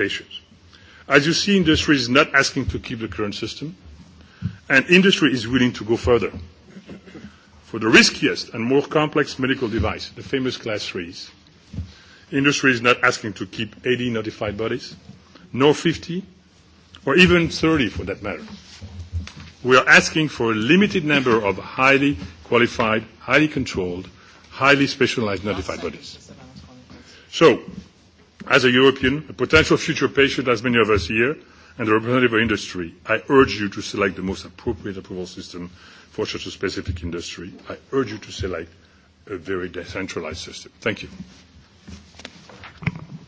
patients. As you see, industry is not asking to keep the current system, and industry is willing to go further. For the riskiest and more complex medical device, the famous class 3s, industry is not asking to keep 80 notified bodies, nor 50, or even 30 for that matter. We are asking for a limited number of highly qualified, highly controlled, highly specialized notified bodies. As a European, a potential future patient, as many of us here, and the representative of industry, I urge you to select the most appropriate approval system for such a specific industry. I urge you to select a very decentralized system. Thank you.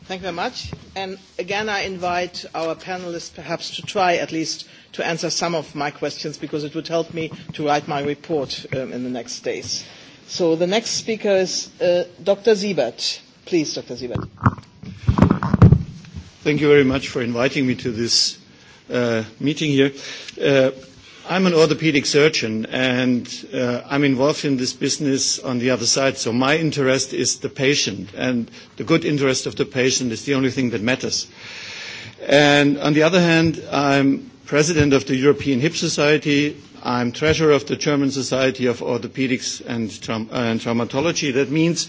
Thank you very much. And again, I invite our panelists perhaps to try at least to answer some of my questions because it would help me to write my report um, in the next days. So the next speaker is uh, Dr. Siebert. Please, Dr. Siebert. Thank you very much for inviting me to this uh, meeting here. Uh, I'm an orthopedic surgeon and uh, I'm involved in this business on the other side. So my interest is the patient and the good interest of the patient is the only thing that matters. And on the other hand, I'm president of the European Hip Society. I'm treasurer of the German Society of Orthopedics and, Traum- and Traumatology. That means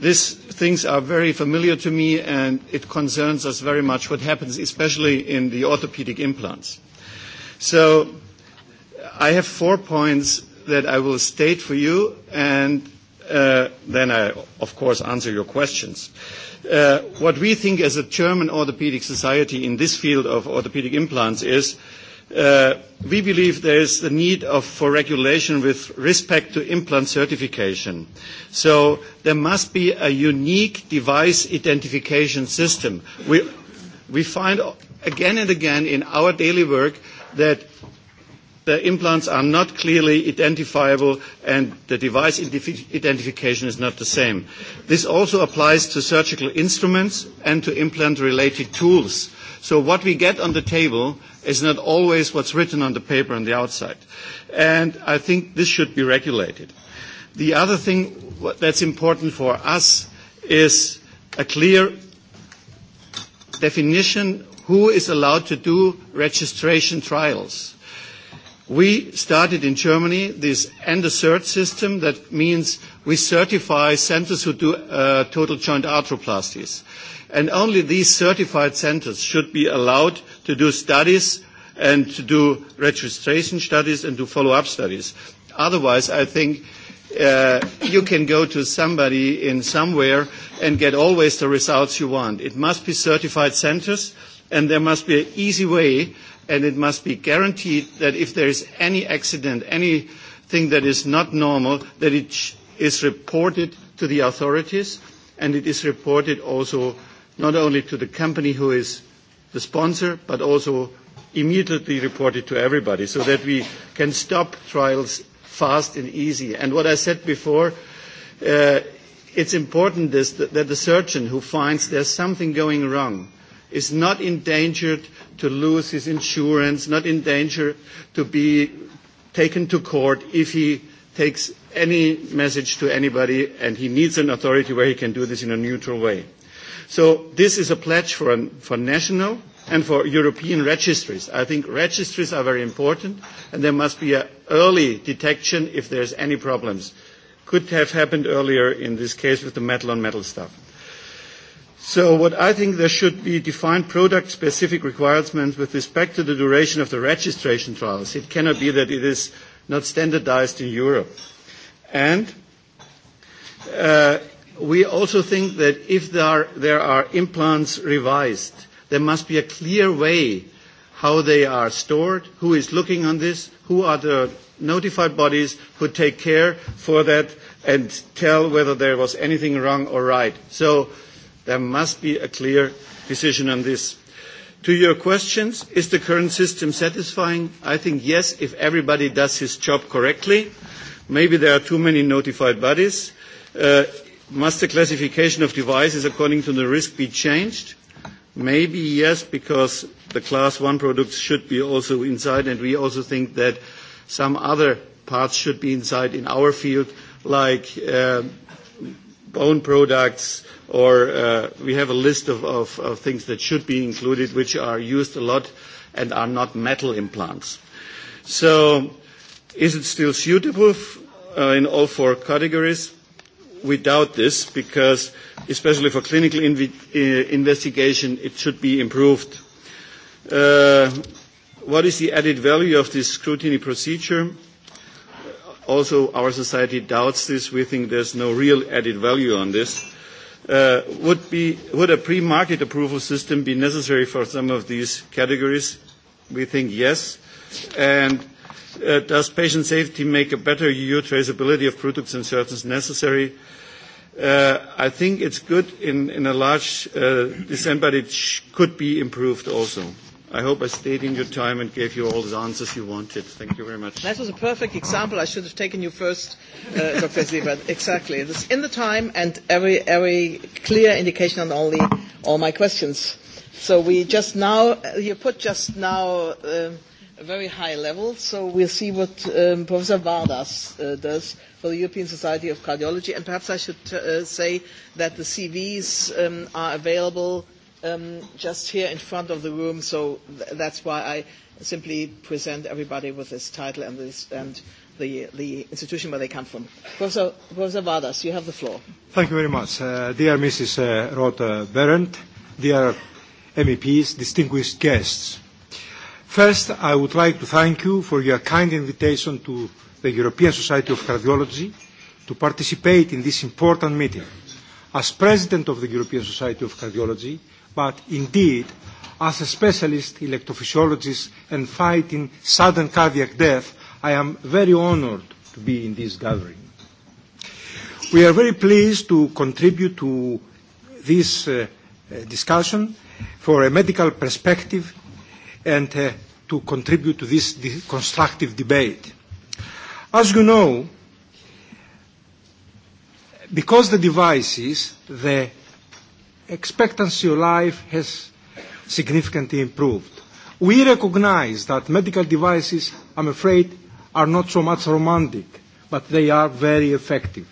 These things are very familiar to me, and it concerns us very much what happens, especially in the orthopedic implants. So I have four points that I will state for you, and uh, then I, of course, answer your questions. Uh, what we think as a German orthopedic society in this field of orthopedic implants is uh, we believe there is a need for regulation with respect to implant certification. So there must be a unique device identification system. We, we find again and again in our daily work that the implants are not clearly identifiable and the device identification is not the same. This also applies to surgical instruments and to implant-related tools. So what we get on the table – is not always what's written on the paper on the outside. And I think this should be regulated. The other thing that's important for us is a clear definition who is allowed to do registration trials. We started in Germany this end assert system that means we certify centers who do uh, total joint arthroplasties. And only these certified centers should be allowed to do studies and to do registration studies and do follow-up studies. Otherwise, I think uh, you can go to somebody in somewhere and get always the results you want. It must be certified centers, and there must be an easy way, and it must be guaranteed that if there is any accident, anything that is not normal, that it is reported to the authorities and it is reported also not only to the company who is the sponsor but also immediately reported to everybody so that we can stop trials fast and easy. And what I said before, uh, it's important this, that, that the surgeon who finds there's something going wrong is not endangered to lose his insurance, not in danger to be taken to court if he takes any message to anybody, and he needs an authority where he can do this in a neutral way. So this is a pledge for, an, for national and for European registries. I think registries are very important, and there must be an early detection if there's any problems. Could have happened earlier in this case with the metal-on-metal stuff. So what I think there should be defined product-specific requirements with respect to the duration of the registration trials. It cannot be that it is not standardized in Europe. And uh, we also think that if there are, there are implants revised, there must be a clear way how they are stored, who is looking on this, who are the notified bodies who take care for that and tell whether there was anything wrong or right. So there must be a clear decision on this. To your questions, is the current system satisfying? I think yes, if everybody does his job correctly. Maybe there are too many notified bodies. Must the classification of devices according to the risk be changed? Maybe yes, because the Class 1 products should be also inside, and we also think that some other parts should be inside in our field, like bone products, or uh, we have a list of, of, of things that should be included, which are used a lot and are not metal implants. So, is it still suitable uh, in all four categories? We doubt this because, especially for clinical inv- uh, investigation, it should be improved. Uh, what is the added value of this scrutiny procedure? Also, our society doubts this. We think there's no real added value on this would, be, would a pre-market approval system be necessary for some of these categories? We think yes. And uh, does patient safety make a better EU traceability of products and services necessary? Uh, I think it's good in, in a large uh, it could be improved also. I hope I stayed in your time and gave you all the answers you wanted. Thank you very much. That was a perfect example. I should have taken you first, uh, Dr. Zebra. Exactly. It's in the time and every, every clear indication on all, the, all my questions. So we just now, uh you put just now um, a very high level, so we'll see what um, Professor Vardas uh, does for the European Society of Cardiology. And perhaps I should uh, say that the CVs um, are available – um, just here in front of the room, so th- that's why I simply present everybody with this title and, this, and the, the institution where they come from. Professor, Professor Vardas, you have the floor. Thank you very much. Uh, dear Mrs. Uh, Rota Berendt, dear MEPs, distinguished guests, First, I would like to thank you for your kind invitation to the European Society of Cardiology to participate in this important meeting. As President of the European Society of Cardiology, but indeed, as a specialist electrophysiologist and fighting sudden cardiac death, I am very honored to be in this gathering. We are very pleased to contribute to this uh, discussion for a medical perspective and uh, to contribute to this constructive debate. As you know, because the devices, the expectancy of life has significantly improved. We recognize that medical devices, I'm afraid, are not so much romantic, but they are very effective.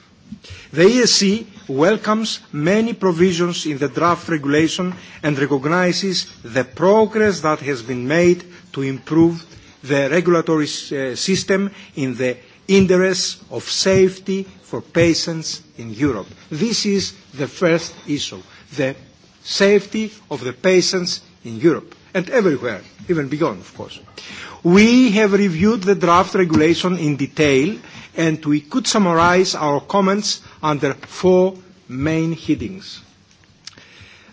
The ESC welcomes many provisions in the draft regulation and recognises the progress that has been made to improve the regulatory system in the interests of safety for patients in Europe. This is the first issue the safety of the patients in Europe and everywhere, even beyond, of course. We have reviewed the draft regulation in detail, and we could summarize our comments under four main headings.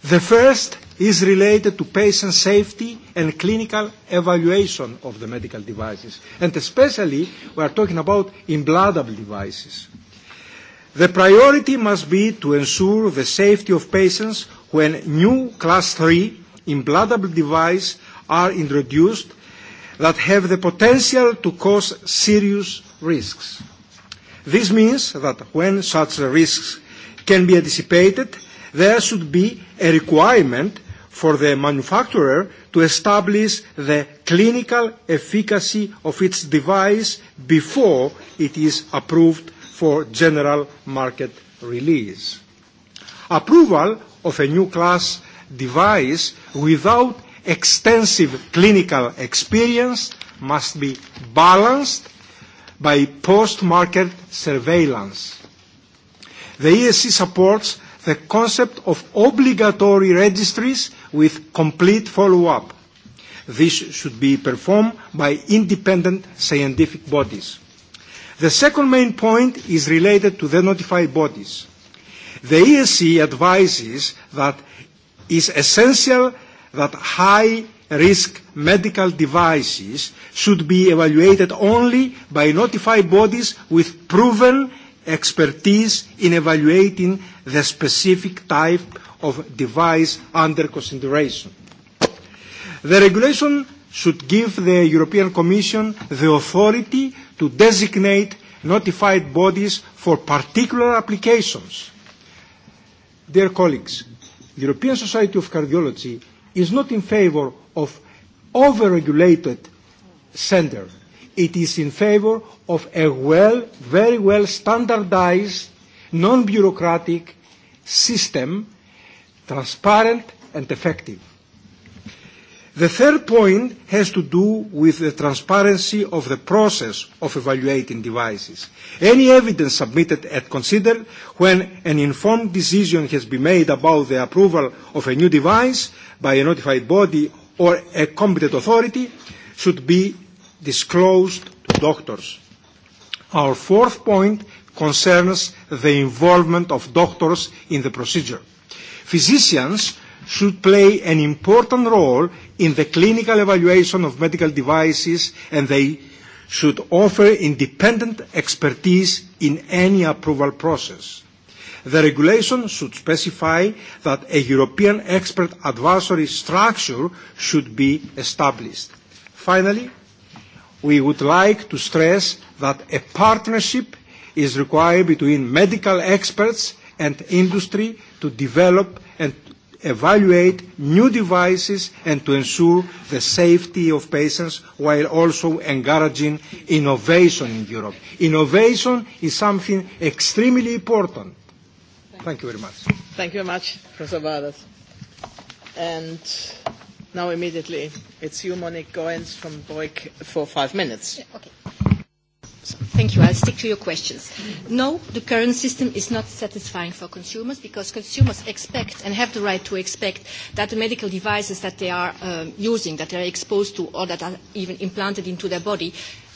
The first is related to patient safety and clinical evaluation of the medical devices, and especially we are talking about implantable devices. The priority must be to ensure the safety of patients when new class 3 implantable devices are introduced that have the potential to cause serious risks. This means that when such risks can be anticipated, there should be a requirement for the manufacturer to establish the clinical efficacy of its device before it is approved for general market release. Approval of a new class device without extensive clinical experience must be balanced by post-market surveillance. The ESC supports the concept of obligatory registries with complete follow-up. This should be performed by independent scientific bodies. The second main point is related to the notified bodies. The ESC advises that it is essential that high risk medical devices should be evaluated only by notified bodies with proven expertise in evaluating the specific type of device under consideration. The regulation should give the European Commission the authority to designate notified bodies for particular applications. Dear colleagues, the European Society of Cardiology is not in favor of over-regulated center. It is in favor of a well, very well standardized, non-bureaucratic system, transparent and effective. The third point has to do with the transparency of the process of evaluating devices. Any evidence submitted and considered when an informed decision has been made about the approval of a new device by a notified body or a competent authority should be disclosed to doctors. Our fourth point concerns the involvement of doctors in the procedure. Physicians should play an important role in the clinical evaluation of medical devices and they should offer independent expertise in any approval process. The regulation should specify that a European expert advisory structure should be established. Finally, we would like to stress that a partnership is required between medical experts and industry to develop and evaluate new devices and to ensure the safety of patients while also encouraging innovation in Europe. Innovation is something extremely important. Thank you very much. Thank you very much, Professor Vardas. And now immediately, it's you, Monique Goins from Boyk, for five minutes. okay. Thank you. I'll stick to your questions. No, the current system is not satisfying for consumers because consumers expect and have the right to expect that the medical devices that they are using, that they are exposed to, or that are even implanted into their body,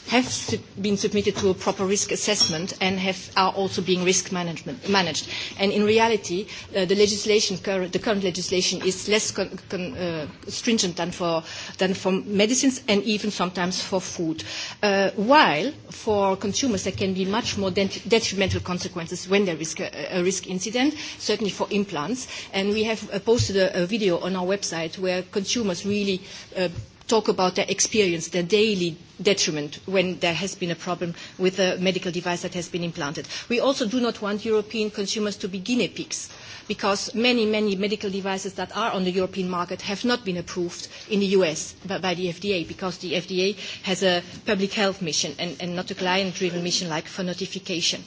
have been submitted to a proper risk assessment and have, are also being risk management, managed. And in reality, uh, the legislation, cur- the current legislation, is less con- con- uh, stringent than for than for medicines and even sometimes for food. Uh, while for consumers, there can be much more dent- detrimental consequences when there is a, a risk incident. Certainly for implants, and we have uh, posted a, a video on our website where consumers really uh, talk about their experience, their daily detriment when there has been a problem with a medical device that has been implanted. We also do not want European consumers to be guinea pigs because many, many medical devices that are on the European market have not been approved in the US by the FDA because the FDA has a public health mission and, and not a client-driven mission like for notification.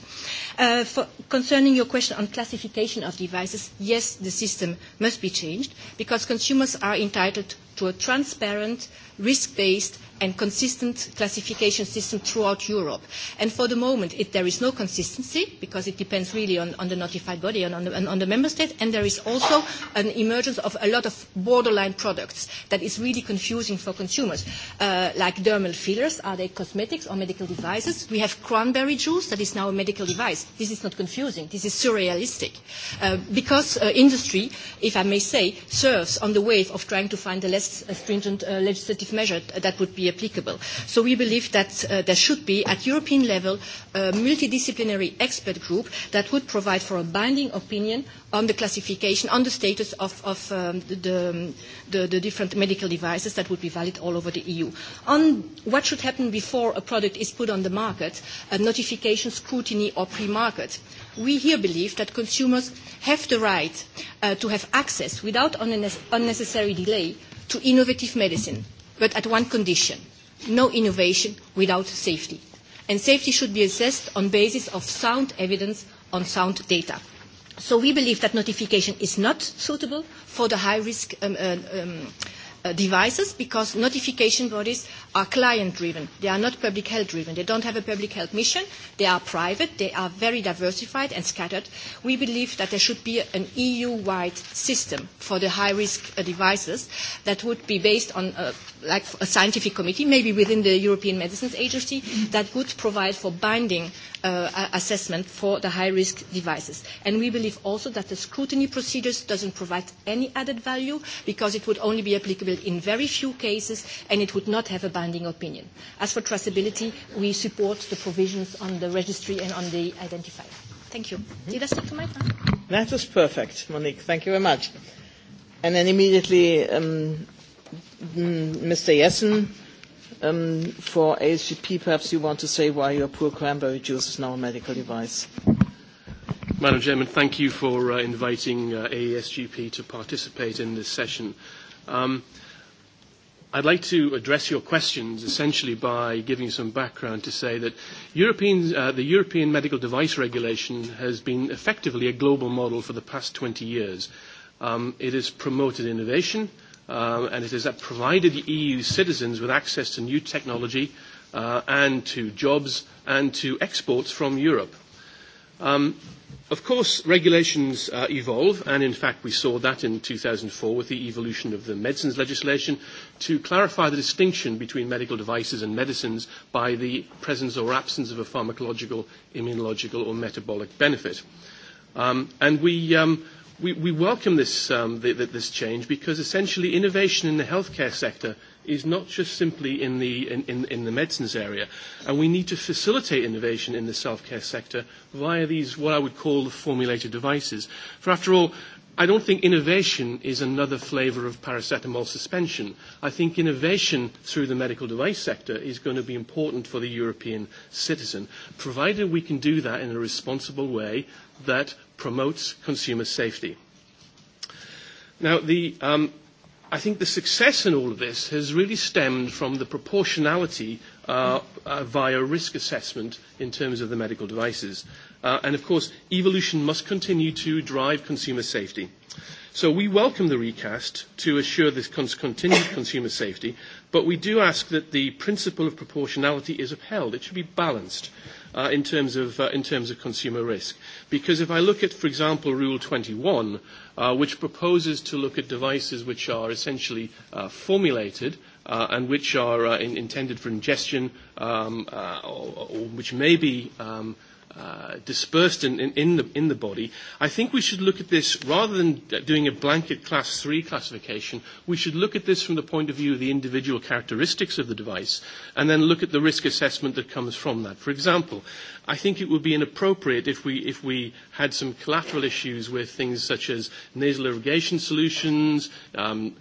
Uh, for, concerning your question on classification of devices, yes, the system must be changed because consumers are entitled to a transparent, risk-based and consistent classification system throughout Europe. And for the moment, it, there is no consistency because it depends really on, on the notified body and on the, and on the member state. And there is also an emergence of a lot of borderline products that is really confusing for consumers, uh, like dermal fillers. Are they cosmetics or medical devices? We have cranberry juice that is now a medical device. This is not confusing. This is surrealistic. Uh, because uh, industry, if I may say, serves on the wave of trying to find a less stringent uh, legislative measure that would be be applicable. So we believe that uh, there should be, at European level, a multidisciplinary expert group that would provide for a binding opinion on the classification, on the status of, of um, the, the, the different medical devices that would be valid all over the EU. On what should happen before a product is put on the market, a notification, scrutiny, or pre-market, we here believe that consumers have the right uh, to have access without unnecessary delay to innovative medicine but at one condition, no innovation without safety. And safety should be assessed on basis of sound evidence on sound data. So we believe that notification is not suitable for the high-risk um, um, devices because notification bodies are client-driven. They are not public health-driven. They don't have a public health mission. They are private. They are very diversified and scattered. We believe that there should be an EU-wide system for the high-risk devices that would be based on a, like a scientific committee, maybe within the European Medicines Agency, that would provide for binding uh, assessment for the high-risk devices. And we believe also that the scrutiny procedures doesn't provide any added value because it would only be applicable in very few cases and it would not have a binding opinion. As for traceability, we support the provisions on the registry and on the identifier. Thank you. Did I stick to my time? That was perfect, Monique. Thank you very much. And then immediately, um, Mr. Jessen for ASGP, perhaps you want to say why your poor cranberry juice is now a medical device. Madam Chairman, thank you for uh, inviting uh, AESGP to participate in this session. Um, I'd like to address your questions essentially by giving some background to say that European, uh, the European Medical Device Regulation has been effectively a global model for the past 20 years. Um, it has promoted innovation, uh, and it has provided the EU citizens with access to new technology uh, and to jobs and to exports from Europe. Um, of course, regulations uh, evolve, and in fact, we saw that in 2004 with the evolution of the medicines legislation to clarify the distinction between medical devices and medicines by the presence or absence of a pharmacological, immunological, or metabolic benefit. Um, and we um, we, we welcome this, um, the, the, this change because essentially innovation in the healthcare sector is not just simply in the, in, in, in the medicines area. And we need to facilitate innovation in the self-care sector via these, what I would call the formulated devices. For after all, I don't think innovation is another flavour of paracetamol suspension. I think innovation through the medical device sector is going to be important for the European citizen, provided we can do that in a responsible way that promotes consumer safety. Now, the, um, I think the success in all of this has really stemmed from the proportionality uh, uh, via risk assessment in terms of the medical devices. Uh, and of course, evolution must continue to drive consumer safety. So we welcome the recast to assure this cons continued consumer safety, but we do ask that the principle of proportionality is upheld. It should be balanced in, terms of, uh, in terms of consumer risk. Because if I look at, for example, Rule 21, uh, which proposes to look at devices which are essentially uh, formulated uh, and which are uh, in, intended for ingestion um, uh, or, or which may be um, – uh, dispersed in, in, in, the, in the body, I think we should look at this rather than doing a blanket class three classification. We should look at this from the point of view of the individual characteristics of the device and then look at the risk assessment that comes from that. For example, I think it would be inappropriate if we, if we had some collateral issues with things such as nasal irrigation solutions, um,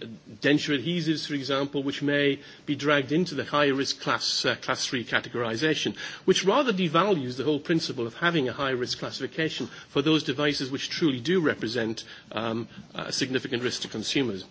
denture adhesives, for example, which may be dragged into the higher risk class, uh, class three categorization, which rather devalues the whole principle of having a high-risk classification for those devices which truly do represent um, a significant risk to consumers.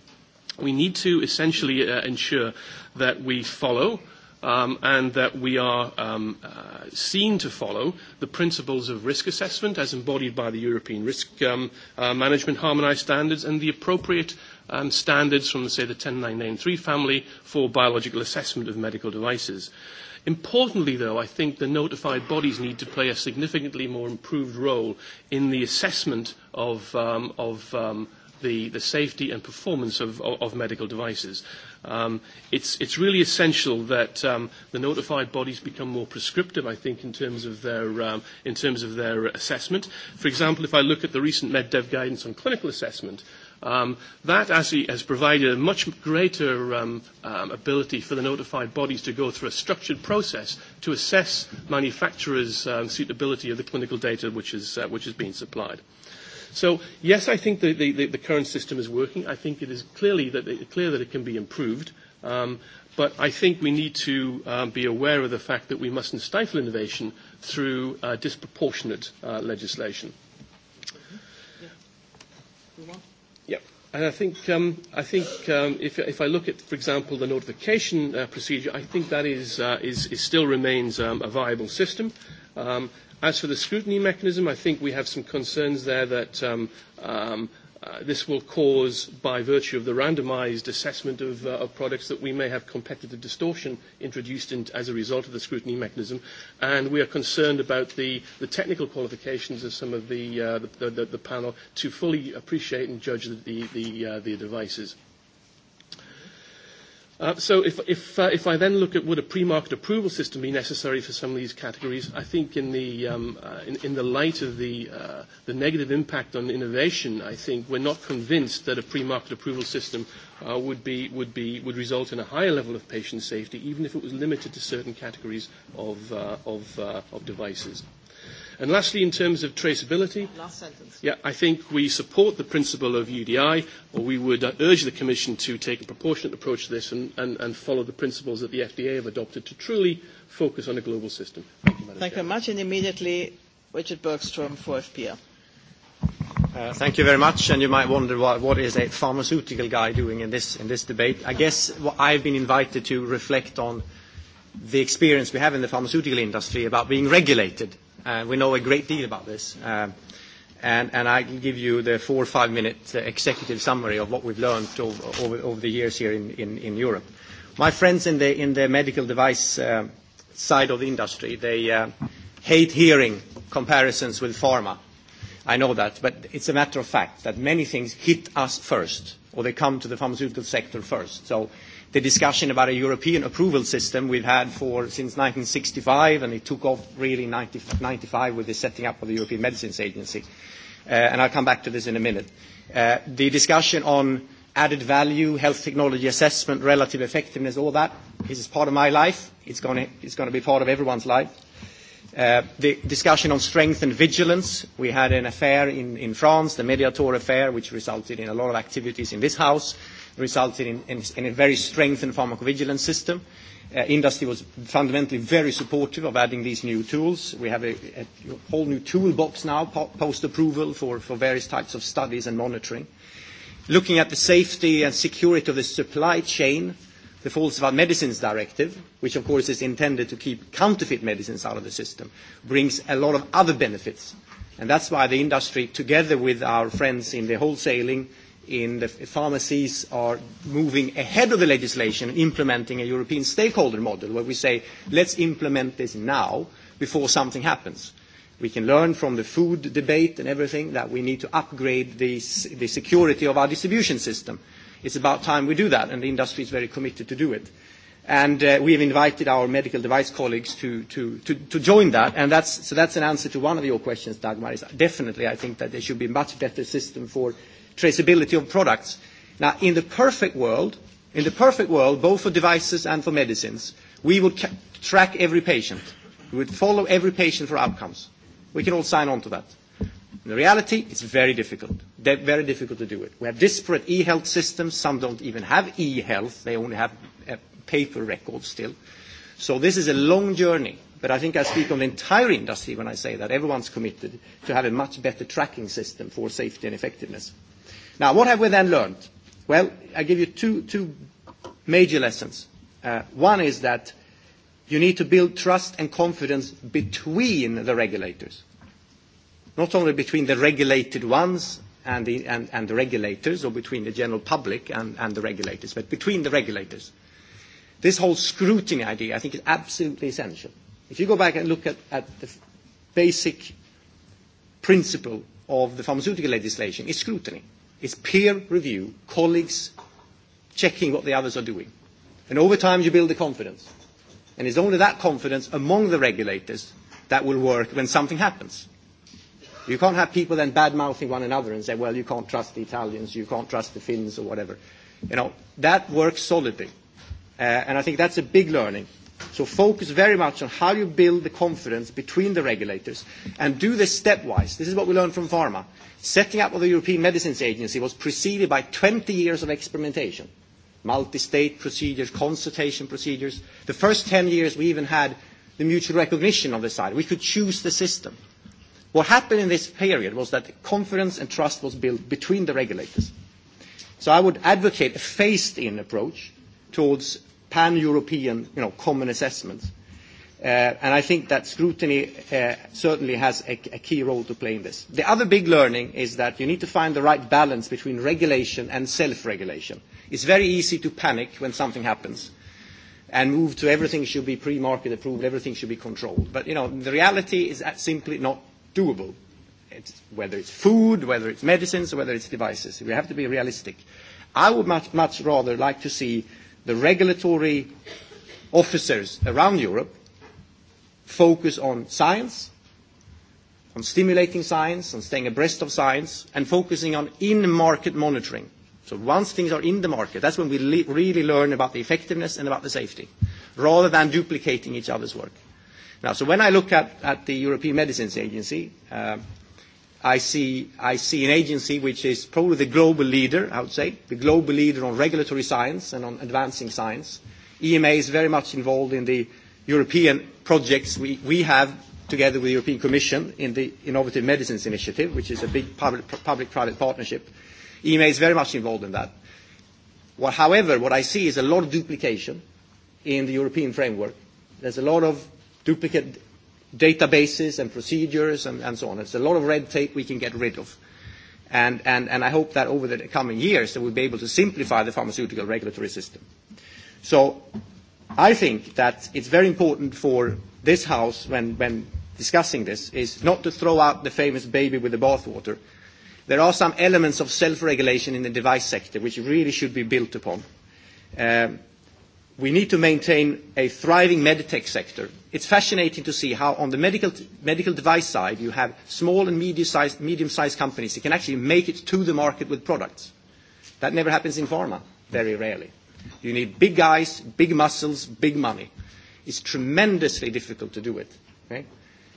We need to essentially uh, ensure that we follow um, and that we are um, uh, seen to follow the principles of risk assessment as embodied by the European Risk um, uh, Management Harmonised Standards and the appropriate um, standards from, say, the 10993 family for biological assessment of medical devices. Uh, Importantly, though, I think the notified bodies need to play a significantly more improved role in the assessment of, um, of um, the, the safety and performance of, of, of medical devices. Um, it's, it's really essential that um, the notified bodies become more prescriptive, I think, in terms, of their, um, in terms of their assessment. For example, if I look at the recent MedDev guidance on clinical assessment, Um, that actually has provided a much greater um, um, ability for the notified bodies to go through a structured process to assess manufacturers' um, suitability of the clinical data which is, uh, which is being supplied. So yes, I think the, the, the current system is working. I think it is clearly that it, clear that it can be improved. Um, but I think we need to um, be aware of the fact that we mustn't stifle innovation through uh, disproportionate uh, legislation. Yeah. And I think, um, I think um, if, if I look at, for example, the notification uh, procedure, I think that is, uh, is, is still remains um, a viable system. Um, as for the scrutiny mechanism, I think we have some concerns there that um, um, this will cause, by virtue of the randomized assessment of, uh, of products, that we may have competitive distortion introduced in, as a result of the scrutiny mechanism. And we are concerned about the, the technical qualifications of some of the, uh, the, the, the panel to fully appreciate and judge the, the, uh, the devices. So If I then look at would a pre-market approval system be necessary for some of these categories, I think in the light of the negative impact on innovation, I think we're not convinced that a pre-market approval system would result in a higher level of patient safety, even if it was limited to certain categories of devices. And lastly, in terms of traceability, Last sentence. Yeah, I think we support the principle of UDI, or we would urge the Commission to take a proportionate approach to this and, and, and follow the principles that the FDA have adopted to truly focus on a global system. Thank you, Madam Thank you very much. And immediately, Richard Bergstrom for FPL. Thank you very much. and You might wonder what is a pharmaceutical guy doing in this in this debate. I guess I've been invited to reflect on the experience we have in the pharmaceutical industry about being regulated and we know a great deal about this. and, and I can give you the four or five minute executive summary of what we've learned over, over the years here in, in, in Europe. My friends in the, in the medical device side of the industry, they hate hearing comparisons with pharma. I know that, but it's a matter of fact that many things hit us first, or they come to the pharmaceutical sector first. So the discussion about a European approval system we've had for since 1965, and it took off really in 1995 with the setting up of the European Medicines Agency. and I'll come back to this in a minute. the discussion on added value, health technology assessment, relative effectiveness, all that is part of my life. It's going to be part of everyone's life. The discussion on strength and vigilance. We had an affair in France, the Mediator affair, which resulted in a lot of activities in this house resulted in, in, in a very strengthened pharmacovigilance system. Uh, industry was fundamentally very supportive of adding these new tools. We have a, a whole new toolbox now post-approval for, for various types of studies and monitoring. Looking at the safety and security of the supply chain, the Falsified Medicines Directive, which of course is intended to keep counterfeit medicines out of the system, brings a lot of other benefits. And that's why the industry, together with our friends in the wholesaling in the pharmacies are moving ahead of the legislation and implementing a European stakeholder model where we say, let's implement this now before something happens. We can learn from the food debate and everything that we need to upgrade the, the security of our distribution system. It's about time we do that, and the industry is very committed to do it. And uh, we have invited our medical device colleagues to, to, to, to join that. And that's, so that's an answer to one of your questions, Dagmar. Is definitely, I think that there should be a much better system for traceability of products. Now, in the perfect world, in the perfect world, both for devices and for medicines, we would ca- track every patient. We would follow every patient for outcomes. We can all sign on to that. In reality, it's very difficult. They're very difficult to do it. We have disparate e-health systems. Some don't even have e-health. They only have uh, paper records still. So this is a long journey. But I think I speak on the entire industry when I say that everyone's committed to have a much better tracking system for safety and effectiveness. Now, what have we then learned? Well, I give you two, two major lessons. Uh, one is that you need to build trust and confidence between the regulators, not only between the regulated ones and the, and, and the regulators, or between the general public and, and the regulators, but between the regulators. This whole scrutiny idea, I think, is absolutely essential. If you go back and look at, at the basic principle of the pharmaceutical legislation, it's scrutiny It's peer review, colleagues checking what the others are doing. And over time, you build the confidence. And it's only that confidence among the regulators that will work when something happens. You can't have people then bad mouthing one another and say, well, you can't trust the Italians, you can't trust the Finns, or whatever. You know, that works solidly. Uh, and I think that's a big learning So focus very much on how you build the confidence between the regulators and do this stepwise. This is what we learned from pharma. Setting up of the European Medicines Agency was preceded by 20 years of experimentation. Multi-state procedures, consultation procedures. The first 10 years we even had the mutual recognition on the side. We could choose the system. What happened in this period was that confidence and trust was built between the regulators. So I would advocate a phased-in approach towards pan-European, you know, common assessments. and I think that scrutiny certainly has a, key role to play in this. The other big learning is that you need to find the right balance between regulation and self-regulation. It's very easy to panic when something happens and move to everything should be pre-market approved, everything should be controlled. But, you know, the reality is that simply not doable. It's, whether it's food, whether it's medicines, whether it's devices. We have to be realistic. I would much, much rather like to see the regulatory officers around Europe focus on science, on stimulating science, on staying abreast of science, and focusing on in-market monitoring. So once things are in the market, that's when we le- really learn about the effectiveness and about the safety, rather than duplicating each other's work. Now, so when I look at, at the European Medicines Agency, uh, I see, I see an agency which is probably the global leader, I would say, the global leader on regulatory science and on advancing science. EMA is very much involved in the European projects we, we have together with the European Commission in the Innovative Medicines Initiative, which is a big public-private partnership. EMA is very much involved in that. however, what I see is a lot of duplication in the European framework. There's a lot of duplicate databases and procedures and, and so on. It's a lot of red tape we can get rid of. And, I hope that over the coming years that we'll be able to simplify the pharmaceutical regulatory system. So I think that it's very important for this House, when, when discussing this, is not to throw out the famous baby with the bathwater. There are some elements of self-regulation in the device sector which really should be built upon we need to maintain a thriving medtech sector. It's fascinating to see how on the medical, medical device side you have small and medium-sized, medium-sized companies that can actually make it to the market with products. That never happens in pharma, very rarely. You need big guys, big muscles, big money. It's tremendously difficult to do it. Okay?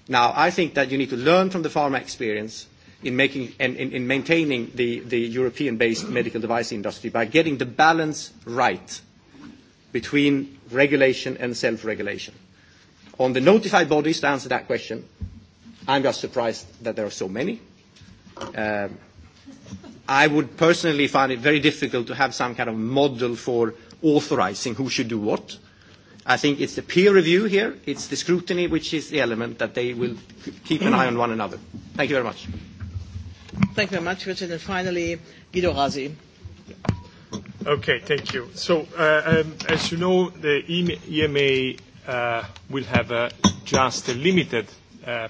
Now, I think that you need to learn from the pharma experience in making and in, in maintaining the, the European-based medical device industry by getting the balance right between regulation and self-regulation. On the notified bodies, to answer that question, I'm just surprised that there are so many. Um, I would personally find it very difficult to have some kind of model for authorizing who should do what. I think it's the peer review here, it's the scrutiny, which is the element that they will keep an eye on one another. Thank you very much. Thank you very much, Richard. And finally, Guido Razi. Okay, thank you. So, as you know, the EMA will have just a limited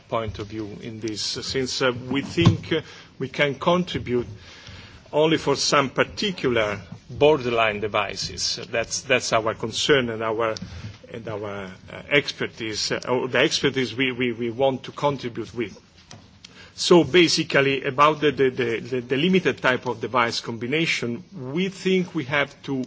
point of view in this, since we think we can contribute only for some particular borderline devices. That's our concern and our expertise, or the expertise we want to contribute with. So basically, about the, limited type of device combination, we think we have to,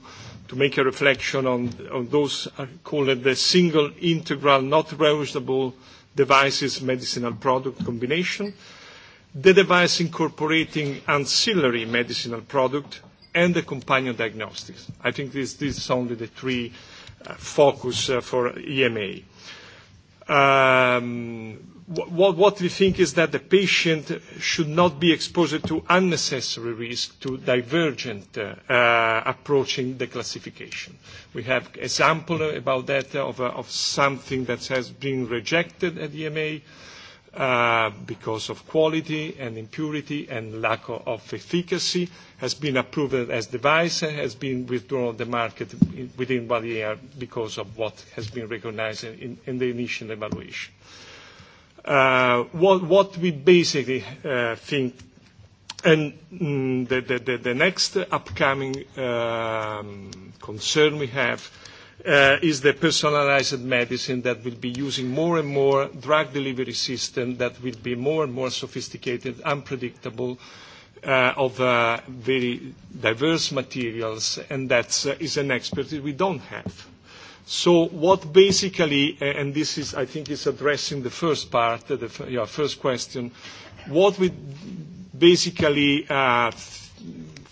to make a reflection on, those, I call it the single integral, not reusable devices medicinal product combination, the device incorporating ancillary medicinal product, and the companion diagnostics. I think this, this is only the three focus for EMA what, what we think is that the patient should not be exposed to unnecessary risk, to divergent uh, approaching the classification. We have example about that of, uh, of something that has been rejected at EMA uh, because of quality and impurity and lack of efficacy, has been approved as device, and has been withdrawn on the market within one year because of what has been recognized in, in the initial evaluation what what we basically think. And the next upcoming concern we have is the personalized medicine that will be using more and more drug delivery system that will be more and more sophisticated, unpredictable, of uh very diverse materials, and that is an expertise we don't have So what basically, and this is, I think, is addressing the first part, the yeah, first question. What we basically uh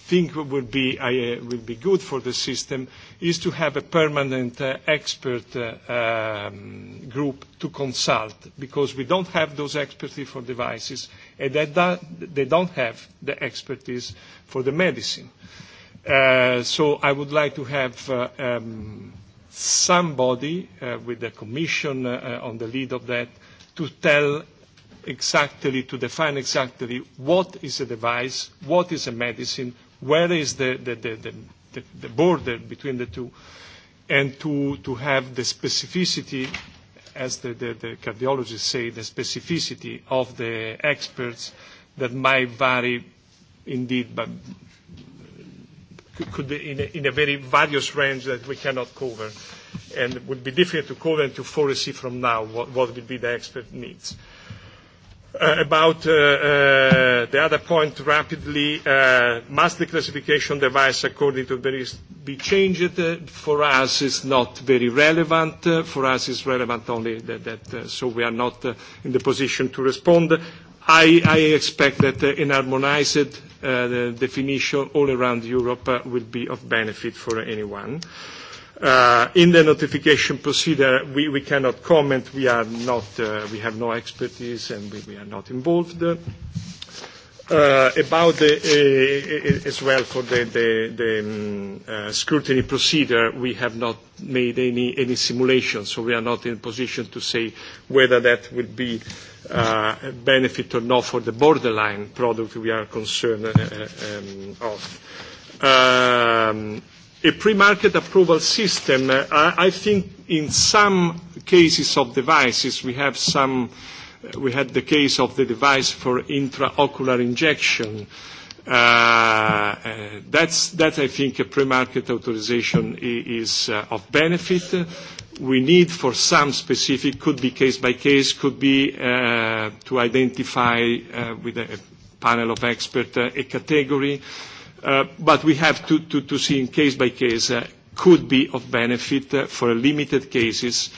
think would be uh would be good for the system is to have a permanent uh expert uh um group to consult, because we don't have those expertise for devices, and they they don't have the expertise for the medicine. Uh So I would like to have uh um somebody uh, with the Commission uh, on the lead of that to tell exactly, to define exactly what is a device, what is a medicine, where is the, the, the, the, the, the border between the two, and to, to have the specificity, as the, the, the cardiologists say, the specificity of the experts that might vary indeed but could be in a, in a very various range that we cannot cover. And it would be difficult to cover and to foresee from now what, what would be the expert needs. Uh, about uh, uh, the other point rapidly, uh, must the classification device according to various be changed? Uh, for us, it's not very relevant. Uh, for us, it's relevant only that, that uh, so we are not uh, in the position to respond. I, I expect that uh, an harmonized the definition all around Europe will be of benefit for anyone. In the notification procedure, we cannot comment. We are not, we have no expertise, and we are not involved. About the, as well for the scrutiny procedure, we have not made any simulation, so we are not in a position to say whether that will be uh, benefit or not for the borderline product we are concerned of. a pre-market approval system, I think in some cases of devices we have some, we had the case of the device for intraocular injection, That's that I think a pre-market authorization is of benefit. We need for some specific, could be case by case, could be to identify with a panel of experts a category. But we have to see in case by case, could be of benefit for limited cases.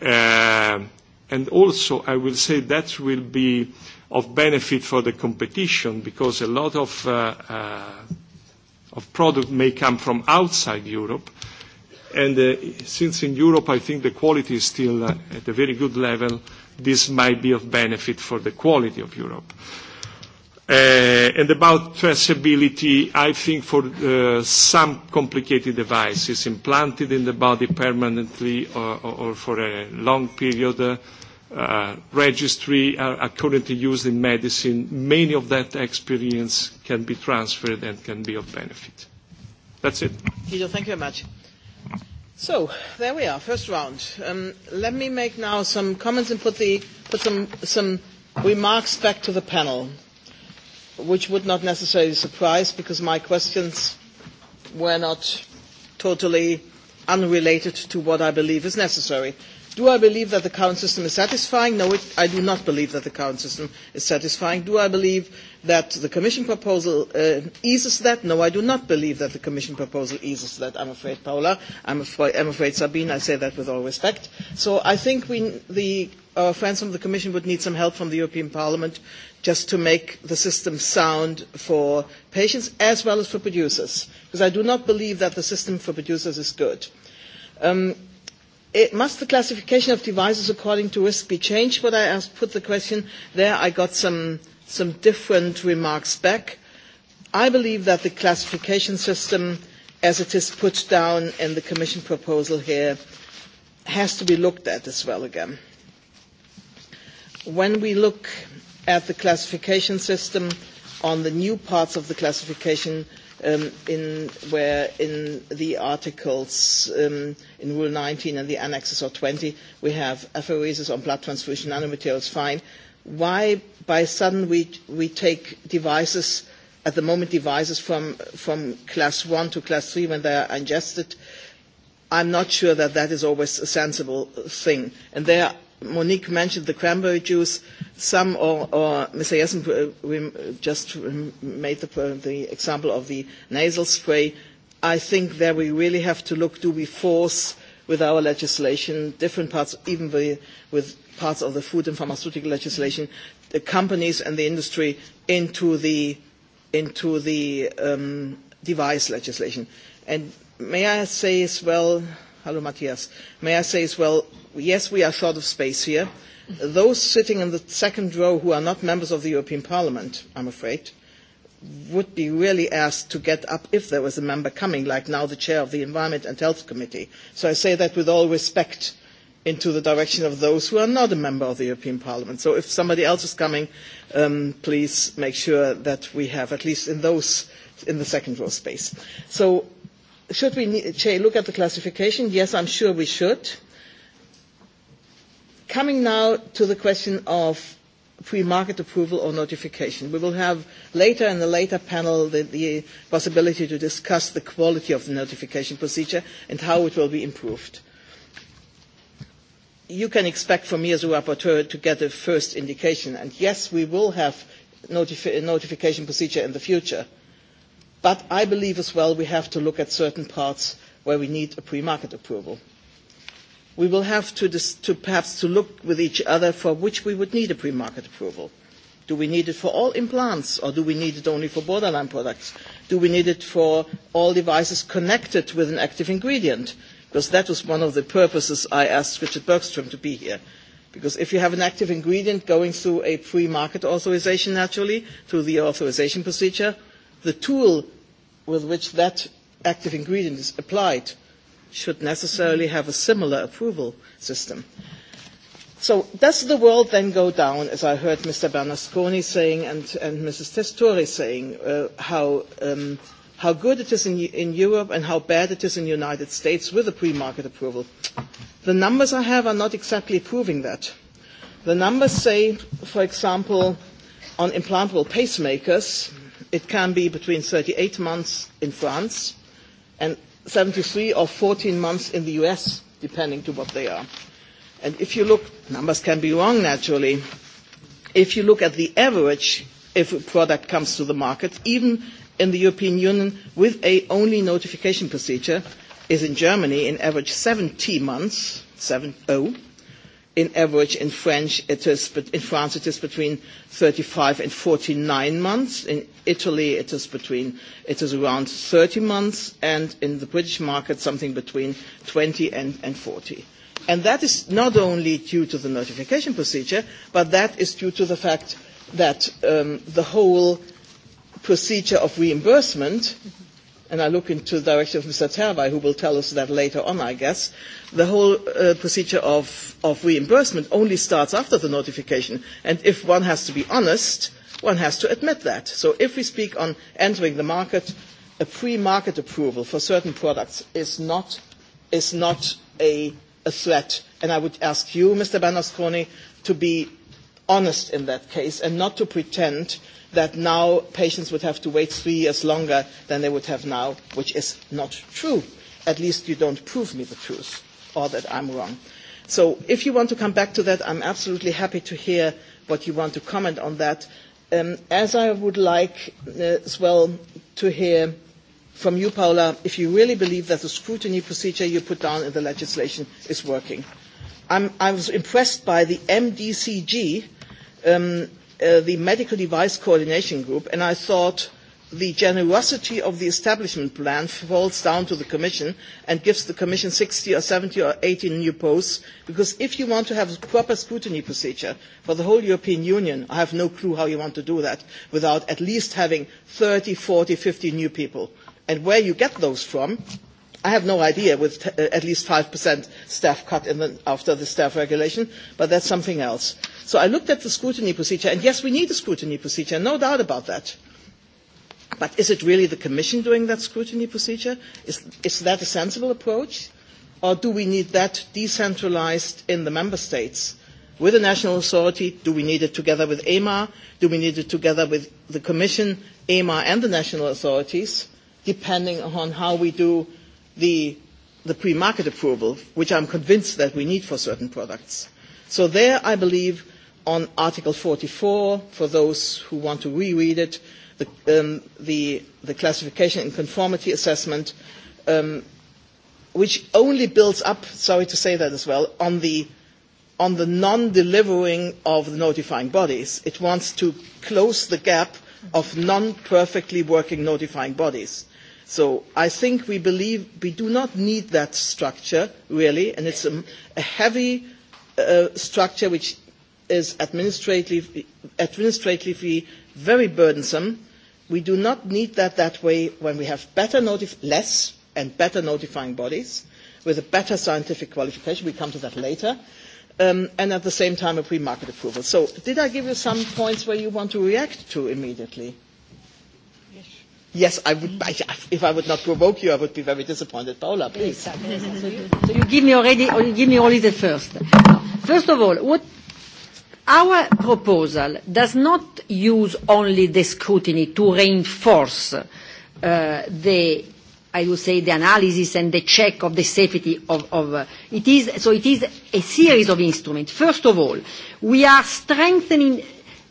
And also, I will say that will be of benefit for the competition because a lot of, uh, uh, of product may come from outside Europe. And uh, since in Europe I think the quality is still uh, at a very good level, this might be of benefit for the quality of Europe. Uh, and about traceability, I think for uh, some complicated devices implanted in the body permanently or, or, or for a long period, uh, registry are, are currently used in medicine. Many of that experience can be transferred and can be of benefit. That's it. Guido, thank you very much. So there we are, first round. Um, let me make now some comments and put, the, put some, some remarks back to the panel, which would not necessarily surprise because my questions were not totally unrelated to what I believe is necessary. Do I believe that the current system is satisfying? No, it, I do not believe that the current system is satisfying. Do I believe that the Commission proposal uh, eases that? No, I do not believe that the Commission proposal eases that, I'm afraid, Paula. I'm afraid, I'm afraid Sabine, I say that with all respect. So I think we, the, our friends from the Commission would need some help from the European Parliament just to make the system sound for patients as well as for producers, because I do not believe that the system for producers is good. Um, it, must the classification of devices according to risk be changed? But I asked, put the question there. I got some, some different remarks back. I believe that the classification system, as it is put down in the Commission proposal here, has to be looked at as well again. When we look at the classification system on the new parts of the classification in where in the articles in Rule 19 and the annexes of 20 we have aphorisms on blood transfusion nanomaterials. Fine. Why by sudden we we take devices at the moment devices from from class one to class three when they are ingested? I'm not sure that that is always a sensible thing. And there Monique mentioned the cranberry juice. Some, or, or Mr. Jessen just made the, the example of the nasal spray. I think there we really have to look, do we force with our legislation, different parts, even the, with parts of the food and pharmaceutical legislation, the companies and the industry into the, into the um, device legislation. And may I say as well, hello Matthias, may I say as well, yes, we are short of space here. Those sitting in the second row who are not members of the European Parliament, I'm afraid, would be really asked to get up if there was a member coming, like now the chair of the Environment and Health Committee. So I say that with all respect into the direction of those who are not a member of the European Parliament. So if somebody else is coming, please make sure that we have at least in those in the second row space. So should we look at the classification? Yes, I'm sure we should. Coming now to the question of pre-market approval or notification. We will have later in the later panel the, the possibility to discuss the quality of the notification procedure and how it will be improved. You can expect from me as a rapporteur to get a first indication. And yes, we will have notifi- notification procedure in the future – But I believe as well we have to look at certain parts where we need a pre-market approval. We will have to, perhaps to look with each other for which we would need a pre-market approval. Do we need it for all implants or do we need it only for borderline products? Do we need it for all devices connected with an active ingredient? Because that was one of the purposes I asked Richard Bergstrom to be here. Because if you have an active ingredient going through a pre-market authorization naturally, through the authorization procedure, the tool with which that active ingredient is applied should necessarily have a similar approval system. So does the world then go down, as I heard Mr. Bernasconi saying and, and Mrs. Testori saying, uh, how, um, how good it is in, in Europe and how bad it is in the United States with a pre-market approval? The numbers I have are not exactly proving that. The numbers say, for example, on implantable pacemakers, it can be between 38 months in France and 73 or 14 months in the US, depending to what they are. And if you look, numbers can be wrong naturally. If you look at the average, if a product comes to the market, even in the European Union with a only notification procedure, is in Germany in average 70 months, 7 0, in average in French it is in France it is between 35 and 49 months in Italy it is between it is around 30 months and in the British market something between 20 and, and 40 and that is not only due to the notification procedure but that is due to the fact that um, the whole procedure of reimbursement mm-hmm and I look into the direction of Mr. Terwey, who will tell us that later on, I guess, the whole procedure of, reimbursement only starts after the notification. And if one has to be honest, one has to admit that. So if we speak on entering the market, a pre-market approval for certain products is not, is not a, a threat. And I would ask you, Mr. Banasconi, to be honest in that case and not to pretend that now patients would have to wait three years longer than they would have now, which is not true. At least you don't prove me the truth or that I'm wrong. So if you want to come back to that, I'm absolutely happy to hear what you want to comment on that. Um, as I would like uh, as well to hear from you, Paula, if you really believe that the scrutiny procedure you put down in the legislation is working. I'm, I was impressed by the MDCG um, the Medical Device Coordination Group, and I thought the generosity of the establishment plan falls down to the Commission and gives the Commission sixty or seventy or eighty new posts, because if you want to have a proper scrutiny procedure for the whole European Union, I have no clue how you want to do that without at least having thirty, forty, fifty new people. And where you get those from I have no idea with t- at least 5% staff cut in the, after the staff regulation, but that's something else. So I looked at the scrutiny procedure, and yes, we need a scrutiny procedure, no doubt about that. But is it really the Commission doing that scrutiny procedure? Is, is that a sensible approach? Or do we need that decentralized in the Member States? With a national authority, do we need it together with EMA? Do we need it together with the Commission, EMA, and the national authorities, depending on how we do the, the pre-market approval, which I'm convinced that we need for certain products. So there, I believe, on Article 44, for those who want to reread it, the, um, the, the classification and conformity assessment, um, which only builds up, sorry to say that as well, on the, on the non-delivering of the notifying bodies. It wants to close the gap of non-perfectly working notifying bodies. So I think we believe we do not need that structure, really, and it's a, a heavy uh, structure which is administratively, administratively very burdensome. We do not need that that way when we have better notif- less and better notifying bodies with a better scientific qualification. We come to that later. Um, and at the same time, a pre-market approval. So did I give you some points where you want to react to immediately? Yes, I would. I, if I would not provoke you, I would be very disappointed. Paola, please. So you give me already. You give me only the first. First of all, what our proposal does not use only the scrutiny to reinforce uh, the. I would say the analysis and the check of the safety of, of uh, it is so it is a series of instruments. First of all, we are strengthening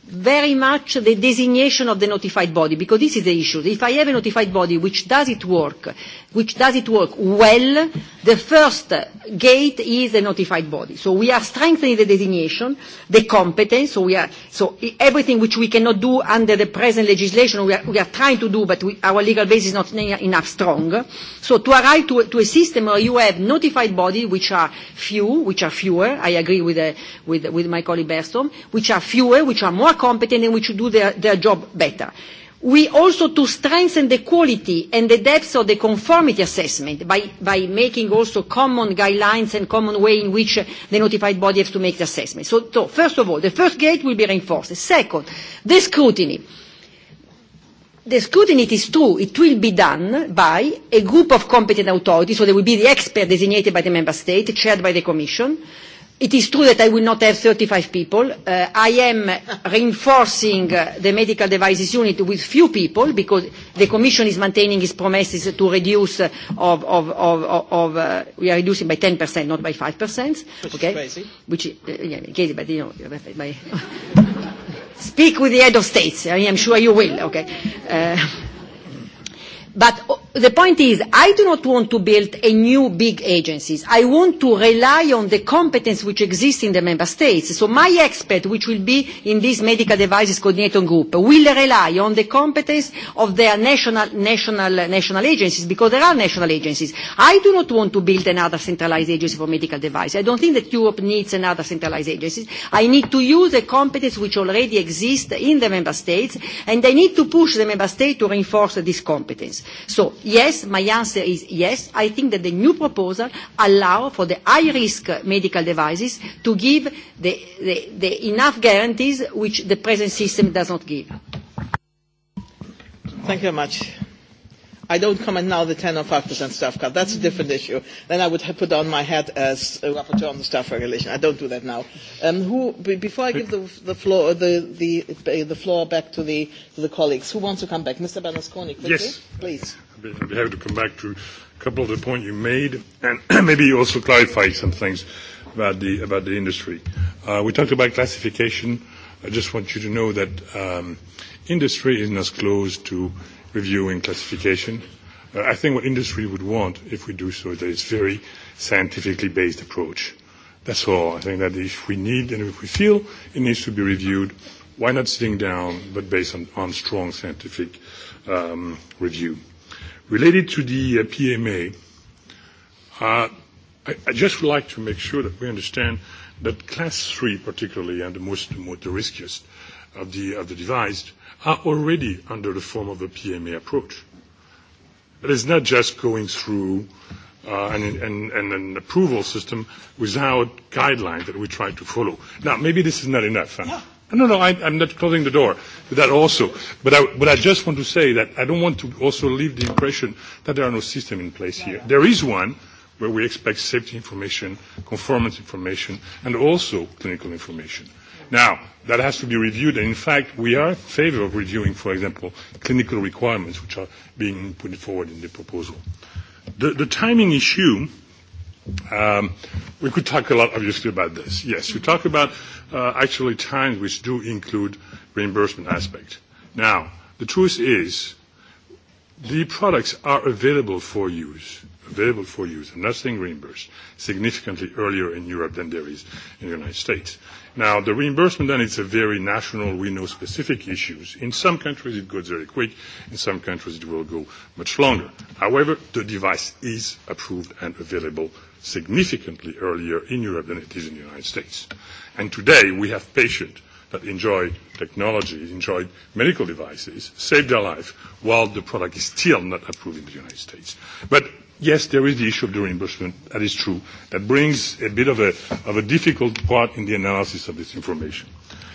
very much the designation of the notified body, because this is the issue. If I have a notified body which does it work, which does it work well, the first gate is a notified body. So we are strengthening the designation, the competence, so, we are, so everything which we cannot do under the present legislation, we are, we are trying to do, but we, our legal base is not enough strong. So to arrive to, to a system where you have notified bodies which are few, which are fewer, I agree with, the with, with my colleague Berstom, which are fewer, which are more are competent and which do their, their job better. We also to strengthen the quality and the depth of the conformity assessment by, by making also common guidelines and common way in which the notified body has to make the assessment. So, so first of all, the first gate will be reinforced. Second, the scrutiny. The scrutiny, it is true, it will be done by a group of competent authorities, so there will be the expert designated by the Member State, chaired by the Commission, uh, It is true that I will not have 35 people. Uh, I am reinforcing uh, the medical devices unit with few people because the Commission is maintaining its promises to reduce uh, of, of, of, of uh, we are reducing by 10%, not by 5%. Which okay? is crazy. Which, uh, yeah, crazy, but you know, by speak with the head of states. I am sure you will. Okay. Uh, But the point is, I do not want to build a new big agencies. I want to rely on the competence which exists in the member states. So my expert, which will be in this medical devices coordinating group, will rely on the competence of their national, national, national agencies, because there are national agencies. I do not want to build another centralized agency for medical devices. I don't think that Europe needs another centralized agency. I need to use the competence which already exists in the member states, and I need to push the member States to reinforce this competence. So yes, my answer is yes. I think that the new proposal allow for the high-risk medical devices to give the, the, the enough guarantees which the present system does not give. Thank you very much. I don't comment now the 10 or 5% staff cut. That's a different issue. Then I would have put on my hat as a rapporteur on the staff regulation. I don't do that now. Um, who, b- before I give the, the, floor, the, the, the floor back to the, to the colleagues, who wants to come back? Mr. Berlusconi, quickly, yes. please. I'd be, happy to come back to a couple of the points you made and maybe also clarify some things about the, about the industry. Uh, we talked about classification. I just want you to know that um, industry is not closed to – review and classification. Uh, I think what industry would want, if we do so, is that it's very scientifically based approach. That's all. I think that if we need and if we feel it needs to be reviewed, why not sitting down, but based on, on strong scientific um, review. Related to the uh, PMA, uh, I, I just would like to make sure that we understand that class three particularly, and the most the riskiest of the, of the device, are already under the form of a PMA approach. It is not just going through uh, an, an, an, an approval system without guidelines that we try to follow. Now, maybe this is not enough. Huh? No, no, I, I'm not closing the door to that also. But I, but I just want to say that I don't want to also leave the impression that there are no systems in place here. There is one where we expect safety information, conformance information, and also clinical information. Now, that has to be reviewed, and in fact, we are in favor of reviewing, for example, clinical requirements which are being put forward in the proposal. The, the timing issue, um, we could talk a lot, obviously, about this. Yes, you talk about uh, actually times which do include reimbursement aspect. Now, the truth is, the products are available for use, available for use, I'm not saying reimbursed, significantly earlier in Europe than there is in the United States. Now, the reimbursement, then, it's a very national, we know specific issues. In some countries, it goes very quick. In some countries, it will go much longer. However, the device is approved and available significantly earlier in Europe than it is in the United States. And today, we have patients that enjoy technology, enjoy medical devices, save their life, while the product is still not approved in the United States. But Yes, there is the issue of the reimbursement. That is true. That brings a bit of a, of a difficult part in the analysis of this information.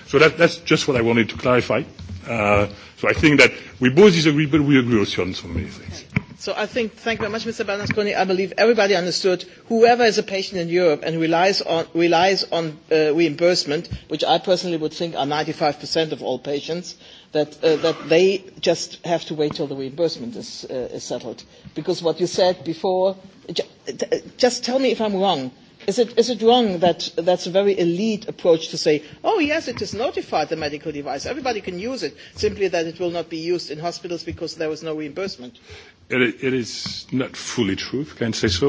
So that, that's just what I wanted to clarify. Uh, so I think that we both disagree, but we agree also on so many things. So I think, thank you very much, Mr. Berlusconi. I believe everybody understood whoever is a patient in Europe and relies on, relies on uh, reimbursement, which I personally would think are 95% of all patients, that, uh, that they just have to wait till the reimbursement is, uh, is settled. Because what you said before, just tell me if I'm wrong. Is it, is it wrong that that's a very elite approach to say, oh, yes, it is notified, the medical device. Everybody can use it, simply that it will not be used in hospitals because there was no reimbursement? It, it is not fully true, if I can say so.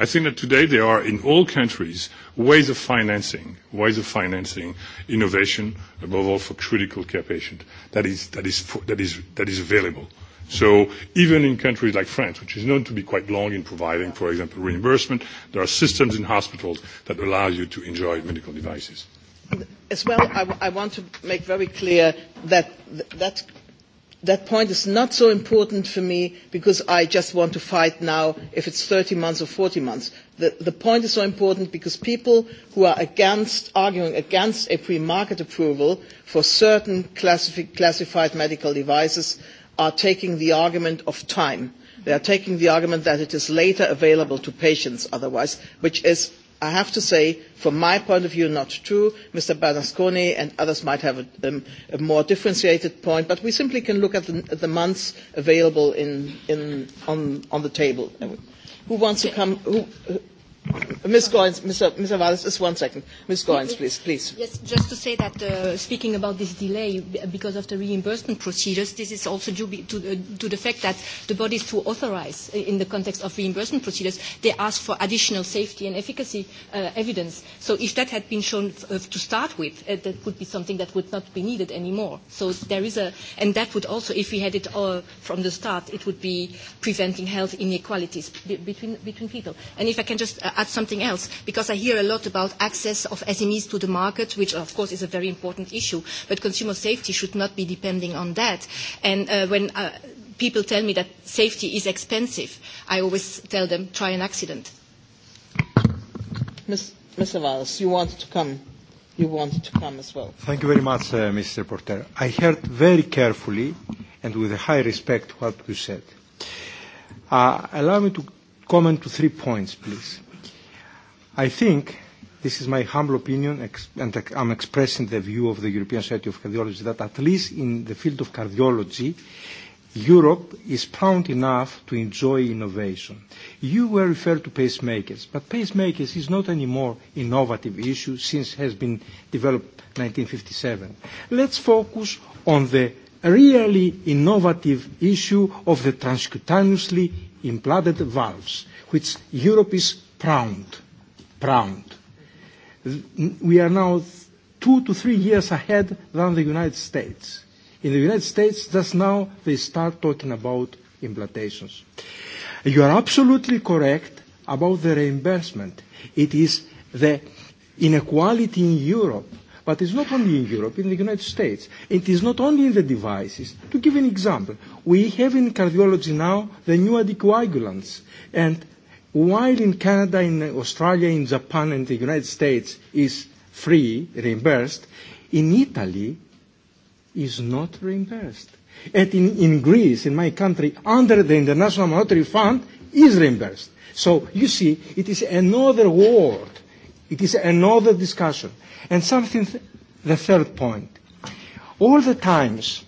I think that today there are in all countries ways of financing, ways of financing innovation, above all for critical care patients, that is, that is, that is, that is available. So even in countries like France, which is known to be quite long in providing, for example, reimbursement, there are systems in hospitals that allow you to enjoy medical devices. As well, I, I want to make very clear that that that point is not so important for me because I just want to fight now if it's 30 months or 40 months. The, the point is so important because people who are against, arguing against a pre-market approval for certain classifi- classified medical devices are taking the argument of time. They are taking the argument that it is later available to patients otherwise, which is I have to say, from my point of view, not true. Mr. Berlusconi and others might have a, more differentiated point, but we simply can look at the, months available on, the table. Who wants to come? Who, Ms. Goins, Mr. Mr. Valles, just one second. Ms. Goins, please, please. Yes, just to say that uh, speaking about this delay because of the reimbursement procedures, this is also due to, uh, to the fact that the bodies to authorize in the context of reimbursement procedures, they ask for additional safety and efficacy uh, evidence. So if that had been shown uh, to start with, uh, that would be something that would not be needed anymore. So there is a, and that would also, if we had it all from the start, it would be preventing health inequalities b between, between people. And if I can just add something else, because I hear a lot about access of SMEs to the market, which of course is a very important issue, but consumer safety should not be depending on that. And uh, when uh, people tell me that safety is expensive, I always tell them, try an accident. Ms. Mr. Valls, you wanted to come. You wanted to come as well. Thank you very much, uh, Mr. Porter. I heard very carefully and with high respect what you said. Uh, allow me to comment to three points, please. I think, this is my humble opinion, and I'm expressing the view of the European Society of Cardiology, that at least in the field of cardiology, Europe is proud enough to enjoy innovation. You were referred to pacemakers, but pacemakers is not any more innovative issue since it has been developed 1957. Let's focus on the really innovative issue of the transcutaneously implanted valves, which Europe is proud round. We are now two to three years ahead than the United States. In the United States, just now they start talking about implantations. You are absolutely correct about the reimbursement. It is the inequality in Europe, but it's not only in Europe, in the United States. It is not only in the devices. To give an example, we have in cardiology now the new anticoagulants, and While in Canada, in Australia, in Japan, and the United States is free, reimbursed, in Italy is not reimbursed. And in, in Greece, in my country, under the International Monetary Fund, is reimbursed. So you see, it is another world. It is another discussion. And something, th- the third point. All the times,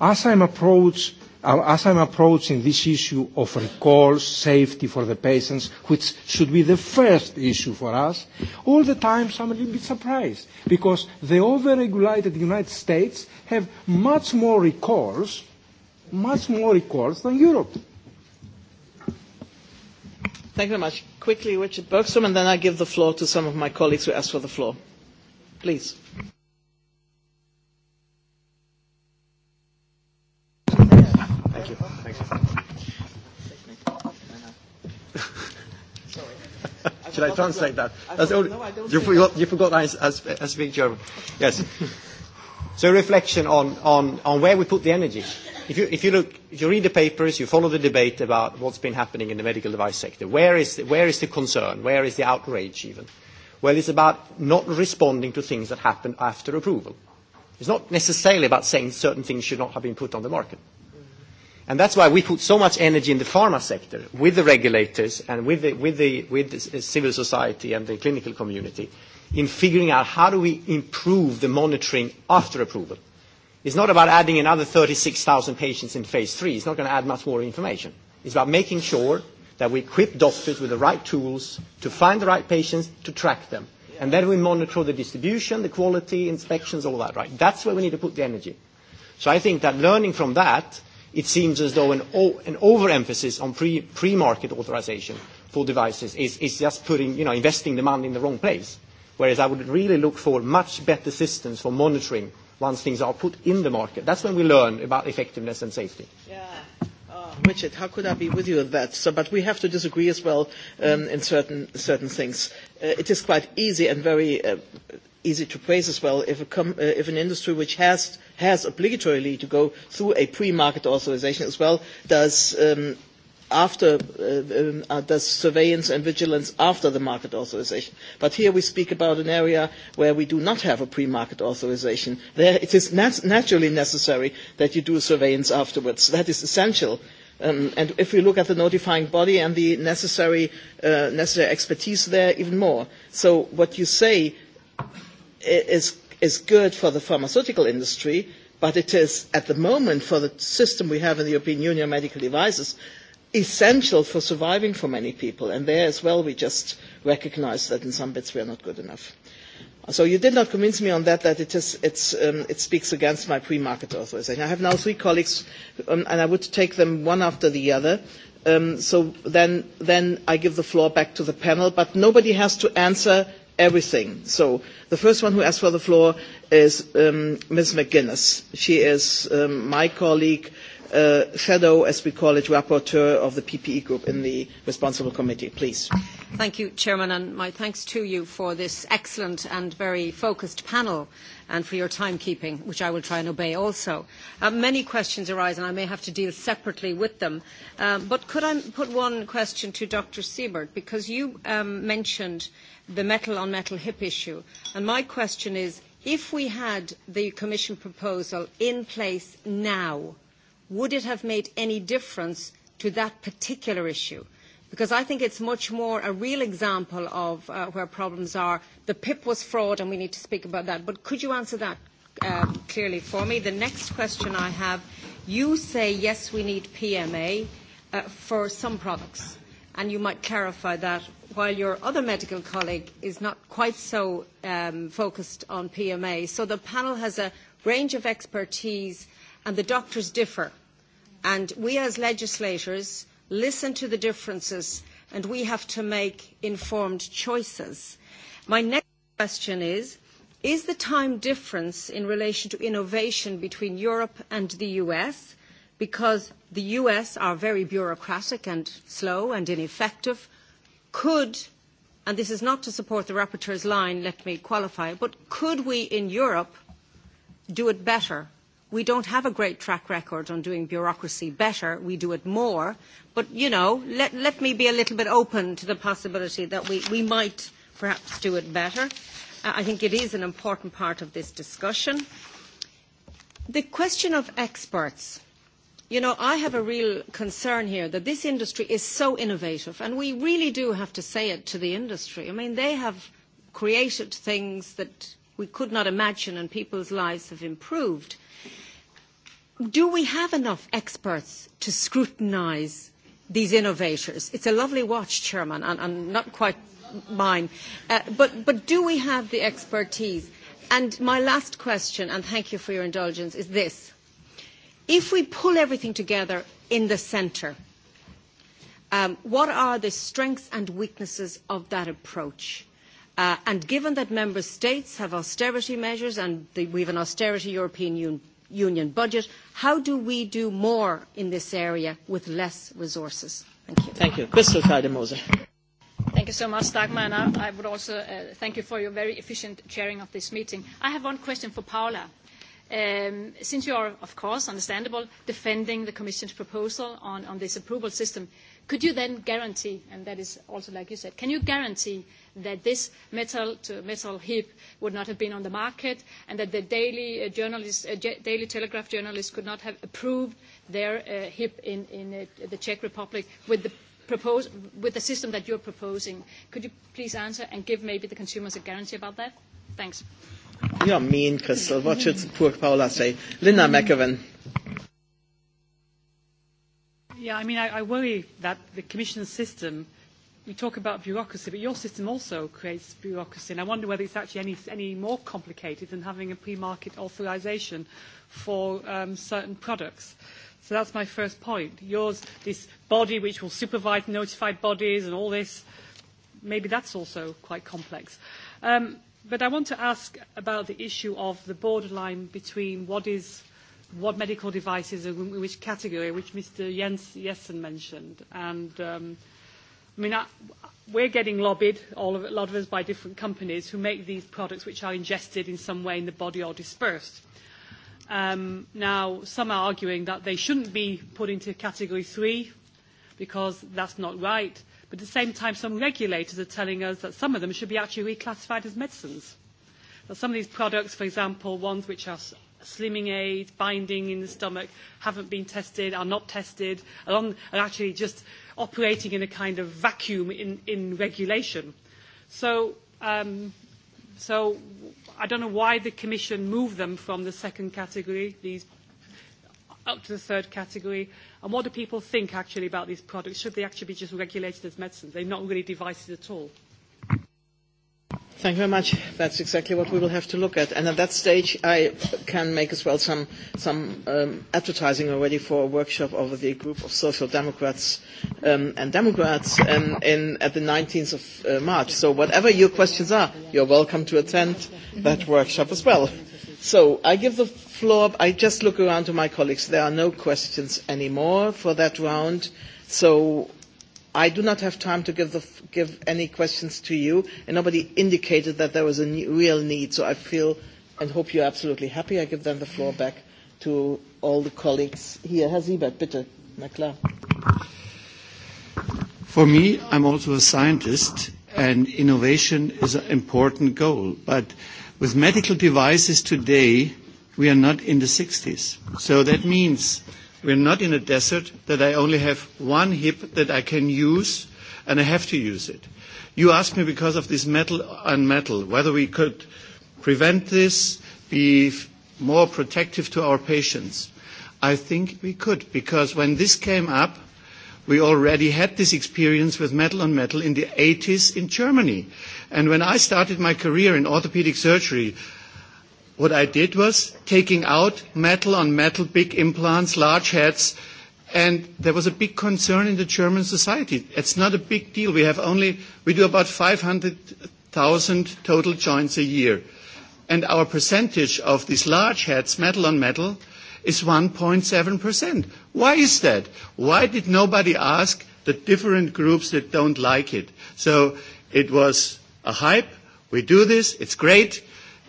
as I'm approached as I'm approaching this issue of recalls, safety for the patients, which should be the first issue for us, all the time I'm a little bit surprised because the over-regulated United States have much more recalls, much more recalls than Europe. Thank you very much. Quickly, Richard Bergstrom, and then I give the floor to some of my colleagues who asked for the floor. Please. Should I translate that? That's only, no, I don't you, forgot, you forgot I, I, I speak German. Yes. So reflection on, on, on where we put the energy. If you, if you look, if you read the papers, you follow the debate about what's been happening in the medical device sector. Where is, the, where is the concern? Where is the outrage even? Well, it's about not responding to things that happen after approval. It's not necessarily about saying certain things should not have been put on the market that's why we put so much energy in the pharma sector with the regulators and with the, with the, with the civil society and the clinical community in figuring out how do we improve the monitoring after approval. It's not about adding another 36,000 patients in phase three. It's not going to add much more information. It's about making sure that we equip doctors with the right tools to find the right patients, to track them. And then we monitor the distribution, the quality, inspections, all that, right? That's where we need to put the energy. So I think that learning from that – it seems as though an, o- an overemphasis on pre- pre-market authorization for devices is, is just putting, you know, investing the money in the wrong place. Whereas I would really look for much better systems for monitoring once things are put in the market. That's when we learn about effectiveness and safety. Yeah. Richard, how could I be with you on that? So, but we have to disagree as well um, in certain, certain things. Uh, it is quite easy and very uh, easy to praise as well if, a com- uh, if an industry which has, has obligatorily to go through a pre-market authorization as well does um, after uh, uh, does surveillance and vigilance after the market authorization. But here we speak about an area where we do not have a pre-market authorization. There it is nat- naturally necessary that you do surveillance afterwards. That is essential. Um, and if we look at the notifying body and the necessary, uh, necessary expertise there, even more. So what you say is, is good for the pharmaceutical industry, but it is at the moment for the system we have in the European Union medical devices essential for surviving for many people. And there as well, we just recognise that in some bits we are not good enough. So you did not convince me on that, that it, is, it's, um, it speaks against my pre-market authorisation. I have now three colleagues, um, and I would take them one after the other. Um, so then, then I give the floor back to the panel, but nobody has to answer everything. So the first one who asked for the floor is um, Ms. McGuinness. She is um, my colleague, uh, shadow, as we call it, rapporteur of the PPE group in the responsible committee. Please. Thank you, Chairman, and my thanks to you for this excellent and very focused panel and for your timekeeping, which I will try and obey also. many questions arise, and I may have to deal separately with them. but could I put one question to Dr. Siebert? Because you mentioned the metal-on-metal hip issue. And my question is, if we had the Commission proposal in place now, would it have made any difference to that particular issue? because I think it's much more a real example of uh, where problems are. The PIP was fraud, and we need to speak about that. But could you answer that um, clearly for me? The next question I have you say, yes, we need PMA uh, for some products, and you might clarify that, while your other medical colleague is not quite so um, focused on PMA. So the panel has a range of expertise, and the doctors differ. And we as legislators listen to the differences, and we have to make informed choices. My next question is, is the time difference in relation to innovation between Europe and the US? Because the US are very bureaucratic and slow and ineffective. Could, and this is not to support the rapporteur's line, let me qualify, but could we in Europe do it better We don't have a great track record on doing bureaucracy better. We do it more. But, you know, let, let me be a little bit open to the possibility that we, we might perhaps do it better. I think it is an important part of this discussion. The question of experts. You know, I have a real concern here that this industry is so innovative, and we really do have to say it to the industry. I mean, they have created things that we could not imagine, and people's lives have improved do we have enough experts to scrutinise these innovators? It's a lovely watch, Chairman, and, and not quite mine. but, but do we have the expertise? And my last question, and thank you for your indulgence, is this. If we pull everything together in the centre, what are the strengths and weaknesses of that approach? and given that member states have austerity measures and we have an austerity European Union. Union budget. How do we do more in this area with less resources? Thank you. Thank you. Crystal Thank you so much, Dagmar, and I would also uh, thank you for your very efficient chairing of this meeting. I have one question for Paula. Um, since you are, of course, understandable, defending the Commission's proposal on, on this approval system, could you then guarantee, and that is also like you said, can you guarantee that this metal to metal hip would not have been on the market and that the daily, journalists, daily Telegraph journalists could not have approved their hip in, in the Czech Republic with the propose with the system that you're proposing. Could you please answer and give maybe the consumers a guarantee about that? Thanks. You're mean, Crystal. What should poor Paula say? Linda McEvan Yeah, I mean, I, I worry that the Commission system we talk about bureaucracy, but your system also creates bureaucracy, and I wonder whether it's actually any, any more complicated than having a pre-market authorisation for um, certain products. So that's my first point. Yours, this body which will supervise notified bodies and all this, maybe that's also quite complex. Um, but I want to ask about the issue of the borderline between what is what medical devices are in which category, which Mr. Jens Jessen mentioned, and um, I mean, I, we're getting lobbied, all of, a lot of us, by different companies who make these products which are ingested in some way in the body or dispersed. Um, now, some are arguing that they shouldn't be put into category three because that's not right. But at the same time, some regulators are telling us that some of them should be actually reclassified as medicines. Now, some of these products, for example, ones which are slimming aids, binding in the stomach, haven't been tested, are not tested, are, on, are actually just operating in a kind of vacuum in, in regulation. So, um, so I don't know why the Commission moved them from the second category, these up to the third category? And what do people think actually about these products? Should they actually be just regulated as medicines? They're not really devices at all. Thank you very much. That's exactly what we will have to look at. And at that stage, I can make as well some, some um, advertising already for a workshop of the group of social democrats um, and democrats um, in, at the 19th of uh, March. So whatever your questions are, you're welcome to attend that workshop as well. So I give the floor. I just look around to my colleagues. There are no questions anymore for that round. So I do not have time to give, the, give any questions to you, and nobody indicated that there was a real need, so I feel and hope you're absolutely happy. I give then the floor back to all the colleagues here. Herr Siebert, bitte. Na klar. For me, I'm also a scientist, and innovation is an important goal. But with medical devices today, we are not in the 60s. So that means We're not in a desert that I only have one hip that I can use and I have to use it. You asked me because of this metal on metal whether we could prevent this, be more protective to our patients. I think we could because when this came up, we already had this experience with metal on metal in the 80s in Germany. And when I started my career in orthopedic surgery, What I did was taking out metal on metal, big implants, large heads, and there was a big concern in the German society. It's not a big deal. We have only, we do about 500,000 total joints a year. And our percentage of these large heads, metal on metal, is 1.7%. Why is that? Why did nobody ask the different groups that don't like it? So it was a hype. We do this. It's great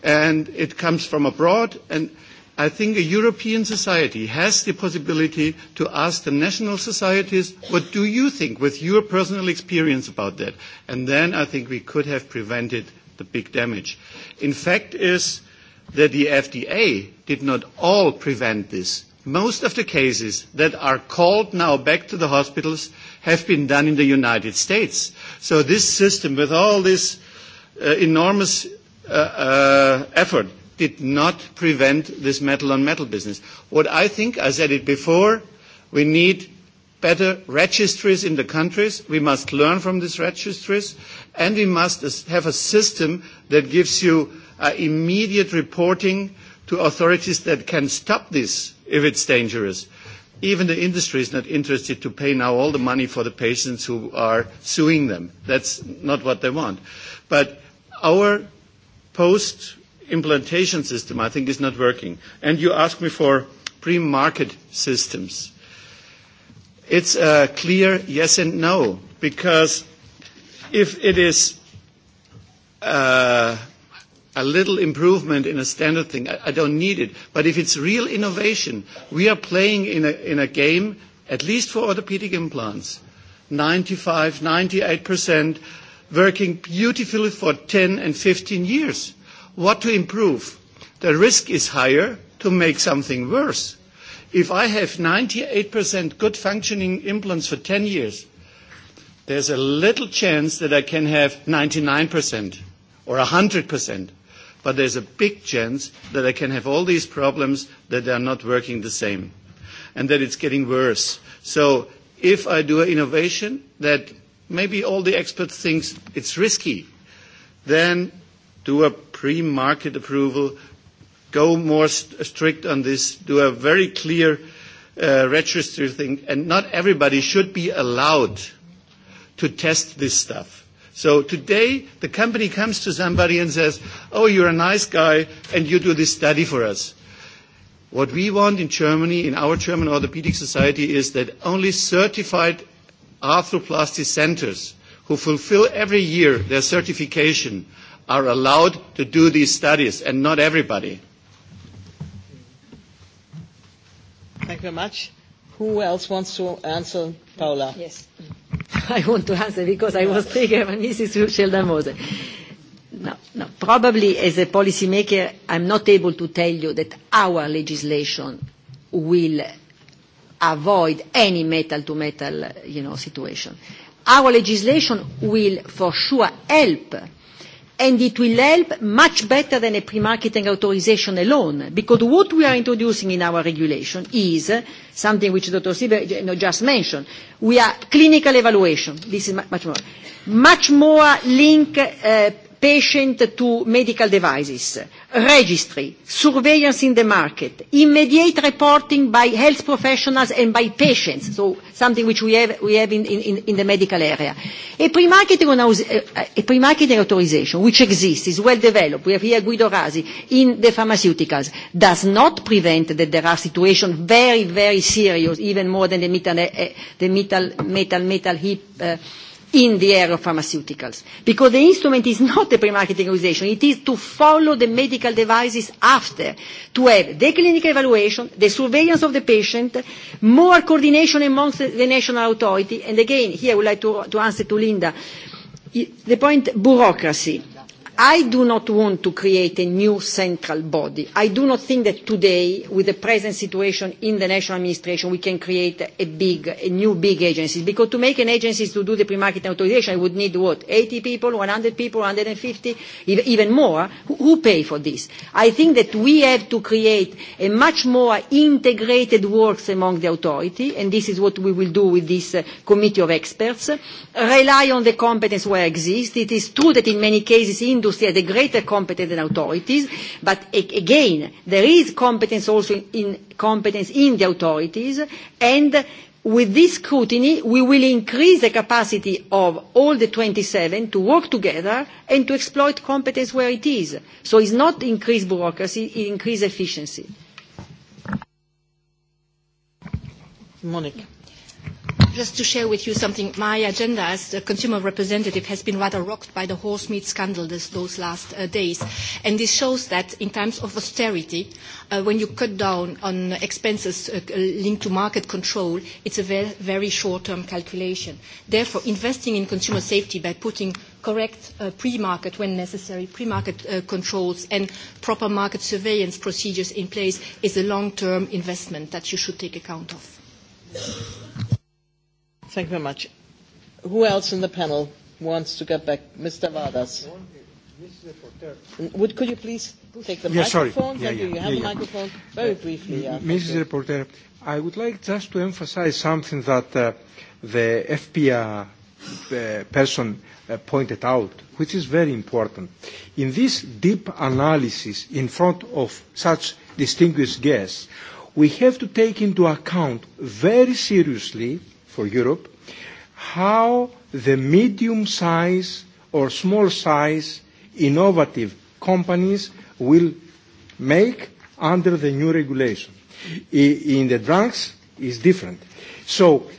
and it comes from abroad. And I think a European society has the possibility to ask the national societies, what do you think with your personal experience about that? And then I think we could have prevented the big damage. In fact is that the FDA did not all prevent this. Most of the cases that are called now back to the hospitals have been done in the United States. So this system with all this uh, enormous uh, effort did not prevent this metal on metal business. What I think, I said it before, we need better registries in the countries. We must learn from these registries and we must have a system that gives you uh, immediate reporting to authorities that can stop this if it's dangerous. Even the industry is not interested to pay now all the money for the patients who are suing them. That's not what they want. But our post implantation system, I think, is not working. And you asked me for pre market systems. It's a clear yes and no, because if it is uh, a little improvement in a standard thing, I, I don't need it. But if it's real innovation, we are playing in a, in a game, at least for orthopedic implants, 95, 98 percent working beautifully for 10 and 15 years. What to improve? The risk is higher to make something worse. If I have 98% good functioning implants for 10 years, there's a little chance that I can have 99% or 100%. But there's a big chance that I can have all these problems that they are not working the same and that it's getting worse. So if I do an innovation that maybe all the experts think it's risky, then do a pre-market approval, go more strict on this, do a very clear uh, register thing, and not everybody should be allowed to test this stuff. So today, the company comes to somebody and says, oh, you're a nice guy, and you do this study for us. What we want in Germany, in our German Orthopedic Society, is that only certified arthroplasty centers who fulfill every year their certification are allowed to do these studies and not everybody. Thank you very much. Who else wants to answer, Paula? Yes. I want to answer because I was thinking of Mrs. Sheldamose. No, no. Probably as a policymaker, I'm not able to tell you that our legislation will avoid any metal-to-metal, you know, situation. Our legislation will for sure help, and it will help much better than a pre-marketing authorization alone, because what we are introducing in our regulation is something which Dr. Sieber just mentioned. We are clinical evaluation. This is much more. Much more link uh, patient to medical devices, registry, surveillance in the market, immediate reporting by health professionals and by patients, so something which we have, we have in, in, in the medical area. A pre-marketing, a pre-marketing authorization, which exists, is well developed, we have here Guido Rasi, in the pharmaceuticals, does not prevent that there are situations very, very serious, even more than the metal, the metal, metal, metal hip uh, in the area of pharmaceuticals. Because the instrument is not a pre-marketing authorization, it is to follow the medical devices after, to have the clinical evaluation, the surveillance of the patient, more coordination amongst the national authority, and again, here I would like to, to answer to Linda, the point bureaucracy I do not want to create a new central body. I do not think that today, with the present situation in the national administration, we can create a big, a new big agency. Because to make an agency to do the pre-market authorization, I would need what? 80 people, 100 people, 150, even more. Who pay for this? I think that we have to create a much more integrated works among the authority, and this is what we will do with this uh, committee of experts. Rely on the competence where it exists. It is true that in many cases, in industry has a greater competence than authorities, but again, there is competence also in competence in the authorities, and With this scrutiny, we will increase the capacity of all the twenty seven to work together and to exploit competence where it is. So it's not increased bureaucracy, it increased efficiency. Monique just to share with you something. My agenda as the consumer representative has been rather rocked by the horse meat scandal this, those last uh, days. And this shows that in times of austerity, uh, when you cut down on expenses uh, linked to market control, it's a very, very short-term calculation. Therefore, investing in consumer safety by putting correct uh, pre-market, when necessary, pre-market uh, controls and proper market surveillance procedures in place is a long-term investment that you should take account of. Thank you very much. Who else in the panel wants to get back? Mr. Vardas. Would, could you please take the yeah, microphone? Sorry. Yeah, Thank yeah, you. You have yeah, a microphone. Very briefly. Yeah, Mrs. Reporter, I would like just to emphasize something that uh, the FPR uh, person uh, pointed out, which is very important. In this deep analysis in front of such distinguished guests, we have to take into account very seriously for Europe, how the medium-size or small-size innovative companies will make under the new regulation. In the drugs is different. So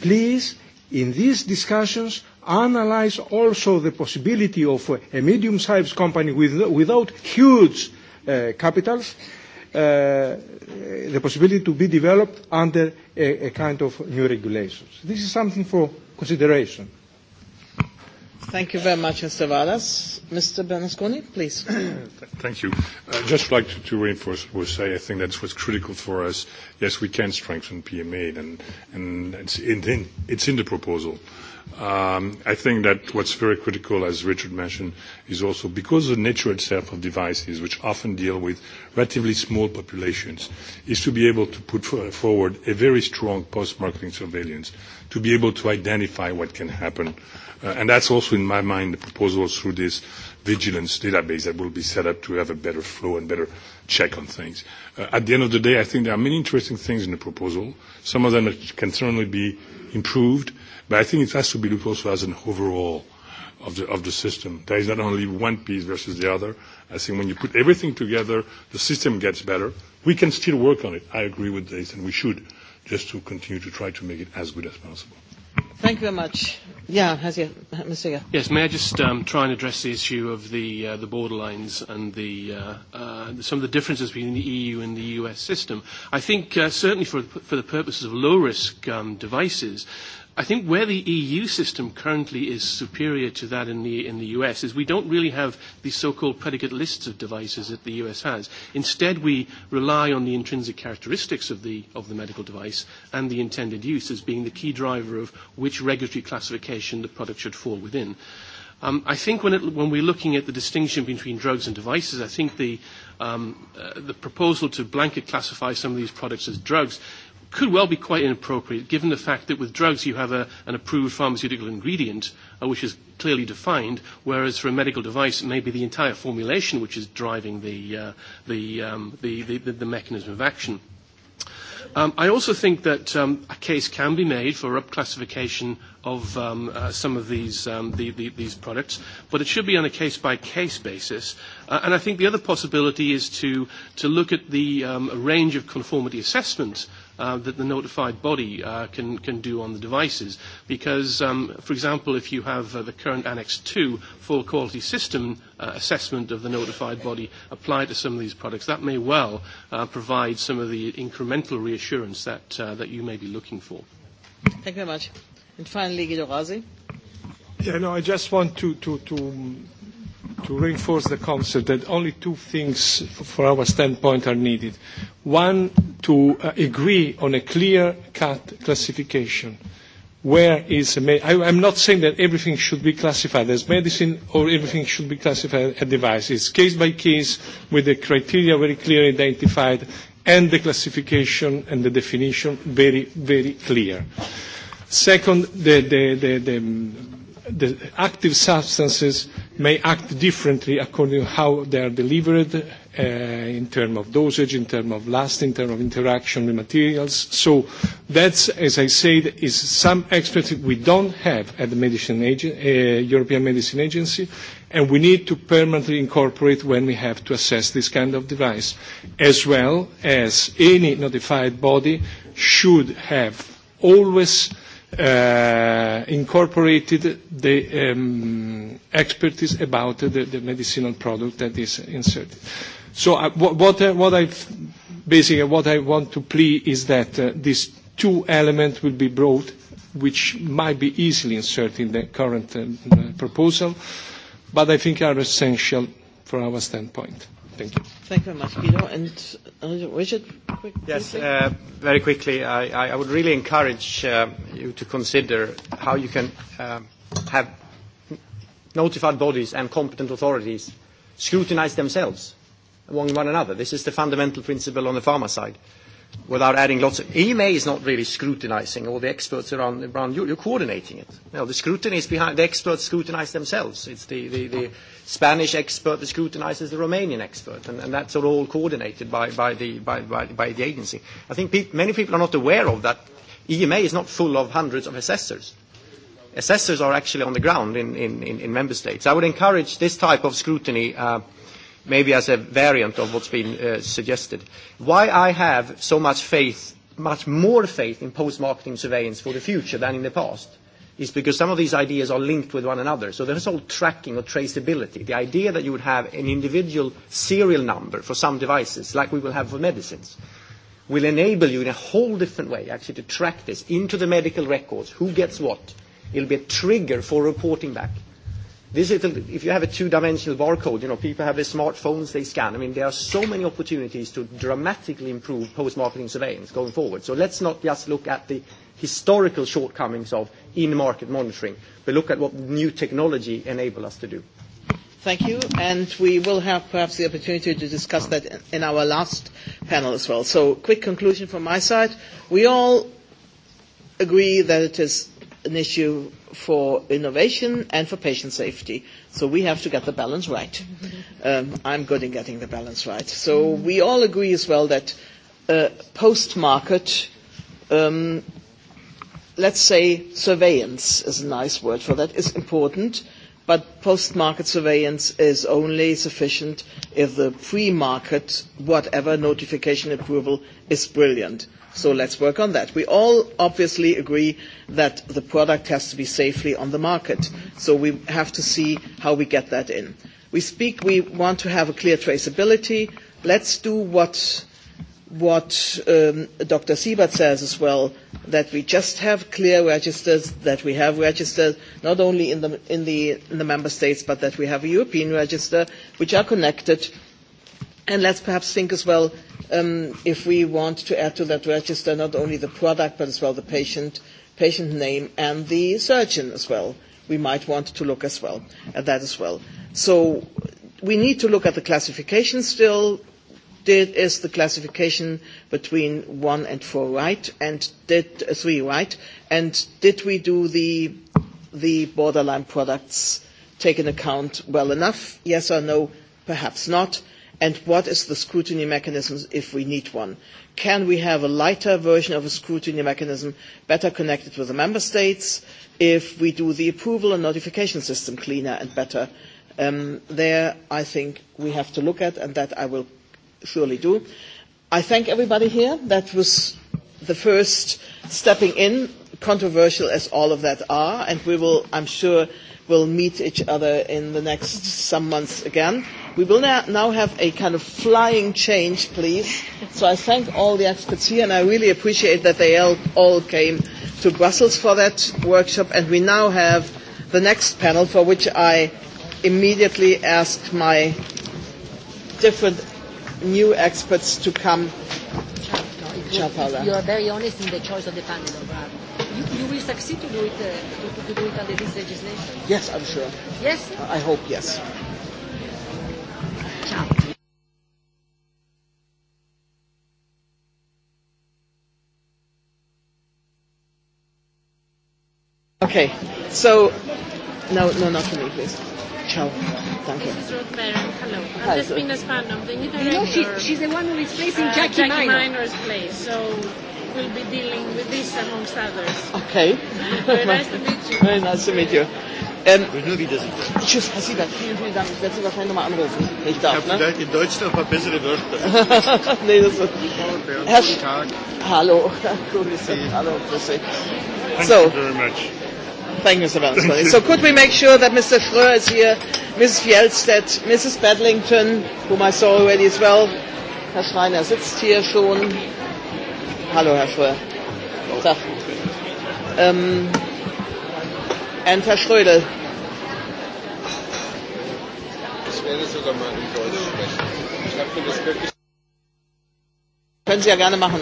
please, in these discussions, analyze also the possibility of a medium-sized company with, without huge uh, capitals uh, the possibility to be developed under a, a kind of new regulations. This is something for consideration. Thank you very much, Mr. Vallas. Mr. Bernasconi, please. Thank you. I'd just like to, to reinforce what we say. I think that's what's critical for us. Yes, we can strengthen PMA, and, and it's, in, it's in the proposal. Um, I think that what's very critical, as Richard mentioned, is also because the nature itself of devices, which often deal with relatively small populations, is to be able to put forward a very strong post-marketing surveillance, to be able to identify what can happen. and that's also, in my mind, the proposal through this vigilance database that will be set up to have a better flow and better check on things. at the end of the day, I think there are many interesting things in the proposal. Some of them can certainly be improved But I think it has to be looked also as an overall of the, of the system. There is not only one piece versus the other. I think when you put everything together, the system gets better. We can still work on it. I agree with this, and we should, just to continue to try to make it as good as possible. Thank you very much. Yeah, has you, Mr. Yes, may I just um, try and address the issue of the uh, the borderlines and the uh, uh, some of the differences between the EU and the US system? I think uh, certainly for for the purposes of low risk um, devices, I think where the EU system currently is superior to that in the, in the US is we don't really have the so-called predicate lists of devices that the US has. Instead, we rely on the intrinsic characteristics of the, of the medical device and the intended use as being the key driver of which regulatory classification the product should fall within. Um, I think when, it, when we're looking at the distinction between drugs and devices, I think the, um, uh, the proposal to blanket classify some of these products as drugs could well be quite inappropriate given the fact that with drugs you have a, an approved pharmaceutical ingredient uh, which is clearly defined, whereas for a medical device it may be the entire formulation which is driving the, uh, the, um, the, the, the the mechanism of action. Um, I also think that um, a case can be made for upclassification of um, uh, some of these, um, the, the, these products, but it should be on a case-by-case basis. Uh, and I think the other possibility is to, to look at the um, range of conformity assessments uh, that the notified body uh, can, can do on the devices. Because, um, for example, if you have uh, the current Annex 2 full quality system uh, assessment of the notified body applied to some of these products, that may well uh, provide some of the incremental reassurance that, uh, that you may be looking for. Thank you very much. And finally, Guido Razi. Yeah, no, I just want to, to, to to reinforce the concept that only two things from our standpoint are needed. One, to agree on a clear-cut classification. Where is I am not saying that everything should be classified as medicine or everything should be classified as device. It's case by case with the criteria very clearly identified and the classification and the definition very, very clear. Second, the, the, the, the the active substances may act differently according to how they are delivered uh, in terms of dosage, in terms of last, in terms of interaction with materials. So that's, as I said, is some expertise we don't have at the medicine agent, uh, European Medicine Agency, and we need to permanently incorporate when we have to assess this kind of device, as well as any notified body should have always uh, incorporated the um, expertise about the, the medicinal product that is inserted. So uh, what, what, uh, what I basically what I want to plea is that uh, these two elements will be brought, which might be easily inserted in the current proposal, but I think are essential for our standpoint. Thank you. Thank you very much, Guido. And Richard, quick, Yes, uh, very quickly. I, I would really encourage uh, you to consider how you can have notified bodies and competent authorities scrutinize themselves among one another. This is the fundamental principle on the pharma side without adding lots of EMA is not really scrutinizing all the experts around, around you. You're coordinating it. No, the scrutiny is behind the experts scrutinize themselves. It's the, the, the Spanish expert that scrutinizes the Romanian expert, and, and that's all coordinated by, by, the, by, by, by the agency. I think pe- many people are not aware of that. EMA is not full of hundreds of assessors. Assessors are actually on the ground in, in, in member states. I would encourage this type of scrutiny. Uh, maybe as a variant of what's been uh, suggested. Why I have so much faith, much more faith in post-marketing surveillance for the future than in the past is because some of these ideas are linked with one another. So there's all tracking or traceability. The idea that you would have an individual serial number for some devices, like we will have for medicines, will enable you in a whole different way actually to track this into the medical records, who gets what. It'll be a trigger for reporting back. Digital, if you have a two-dimensional barcode, you know, people have their smartphones, they scan. I mean, there are so many opportunities to dramatically improve post-marketing surveillance going forward. So let's not just look at the historical shortcomings of in-market monitoring, but look at what new technology enable us to do. Thank you. And we will have perhaps the opportunity to discuss that in our last panel as well. So quick conclusion from my side. We all agree that it is an issue for innovation and for patient safety. So we have to get the balance right. Um, I'm good in getting the balance right. So we all agree as well that uh, post-market, um, let's say surveillance is a nice word for that, is important, but post-market surveillance is only sufficient if the pre-market, whatever, notification approval is brilliant So let's work on that. We all obviously agree that the product has to be safely on the market. So we have to see how we get that in. We speak, we want to have a clear traceability. Let's do what what Dr. Siebert says as well, that we just have clear registers, that we have registers not only in the, in the, in the member states, but that we have a European register, which are connected. And let's perhaps think as well if we want to add to that register not only the product but as well the patient, patient name and the surgeon as well. We might want to look as well at that as well. So we need to look at the classification still. Did is the classification between one and four right and did uh, three right and did we do the the borderline products take into account well enough? Yes or no? Perhaps not and what is the scrutiny mechanism if we need one? Can we have a lighter version of a scrutiny mechanism better connected with the member states if we do the approval and notification system cleaner and better? there, I think we have to look at, and that I will surely do. I thank everybody here. That was the first stepping in, controversial as all of that are, and we will, I'm sure, will meet each other in the next some months again. We will now have a kind of flying change, please. So I thank all the experts here, and I really appreciate that they all came to Brussels for that workshop. And we now have the next panel, for which I immediately ask my different new experts to come. You are very honest in the choice of the panel, You, you will succeed to do it uh, to, to do it under this legislation. Yes, I'm sure. Yes. I hope yes. Ciao. Okay, so no, no, not for me, please. Ciao. Thank you. This is Ruth Barron. Hello. I'm just a fan of the new director. You know, she, she's the one who is placing uh, Jackie, Jackie Minor's place. So will be dealing with this amongst others. Okay. Very nice to meet you. Very nice to meet you. Ähm, tschüss, Herr Siebert, vielen, vielen Dank. Ich werde Sie wahrscheinlich nochmal anrufen. Ich, darf, ich habe ne? vielleicht in Deutsch noch mal bessere Wörter. nee, das ist... Herr Guten Hallo. Hallo, grüß Sie. Thank so. you very much. Thank you, Mr. Vansbury. so could we make sure that Mr. Schröer is here, Mrs. Fjellstedt, Mrs. Bedlington, whom I saw already as well. Herr Schreiner sitzt hier schon. Hallo, Herr Schröder. Tag. Ähm, Ernst Herr Schrödel. Ich werde sogar mal in Deutsch sprechen. Ich habe das wirklich. Können Sie ja gerne machen.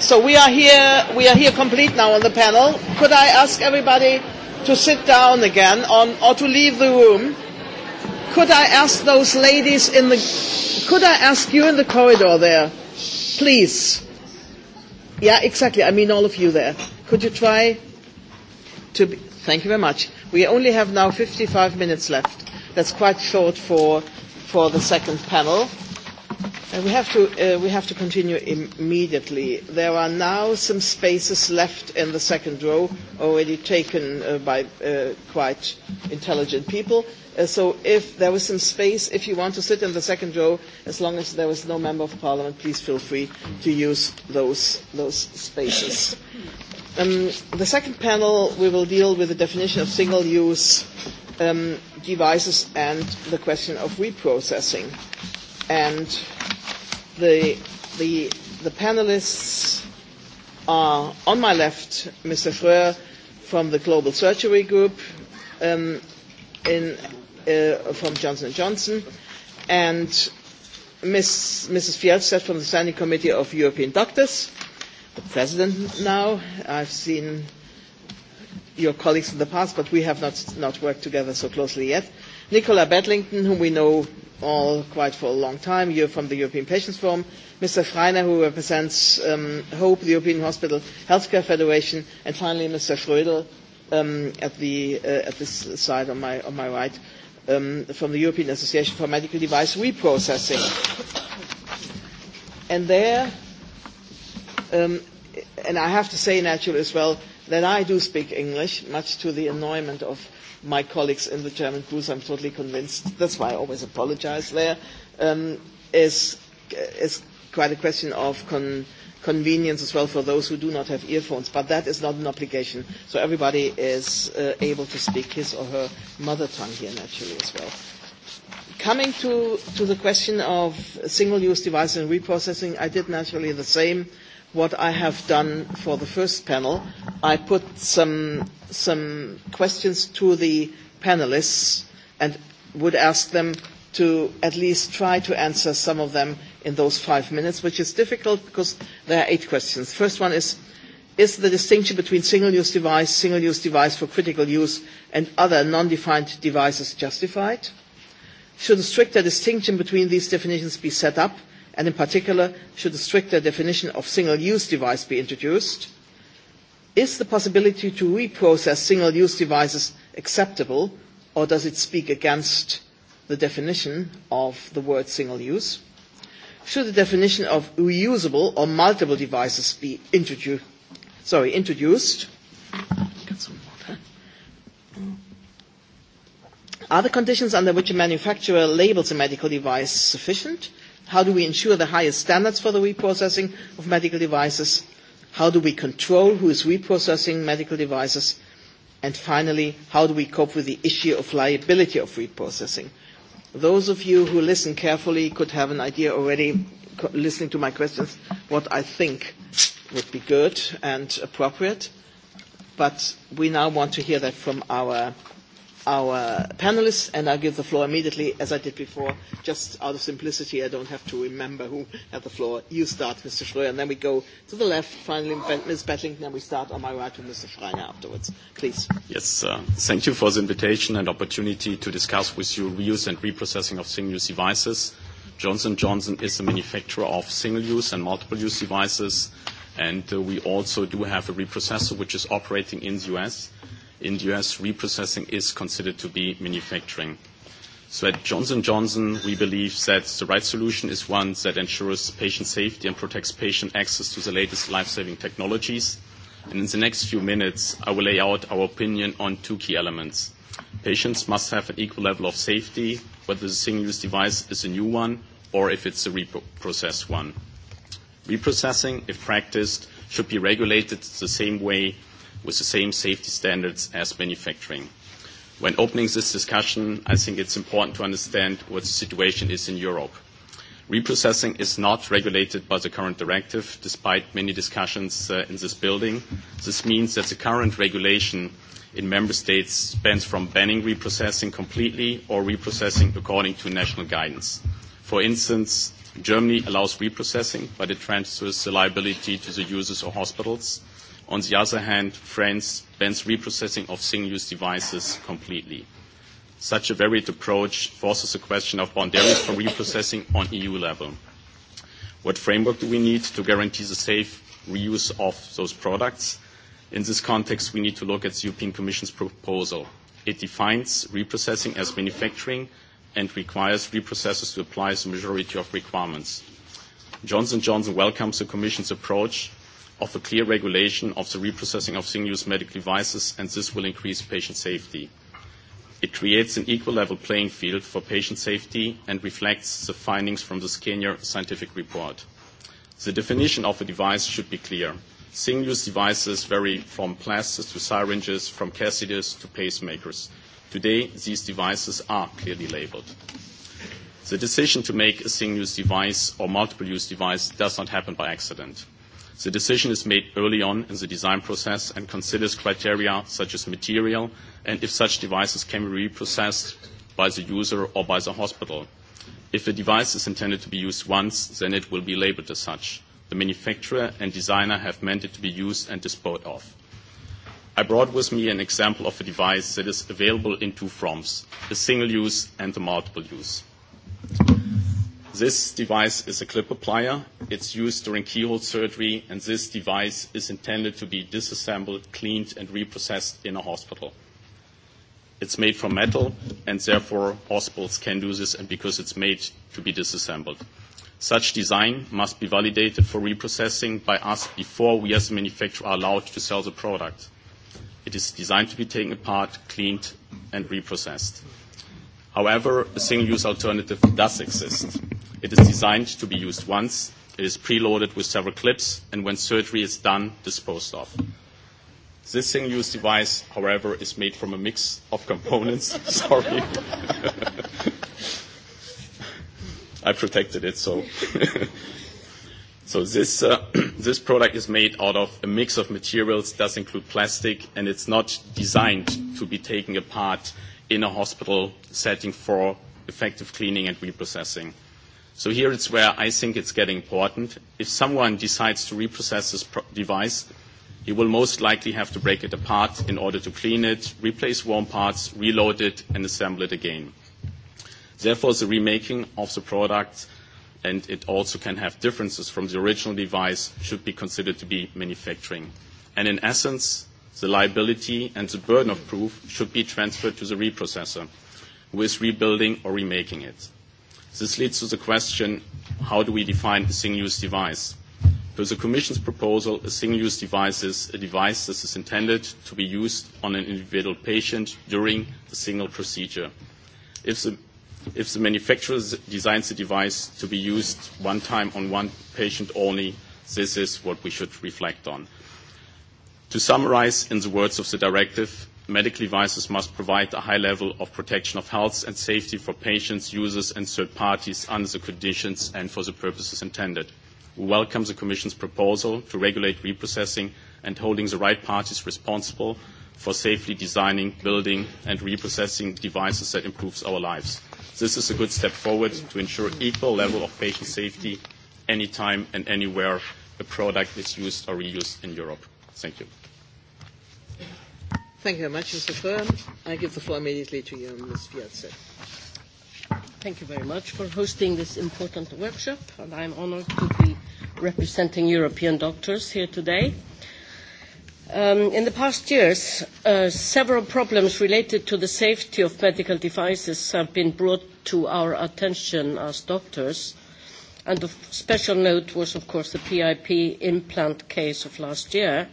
So we are here, we are here complete now on the panel. Could I ask everybody to sit down again on, or to leave the room? Could I ask those ladies in the, could I ask you in the corridor there, please? Yeah, exactly. I mean all of you there. Could you try to be, thank you very much. We only have now 55 minutes left. That's quite short for, for the second panel we have to uh, we have to continue immediately. There are now some spaces left in the second row, already taken uh, by uh, quite intelligent people. Uh, so if there was some space, if you want to sit in the second row, as long as there was no member of parliament, please feel free to use those those spaces. Um, the second panel, we will deal with the definition of single-use um, devices and the question of reprocessing and the, the, the panelists are on my left, Mr. Fröhr from the Global Surgery Group um, in, uh, from Johnson Johnson, and Ms. Mrs. Fjellstedt from the Standing Committee of European Doctors, the President now. I've seen your colleagues in the past, but we have not, not worked together so closely yet. Nicola Bedlington, whom we know all quite for a long time. You're from the European Patients Forum. Mr. Freiner, who represents um, HOPE, the European Hospital Healthcare Federation, and finally Mr. Schrödel um, at, the, uh, at this side on my, on my right um, from the European Association for Medical Device Reprocessing. And there, um, and I have to say, naturally, as well, that I do speak English, much to the annoyment of my colleagues in the German Blues, I'm totally convinced, that's why I always apologize there, um, is, is quite a question of con- convenience as well for those who do not have earphones. But that is not an obligation. So everybody is uh, able to speak his or her mother tongue here naturally as well. Coming to, to the question of single-use devices and reprocessing, I did naturally the same what I have done for the first panel. I put some, some questions to the panelists and would ask them to at least try to answer some of them in those five minutes, which is difficult because there are eight questions. The First one is, is the distinction between single-use device, single-use device for critical use, and other non-defined devices justified? Should a stricter distinction between these definitions be set up and in particular, should a stricter definition of single-use device be introduced? Is the possibility to reprocess single-use devices acceptable, or does it speak against the definition of the word single-use? Should the definition of reusable or multiple devices be introdu- Sorry, introduced? Are the conditions under which a manufacturer labels a medical device sufficient? How do we ensure the highest standards for the reprocessing of medical devices? How do we control who is reprocessing medical devices? And finally, how do we cope with the issue of liability of reprocessing? Those of you who listen carefully could have an idea already, listening to my questions, what I think would be good and appropriate. But we now want to hear that from our our panelists, and I'll give the floor immediately, as I did before, just out of simplicity. I don't have to remember who had the floor. You start, Mr. Schröer, and then we go to the left, finally Ms. Bettling, and then we start on my right with Mr. Schreiner afterwards. Please. Yes, uh, thank you for the invitation and opportunity to discuss with you reuse and reprocessing of single-use devices. Johnson Johnson is a manufacturer of single-use and multiple-use devices, and uh, we also do have a reprocessor which is operating in the U.S., in the US, reprocessing is considered to be manufacturing. So at Johnson Johnson, we believe that the right solution is one that ensures patient safety and protects patient access to the latest life-saving technologies. And in the next few minutes, I will lay out our opinion on two key elements. Patients must have an equal level of safety, whether the single-use device is a new one or if it's a reprocessed one. Reprocessing, if practiced, should be regulated the same way with the same safety standards as manufacturing. When opening this discussion, I think it's important to understand what the situation is in Europe. Reprocessing is not regulated by the current directive, despite many discussions in this building. This means that the current regulation in member states spans from banning reprocessing completely or reprocessing according to national guidance. For instance, Germany allows reprocessing, but it transfers the liability to the users or hospitals. On the other hand, France bans reprocessing of single-use devices completely. Such a varied approach forces the question of boundaries for reprocessing on EU level. What framework do we need to guarantee the safe reuse of those products? In this context, we need to look at the European Commission's proposal. It defines reprocessing as manufacturing and requires reprocessors to apply the majority of requirements. Johnson Johnson welcomes the Commission's approach of a clear regulation of the reprocessing of single-use medical devices, and this will increase patient safety. It creates an equal level playing field for patient safety and reflects the findings from the Scania scientific report. The definition of a device should be clear. Single-use devices vary from plasters to syringes, from catheters to pacemakers. Today, these devices are clearly labeled. The decision to make a single-use device or multiple-use device does not happen by accident. The decision is made early on in the design process and considers criteria such as material and if such devices can be reprocessed by the user or by the hospital. If a device is intended to be used once, then it will be labeled as such. The manufacturer and designer have meant it to be used and disposed of. I brought with me an example of a device that is available in two forms, a single use and a multiple use. This device is a clip applier. It's used during keyhole surgery, and this device is intended to be disassembled, cleaned, and reprocessed in a hospital. It's made from metal, and therefore hospitals can do this, and because it's made to be disassembled. Such design must be validated for reprocessing by us before we as a manufacturer are allowed to sell the product. It is designed to be taken apart, cleaned, and reprocessed. However, a single-use alternative does exist. It is designed to be used once. It is preloaded with several clips, and when surgery is done, disposed of. This single-use device, however, is made from a mix of components. Sorry. I protected it, so. so this, uh, this product is made out of a mix of materials, does include plastic, and it's not designed to be taken apart in a hospital setting for effective cleaning and reprocessing. So here it's where I think it's getting important. If someone decides to reprocess this device, he will most likely have to break it apart in order to clean it, replace warm parts, reload it, and assemble it again. Therefore, the remaking of the product and it also can have differences from the original device should be considered to be manufacturing. And in essence, the liability and the burden of proof should be transferred to the reprocessor who is rebuilding or remaking it. This leads to the question, how do we define a single-use device? For the Commission's proposal, a single-use device is a device that is intended to be used on an individual patient during a single procedure. If the, if the manufacturer designs the device to be used one time on one patient only, this is what we should reflect on. To summarize, in the words of the directive, medical devices must provide a high level of protection of health and safety for patients, users, and third parties under the conditions and for the purposes intended. We welcome the Commission's proposal to regulate reprocessing and holding the right parties responsible for safely designing, building, and reprocessing devices that improves our lives. This is a good step forward to ensure equal level of patient safety anytime and anywhere a product is used or reused in Europe. Thank you. Thank you very much, Mr. Firm. I give the floor immediately to you, Ms. Piazza. Thank you very much for hosting this important workshop, and I'm honored to be representing European doctors here today. in the past years, several problems related to the safety of medical devices have been brought to our attention as doctors, and of special note was, of course, the PIP implant case of last year,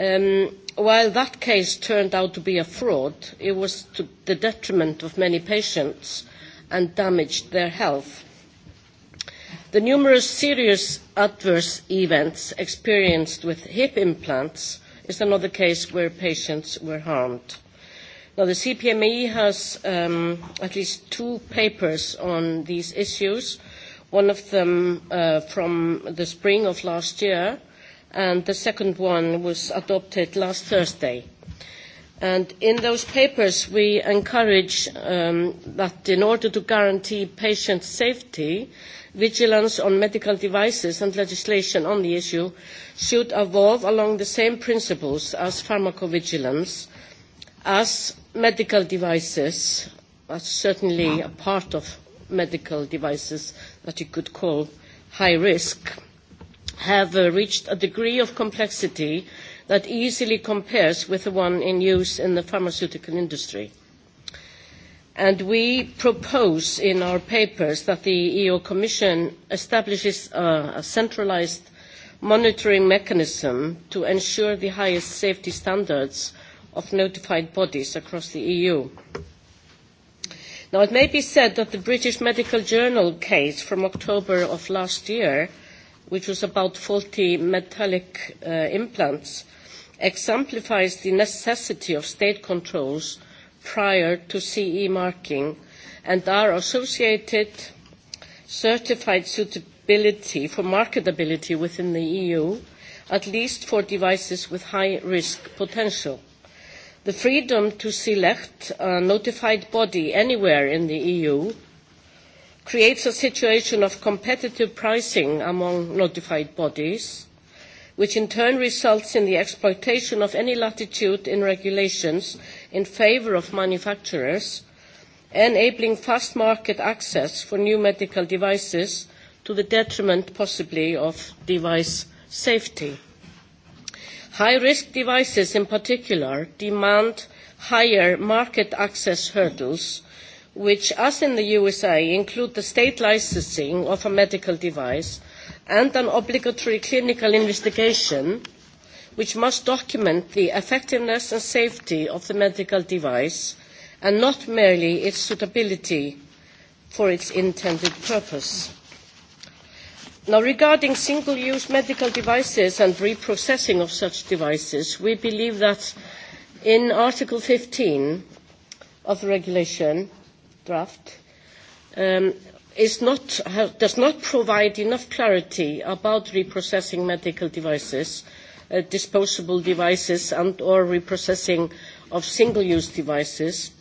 Um, while that case turned out to be a fraud, it was to the detriment of many patients and damaged their health. The numerous serious adverse events experienced with hip implants is another case where patients were harmed. Now, the CPME has um, at least two papers on these issues, one of them uh, from the spring of last year, and the second one was adopted last Thursday. And in those papers, we encourage that in order to guarantee patient safety, vigilance on medical devices and legislation on the issue should evolve along the same principles as pharmacovigilance, as medical devices, as certainly a part of medical devices that you could call high risk have reached a degree of complexity that easily compares with the one in use in the pharmaceutical industry. And we propose in our papers that the EU Commission establishes a centralised monitoring mechanism to ensure the highest safety standards of notified bodies across the EU. Now, it may be said that the British Medical Journal case from October of last year which was about faulty metallic uh, implants, exemplifies the necessity of state controls prior to CE marking and are associated certified suitability for marketability within the EU, at least for devices with high risk potential. The freedom to select a notified body anywhere in the EU creates a situation of competitive pricing among notified bodies, which in turn results in the exploitation of any latitude in regulations in favour of manufacturers, enabling fast market access for new medical devices to the detriment possibly of device safety. High-risk devices in particular demand higher market access hurdles which as in the USA include the state licensing of a medical device and an obligatory clinical investigation which must document the effectiveness and safety of the medical device and not merely its suitability for its intended purpose. Now, regarding single-use medical devices and reprocessing of such devices, we believe that in Article 15 of the regulation, draft is not, does not provide enough clarity about reprocessing medical devices, disposable devices and or reprocessing of single-use devices.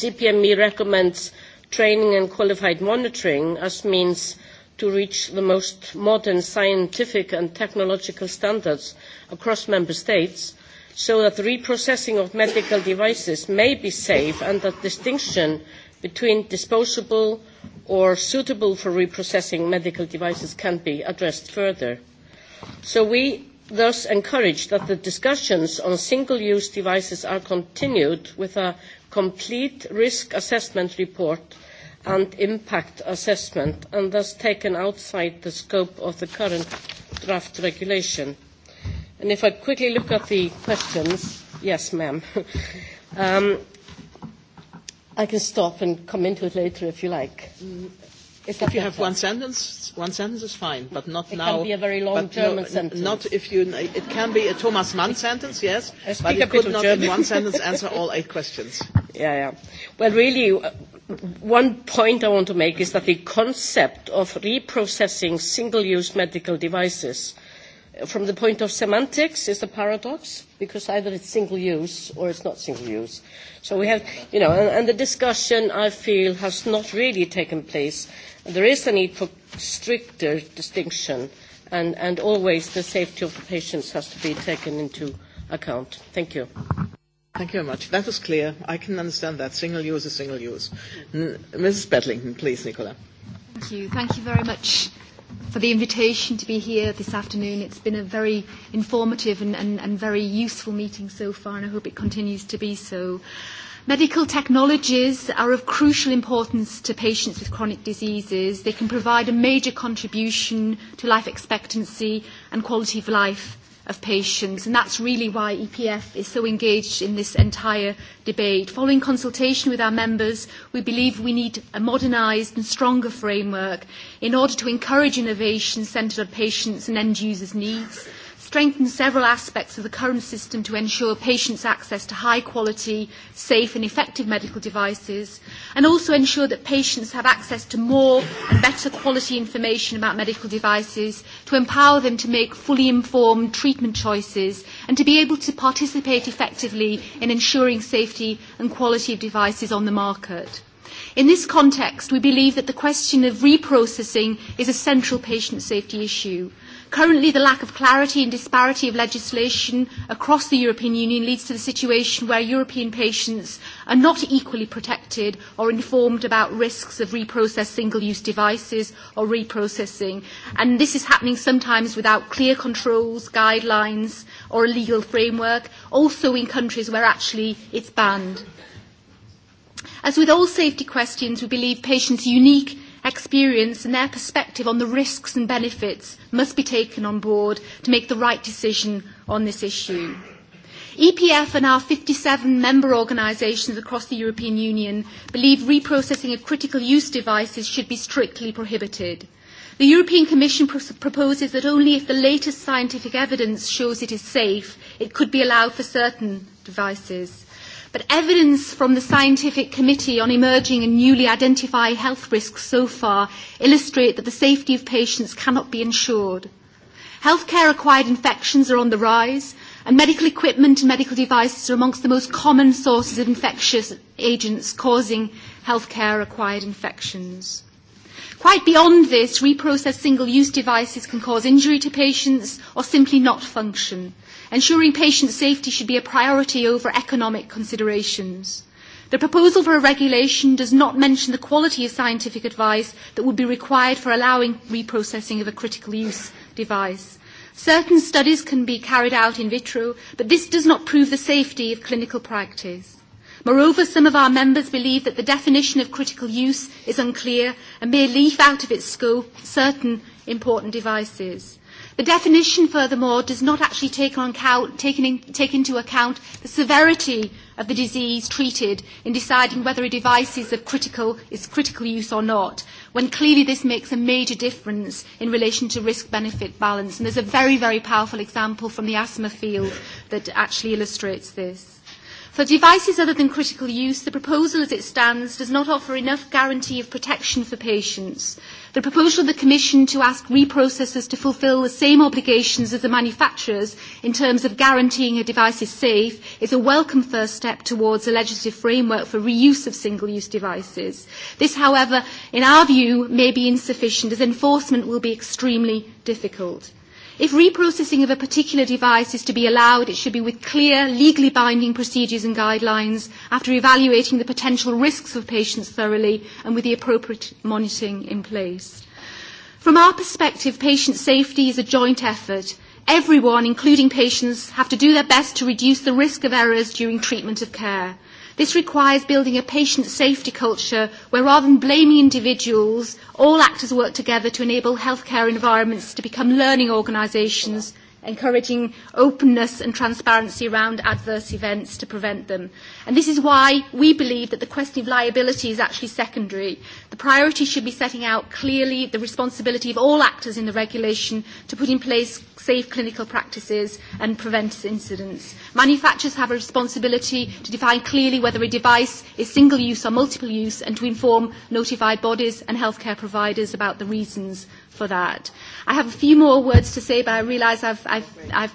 CPME recommends training and qualified monitoring as means to reach the most modern scientific and technological standards across member states so that the reprocessing of medical devices may be safe and that distinction between disposable or suitable for reprocessing medical devices can be addressed further. So we thus encourage that the discussions on single-use devices are continued with a complete risk assessment report and impact assessment, and thus taken outside the scope of the current draft regulation. And if I quickly look at the questions, yes, ma'am. I can stop and come into it later if you like. Is if you have one sentence, one sentence is fine, but not it now. It can be a very long but German no, sentence. Not if you. It can be a Thomas Mann sentence, yes, but you could not German. in one sentence answer all eight questions. Yeah, yeah. Well, really, one point I want to make is that the concept of reprocessing single-use medical devices – from the point of semantics is a paradox because either it's single use or it's not single use. So we have, you know, and, and the discussion I feel has not really taken place. There is a need for stricter distinction, and, and always the safety of the patients has to be taken into account. Thank you. Thank you very much. That was clear. I can understand that. Single use is single use. N- Mrs. Bedlington, please, Nicola. Thank you. Thank you very much for the invitation to be here this afternoon. It's been a very informative and, and, and very useful meeting so far, and I hope it continues to be so. Medical technologies are of crucial importance to patients with chronic diseases. They can provide a major contribution to life expectancy and quality of life of patients, and that's really why EPF is so engaged in this entire debate. Following consultation with our members, we believe we need a modernised and stronger framework in order to encourage innovation centred on patients and end users' needs strengthen several aspects of the current system to ensure patients' access to high quality, safe and effective medical devices, and also ensure that patients have access to more and better quality information about medical devices to empower them to make fully informed treatment choices and to be able to participate effectively in ensuring safety and quality of devices on the market. In this context, we believe that the question of reprocessing is a central patient safety issue. Currently, the lack of clarity and disparity of legislation across the European Union leads to the situation where European patients are not equally protected or informed about risks of reprocessed single-use devices or reprocessing. And this is happening sometimes without clear controls, guidelines or a legal framework, also in countries where actually it's banned. As with all safety questions, we believe patients' unique experience and their perspective on the risks and benefits must be taken on board to make the right decision on this issue. EPF and our 57 member organisations across the European Union believe reprocessing of critical use devices should be strictly prohibited. The European Commission proposes that only if the latest scientific evidence shows it is safe, it could be allowed for certain devices. But evidence from the Scientific Committee on Emerging and Newly Identified Health Risks so far illustrate that the safety of patients cannot be ensured. Healthcare-acquired infections are on the rise, and medical equipment and medical devices are amongst the most common sources of infectious agents causing healthcare-acquired infections. Quite beyond this, reprocessed single-use devices can cause injury to patients or simply not function. Ensuring patient safety should be a priority over economic considerations. The proposal for a regulation does not mention the quality of scientific advice that would be required for allowing reprocessing of a critical use device. Certain studies can be carried out in vitro, but this does not prove the safety of clinical practice. Moreover, some of our members believe that the definition of critical use is unclear and may leave out of its scope certain important devices. The definition, furthermore, does not actually take, on account, take, in, take into account the severity of the disease treated in deciding whether a device is, of critical, is critical use or not, when clearly this makes a major difference in relation to risk-benefit balance. And there's a very, very powerful example from the asthma field that actually illustrates this. For devices other than critical use, the proposal as it stands does not offer enough guarantee of protection for patients The proposal of the Commission to ask reprocessors to fulfil the same obligations as the manufacturers in terms of guaranteeing a device is safe is a welcome first step towards a legislative framework for reuse of single-use devices. This, however, in our view, may be insufficient as enforcement will be extremely difficult. If reprocessing of a particular device is to be allowed, it should be with clear, legally binding procedures and guidelines after evaluating the potential risks of patients thoroughly and with the appropriate monitoring in place. From our perspective, patient safety is a joint effort. Everyone, including patients, have to do their best to reduce the risk of errors during treatment of care. This requires building a patient safety culture where rather than blaming individuals, all actors work together to enable healthcare environments to become learning organisations encouraging openness and transparency around adverse events to prevent them. And this is why we believe that the question of liability is actually secondary. The priority should be setting out clearly the responsibility of all actors in the regulation to put in place safe clinical practices and prevent incidents. Manufacturers have a responsibility to define clearly whether a device is single use or multiple use and to inform notified bodies and healthcare providers about the reasons for that. I have a few more words to say, but I realise I've, I've, I've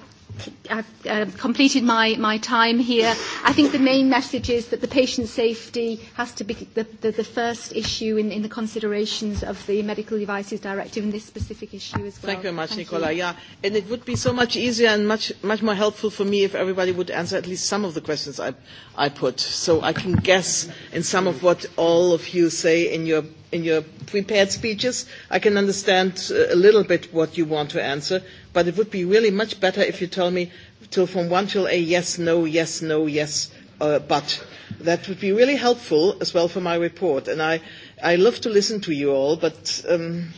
I've uh, completed my, my time here. I think the main message is that the patient safety has to be the, the, the first issue in, in the considerations of the Medical Devices Directive in this specific issue as well. Thank you very much, Thank Nicola. You. Yeah, and it would be so much easier and much, much more helpful for me if everybody would answer at least some of the questions I, I put. So I can guess in some of what all of you say in your in your prepared speeches. I can understand a little bit what you want to answer, but it would be really much better if you tell me till from one till a yes, no, yes, no, yes, uh, but. That would be really helpful as well for my report. And I, I love to listen to you all, but um,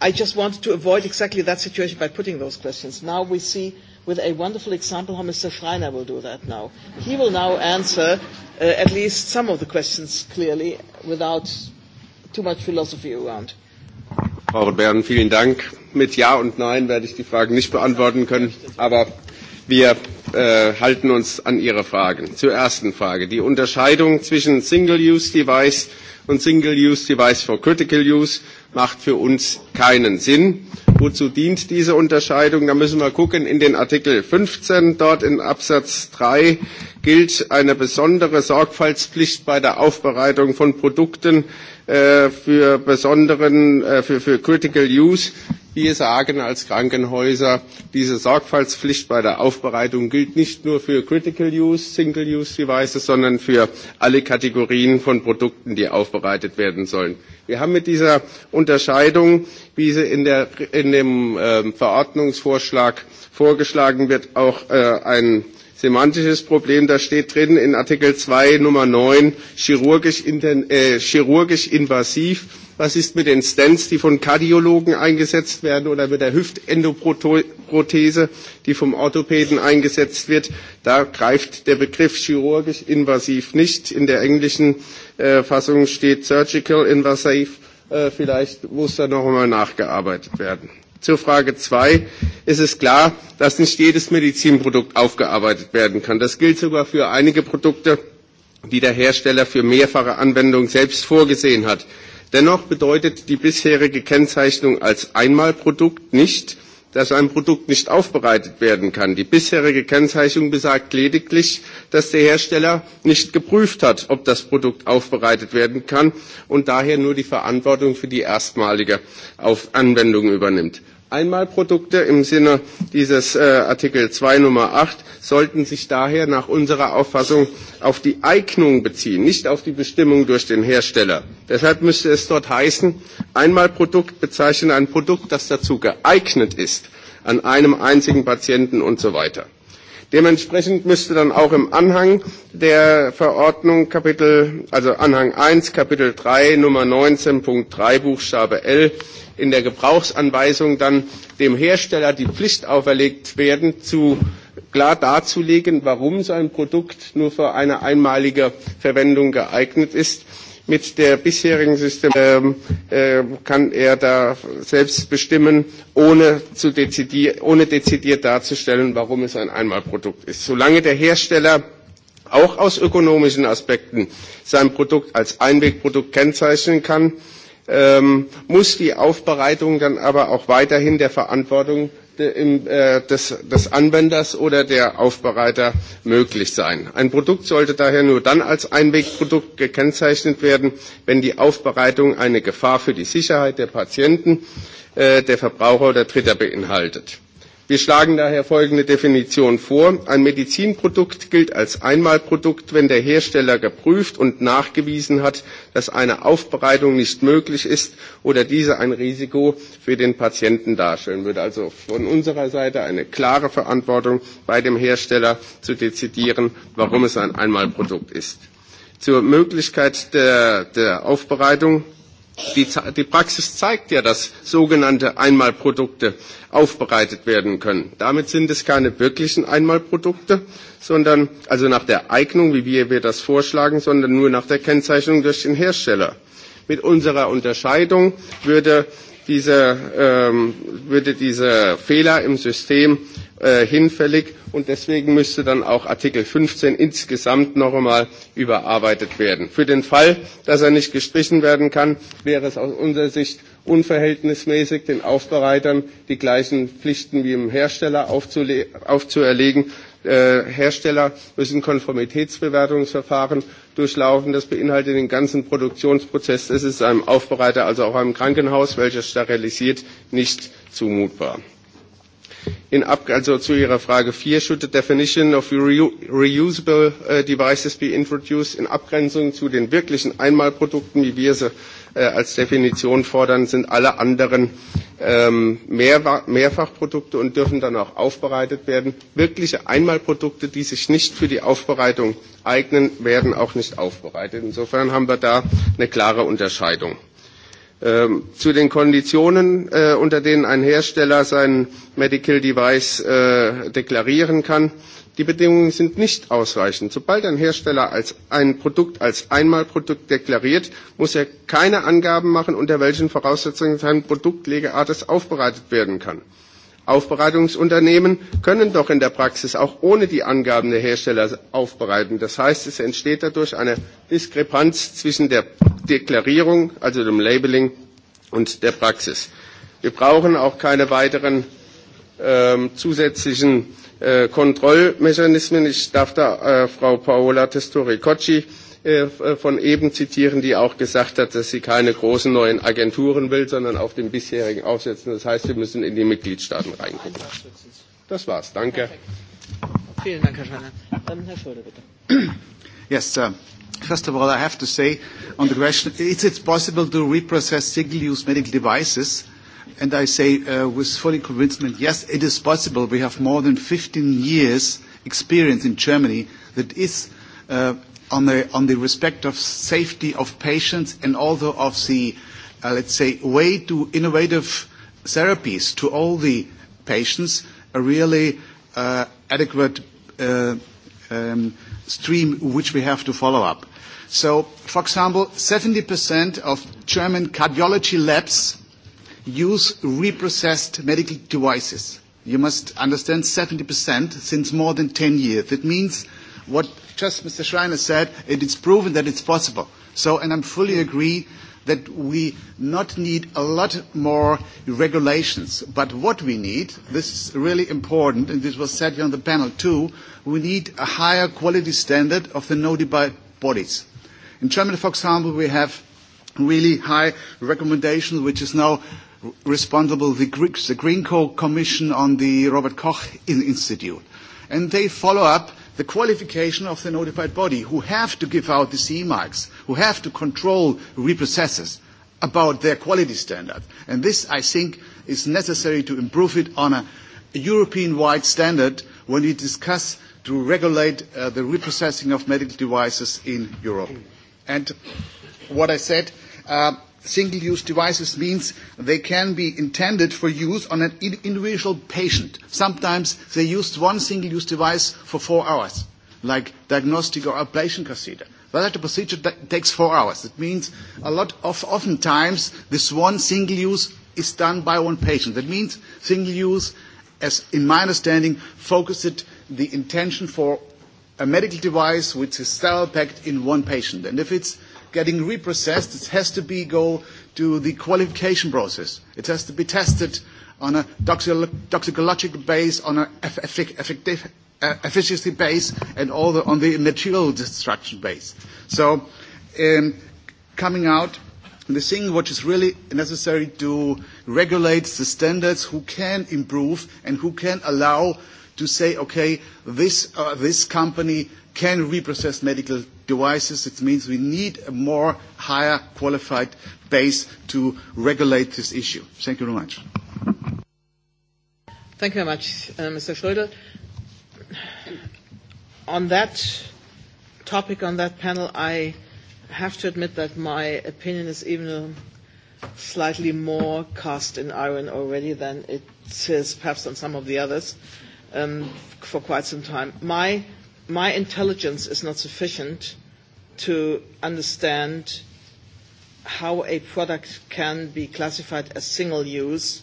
I just wanted to avoid exactly that situation by putting those questions. Now we see with a wonderful example how Mr. Freiner will do that now. He will now answer uh, at least some of the questions clearly without too much philosophy around. Frau Rothbeeren, vielen Dank. Mit Ja und Nein werde ich die Fragen nicht beantworten können, aber wir äh, halten uns an Ihre Fragen. Zur ersten Frage. Die Unterscheidung zwischen Single-Use-Device und Single-Use-Device for Critical Use macht für uns keinen Sinn. Wozu dient diese Unterscheidung? Da müssen wir gucken. In den Artikel 15, dort in Absatz 3, gilt eine besondere Sorgfaltspflicht bei der Aufbereitung von Produkten für besonderen, für, für Critical Use. Wir sagen als Krankenhäuser, diese Sorgfaltspflicht bei der Aufbereitung gilt nicht nur für Critical Use, Single Use Devices, sondern für alle Kategorien von Produkten, die aufbereitet werden sollen. Wir haben mit dieser Unterscheidung, wie sie in, der, in dem Verordnungsvorschlag vorgeschlagen wird, auch einen semantisches Problem, da steht drin in Artikel 2 Nummer 9 chirurgisch, äh, chirurgisch invasiv. Was ist mit den Stents, die von Kardiologen eingesetzt werden oder mit der Hüftendoprothese, die vom Orthopäden eingesetzt wird? Da greift der Begriff chirurgisch invasiv nicht. In der englischen äh, Fassung steht surgical invasive. Äh, vielleicht muss da noch einmal nachgearbeitet werden. Zur Frage 2 ist es klar, dass nicht jedes Medizinprodukt aufgearbeitet werden kann. Das gilt sogar für einige Produkte, die der Hersteller für mehrfache Anwendung selbst vorgesehen hat. Dennoch bedeutet die bisherige Kennzeichnung als Einmalprodukt nicht, dass ein Produkt nicht aufbereitet werden kann. Die bisherige Kennzeichnung besagt lediglich, dass der Hersteller nicht geprüft hat, ob das Produkt aufbereitet werden kann und daher nur die Verantwortung für die erstmalige Anwendung übernimmt. Einmalprodukte im Sinne dieses äh, Artikel 2 Nummer 8 sollten sich daher nach unserer Auffassung auf die Eignung beziehen, nicht auf die Bestimmung durch den Hersteller. Deshalb müsste es dort heißen, Einmalprodukt bezeichnet ein Produkt, das dazu geeignet ist, an einem einzigen Patienten und so weiter. Dementsprechend müsste dann auch im Anhang der Verordnung Kapitel, also Anhang 1, Kapitel 3, Nummer 19, Punkt 3, Buchstabe L in der Gebrauchsanweisung dann dem Hersteller die Pflicht auferlegt werden, zu klar darzulegen, warum sein Produkt nur für eine einmalige Verwendung geeignet ist Mit der bisherigen System ähm, äh, kann er da selbst bestimmen, ohne, zu dezidier ohne dezidiert darzustellen, warum es ein Einmalprodukt ist. Solange der Hersteller auch aus ökonomischen Aspekten sein Produkt als Einwegprodukt kennzeichnen kann, ähm, muss die Aufbereitung dann aber auch weiterhin der Verantwortung des, Anwenders oder der Aufbereiter möglich sein. Ein Produkt sollte daher nur dann als Einwegprodukt gekennzeichnet werden, wenn die Aufbereitung eine Gefahr für die Sicherheit der Patienten, der Verbraucher oder Dritter beinhaltet. Wir schlagen daher folgende Definition vor. Ein Medizinprodukt gilt als Einmalprodukt, wenn der Hersteller geprüft und nachgewiesen hat, dass eine Aufbereitung nicht möglich ist oder diese ein Risiko für den Patienten darstellen würde. Also von unserer Seite eine klare Verantwortung bei dem Hersteller zu dezidieren, warum es ein Einmalprodukt ist. Zur Möglichkeit der, der Aufbereitung Die, die Praxis zeigt ja, dass sogenannte Einmalprodukte aufbereitet werden können. Damit sind es keine wirklichen Einmalprodukte, sondern also nach der Eignung, wie wir, wir das vorschlagen, sondern nur nach der Kennzeichnung durch den Hersteller. Mit unserer Unterscheidung würde diese, ähm, würde dieser Fehler im System hinfällig und deswegen müsste dann auch Artikel 15 insgesamt noch einmal überarbeitet werden. Für den Fall, dass er nicht gestrichen werden kann, wäre es aus unserer Sicht unverhältnismäßig, den Aufbereitern die gleichen Pflichten wie dem Hersteller aufzuerlegen. Hersteller müssen Konformitätsbewertungsverfahren durchlaufen. Das beinhaltet den ganzen Produktionsprozess. Das ist einem Aufbereiter, also auch einem Krankenhaus, welches sterilisiert, nicht zumutbar in also zu Ihrer Frage 4, should the definition of reusable uh, devices be introduced in Abgrenzung zu den wirklichen Einmalprodukten, wie wir sie als Definition fordern, sind alle anderen ähm, Mehr Mehrfachprodukte und dürfen dann auch aufbereitet werden. Wirkliche Einmalprodukte, die sich nicht für die Aufbereitung eignen, werden auch nicht aufbereitet. Insofern haben wir da eine klare Unterscheidung zu den Konditionen, unter denen ein Hersteller sein Medical Device deklarieren kann. Die Bedingungen sind nicht ausreichend. Sobald ein Hersteller ein Produkt als Einmalprodukt deklariert, muss er keine Angaben machen, unter welchen Voraussetzungen sein Produkt Legeartes aufbereitet werden kann. Aufbereitungsunternehmen können doch in der Praxis auch ohne die Angaben der Hersteller aufbereiten. Das heißt, es entsteht dadurch eine Diskrepanz zwischen der Deklarierung, also dem Labeling, und der Praxis. Wir brauchen auch keine weiteren zusätzlichen Kontrollmechanismen. Ich darf da Frau Paola Testori-Cocci von eben zitieren, die auch gesagt hat, dass sie keine großen neuen Agenturen will, sondern auf dem bisherigen aufsetzen. Das heißt, wir müssen in die Mitgliedstaaten reingucken. Das war's. Danke. Vielen Dank, Herr Schneider. Herr Schröder, bitte. Yes, sir. First of all, I have to say on the question, is it possible to reprocess single-use medical devices? And I say uh, with full convincement, yes, it is possible. We have more than 15 years experience in Germany that is uh, on the, on the respect of safety of patients and also of the, let's say, way to innovative therapies to all the patients, a really adequate stream which we have to follow up. So, for example, 70% of German cardiology labs use reprocessed medical devices. You must understand 70% since more than 10 years. That means what just Mr. Schreiner said, it is proven that it's possible. So, and I fully agree that we not need a lot more regulations. But what we need, this is really important, and this was said here on the panel too, we need a higher quality standard of the notified bodies. In Germany, for example, we have really high recommendations, which is now responsible the, the Green Co Commission on the Robert Koch Institute. And they follow up the qualification of the notified body who have to give out the CE marks, who have to control reprocessors about their quality standards. And this, I think, is necessary to improve it on a European-wide standard when we discuss to regulate uh, the reprocessing of medical devices in Europe. And what I said, uh, single-use devices means they can be intended for use on an individual patient. Sometimes they used one single-use device for four hours, like diagnostic or ablation procedure. But that procedure that takes four hours. It means a lot of oftentimes this one single use is done by one patient. That means single use, as in my understanding, focused the intention for a medical device which is sterile packed in one patient. And if it's getting reprocessed, it has to be go to the qualification process. It has to be tested on a toxicological base, on an effective efficiency base, and all the, on the material destruction base. So, um, coming out, the thing which is really necessary to regulate the standards, who can improve and who can allow to say, okay, this, uh, this company can reprocess medical devices. It means we need a more higher qualified base to regulate this issue. Thank you very much. Thank you very much, Mr. Schröder. On that topic, on that panel, I have to admit that my opinion is even slightly more cast in iron already than it is perhaps on some of the others for quite some time. My my intelligence is not sufficient to understand how a product can be classified as single use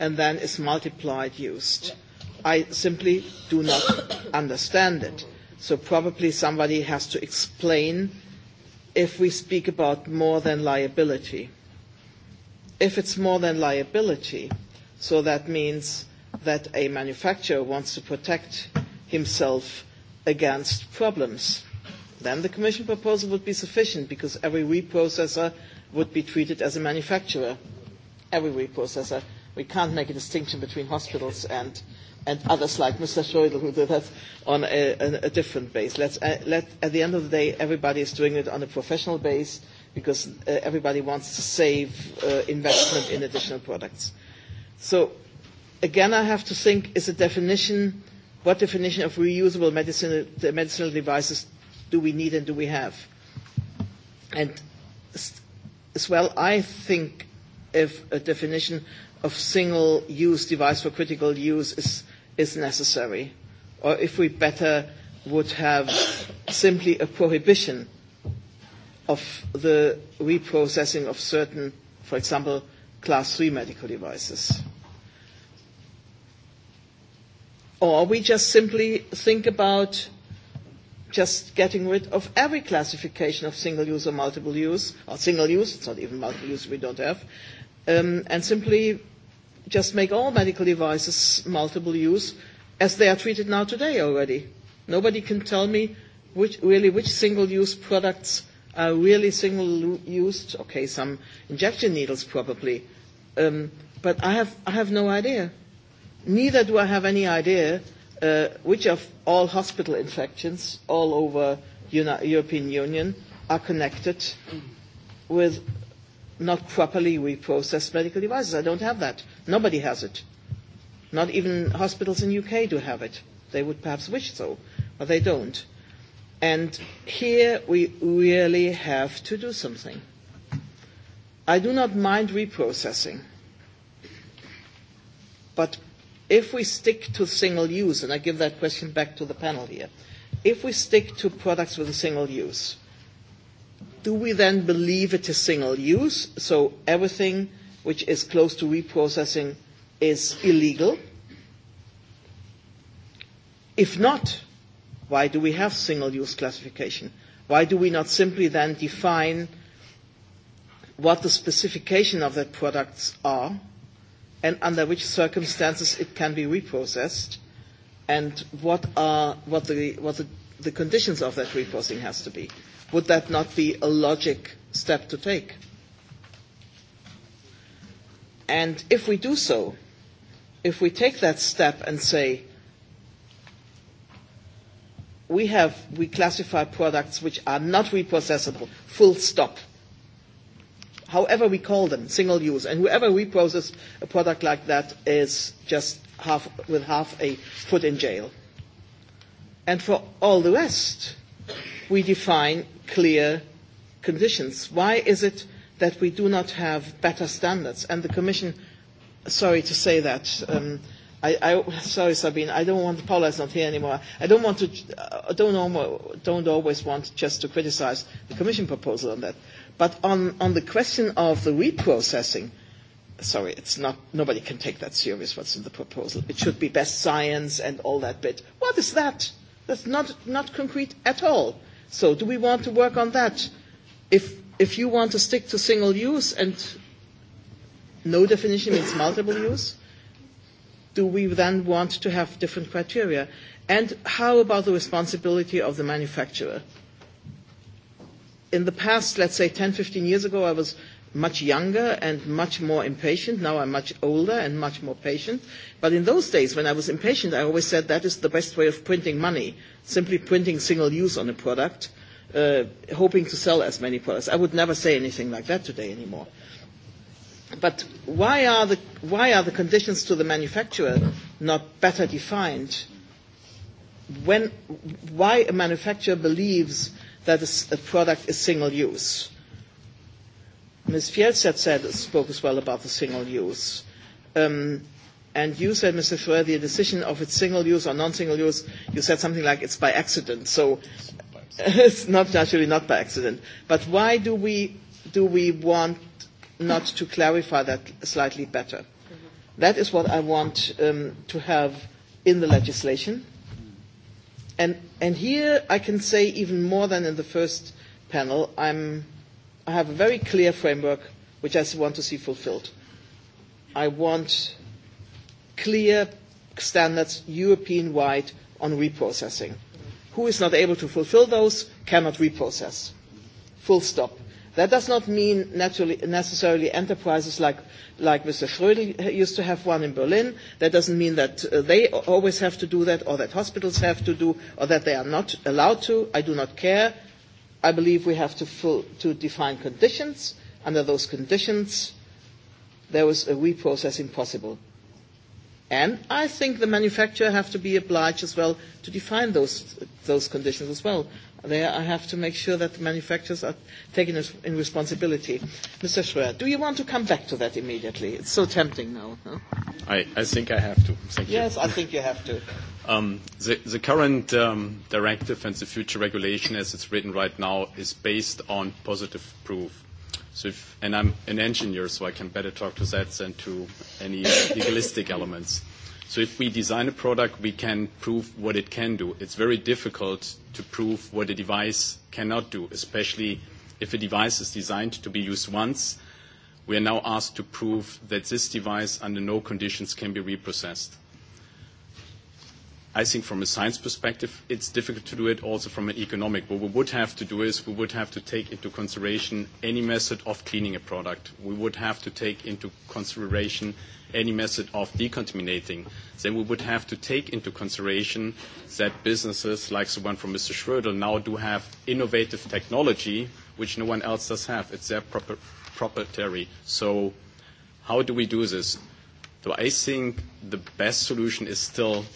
and then is multiplied used. I simply do not understand it. So probably somebody has to explain if we speak about more than liability. If it's more than liability, so that means that a manufacturer wants to protect himself against problems. Then the Commission proposal would be sufficient because every reprocessor would be treated as a manufacturer. Every reprocessor. We can't make a distinction between hospitals and, and others like Mr. Schroedel who did that on a, a, a different base. Let's, uh, let, at the end of the day, everybody is doing it on a professional base because uh, everybody wants to save uh, investment in additional products. So again, I have to think, is a definition – what definition of reusable medicinal, medicinal devices do we need and do we have? And as well, I think if a definition of single-use device for critical use is, is necessary, or if we better would have simply a prohibition of the reprocessing of certain, for example, class 3 medical devices. Or we just simply think about just getting rid of every classification of single use or multiple use, or single use, it's not even multiple use we don't have, um, and simply just make all medical devices multiple use as they are treated now today already. Nobody can tell me which, really which single use products are really single used. Okay, some injection needles probably. Um, but I have, I have no idea. Neither do I have any idea uh, which of all hospital infections all over Uni- European Union are connected with not properly reprocessed medical devices. I don't have that. Nobody has it. Not even hospitals in UK do have it. They would perhaps wish so, but they don't. And here we really have to do something. I do not mind reprocessing, but If we stick to single use, and I give that question back to the panel here, if we stick to products with a single use, do we then believe it is single use? So everything which is close to reprocessing is illegal? If not, why do we have single use classification? Why do we not simply then define what the specification of that products are and under which circumstances it can be reprocessed, and what are what the what the, the conditions of that reprocessing has to be. Would that not be a logic step to take? And if we do so, if we take that step and say we have we classify products which are not reprocessable, full stop however we call them, single use. And whoever reprocesses a product like that is just half, with half a foot in jail. And for all the rest, we define clear conditions. Why is it that we do not have better standards? And the Commission, sorry to say that, um, I, I, sorry, Sabine, I don't want, Paula's not here anymore. I don't want to, I don't, almost, don't always want just to criticize the Commission proposal on that. But on, on the question of the reprocessing, sorry, it's not, nobody can take that serious what's in the proposal. It should be best science and all that bit. What is that? That's not, not concrete at all. So do we want to work on that? If, if you want to stick to single use and no definition means multiple use, do we then want to have different criteria? And how about the responsibility of the manufacturer? in the past, let's say 10, 15 years ago, I was much younger and much more impatient. Now I'm much older and much more patient. But in those days, when I was impatient, I always said that is the best way of printing money, simply printing single use on a product, uh, hoping to sell as many products. I would never say anything like that today anymore. But why are the, why are the conditions to the manufacturer not better defined? When, why a manufacturer believes that a product is single use. Ms. Fjellstedt said, spoke as well about the single use. Um, and you said, Mr. Ferrer, the decision of its single use or non-single use, you said something like it's by accident. So it's not naturally not by accident. But why do we, do we want not to clarify that slightly better? That is what I want um, to have in the legislation And, and here I can say even more than in the first panel, I'm, I have a very clear framework which I want to see fulfilled. I want clear standards European-wide on reprocessing. Who is not able to fulfill those cannot reprocess. Full stop. That does not mean naturally, necessarily enterprises like, like Mr. Schrödel used to have one in Berlin. That doesn't mean that they always have to do that or that hospitals have to do or that they are not allowed to. I do not care. I believe we have to, full, to define conditions. Under those conditions, there was a reprocessing possible. And I think the manufacturer have to be obliged as well to define those, those conditions as well there I have to make sure that the manufacturers are taken in responsibility. Mr. Schroer, do you want to come back to that immediately? It's so tempting now. Huh? I, I think I have to. Thank you. Yes, I think you have to. Um, the, the current um, directive and the future regulation as it's written right now is based on positive proof. So if, and I'm an engineer, so I can better talk to that than to any legalistic elements. So if we design a product, we can prove what it can do. It's very difficult to prove what a device cannot do, especially if a device is designed to be used once. We are now asked to prove that this device under no conditions can be reprocessed. I think from a science perspective, it's difficult to do it also from an economic. What we would have to do is we would have to take into consideration any method of cleaning a product. We would have to take into consideration any method of decontaminating. Then we would have to take into consideration that businesses like the one from Mr. Schroeder now do have innovative technology which no one else does have. It's their proprietary. So how do we do this? So I think the best solution is still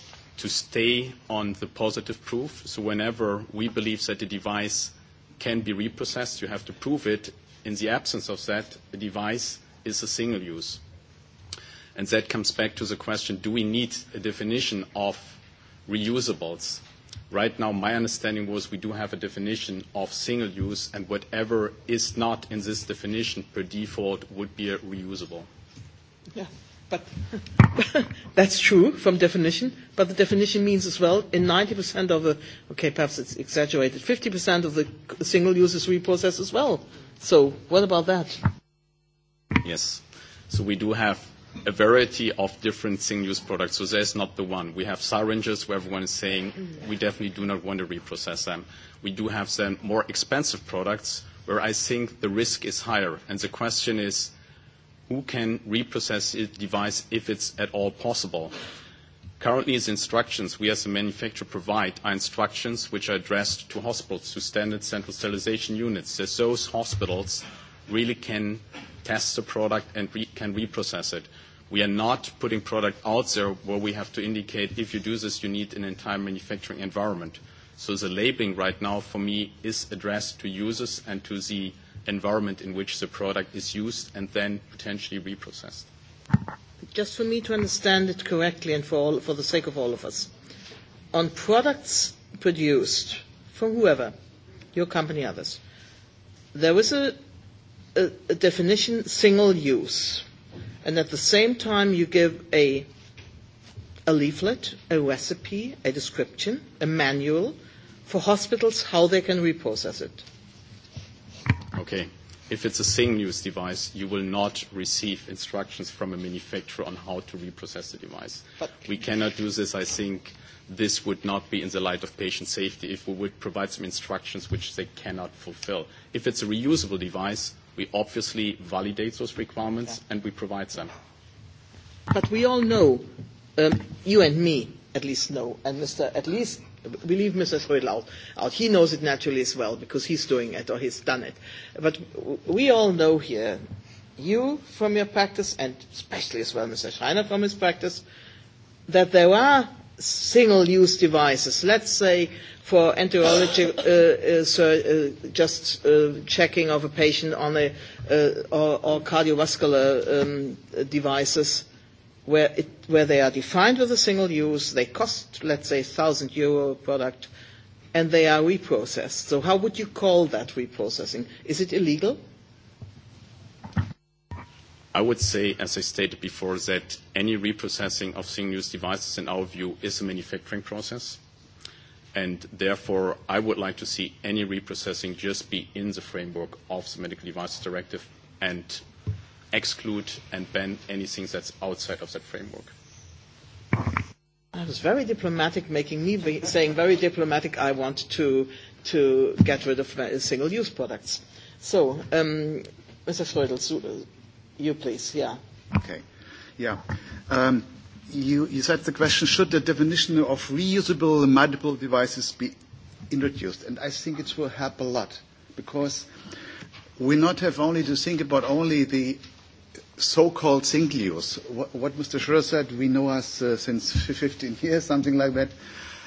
to stay on the positive proof. So whenever we believe that the device can be reprocessed, you have to prove it. In the absence of that, a device is a single use. And that comes back to the question, do we need a definition of reusables? Right now, my understanding was we do have a definition of single use, and whatever is not in this definition per default would be a reusable. Yeah. But that's true from definition, but the definition means as well in 90% of the, okay, perhaps it's exaggerated, 50% of the single users reprocess as well. So what about that? Yes. So we do have a variety of different single-use products. So there's not the one. We have syringes where everyone is saying we definitely do not want to reprocess them. We do have some more expensive products where I think the risk is higher. And the question is, who can reprocess a device if it's at all possible. Currently, as instructions we as a manufacturer provide are instructions which are addressed to hospitals, to standard central sterilization units, that those hospitals really can test the product and re- can reprocess it. We are not putting product out there where we have to indicate if you do this, you need an entire manufacturing environment. So the labeling right now for me is addressed to users and to the environment in which the product is used and then potentially reprocessed. Just for me to understand it correctly and for, all, for the sake of all of us, on products produced from whoever, your company, others, there was a, a, a definition single use, and at the same time you give a a leaflet, a recipe, a description, a manual for hospitals how they can reprocess it okay, if it's a single-use device, you will not receive instructions from a manufacturer on how to reprocess the device. But we cannot do this. I think this would not be in the light of patient safety if we would provide some instructions which they cannot fulfill. If it's a reusable device, we obviously validate those requirements and we provide them. But we all know, um, you and me at least know, and Mr. at least We leave Mr. Schroedel out, out. He knows it naturally as well because he's doing it or he's done it. But we all know here, you from your practice, and especially as well Mr. Schreiner from his practice, that there are single-use devices. Let's say for enterology, uh, uh, so, uh, just uh, checking of a patient on a uh, or, or cardiovascular um, devices where, it, where they are defined with a single use, they cost, let's say, 1,000 euro a product, and they are reprocessed. So how would you call that reprocessing? Is it illegal? I would say, as I stated before, that any reprocessing of single-use devices, in our view, is a manufacturing process. And therefore, I would like to see any reprocessing just be in the framework of the Medical Devices Directive and exclude and ban anything that's outside of that framework. That was very diplomatic, making me be saying very diplomatic. I want to to get rid of single-use products. So, um, Mr. Schleudel, you please. Yeah. Okay. Yeah. Um, you, you said the question: Should the definition of reusable multiple devices be introduced? And I think it will help a lot because we not have only to think about only the so-called single use, what, what Mr. Schroeder said, we know us uh, since 15 years, something like that,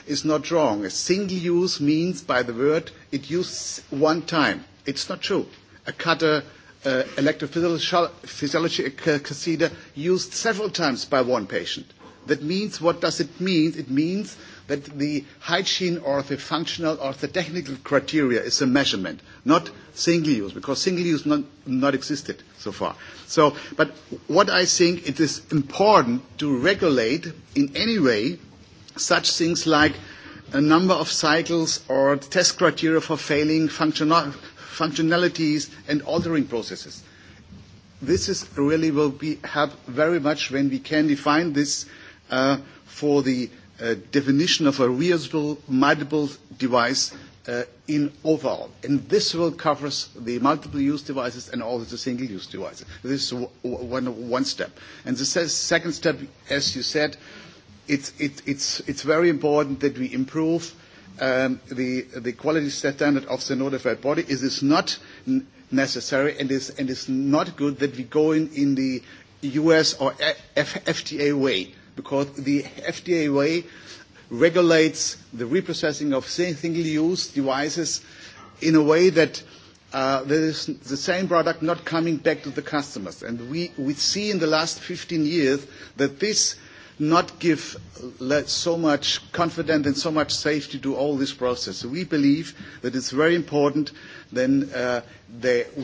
is not wrong. A single use means by the word it used one time. It's not true. A cutter, uh, electrophysiology procedure used several times by one patient. That means, what does it mean? It means that the hygiene or the functional or the technical criteria is a measurement, not single use, because single use not, not existed so far. So, but what I think it is important to regulate in any way such things like a number of cycles or test criteria for failing functional, functionalities and altering processes. This is really will be help very much when we can define this uh, for the definition of a reusable, multiple device uh, in overall. And this will cover the multiple-use devices and also the single-use devices. This is one, one step. And the second step, as you said, it's, it, it's, it's very important that we improve um, the, the quality standard of the notified body. It is not necessary and is, and it's not good that we go in, in the US or F- FTA way because the FDA way regulates the reprocessing of single-use devices in a way that uh, there is the same product not coming back to the customers. And we, we see in the last 15 years that this not give so much confidence and so much safety to all this process. So we believe that it's very important then uh,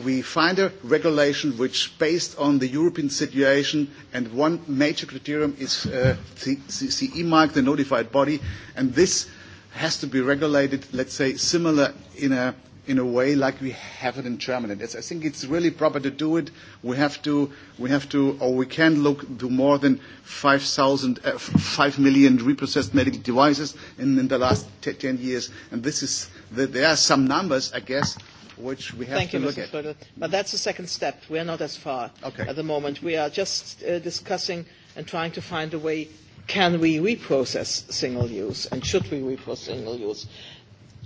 we find a regulation which, based on the European situation, and one major criterion is uh, CE mark, the notified body, and this has to be regulated, let's say, similar in a in a way like we have it in Germany. It's, I think it's really proper to do it. We have to, we have to, or we can look to more than 5,000, uh, 5 million reprocessed medical devices in, in the last t- 10 years. And this is, the, there are some numbers, I guess, which we have Thank to you, look Mr. at. Thank But that's the second step. We are not as far okay. at the moment. We are just uh, discussing and trying to find a way can we reprocess single use and should we reprocess single use?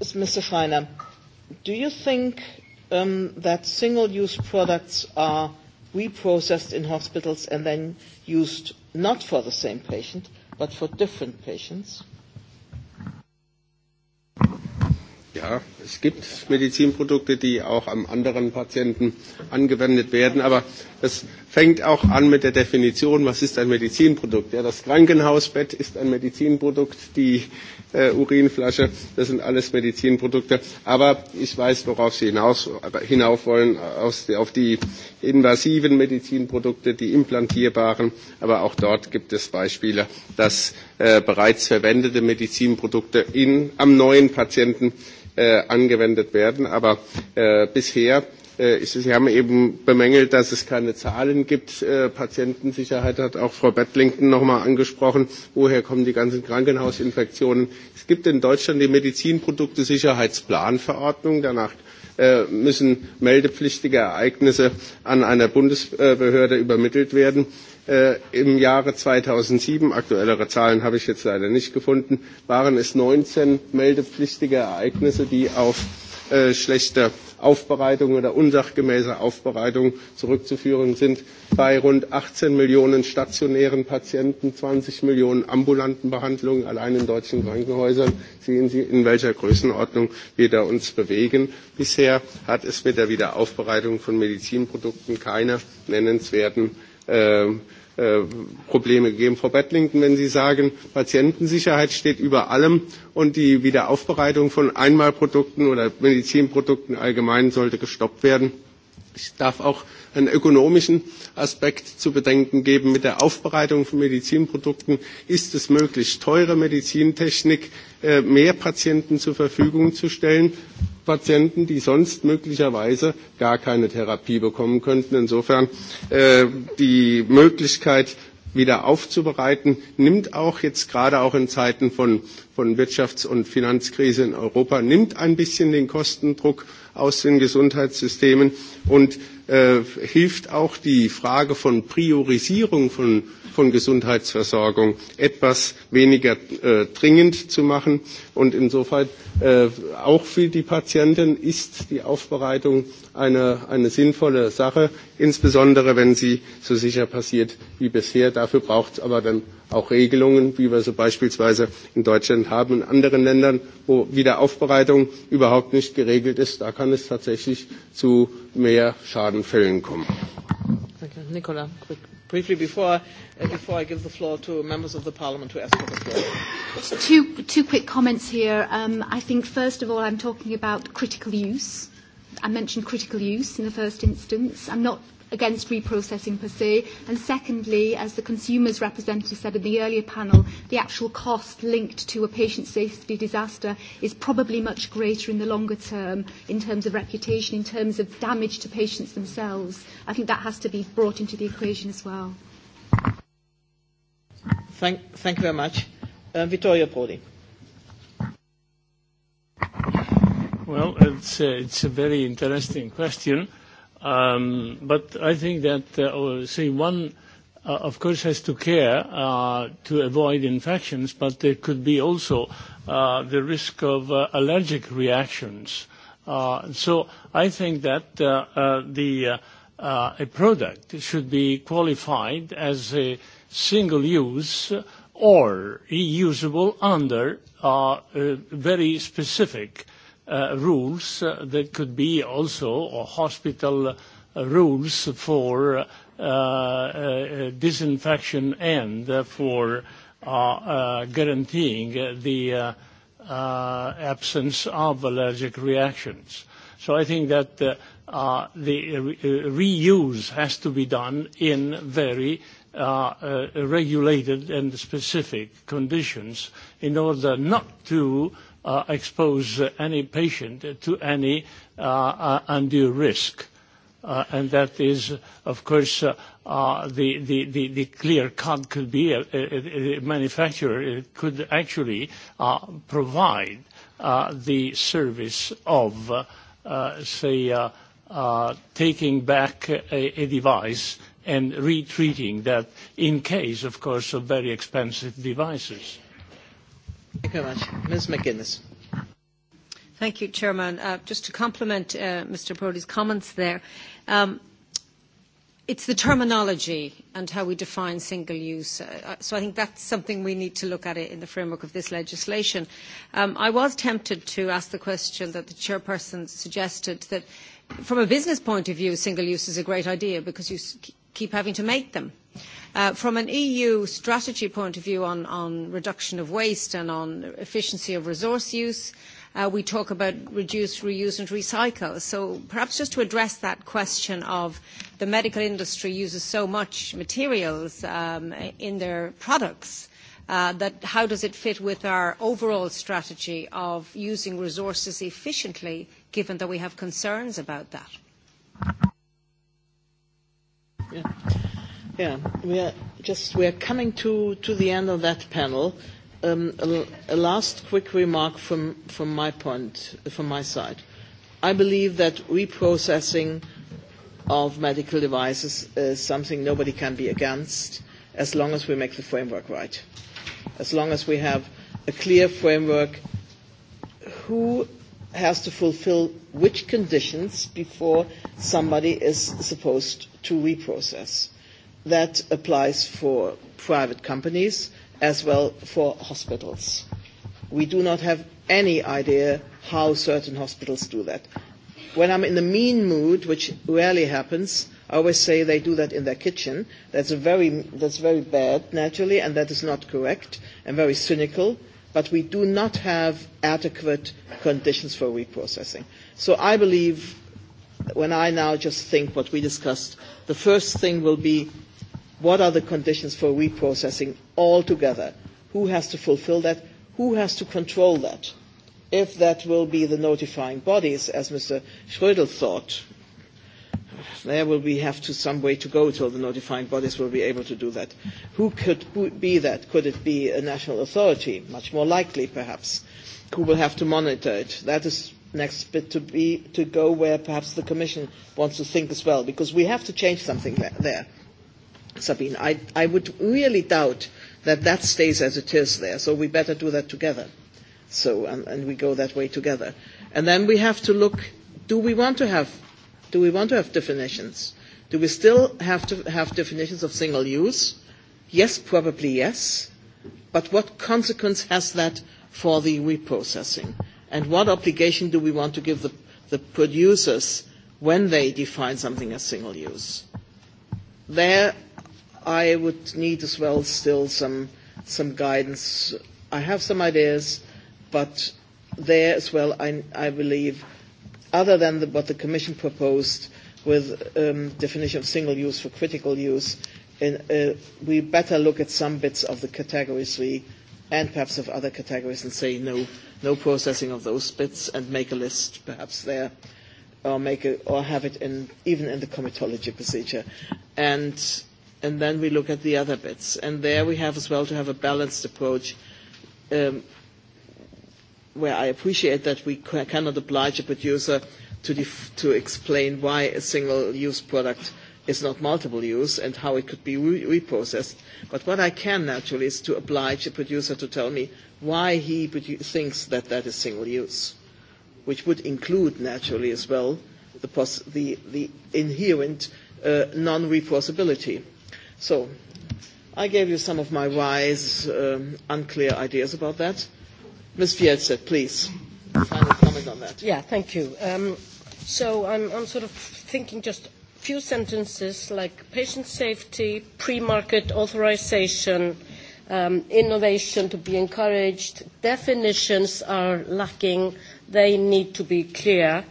Mr. Feiner, do you think um, that single-use products are reprocessed in hospitals and then used not for the same patient, but for different patients? Ja, es gibt Medizinprodukte, die auch am anderen Patienten angewendet werden, aber das fängt auch an mit der Definition, was ist ein Medizinprodukt. Ja, das Krankenhausbett ist ein Medizinprodukt, die äh, Urinflasche, das sind alles Medizinprodukte. Aber ich weiß, worauf Sie hinaus, hinauf wollen, aus, auf die invasiven Medizinprodukte, die implantierbaren. Aber auch dort gibt es Beispiele, dass äh, bereits verwendete Medizinprodukte in, am neuen Patienten äh, angewendet werden. Aber äh, bisher Sie haben eben bemängelt, dass es keine Zahlen gibt. Patientensicherheit hat auch Frau Bettlington einmal angesprochen. Woher kommen die ganzen Krankenhausinfektionen? Es gibt in Deutschland die Medizinprodukte-Sicherheitsplanverordnung. Danach müssen meldepflichtige Ereignisse an eine Bundesbehörde übermittelt werden. Im Jahre 2007, aktuellere Zahlen habe ich jetzt leider nicht gefunden, waren es 19 meldepflichtige Ereignisse, die auf schlechter Aufbereitung oder unsachgemäße Aufbereitung zurückzuführen sind bei rund 18 Millionen stationären Patienten, 20 Millionen ambulanten Behandlungen allein in deutschen Krankenhäusern. Sehen Sie, in welcher Größenordnung wir da uns bewegen. Bisher hat es mit der Wiederaufbereitung von Medizinprodukten keine nennenswerten äh, Probleme gegeben. Frau Bettlington, wenn Sie sagen, Patientensicherheit steht über allem und die Wiederaufbereitung von Einmalprodukten oder Medizinprodukten allgemein sollte gestoppt werden, Ich darf auch einen ökonomischen Aspekt zu bedenken geben. Mit der Aufbereitung von Medizinprodukten ist es möglich, teure Medizintechnik mehr Patienten zur Verfügung zu stellen. Patienten, die sonst möglicherweise gar keine Therapie bekommen könnten. Insofern die Möglichkeit, wieder aufzubereiten, nimmt auch jetzt gerade auch in Zeiten von, von Wirtschafts- und Finanzkrise in Europa, nimmt ein bisschen den Kostendruck aus den Gesundheitssystemen und äh, hilft auch die Frage von Priorisierung von von Gesundheitsversorgung etwas weniger dringend zu machen. Und insofern auch für die Patienten ist die Aufbereitung eine, sinnvolle Sache, insbesondere wenn sie so sicher passiert wie bisher. Dafür braucht es aber dann auch Regelungen, wie wir sie beispielsweise in Deutschland haben, in anderen Ländern, wo Wiederaufbereitung überhaupt nicht geregelt ist. Da kann es tatsächlich zu mehr Schadenfällen kommen. Nicola, quick briefly before, uh, before I give the floor to members of the Parliament who ask for the floor. Two, two quick comments here. Um, I think, first of all, I'm talking about critical use. I mentioned critical use in the first instance. I'm not against reprocessing per se? And secondly, as the consumer's representative said in the earlier panel, the actual cost linked to a patient safety disaster is probably much greater in the longer term in terms of reputation, in terms of damage to patients themselves. I think that has to be brought into the equation as well. Thank, thank you very much. Uh, Vittorio Prodi. Well, it's a, it's a very interesting question Um, but I think that, uh, say, one, uh, of course, has to care uh, to avoid infections, but there could be also uh, the risk of uh, allergic reactions. Uh, so I think that uh, uh, the, uh, uh, a product should be qualified as a single use or reusable under uh, uh, very specific rules that could be also or hospital rules for disinfection and for guaranteeing the absence of allergic reactions. So I think that the reuse has to be done in very regulated and specific conditions in order not to expose any patient to any undue risk. and that is, of course, the, the, the, the clear cut could be a, a, a manufacturer could actually provide the service of, say, taking back a, a device and retreating that in case, of course, of very expensive devices Thank you very much. Ms. McGuinness. Thank you, Chairman. Uh, just to compliment uh, Mr. Brody's comments there, um, it's the terminology and how we define single use. Uh, so I think that's something we need to look at in the framework of this legislation. Um, I was tempted to ask the question that the chairperson suggested that from a business point of view, single use is a great idea because you keep having to make them From an EU strategy point of view on reduction of waste and on efficiency of resource use, we talk about reduce, reuse, and recycle. So perhaps just to address that question of the medical industry uses so much materials in their products, that how does it fit with our overall strategy of using resources efficiently, given that we have concerns about that? Yeah, we are just we are coming to to the end of that panel. Um, a, a last quick remark from from my point from my side. I believe that reprocessing of medical devices is something nobody can be against, as long as we make the framework right, as long as we have a clear framework. Who has to fulfill which conditions before somebody is supposed to reprocess? That applies for private companies as well for hospitals. We do not have any idea how certain hospitals do that. When I'm in the mean mood, which rarely happens, I always say they do that in their kitchen. That's, a very, that's very bad, naturally, and that is not correct and very cynical. But we do not have adequate conditions for reprocessing. So I believe, when I now just think what we discussed, the first thing will be What are the conditions for reprocessing altogether? Who has to fulfill that? Who has to control that? If that will be the notifying bodies, as Mr. Schrödel thought, there will we have to some way to go till the notifying bodies will be able to do that. Who could be that? Could it be a national authority? Much more likely, perhaps. Who will have to monitor it? That is next bit to be to go where perhaps the Commission wants to think as well, because we have to change something there. Sabine. I, I would really doubt that that stays as it is there, so we better do that together. So, and, and we go that way together. And then we have to look, do we want to have, do we want to have definitions? Do we still have to have definitions of single use? Yes, probably yes. But what consequence has that for the reprocessing? And what obligation do we want to give the, the producers when they define something as single use? There, I would need as well still some some guidance. I have some ideas, but there as well, I, I believe, other than the, what the Commission proposed with um, definition of single use for critical use, in, uh, we better look at some bits of the category three and perhaps of other categories and say no, no processing of those bits and make a list perhaps there or make a, or have it in even in the comitology procedure and and then we look at the other bits. And there we have as well to have a balanced approach um, where I appreciate that we cannot oblige a producer to, def to explain why a single-use product is not multiple use and how it could be re- reprocessed. But what I can naturally is to oblige a producer to tell me why he thinks that that is single use, which would include naturally as well the, pos- the, the inherent uh, non-reprocessability So, I gave you some of my wise, um, unclear ideas about that. Ms. Fielce, please, final comment on that. Yeah, thank you. Um, so I'm, I'm sort of thinking just a few sentences like patient safety, pre-market authorization, um, innovation to be encouraged. Definitions are lacking. They need to be clear.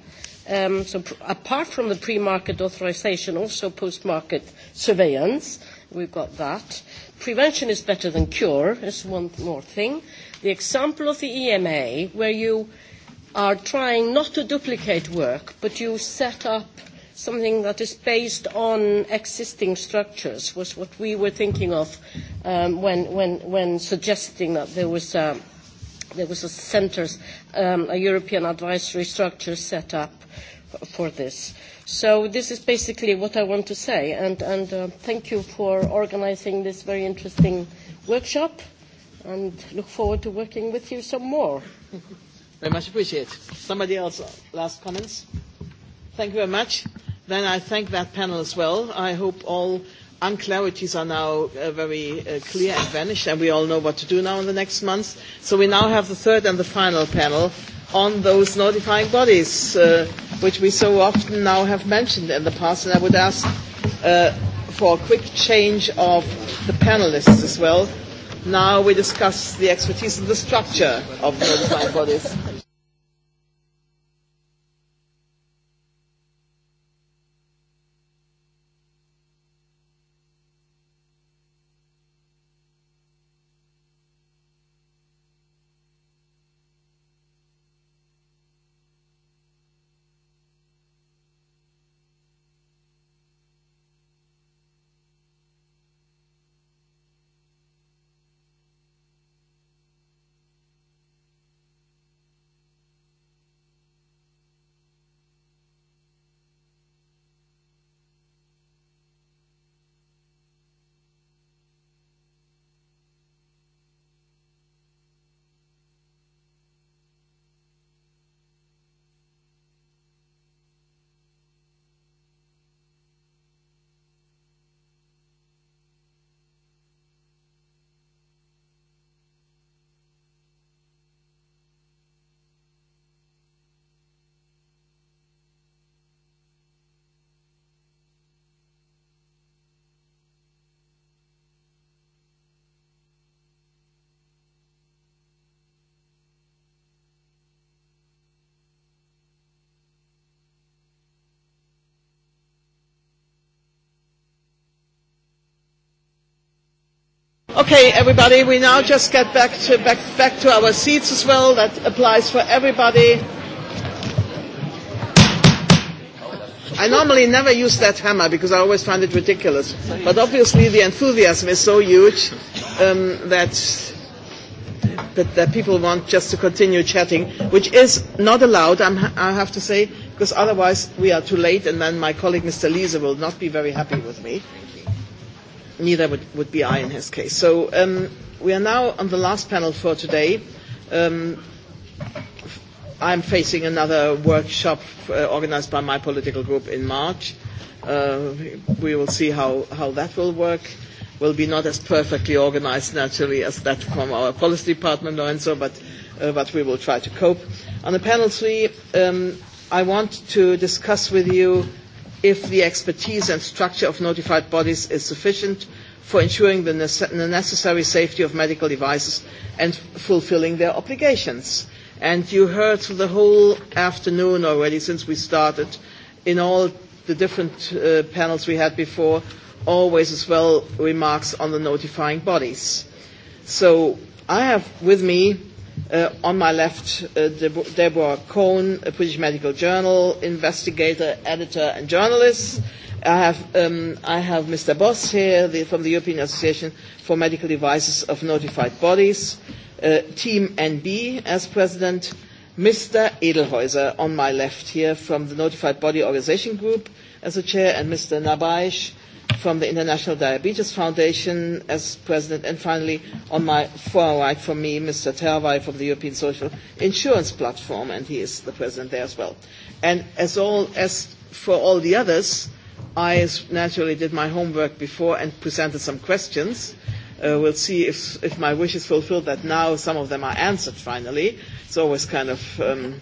Um, so apart from the pre-market authorization, also post-market surveillance – We've got that. Prevention is better than cure, is one more thing. The example of the EMA, where you are trying not to duplicate work, but you set up something that is based on existing structures, was what we were thinking of um, when, when, when suggesting that there was a, there was a centre um, a European advisory structure set up for this. So this is basically what I want to say, and, and uh, thank you for organizing this very interesting workshop, and look forward to working with you some more. very much appreciate. Somebody else, last comments? Thank you very much. Then I thank that panel as well. I hope all unclarities are now uh, very uh, clear and vanished, and we all know what to do now in the next months. So we now have the third and the final panel on those notifying bodies, uh, which we so often now have mentioned in the past. And I would ask uh, for a quick change of the panelists as well. Now we discuss the expertise and the structure of the notifying bodies. Okay, everybody, we now just get back to, back, back to our seats as well. That applies for everybody. I normally never use that hammer because I always find it ridiculous. But obviously, the enthusiasm is so huge um, that, that, that people want just to continue chatting, which is not allowed, I'm, I have to say, because otherwise we are too late, and then my colleague Mr. Lise will not be very happy with me neither would, would be I in his case. So um, we are now on the last panel for today. Um, I'm facing another workshop uh, organized by my political group in March. Uh, we will see how, how that will work. Will be not as perfectly organized naturally as that from our policy department, so but, uh, but we will try to cope. On the panel three, um, I want to discuss with you if the expertise and structure of notified bodies is sufficient for ensuring the, necessary safety of medical devices and fulfilling their obligations. And you heard through the whole afternoon already since we started in all the different uh, panels we had before, always as well remarks on the notifying bodies. So I have with me Uh, on my left, uh, Deborah Cohn, a British Medical Journal investigator, editor, and journalist. I have, um, I have Mr. Boss here the, from the European Association for Medical Devices of Notified Bodies, uh, Team NB as president, Mr. Edelhäuser on my left here from the Notified Body Organization Group as a chair, and Mr. Nabaish from the International Diabetes Foundation as president, and finally, on my far right from me, Mr. Terwey from the European Social Insurance Platform, and he is the president there as well. And as, all, as for all the others, I naturally did my homework before and presented some questions. Uh, we'll see if, if my wish is fulfilled that now some of them are answered finally. It's always kind of... Um,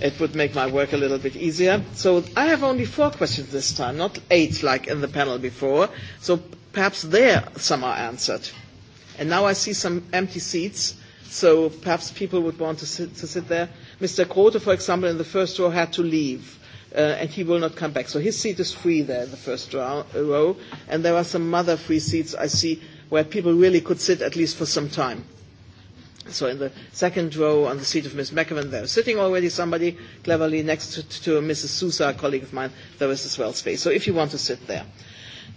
It would make my work a little bit easier. So I have only four questions this time, not eight like in the panel before. So perhaps there some are answered. And now I see some empty seats, so perhaps people would want to sit, to sit there. Mr. Grote, for example, in the first row had to leave, uh, and he will not come back. So his seat is free there in the first row, and there are some other free seats I see where people really could sit at least for some time so in the second row on the seat of Ms. McEwen, there was sitting already somebody cleverly next to, to Mrs. Sousa, a colleague of mine. There was as well space. So if you want to sit there.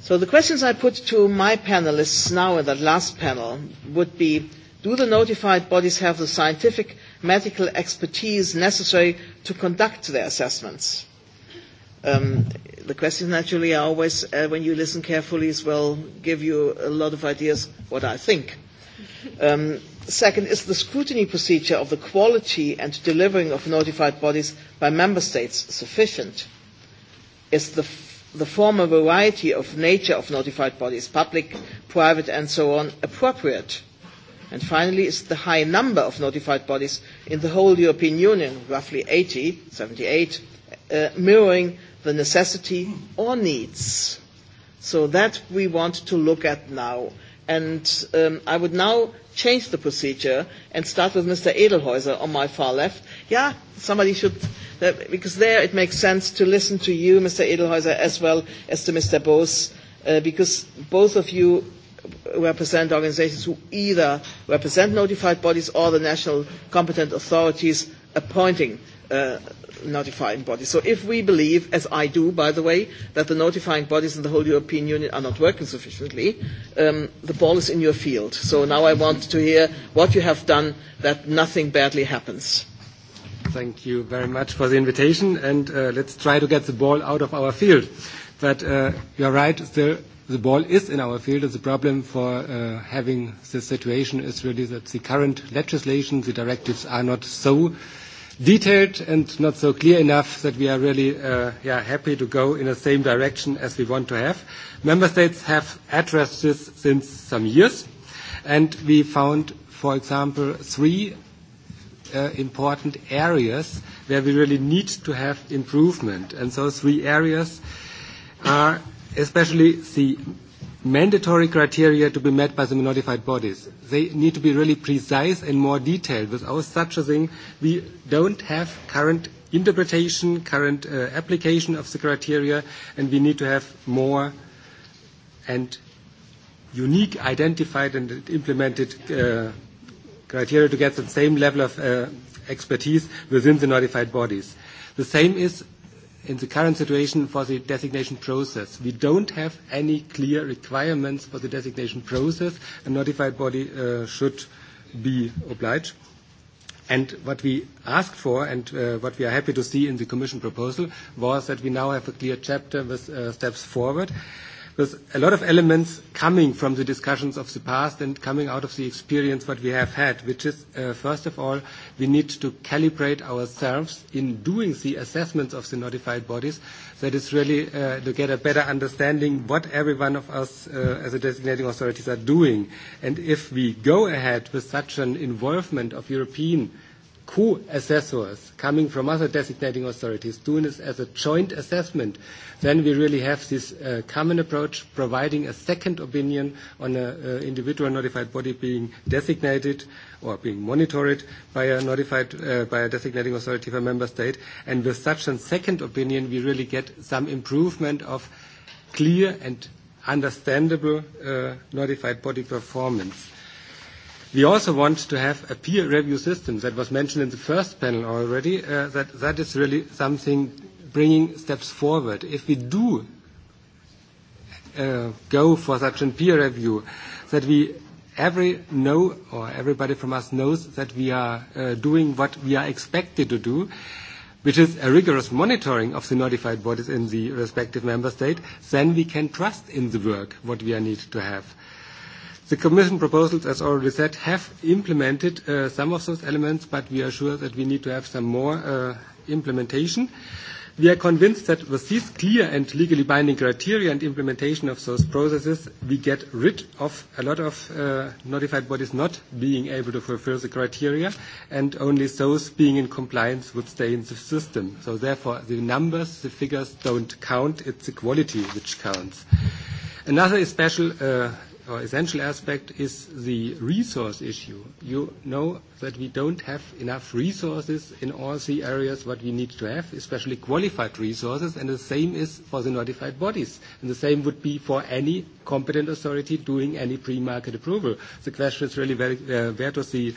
So the questions I put to my panelists now in that last panel would be, do the notified bodies have the scientific medical expertise necessary to conduct their assessments? Um, the questions naturally are always, uh, when you listen carefully as well, give you a lot of ideas what I think. Um, Second is the scrutiny procedure of the quality and delivering of notified bodies by member states sufficient? Is the, the former variety of nature of notified bodies, public, private and so on, appropriate? And finally, is the high number of notified bodies in the whole European Union, roughly 80, 78, uh, mirroring the necessity or needs? So that we want to look at now. And um, I would now change the procedure and start with Mr. Edelhäuser on my far left. Yeah, somebody should, because there it makes sense to listen to you, Mr. Edelhäuser, as well as to Mr. Bose, uh, because both of you represent organizations who either represent notified bodies or the national competent authorities appointing uh, notifying bodies. So if we believe, as I do, by the way, that the notifying bodies in the whole European Union are not working sufficiently, um, the ball is in your field. So now I want to hear what you have done that nothing badly happens. Thank you very much for the invitation, and uh, let's try to get the ball out of our field. But uh, you're right, still the ball is in our field, and the problem for uh, having this situation is really that the current legislation, the directives are not so detailed and not so clear enough that we are really uh, yeah, happy to go in the same direction as we want to have. Member States have addressed this since some years, and we found, for example, three uh, important areas where we really need to have improvement. And those three areas are especially the mandatory criteria to be met by the notified bodies. They need to be really precise and more detailed. Without such a thing, we don't have current interpretation, current uh, application of the criteria, and we need to have more and unique identified and implemented uh, criteria to get the same level of uh, expertise within the notified bodies. The same is in the current situation for the designation process. We don't have any clear requirements for the designation process. A notified body uh, should be obliged. And what we asked for and uh, what we are happy to see in the Commission proposal was that we now have a clear chapter with uh, steps forward with a lot of elements coming from the discussions of the past and coming out of the experience what we have had, which is, uh, first of all, we need to calibrate ourselves in doing the assessments of the notified bodies. That is really to get a better understanding what every one of us as a designating authorities are doing. And if we go ahead with such an involvement of European co-assessors coming from other designating authorities doing this as a joint assessment, then we really have this uh, common approach providing a second opinion on an uh, individual notified body being designated or being monitored by a notified uh, by a designating authority of a member state. And with such a second opinion, we really get some improvement of clear and understandable uh, notified body performance. We also want to have a peer review system that was mentioned in the first panel already. Uh, that, that is really something bringing steps forward. If we do uh, go for such a peer review, that we every know or everybody from us knows that we are uh, doing what we are expected to do, which is a rigorous monitoring of the notified bodies in the respective member state, then we can trust in the work what we are need to have. The Commission proposals, as already said, have implemented uh, some of those elements, but we are sure that we need to have some more uh, implementation. We are convinced that with these clear and legally binding criteria and implementation of those processes, we get rid of a lot of uh, notified bodies not being able to fulfill the criteria, and only those being in compliance would stay in the system. So therefore, the numbers, the figures don't count, it's the quality which counts. Another special uh, or essential aspect is the resource issue. You know that we don't have enough resources in all the areas what we need to have, especially qualified resources, and the same is for the notified bodies. And the same would be for any competent authority doing any pre-market approval. The question is really where, uh, where does the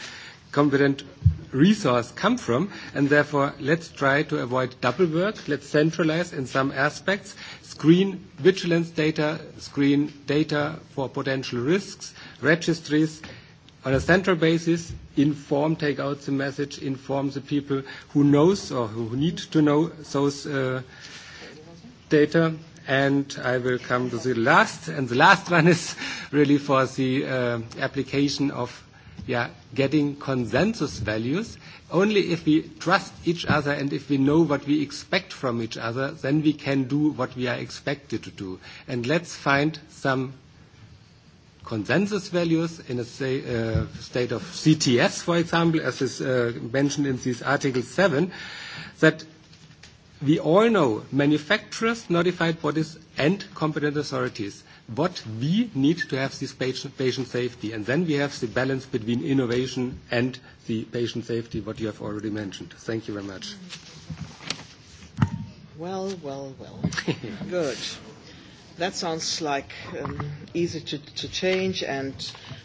competent resource come from, and therefore let's try to avoid double work. Let's centralize in some aspects, screen vigilance data, screen data for potential risks, registries on a central basis, inform, take out the message, inform the people who knows or who need to know those uh, data. And I will come to the last, and the last one is really for the uh, application of We are getting consensus values. Only if we trust each other and if we know what we expect from each other, then we can do what we are expected to do. And let's find some consensus values in a say, uh, state of CTS, for example, as is uh, mentioned in this Article 7, that we all know manufacturers, notified bodies, and competent authorities what we need to have this patient safety. And then we have the balance between innovation and the patient safety, what you have already mentioned. Thank you very much. Well, well, well. Good. That sounds like easy to, to change, and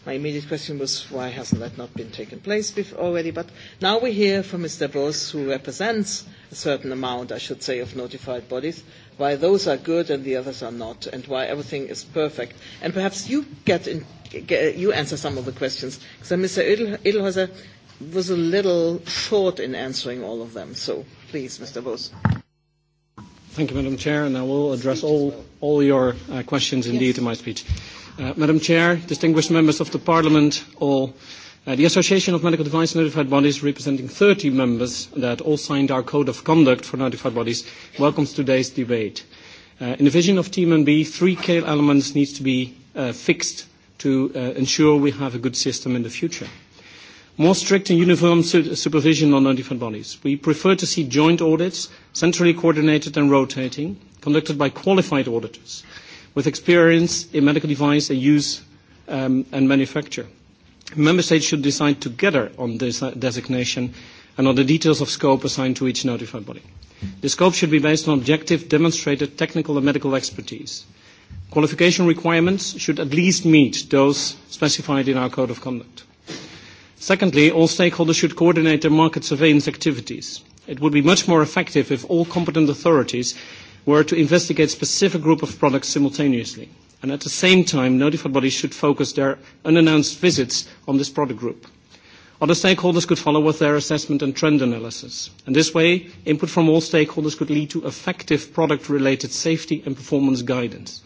my immediate question was why hasn't that not been taken place before already? But now we hear from Mr. Bros, who represents a certain amount, I should say, of notified bodies, why those are good and the others are not, and why everything is perfect. And perhaps you get, in, get you answer some of the questions, So, Mr. Edelhäuser was a little short in answering all of them. So please, Mr. Vos. Thank you, Madam Chair, and I will address all, all your uh, questions indeed yes. in my speech. Uh, Madam Chair, distinguished members of the Parliament, all the Association of Medical Device Notified Bodies, representing 30 members that all signed our Code of Conduct for Notified Bodies, welcomes today's debate. in the vision of Team B, three key elements need to be fixed to ensure we have a good system in the future. More strict and uniform supervision on notified bodies. We prefer to see joint audits, centrally coordinated and rotating, conducted by qualified auditors with experience in medical device and use and manufacture. Member States should decide together on this designation and on the details of scope assigned to each notified body. The scope should be based on objective, demonstrated technical and medical expertise. Qualification requirements should at least meet those specified in our Code of Conduct. Secondly, all stakeholders should coordinate their market surveillance activities. It would be much more effective if all competent authorities were to investigate a specific group of products simultaneously and at the same time, notified bodies should focus their unannounced visits on this product group. Other stakeholders could follow with their assessment and trend analysis. And this way, input from all stakeholders could lead to effective product-related safety and performance guidance.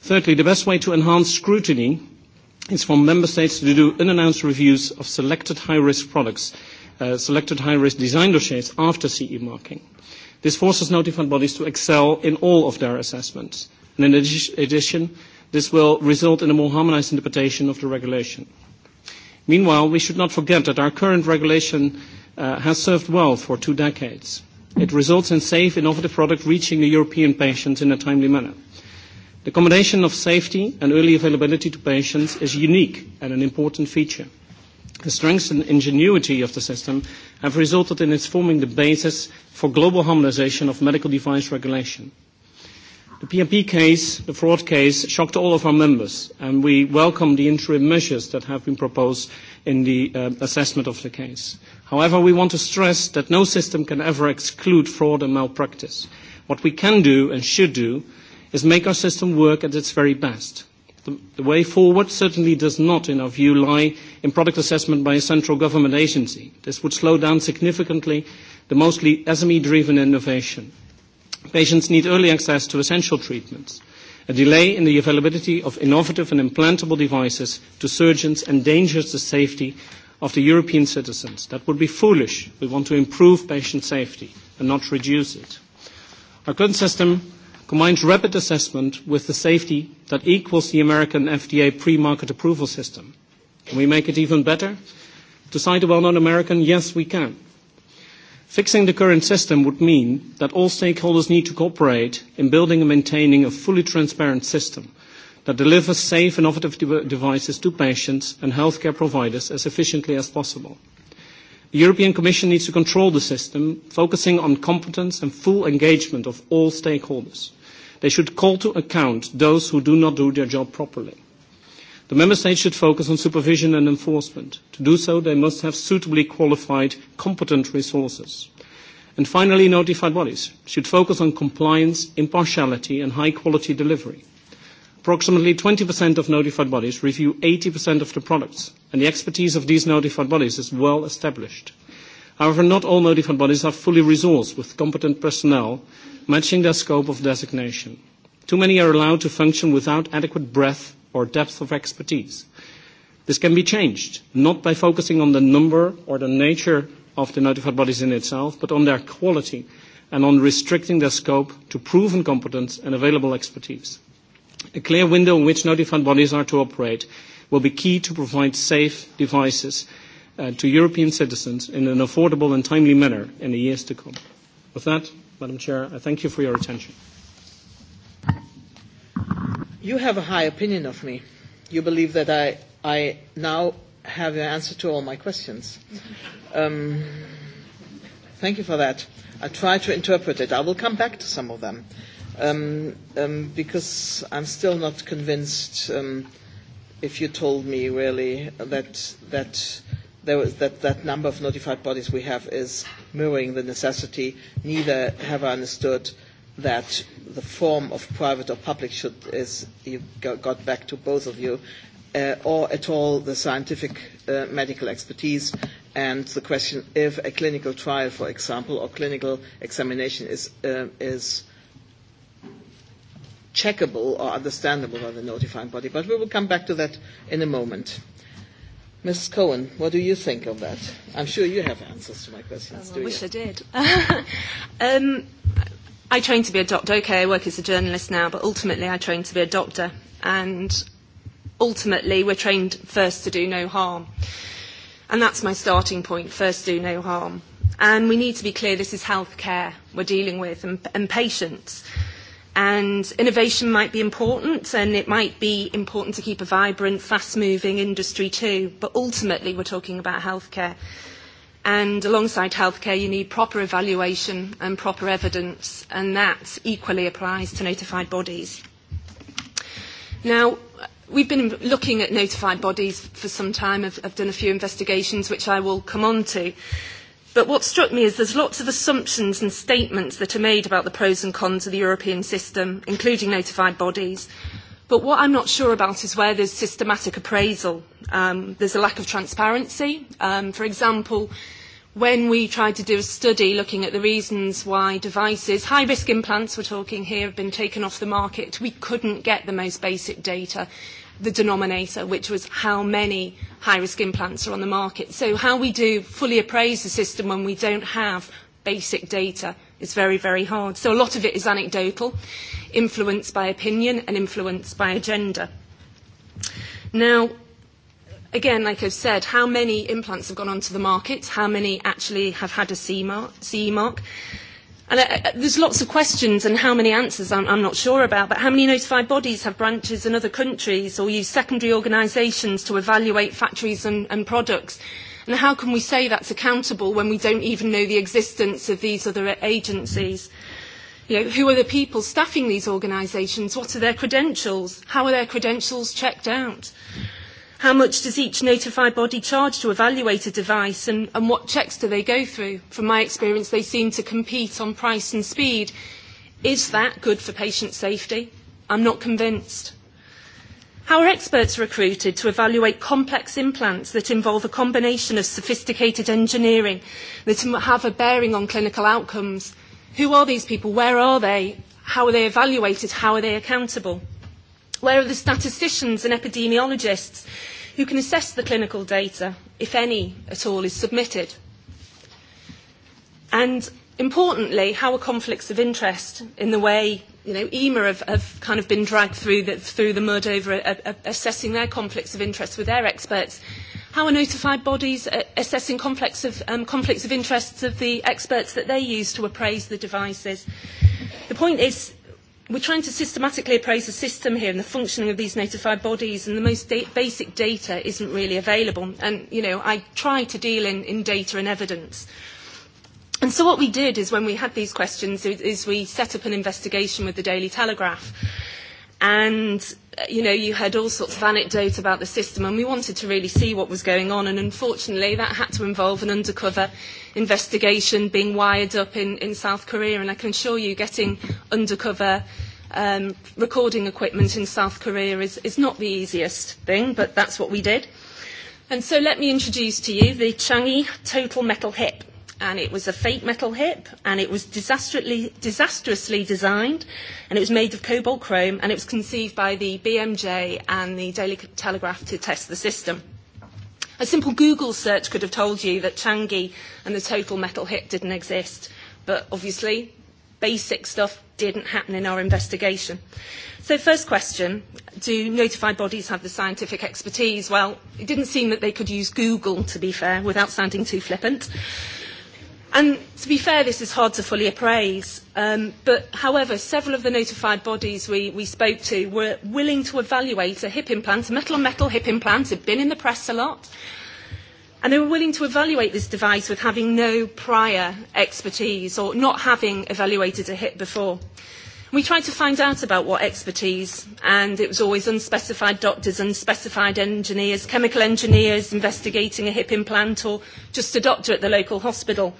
Thirdly, the best way to enhance scrutiny is for member states to do unannounced reviews of selected high-risk products, uh, selected high-risk design dossiers after CE marking. This forces notified bodies to excel in all of their assessments. And in addition, this will result in a more harmonized interpretation of the regulation. Meanwhile, we should not forget that our current regulation has served well for two decades. It results in safe, innovative products reaching the European patients in a timely manner. The combination of safety and early availability to patients is unique and an important feature. The strengths and ingenuity of the system have resulted in its forming the basis for global harmonization of medical device regulation. The PMP case, the fraud case, shocked all of our members, and we welcome the interim measures that have been proposed in the uh, assessment of the case. However, we want to stress that no system can ever exclude fraud and malpractice. What we can do and should do is make our system work at its very best. The, the way forward certainly does not, in our view, lie in product assessment by a central government agency. This would slow down significantly the mostly SME-driven innovation. Patients need early access to essential treatments. A delay in the availability of innovative and implantable devices to surgeons endangers the safety of the European citizens. That would be foolish. We want to improve patient safety and not reduce it. Our current system combines rapid assessment with the safety that equals the American FDA pre-market approval system. Can we make it even better? To cite a well-known American, yes, we can. Fixing the current system would mean that all stakeholders need to cooperate in building and maintaining a fully transparent system that delivers safe, innovative devices to patients and healthcare providers as efficiently as possible. The European Commission needs to control the system, focusing on competence and full engagement of all stakeholders. They should call to account those who do not do their job properly. The Member States should focus on supervision and enforcement. To do so, they must have suitably qualified, competent resources. And finally, notified bodies should focus on compliance, impartiality, and high quality delivery. Approximately 20% of notified bodies review 80% of the products, and the expertise of these notified bodies is well established. However, not all notified bodies are fully resourced with competent personnel matching their scope of designation. Too many are allowed to function without adequate breadth or depth of expertise. This can be changed, not by focusing on the number or the nature of the notified bodies in itself, but on their quality and on restricting their scope to proven competence and available expertise. A clear window in which notified bodies are to operate will be key to provide safe devices to European citizens in an affordable and timely manner in the years to come. With that, Madam Chair, I thank you for your attention. You have a high opinion of me. You believe that I, I now have the answer to all my questions. Um, thank you for that. I try to interpret it. I will come back to some of them um, um, because I'm still not convinced. Um, if you told me really that that there was that that number of notified bodies we have is mirroring the necessity, neither have I understood that the form of private or public should is you got back to both of you uh, or at all the scientific uh, medical expertise and the question if a clinical trial for example or clinical examination is uh, is checkable or understandable by the notifying body but we will come back to that in a moment Ms. Cohen, what do you think of that? I'm sure you have answers to my questions. Um, I wish I did. um, I trained to be a doctor. Okay, I work as a journalist now, but ultimately I trained to be a doctor. And ultimately we're trained first to do no harm. And that's my starting point, first do no harm. And we need to be clear this is healthcare we're dealing with and, and patients. And innovation might be important, and it might be important to keep a vibrant, fast moving industry too, but ultimately we're talking about healthcare. And alongside healthcare, you need proper evaluation and proper evidence, and that equally applies to notified bodies. Now, we've been looking at notified bodies for some time. I've, I've done a few investigations, which I will come on to. But what struck me is there's lots of assumptions and statements that are made about the pros and cons of the European system, including notified bodies, But what I'm not sure about is where there's systematic appraisal. Um, there's a lack of transparency. Um, for example, when we tried to do a study looking at the reasons why devices, high risk implants we're talking here, have been taken off the market, we couldn't get the most basic data, the denominator, which was how many high risk implants are on the market. So, how we do fully appraise the system when we don't have basic data is very, very hard. So a lot of it is anecdotal, influenced by opinion and influenced by agenda. Now, again, like I've said, how many implants have gone onto the market? How many actually have had a CE mark? CE mark? And uh, there's lots of questions and how many answers I'm, I'm not sure about, but how many notified bodies have branches in other countries or use secondary organisations to evaluate factories and, and products? And how can we say that's accountable when we don't even know the existence of these other agencies? You know, who are the people staffing these organisations? What are their credentials? How are their credentials checked out? How much does each notified body charge to evaluate a device and, and what checks do they go through? From my experience, they seem to compete on price and speed. Is that good for patient safety? I'm not convinced. How are experts recruited to evaluate complex implants that involve a combination of sophisticated engineering that have a bearing on clinical outcomes? Who are these people? Where are they? How are they evaluated? How are they accountable? Where are the statisticians and epidemiologists who can assess the clinical data, if any at all, is submitted? And importantly, how are conflicts of interest in the way you know, EMA have, have kind of been dragged through the, through the mud over a, a, assessing their conflicts of interest with their experts. How are notified bodies assessing conflicts of, um, conflicts of interests of the experts that they use to appraise the devices? The point is, we're trying to systematically appraise the system here and the functioning of these notified bodies, and the most da- basic data isn't really available. And, you know, I try to deal in, in data and evidence. And so what we did is when we had these questions is, is we set up an investigation with the Daily Telegraph. And, you know, you heard all sorts of anecdotes about the system and we wanted to really see what was going on. And unfortunately, that had to involve an undercover investigation being wired up in, in South Korea. And I can assure you getting undercover um, recording equipment in South Korea is, is not the easiest thing, but that's what we did. And so let me introduce to you the Changi Total Metal Hip and it was a fake metal hip, and it was disastrously, disastrously designed, and it was made of cobalt chrome, and it was conceived by the BMJ and the Daily Telegraph to test the system. A simple Google search could have told you that Changi and the total metal hip didn't exist, but obviously, basic stuff didn't happen in our investigation. So first question, do notified bodies have the scientific expertise? Well, it didn't seem that they could use Google, to be fair, without sounding too flippant. And to be fair, this is hard to fully appraise. Um, but however, several of the notified bodies we, we spoke to were willing to evaluate a hip implant, a metal-on-metal hip implant, had been in the press a lot. And they were willing to evaluate this device with having no prior expertise or not having evaluated a hip before. We tried to find out about what expertise, and it was always unspecified doctors, unspecified engineers, chemical engineers investigating a hip implant, or just a doctor at the local hospital.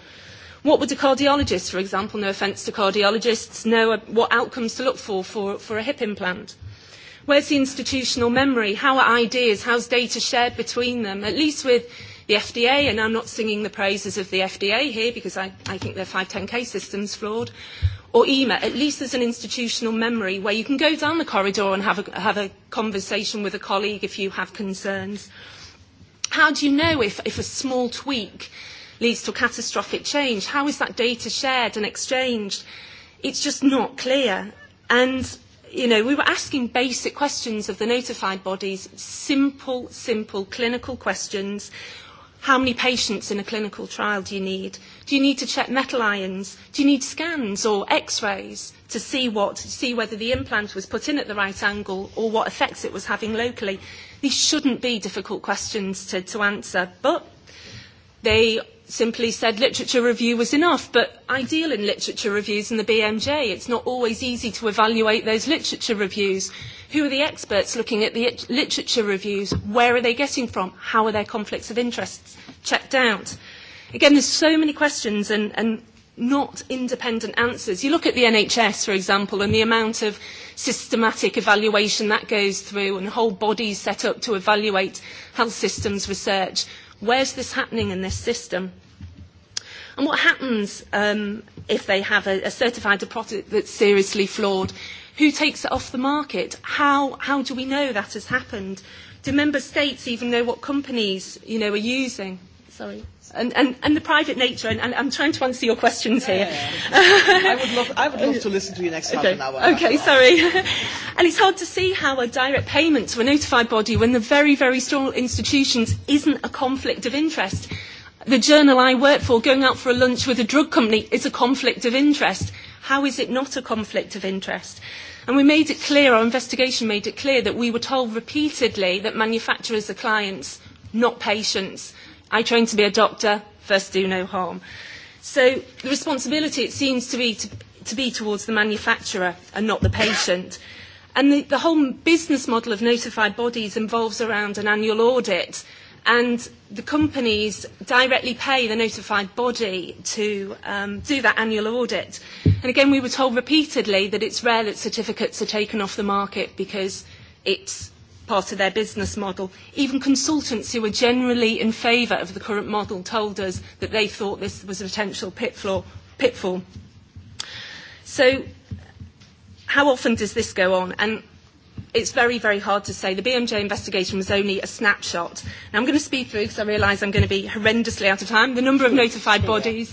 What would a cardiologist, for example, no offence to cardiologists, know what outcomes to look for for, for a hip implant? Where's the institutional memory? How are ideas? How's data shared between them? At least with the FDA, and I'm not singing the praises of the FDA here because I, I think their 510k system's flawed, or EMA, at least there's an institutional memory where you can go down the corridor and have a, have a conversation with a colleague if you have concerns. How do you know if, if a small tweak leads to a catastrophic change? How is that data shared and exchanged? It's just not clear. And, you know, we were asking basic questions of the notified bodies, simple, simple clinical questions How many patients in a clinical trial do you need? Do you need to check metal ions? Do you need scans or x-rays to see what, to see whether the implant was put in at the right angle or what effects it was having locally? These shouldn't be difficult questions to, to answer, but They simply said literature review was enough, but I deal in literature reviews in the BMJ. It's not always easy to evaluate those literature reviews. Who are the experts looking at the literature reviews? Where are they getting from? How are their conflicts of interests checked out? Again, there's so many questions and, and not independent answers. You look at the NHS, for example, and the amount of systematic evaluation that goes through and whole bodies set up to evaluate health systems research Where's this happening in this system? And what happens um, if they have a, a certified deposit that's seriously flawed? Who takes it off the market? How, how do we know that has happened? Do member states even know what companies you know, are using? Sorry and, and, and the private nature, and, and I'm trying to answer your questions here. I, would love, I would love to listen to you next half an hour. Okay, sorry. and it's hard to see how a direct payment to a notified body when the very, very strong institutions isn't a conflict of interest. The journal I work for, going out for a lunch with a drug company, is a conflict of interest. How is it not a conflict of interest? And we made it clear, our investigation made it clear, that we were told repeatedly that manufacturers are clients, not patients I trained to be a doctor, first do no harm. So the responsibility, it seems to be, to, to be towards the manufacturer and not the patient. And the, the whole business model of notified bodies involves around an annual audit, and the companies directly pay the notified body to um, do that annual audit. And again, we were told repeatedly that it's rare that certificates are taken off the market because it's part of their business model. Even consultants who were generally in favour of the current model told us that they thought this was a potential pitfall. pitfall. So how often does this go on? And it's very, very hard to say. The BMJ investigation was only a snapshot. Now I'm going to speed through because I realise I'm going to be horrendously out of time. The number of notified bodies,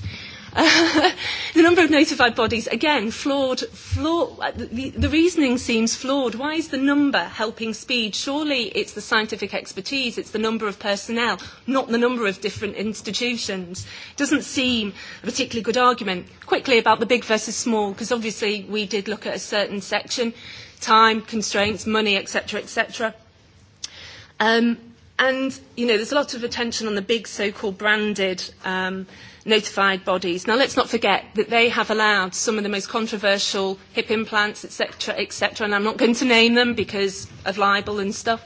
the number of notified bodies, again, flawed. flawed the, the reasoning seems flawed. Why is the number helping speed? Surely it's the scientific expertise, it's the number of personnel, not the number of different institutions. Doesn't seem a particularly good argument. Quickly about the big versus small, because obviously we did look at a certain section, time, constraints, money, etc., etc. Um, and, you know, there's a lot of attention on the big so-called branded um, – notified bodies. Now, let's not forget that they have allowed some of the most controversial hip implants, etc., etc., and I'm not going to name them because of libel and stuff.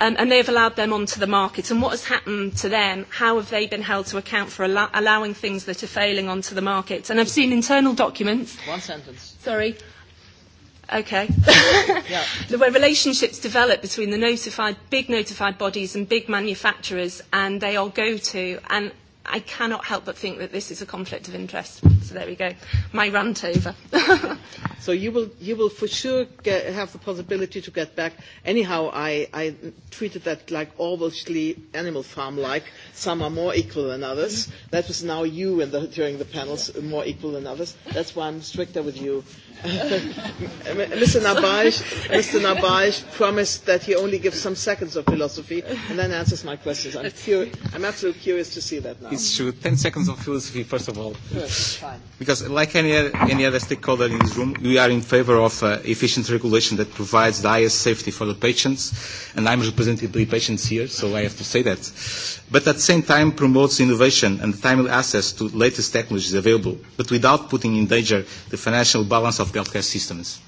Um, and they've allowed them onto the market. And what has happened to them? How have they been held to account for al- allowing things that are failing onto the market? And I've seen internal documents. One sentence. Sorry. Okay. yeah. Where relationships develop between the notified, big notified bodies and big manufacturers, and they all go to, and I cannot help but think that this is a conflict of interest. So there we go. My rant over. so you will, you will for sure get, have the possibility to get back. Anyhow, I, I treated that like obviously Animal Farm-like. Some are more equal than others. That was now you in the, during the panels more equal than others. That's why I'm stricter with you Mr. Nabaish, Mr. Nabaish promised that he only gives some seconds of philosophy and then answers my questions. I'm, curi- I'm absolutely curious to see that now. It's true. Ten seconds of philosophy, first of all. Because like any, any other stakeholder in this room, we are in favor of uh, efficient regulation that provides the highest safety for the patients. And I'm representing the patients here, so I have to say that. But at the same time, promotes innovation and timely access to latest technologies available, but without putting in danger the financial balance of of healthcare systems.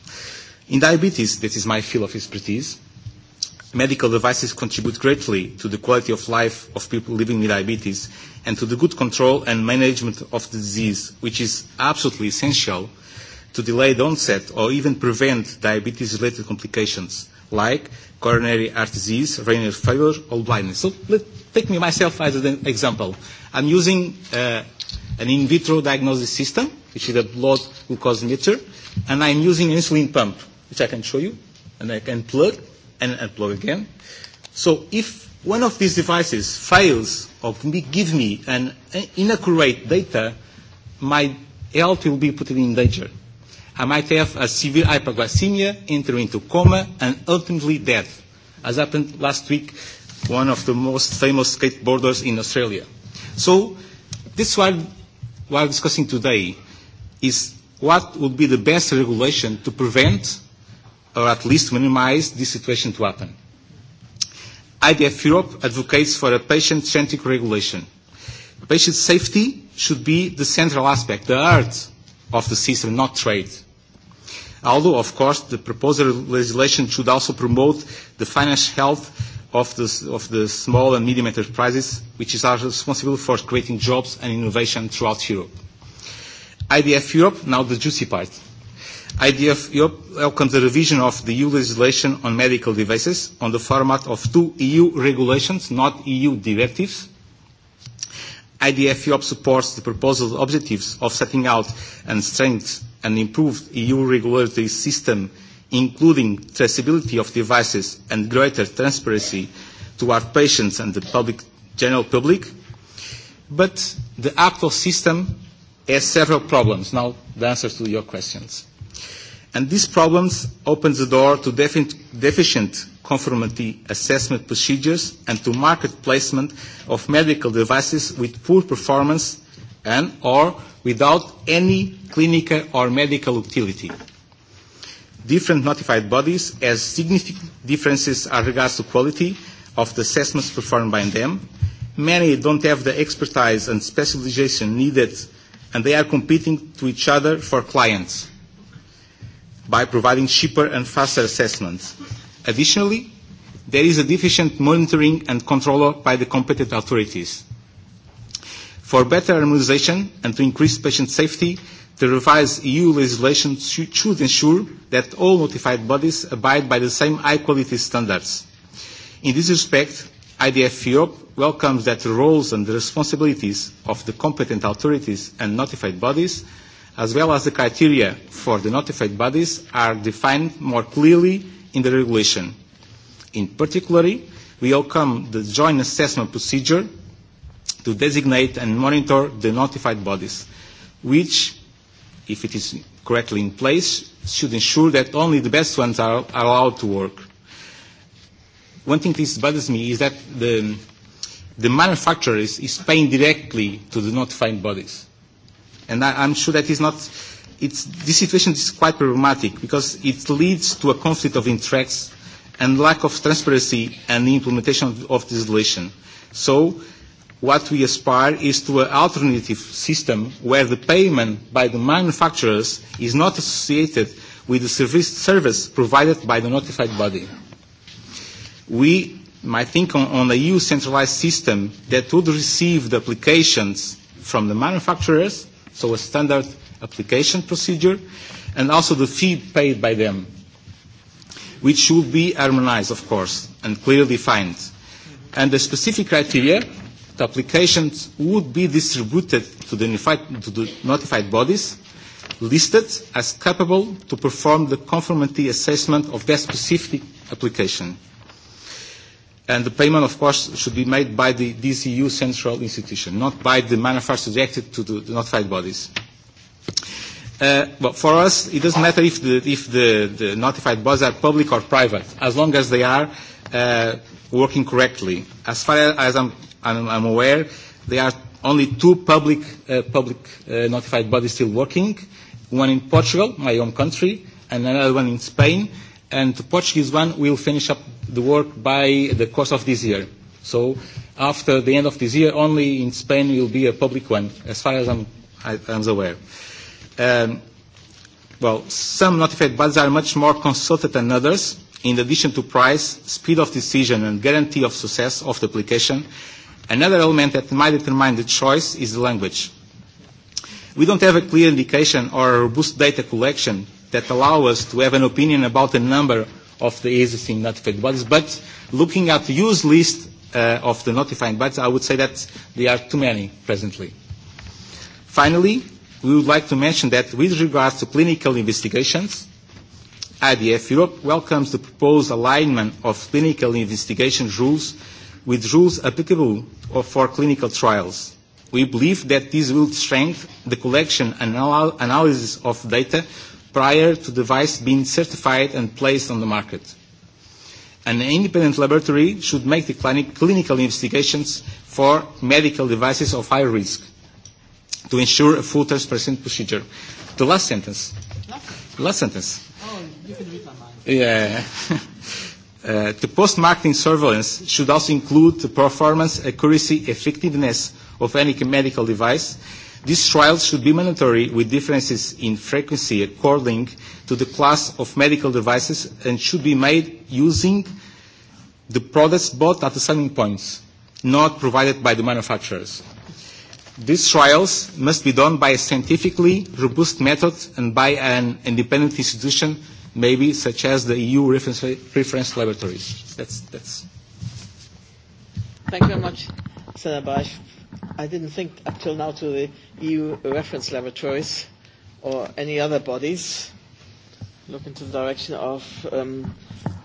In diabetes, that is my field of expertise, medical devices contribute greatly to the quality of life of people living with diabetes and to the good control and management of the disease, which is absolutely essential to delay the onset or even prevent diabetes-related complications like coronary heart disease, renal failure, or blindness. So let take me myself as an example. I'm using uh, an in vitro diagnosis system, which is a blood glucose meter, and I'm using an insulin pump, which I can show you, and I can plug and unplug again. So if one of these devices fails or give me an inaccurate data, my health will be put in danger. I might have a severe hypoglycemia, enter into coma, and ultimately death, as happened last week, one of the most famous skateboarders in Australia. So this why we are discussing today is what would be the best regulation to prevent or at least minimize this situation to happen. IDF Europe advocates for a patient-centric regulation. Patient safety should be the central aspect, the heart of the system, not trade although, of course, the proposed legislation should also promote the financial health of the, of the small and medium enterprises, which is responsible for creating jobs and innovation throughout Europe. IDF Europe, now the juicy part. IDF Europe welcomes the revision of the EU legislation on medical devices on the format of two EU regulations, not EU directives, IDF Europe supports the proposal's objectives of setting out and strengthening an improved EU regulatory system, including traceability of devices and greater transparency to our patients and the public, general public. But the actual system has several problems. Now, the answers to your questions. And these problems open the door to deficient conformity assessment procedures and to market placement of medical devices with poor performance and or without any clinical or medical utility. Different notified bodies have significant differences as regards to quality of the assessments performed by them. Many don't have the expertise and specialization needed and they are competing to each other for clients by providing cheaper and faster assessments. Additionally, there is a deficient monitoring and control by the competent authorities. For better harmonization and to increase patient safety, the revised EU legislation should ensure that all notified bodies abide by the same high-quality standards. In this respect, IDF Europe welcomes that the roles and the responsibilities of the competent authorities and notified bodies as well as the criteria for the notified bodies are defined more clearly in the regulation. In particular, we welcome the joint assessment procedure to designate and monitor the notified bodies, which, if it is correctly in place, should ensure that only the best ones are allowed to work. One thing this bothers me is that the, the manufacturer is, is paying directly to the notified bodies And I, I'm sure that is not, it's, this situation is quite problematic because it leads to a conflict of interests and lack of transparency and the implementation of, of this legislation. So what we aspire is to an alternative system where the payment by the manufacturers is not associated with the service, service provided by the notified body. We might think on, on a EU centralized system that would receive the applications from the manufacturers so a standard application procedure, and also the fee paid by them, which should be harmonized, of course, and clearly defined. And the specific criteria, the applications would be distributed to the, notified, to the notified bodies listed as capable to perform the conformity assessment of their specific application and the payment, of course, should be made by the DCU central institution, not by the manufacturer subjected to the notified bodies. Uh, but for us, it doesn't matter if, the, if the, the notified bodies are public or private, as long as they are uh, working correctly. As far as I'm, I'm, I'm aware, there are only two public, uh, public uh, notified bodies still working, one in Portugal, my home country, and another one in Spain, and the Portuguese one will finish up the work by the course of this year. So after the end of this year, only in Spain will be a public one, as far as I'm, I, I'm aware. Um, well, some notified bodies are much more consulted than others. In addition to price, speed of decision, and guarantee of success of the application, another element that might determine the choice is the language. We don't have a clear indication or robust data collection that allow us to have an opinion about a number of the existing notified bodies. But looking at the use list uh, of the notified bodies, I would say that there are too many presently. Finally, we would like to mention that with regards to clinical investigations, IDF Europe welcomes the proposed alignment of clinical investigation rules with rules applicable for clinical trials. We believe that this will strengthen the collection and analysis of data prior to the device being certified and placed on the market. An independent laboratory should make the clinic, clinical investigations for medical devices of high risk to ensure a full transparent procedure. The last sentence. Last, last sentence. Oh, you can read my mind. Yeah. uh, the post-marketing surveillance should also include the performance, accuracy, effectiveness of any medical device These trials should be mandatory with differences in frequency according to the class of medical devices and should be made using the products bought at the selling points, not provided by the manufacturers. These trials must be done by a scientifically robust method and by an independent institution, maybe such as the EU reference, reference laboratories. That's, that's. Thank you very much, Senator Bash, I didn't think up till now to the EU reference laboratories or any other bodies. Look into the direction of um,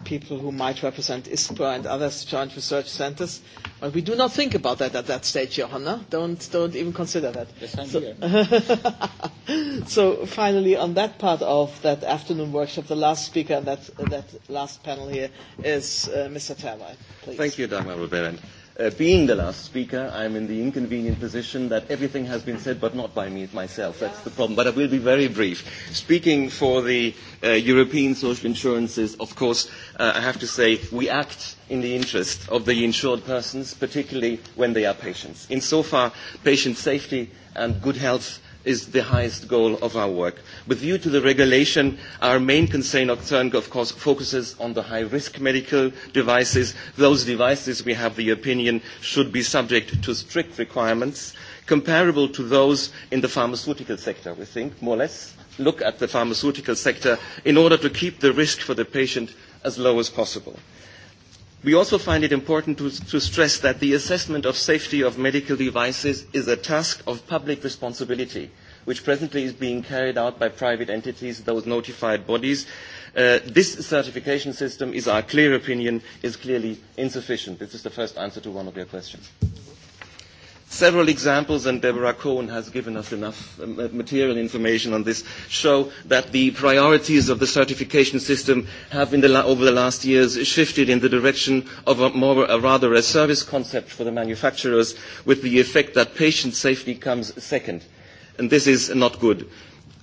people who might represent ISPRA and other joint research centers. But we do not think about that at that stage, Johanna. Don't, don't even consider that. Yes, I'm so, here. so finally, on that part of that afternoon workshop, the last speaker and that, that last panel here is uh, Mr. Terwey. Thank you, Dagmar Ruberen. Uh, being the last speaker, I'm in the inconvenient position that everything has been said, but not by me myself. That's the problem. But I will be very brief. Speaking for the uh, European social insurances, of course, uh, I have to say we act in the interest of the insured persons, particularly when they are patients. Insofar, patient safety and good health is the highest goal of our work. With view to the regulation, our main concern, of course, focuses on the high-risk medical devices. Those devices, we have the opinion, should be subject to strict requirements comparable to those in the pharmaceutical sector, we think, more or less look at the pharmaceutical sector in order to keep the risk for the patient as low as possible. We also find it important to, to stress that the assessment of safety of medical devices is a task of public responsibility, which presently is being carried out by private entities, those notified bodies. Uh, this certification system, is our clear opinion, is clearly insufficient. This is the first answer to one of your questions. Several examples, and Deborah Cohen has given us enough material information on this, show that the priorities of the certification system have, in the la- over the last years, shifted in the direction of a more, a rather a service concept for the manufacturers, with the effect that patient safety comes second. And this is not good.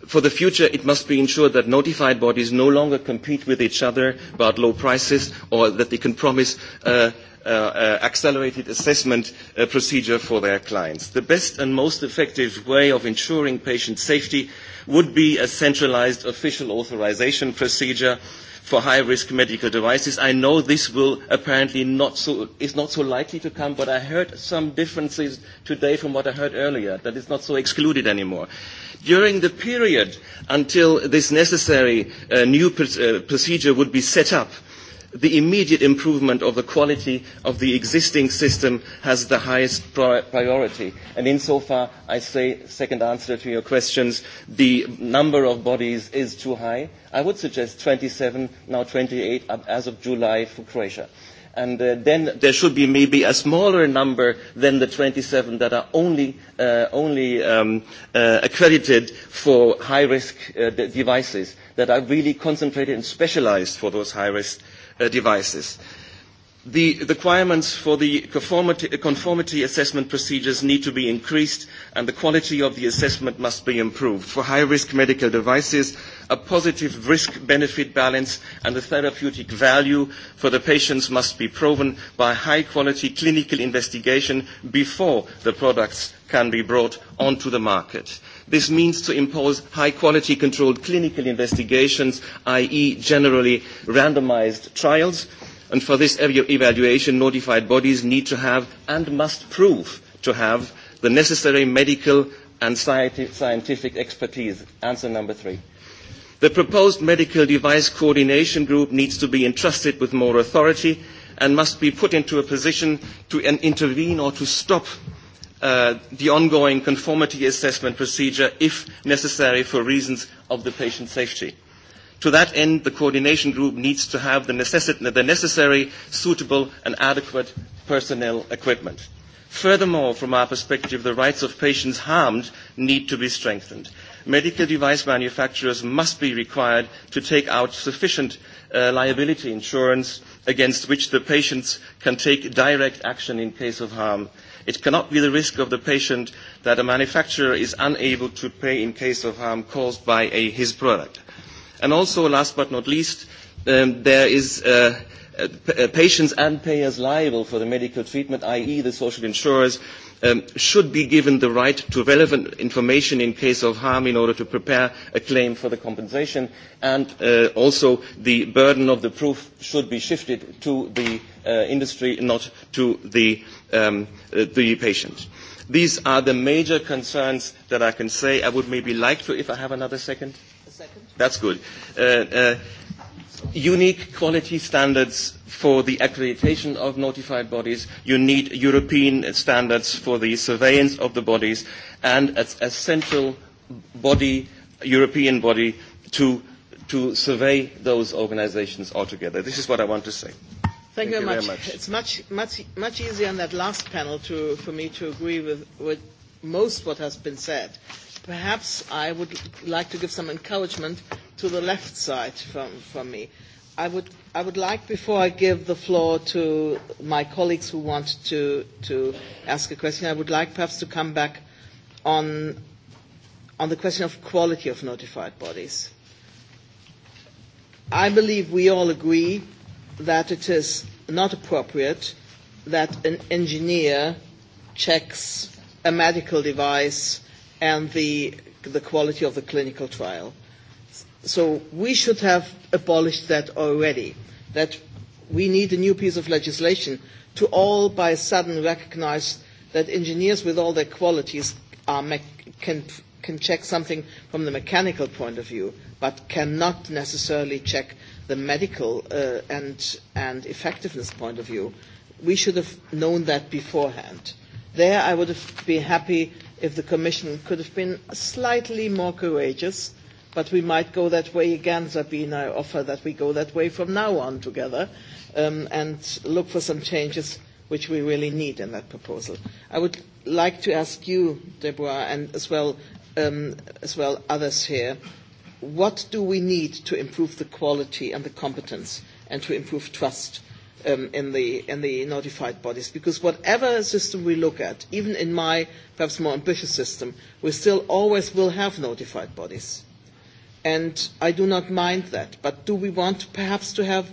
For the future, it must be ensured that notified bodies no longer compete with each other about low prices or that they can promise uh, accelerated assessment procedure for their clients. The best and most effective way of ensuring patient safety would be a centralised official authorisation procedure for high-risk medical devices. I know this will apparently not so, is not so likely to come, but I heard some differences today from what I heard earlier, that it's not so excluded anymore. During the period until this necessary uh, new pr- uh, procedure would be set up, the immediate improvement of the quality of the existing system has the highest priority. And insofar, I say, second answer to your questions, the number of bodies is too high. I would suggest twenty seven, now twenty eight as of July for Croatia. And uh, then there should be maybe a smaller number than the twenty seven that are only, uh, only um, uh, accredited for high-risk uh, devices that are really concentrated and specialized for those high-risk devices. The requirements for the conformity, assessment procedures need to be increased and the quality of the assessment must be improved. For high-risk medical devices, a positive risk-benefit balance and the therapeutic value for the patients must be proven by high-quality clinical investigation before the products can be brought onto the market This means to impose high-quality controlled clinical investigations, i.e. generally randomized trials, and for this evaluation, notified bodies need to have and must prove to have the necessary medical and scientific expertise. Answer number three. The proposed medical device coordination group needs to be entrusted with more authority and must be put into a position to intervene or to stop the ongoing conformity assessment procedure if necessary for reasons of the patient safety. To that end, the coordination group needs to have the, necess- the necessary, suitable and adequate personnel equipment. Furthermore, from our perspective, the rights of patients harmed need to be strengthened. Medical device manufacturers must be required to take out sufficient uh, liability insurance against which the patients can take direct action in case of harm. It cannot be the risk of the patient that a manufacturer is unable to pay in case of harm caused by a, his product. And also, last but not least, um, there is uh, patients and payers liable for the medical treatment, i.e. the social insurers, should be given the right to relevant information in case of harm in order to prepare a claim for the compensation and also the burden of the proof should be shifted to the industry not to the, patient. These are the major concerns that I can say. I would maybe like to, if I have another second. That's good unique quality standards for the accreditation of notified bodies. You need European standards for the surveillance of the bodies and a, a central body, European body, to, to survey those organizations altogether. This is what I want to say. Thank, Thank you very much. much. It's much, much, much easier on that last panel to, for me to agree with, with most what has been said perhaps I would like to give some encouragement to the left side from, from me. I would, I would like, before I give the floor to my colleagues who want to, to ask a question, I would like perhaps to come back on, on the question of quality of notified bodies. I believe we all agree that it is not appropriate that an engineer checks a medical device and the, the quality of the clinical trial. So we should have abolished that already, that we need a new piece of legislation to all by a sudden recognize that engineers with all their qualities are me- can, can check something from the mechanical point of view, but cannot necessarily check the medical uh, and, and effectiveness point of view. We should have known that beforehand. There I would have been happy if the Commission could have been slightly more courageous, but we might go that way again, Sabine. I offer that we go that way from now on together and look for some changes which we really need in that proposal. I would like to ask you, Deborah, and as well, as well others here, what do we need to improve the quality and the competence and to improve trust um, in, the, in the notified bodies. Because whatever system we look at, even in my perhaps more ambitious system, we still always will have notified bodies. And I do not mind that. But do we want perhaps to have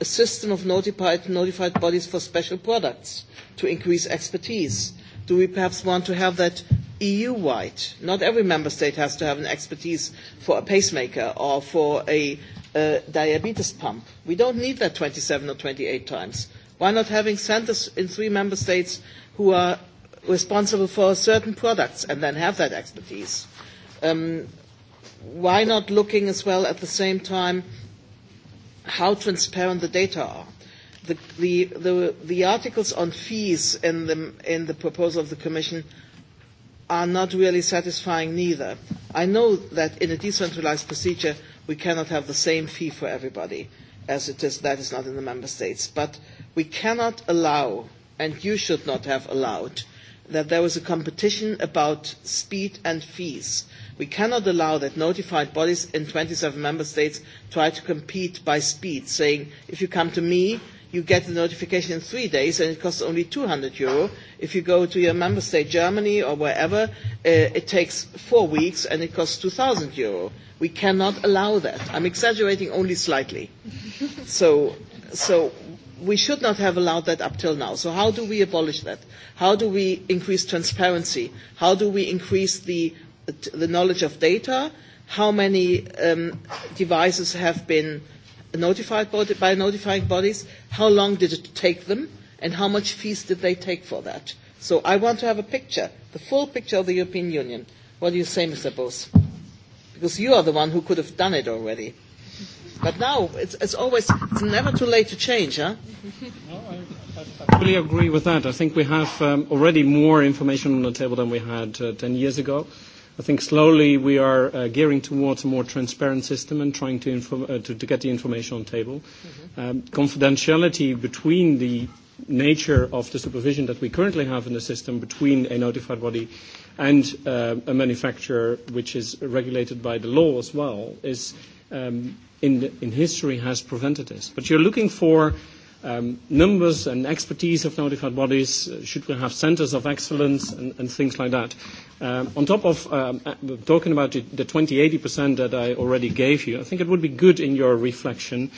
a system of notified, notified bodies for special products to increase expertise? Do we perhaps want to have that EU-wide? Not every member state has to have an expertise for a pacemaker or for a diabetes pump. We don't need that 27 or 28 times. Why not having centers in three member states who are responsible for certain products and then have that expertise? Um, why not looking as well at the same time how transparent the data are? The, the, the, the articles on fees in the, in the proposal of the Commission are not really satisfying neither. I know that in a decentralized procedure, we cannot have the same fee for everybody as it is that is not in the member states. But we cannot allow, and you should not have allowed, that there was a competition about speed and fees. We cannot allow that notified bodies in twenty seven member states try to compete by speed, saying, if you come to me, you get the notification in three days and it costs only 200 euro. If you go to your member state, Germany or wherever, uh, it takes four weeks and it costs 2,000 euro. We cannot allow that. I'm exaggerating only slightly. so, so we should not have allowed that up till now. So how do we abolish that? How do we increase transparency? How do we increase the, the knowledge of data? How many um, devices have been notified body, by notifying bodies, how long did it take them, and how much fees did they take for that. So I want to have a picture, the full picture of the European Union. What do you say, Mr. Bose? Because you are the one who could have done it already. But now, it's, it's always, it's never too late to change, huh? No, I, I fully agree with that. I think we have um, already more information on the table than we had uh, 10 years ago. I think slowly we are uh, gearing towards a more transparent system and trying to, inform, uh, to, to get the information on table. Mm-hmm. Um, confidentiality between the nature of the supervision that we currently have in the system between a notified body and uh, a manufacturer, which is regulated by the law as well, is um, in, the, in history has prevented this. But you're looking for um, numbers and expertise of notified bodies? Should we have centers of excellence and, and things like that? Um, on top of um, talking about the, 20-80% that I already gave you, I think it would be good in your reflection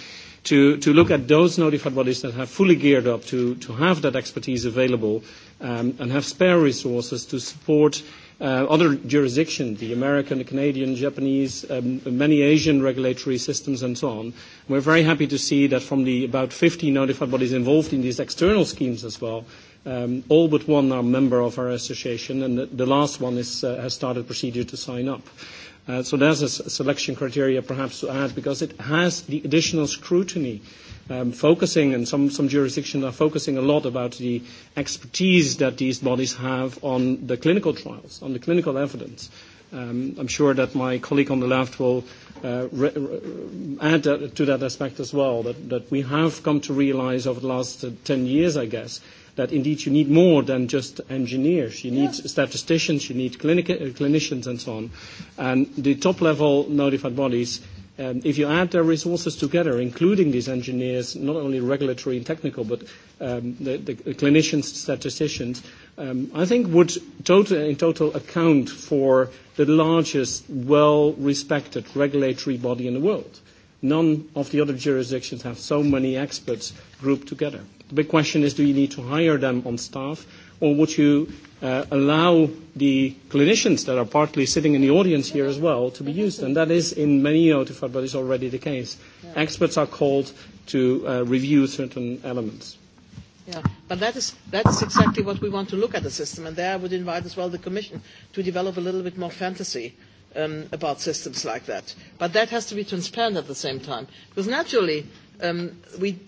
to, to look at those notified bodies that have fully geared up to, to have that expertise available um, and have spare resources to support – uh, other jurisdictions, the American, the Canadian, Japanese, um, many Asian regulatory systems and so on. We're very happy to see that from the about 50 notified bodies involved in these external schemes as well, um, all but one are member of our association and the, the last one is, uh, has started procedure to sign up. Uh, so there's a selection criteria perhaps to add because it has the additional scrutiny uh, um, focusing, and some, some jurisdictions are focusing a lot about the expertise that these bodies have on the clinical trials, on the clinical evidence. Um, I'm sure that my colleague on the left will uh, re- add that, to that aspect as well, that, that we have come to realize over the last uh, 10 years, I guess, that indeed you need more than just engineers. You need statisticians, you need clinic, uh, clinicians, and so on. And the top level notified bodies um, if you add their resources together, including these engineers, not only regulatory and technical, but um, the, the clinicians, statisticians, um, I think would total, in total account for the largest well-respected regulatory body in the world. None of the other jurisdictions have so many experts grouped together. The big question is, do you need to hire them on staff, or would you uh, allow the clinicians that are partly sitting in the audience here as well to be used. And that is in many notified bodies already the case. Experts are called to uh, review certain elements. Yeah, but that is, that is exactly what we want to look at the system. And there I would invite as well the Commission to develop a little bit more fantasy um, about systems like that. But that has to be transparent at the same time. Because naturally, um, we,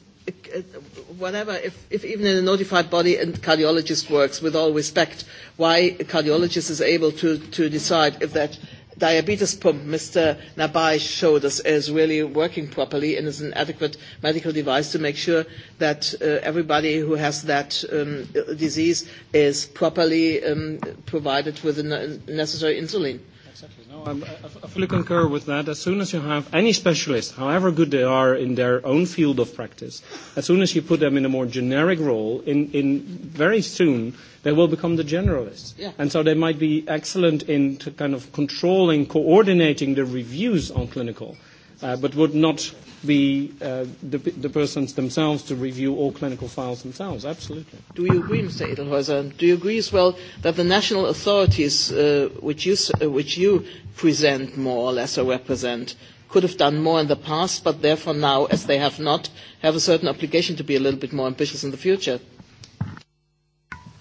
whatever, if, if even in a notified body a cardiologist works, with all respect, why a cardiologist is able to, to decide if that diabetes pump Mr. Nabai showed us is really working properly and is an adequate medical device to make sure that uh, everybody who has that um, disease is properly um, provided with the necessary insulin exactly. No, I'm, I fully concur with that. As soon as you have any specialist, however good they are in their own field of practice, as soon as you put them in a more generic role, in, in very soon they will become the generalists. Yeah. And so they might be excellent in to kind of controlling, coordinating the reviews on clinical but would not be uh, the, the persons themselves to review all clinical files themselves. Absolutely. Do you agree, Mr. Edelhäuser? Do you agree as well that the national authorities, uh, which, you, uh, which you present more or less or represent, could have done more in the past, but therefore now, as they have not, have a certain obligation to be a little bit more ambitious in the future?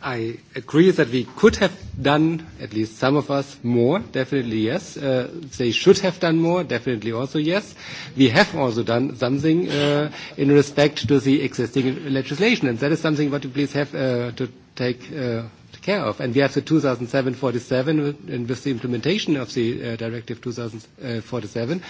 I agree that we could have done, at least some of us, more, definitely yes. Uh, they should have done more, definitely also yes. We have also done something uh, in respect to the existing legislation, and that is something what you please have uh, to take uh, care of. And we have the 2007-47, and with the implementation of the uh, Directive 2047,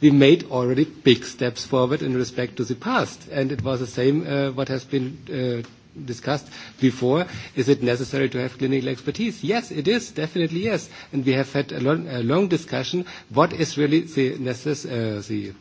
we made already big steps forward in respect to the past. And it was the same uh, what has been uh, discussed before, is it necessary to have clinical expertise? Yes, it is, definitely yes. And we have had a long, a long discussion, what is really the, necess- uh, the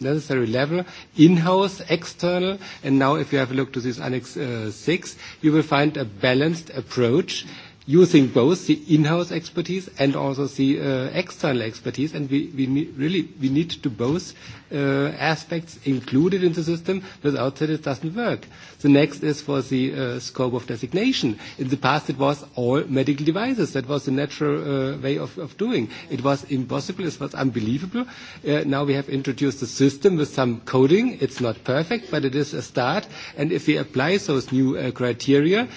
necessary level, in-house, external, and now if you have a look to this Annex uh, 6, you will find a balanced approach using both the in-house expertise and also the uh, external expertise. And we, we really we need to both uh, aspects included in the system. Without that, it doesn't work. The next is for the uh, scope of designation. In the past, it was all medical devices. That was the natural way of, doing. It was impossible. It was unbelievable. now we have introduced a system with some coding. It's not perfect, but it is a start. And if we apply those new criteria,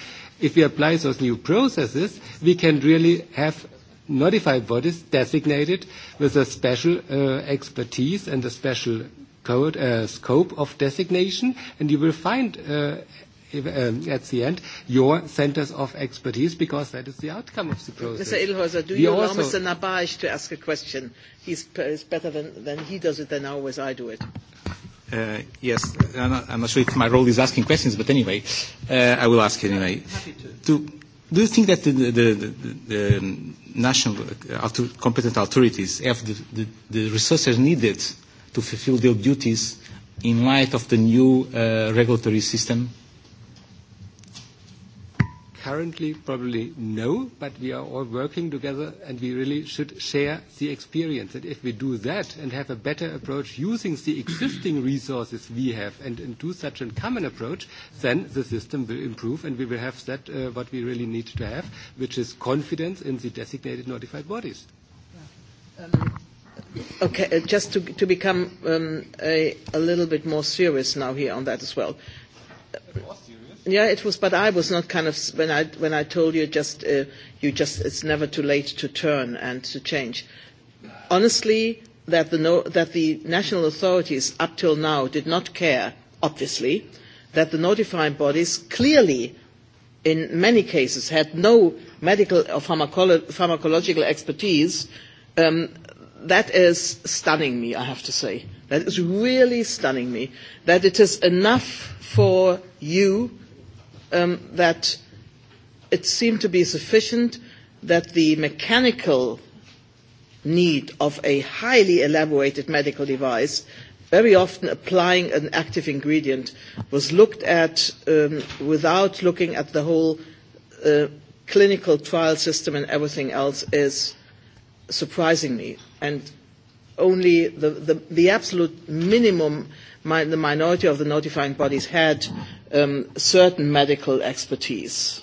If we apply those new processes, we can really have notified bodies designated with a special uh, expertise and a special code, uh, scope of designation, and you will find uh, at the end your centers of expertise because that is the outcome of the process. Mr. Ilhäuser, do you allow Mr. Nabaj to ask a question? He's, he's better than, than he does it than always I do it yes, I'm not, I'm not sure if my role is asking questions, but anyway, uh, I will ask anyway. Happy to. Do, do you think that the, the, the, the national author, competent authorities have the, the, the resources needed to fulfill their duties in light of the new uh, regulatory system? currently probably no, but we are all working together and we really should share the experience. if we do that and have a better approach using the existing resources we have and, do such a common approach, then the system will improve and we will have that uh, what we really need to have, which is confidence in the designated notified bodies. okay, just to, become a, little bit more serious now here on that as well. Uh, Yeah, it was, but I was not kind of when I when I told you just uh, you just it's never too late to turn and to change. Honestly, that the no, that the national authorities up till now did not care, obviously, that the notifying bodies clearly, in many cases, had no medical or pharmacolo- pharmacological expertise. Um, that is stunning me, I have to say. That is really stunning me. That it is enough for you that it seemed to be sufficient that the mechanical need of a highly elaborated medical device, very often applying an active ingredient, was looked at without looking at the whole clinical trial system and everything else is surprising me. And only the, the, the absolute minimum the minority of the notifying bodies had certain medical expertise.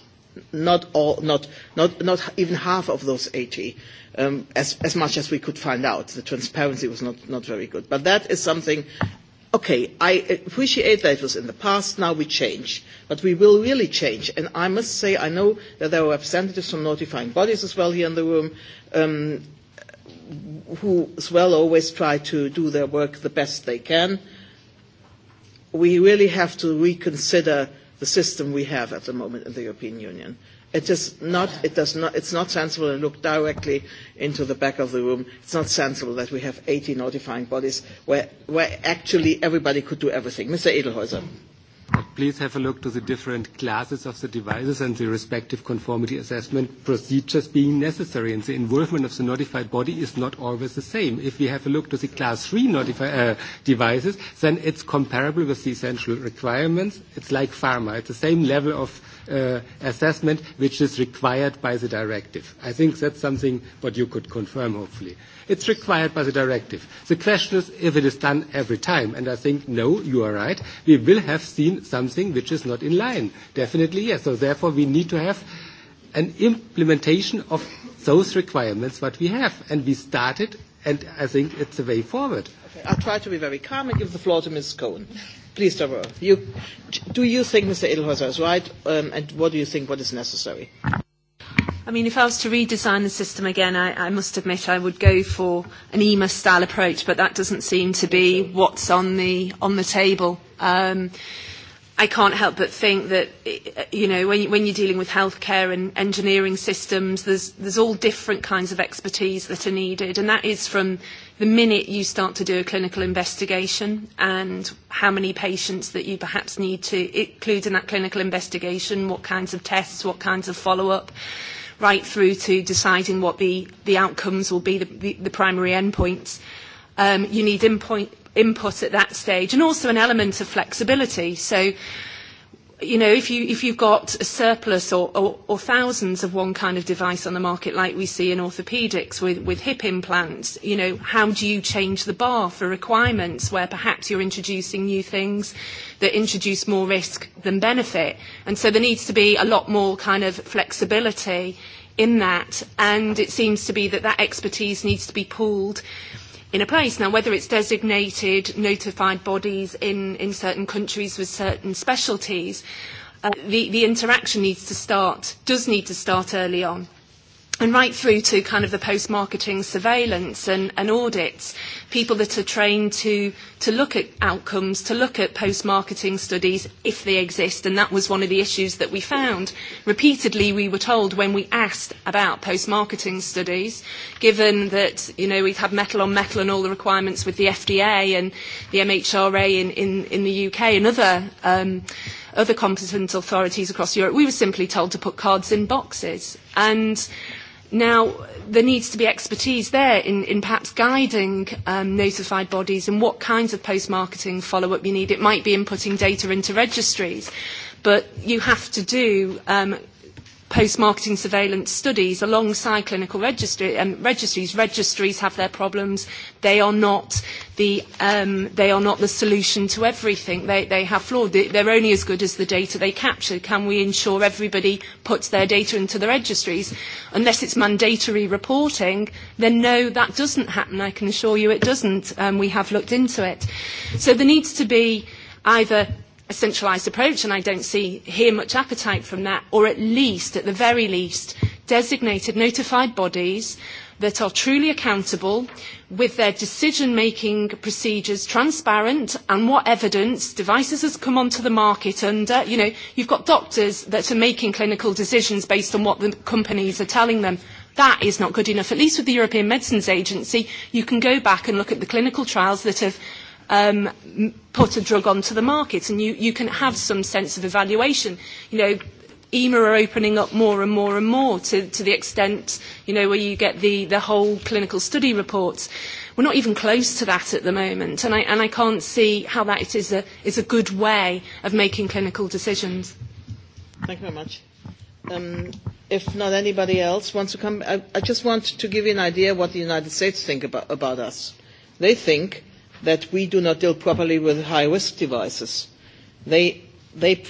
Not all, not, not, not even half of those 80, um, as, as much as we could find out. The transparency was not, not very good. But that is something, okay, I appreciate that it was in the past, now we change. But we will really change. And I must say, I know that there are representatives from notifying bodies as well here in the room. Um, who as well always try to do their work the best they can we really have to reconsider the system we have at the moment in the European Union. It is not, it does not, it's not sensible to look directly into the back of the room. It's not sensible that we have 80 notifying bodies where, where actually everybody could do everything. Mr. Edelhäuser please have a look to the different classes of the devices and the respective conformity assessment procedures being necessary. And the involvement of the notified body is not always the same. If we have a look to the class 3 notified uh, devices, then it's comparable with the essential requirements. It's like pharma. It's the same level of uh, assessment which is required by the directive. I think that's something what you could confirm, hopefully. It's required by the directive. The question is if it is done every time, and I think, no, you are right. We will have seen something which is not in line. Definitely, yes. So therefore, we need to have an implementation of those requirements what we have, and we started, and I think it's the way forward. Okay, I'll try to be very calm and give the floor to Ms. Cohen. Please, Deborah, you, do you think Mr. Edelhäuser is right, um, and what do you think what is necessary? I mean, if I was to redesign the system again, I, I must admit I would go for an EMA-style approach, but that doesn't seem to be what's on the on the table. Um, I can't help but think that you know when, when you're dealing with healthcare and engineering systems, there's there's all different kinds of expertise that are needed, and that is from the minute you start to do a clinical investigation and how many patients that you perhaps need to include in that clinical investigation, what kinds of tests, what kinds of follow-up, right through to deciding what the, the outcomes will be, the, the, the primary endpoints. Um, you need endpoint input at that stage, and also an element of flexibility. So, you know, if, you, if you've got a surplus or, or, or thousands of one kind of device on the market, like we see in orthopedics with, with hip implants, you know, how do you change the bar for requirements where perhaps you're introducing new things that introduce more risk than benefit? And so there needs to be a lot more kind of flexibility in that, and it seems to be that that expertise needs to be pooled in a place. Now, whether it's designated, notified bodies in, in certain countries with certain specialties, uh, the, the interaction needs to start, does need to start early on and right through to kind of the post-marketing surveillance and, and audits, people that are trained to, to look at outcomes, to look at post-marketing studies if they exist, and that was one of the issues that we found. Repeatedly, we were told when we asked about post-marketing studies, given that, you know, we've had metal on metal and all the requirements with the FDA and the MHRA in, in, in the UK and other, um, other competent authorities across Europe, we were simply told to put cards in boxes. And Now, there needs to be expertise there in, in perhaps guiding um, notified bodies and what kinds of post-marketing follow-up you need. It might be in putting data into registries, but you have to do um, post-marketing surveillance studies alongside clinical registry, um, registries. Registries have their problems. They are not the, um, they are not the solution to everything. They, they have flawed. They're only as good as the data they capture. Can we ensure everybody puts their data into the registries? Unless it's mandatory reporting, then no, that doesn't happen. I can assure you it doesn't. Um, we have looked into it. So there needs to be either a centralised approach, and I don't see here much appetite from that, or at least, at the very least, designated notified bodies that are truly accountable with their decision-making procedures transparent and what evidence devices has come onto the market under. You know, you've got doctors that are making clinical decisions based on what the companies are telling them. That is not good enough. At least with the European Medicines Agency, you can go back and look at the clinical trials that have um, put a drug onto the market, and you, you can have some sense of evaluation. You know, EMA are opening up more and more and more to, to the extent, you know, where you get the, the whole clinical study reports. We're not even close to that at the moment, and I, and I can't see how that is a, is a good way of making clinical decisions. Thank you very much. Um, if not anybody else wants to come, I, I just want to give you an idea what the United States think about, about us. They think that we do not deal properly with high-risk devices. They, they,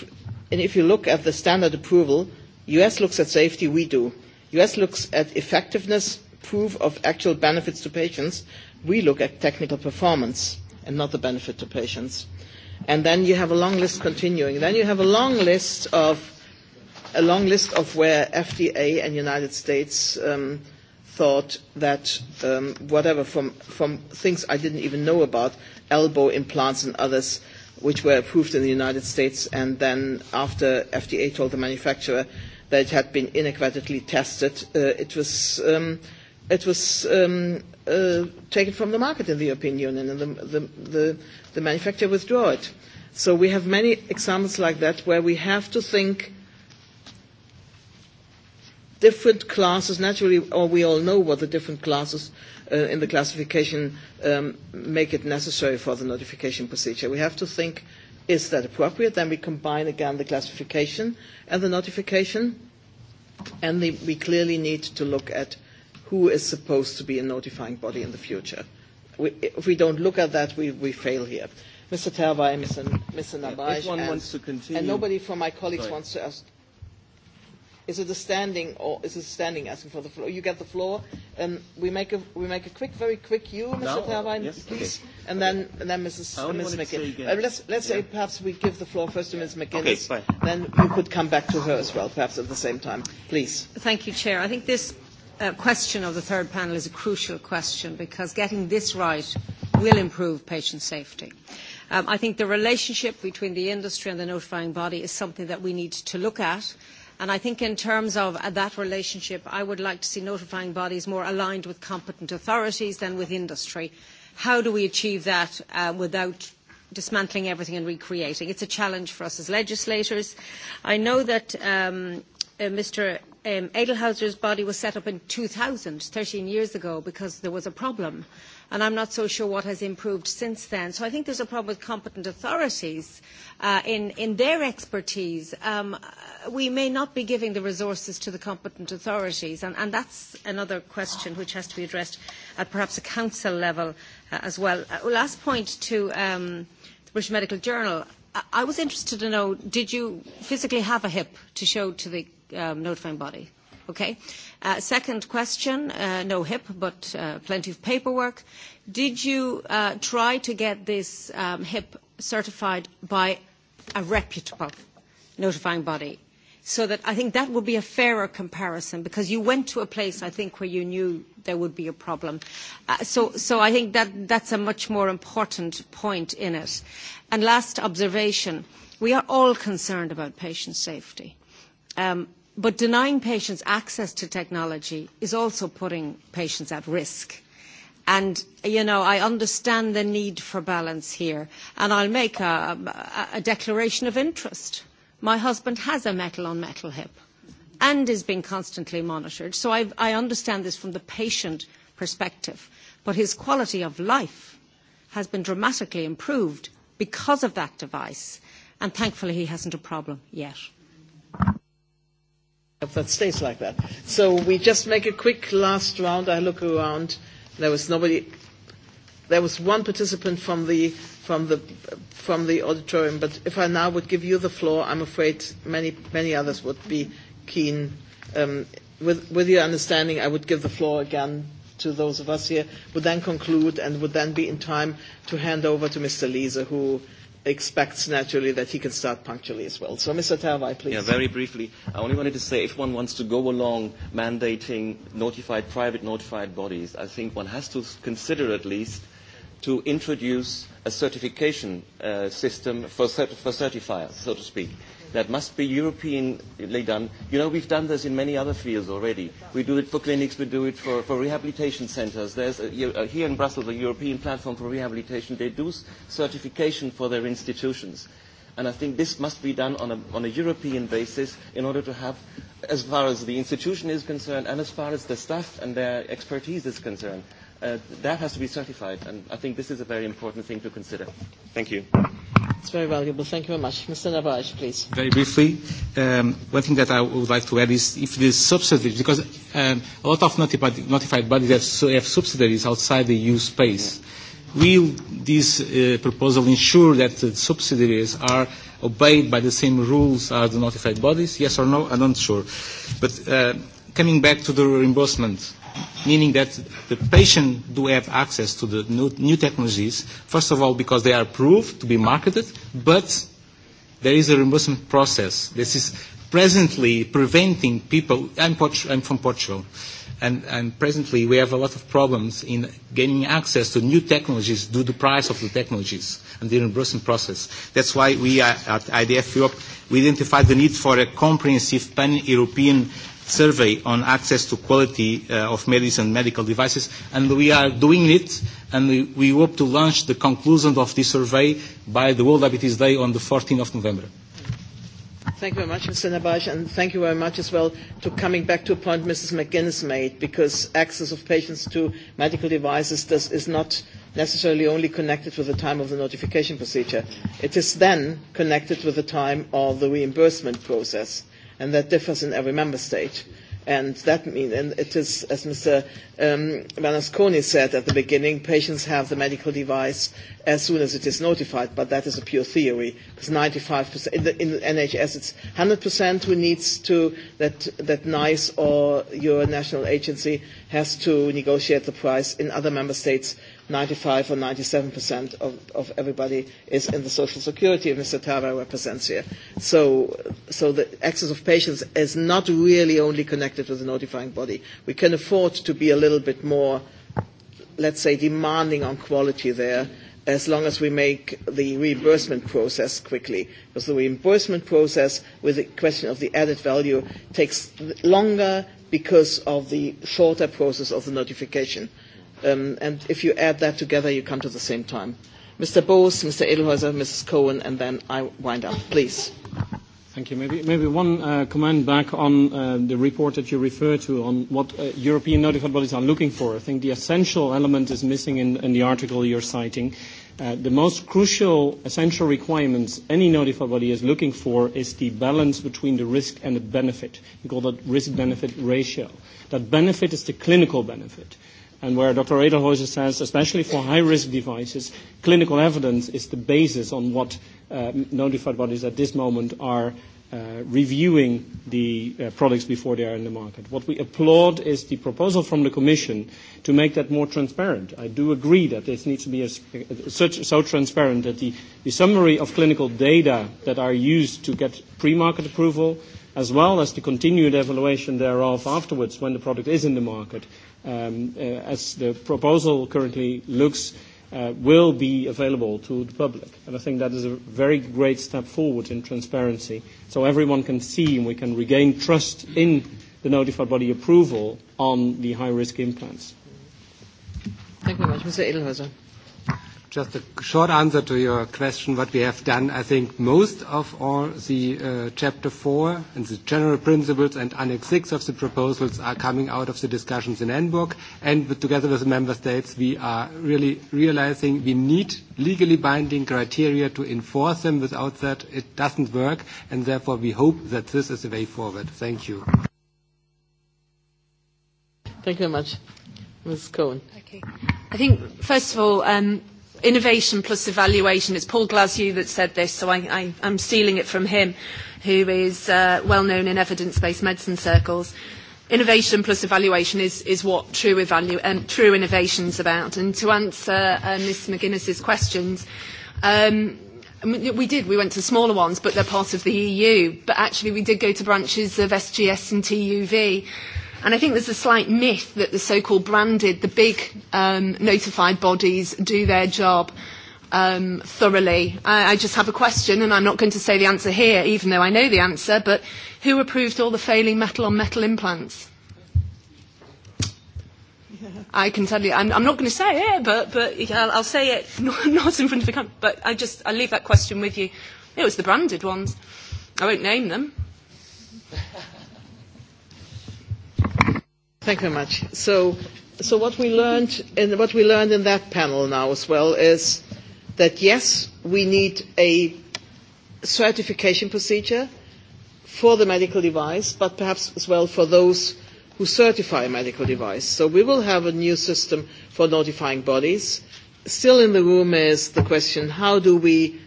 and if you look at the standard approval, US looks at safety, we do. US looks at effectiveness, proof of actual benefits to patients. We look at technical performance and not the benefit to patients. And then you have a long list continuing. Then you have a long list of a long list of where FDA and United States um, thought that um, whatever from, from things I didn't even know about, elbow implants and others, which were approved in the United States, and then after FDA told the manufacturer that it had been inadequately tested, uh, it was, um, it was um, uh, taken from the market in the European Union, and the, the, the, the manufacturer withdrew it. So we have many examples like that where we have to think different classes, naturally, or we all know what the different classes uh, in the classification um, make it necessary for the notification procedure. We have to think, is that appropriate? Then we combine again the classification and the notification, and the, we clearly need to look at who is supposed to be a notifying body in the future. We, if we don't look at that, we, we fail here. Mr. Terwey, Mr. Mr. Nabaj, and, and nobody from my colleagues wants to ask Is it a standing or is it standing asking for the floor? You get the floor. Um, we make a we make a quick, very quick you, Mr. No, yes, please, okay. and then and then Mrs. Uh, Ms. McGinnis. Uh, let's let's yeah. say perhaps we give the floor first to Ms. McGinnis. Okay, then you could come back to her as well, perhaps at the same time, please. Thank you, Chair. I think this uh, question of the third panel is a crucial question because getting this right will improve patient safety. I think the relationship between the industry and the notifying body is something that we need to look at And I think in terms of that relationship, I would like to see notifying bodies more aligned with competent authorities than with industry. How do we achieve that without dismantling everything and recreating? It's a challenge for us as legislators. I know that Mr. Edelhauser's body was set up in 2000, 13 years ago, because there was a problem and I'm not so sure what has improved since then. So I think there's a problem with competent authorities in, in their expertise. we may not be giving the resources to the competent authorities, and, and that's another question which has to be addressed at perhaps a council level as well. last point to the British Medical Journal. I was interested to know, did you physically have a hip to show to the notifying body? Okay. second question, no HIP, but plenty of paperwork. Did you try to get this HIP certified by a reputable notifying body? So that I think that would be a fairer comparison because you went to a place I think where you knew there would be a problem. so, I think that that's a much more important point in it. And last observation, we are all concerned about patient safety. But denying patients access to technology is also putting patients at risk. And, you know, I understand the need for balance here. And I'll make a, a declaration of interest. My husband has a metal on metal hip and is being constantly monitored. So I, I understand this from the patient perspective. But his quality of life has been dramatically improved because of that device. And thankfully, he hasn't a problem yet. Hope That stays like that. So we just make a quick last round. I look around. There was nobody. There was one participant from the from the from the auditorium. But if I now would give you the floor, I'm afraid many many others would be keen. Um, with with your understanding, I would give the floor again to those of us here. Would then conclude and would then be in time to hand over to Mr. Liese, who expects naturally that he can start punctually as well. So, Mr. Tawai, please. Yeah, very briefly. I only wanted to say if one wants to go along mandating notified, private notified bodies, I think one has to consider at least to introduce a certification uh, system for, cert- for certifiers, so to speak that must be Europeanly done. You know, we've done this in many other fields already. We do it for clinics, we do it for, for rehabilitation centers. There's a, here in Brussels a European platform for rehabilitation. They do certification for their institutions. And I think this must be done on a, on a European basis in order to have, as far as the institution is concerned and as far as the staff and their expertise is concerned, uh, that has to be certified. And I think this is a very important thing to consider. Thank you. It's very valuable. Thank you very much. Mr. Navaraj, please. Very briefly, um, one thing that I would like to add is if the subsidies, because um, a lot of notified, notified bodies have, so have subsidiaries outside the EU space. Yeah. Will this uh, proposal ensure that the subsidiaries are obeyed by the same rules as the notified bodies? Yes or no? I'm not sure. But uh, coming back to the reimbursement, meaning that the patient do have access to the new, new technologies, first of all because they are approved to be marketed, but there is a reimbursement process. This is presently preventing people. I'm, Port- I'm from Portugal, and, and presently we have a lot of problems in gaining access to new technologies due to the price of the technologies and the reimbursement process. That's why we at IDF Europe we identified the need for a comprehensive pan-European survey on access to quality uh, of medicine and medical devices, and we are doing it, and we, we hope to launch the conclusion of this survey by the World Diabetes Day on the 14th of November. Thank you very much, Mr. Nabaj, and thank you very much as well to coming back to a point Mrs. McGuinness made, because access of patients to medical devices does, is not necessarily only connected with the time of the notification procedure. It is then connected with the time of the reimbursement process and that differs in every member state. And that means, and it is, as Mr. Um, Berlusconi said at the beginning, patients have the medical device as soon as it is notified, but that is a pure theory. Because 95%, in the, in the NHS, it's 100% who needs to, that, that NICE or your national agency has to negotiate the price. In other member states, 95 or 97 percent of, of everybody is in the social security Mr. Tava represents here. So, so the access of patients is not really only connected with the notifying body. We can afford to be a little bit more, let's say, demanding on quality there as long as we make the reimbursement process quickly. Because the reimbursement process with the question of the added value takes longer because of the shorter process of the notification. Um, and if you add that together, you come to the same time. Mr. Bose, Mr. Edelhäuser, Mrs. Cohen, and then I wind up, please. Thank you. Maybe, maybe one uh, comment back on uh, the report that you refer to on what uh, European notified bodies are looking for. I think the essential element is missing in, in the article you're citing. Uh, the most crucial essential requirements any notified body is looking for is the balance between the risk and the benefit. We call that risk-benefit ratio. That benefit is the clinical benefit and where Dr. Edelhäuser says, especially for high-risk devices, clinical evidence is the basis on what uh, notified bodies at this moment are uh, reviewing the uh, products before they are in the market. What we applaud is the proposal from the Commission to make that more transparent. I do agree that this needs to be a, such, so transparent that the, the summary of clinical data that are used to get pre-market approval as well as the continued evaluation thereof afterwards when the product is in the market um, uh, as the proposal currently looks, uh, will be available to the public. And I think that is a very great step forward in transparency. So everyone can see and we can regain trust in the notified body approval on the high-risk implants. Thank you very much. Mr. Edelhauser. Just a short answer to your question, what we have done. I think most of all the Chapter four and the general principles and Annex six of the proposals are coming out of the discussions in Hamburg. and Together with the member states, we are really realizing we need legally binding criteria to enforce them. Without that, it doesn't work, and therefore, we hope that this is the way forward. Thank you. Thank you very much. Ms. Cohen. Okay. I think, first of all, innovation plus evaluation. It's Paul Glasziou that said this, so I, I, I'm stealing it from him, who is uh, well known in evidence-based medicine circles. Innovation plus evaluation is, is what true, evalu- um, true innovation is about. And to answer uh, Ms McGuinness's questions, um, we did. We went to smaller ones, but they're part of the EU. But actually, we did go to branches of SGS and TUV And I think there's a slight myth that the so-called branded, the big um, notified bodies do their job um, thoroughly. I, I just have a question, and I'm not going to say the answer here, even though I know the answer, but who approved all the failing metal-on-metal implants? I can tell you, I'm, I'm not going to say it, but, but I'll, I'll say it not, not in front of the camera, but I just, I leave that question with you. It was the branded ones. I won't name them. Thank you very much. So, so what we learned and what we learned in that panel now as well is that yes, we need a certification procedure for the medical device, but perhaps as well for those who certify a medical device. So we will have a new system for notifying bodies. Still in the room is the question: How do we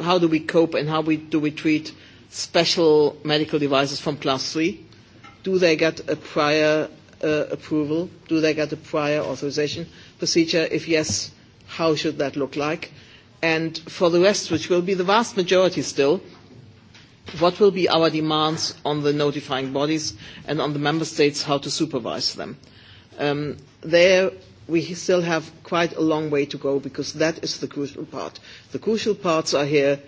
how do we cope and how we, do we treat special medical devices from class three? Do they get a prior uh, approval? Do they get a prior authorization procedure? If yes, how should that look like? And for the rest, which will be the vast majority still, what will be our demands on the notifying bodies and on the member states how to supervise them? Um, there we still have quite a long way to go because that is the crucial part. The crucial parts are here.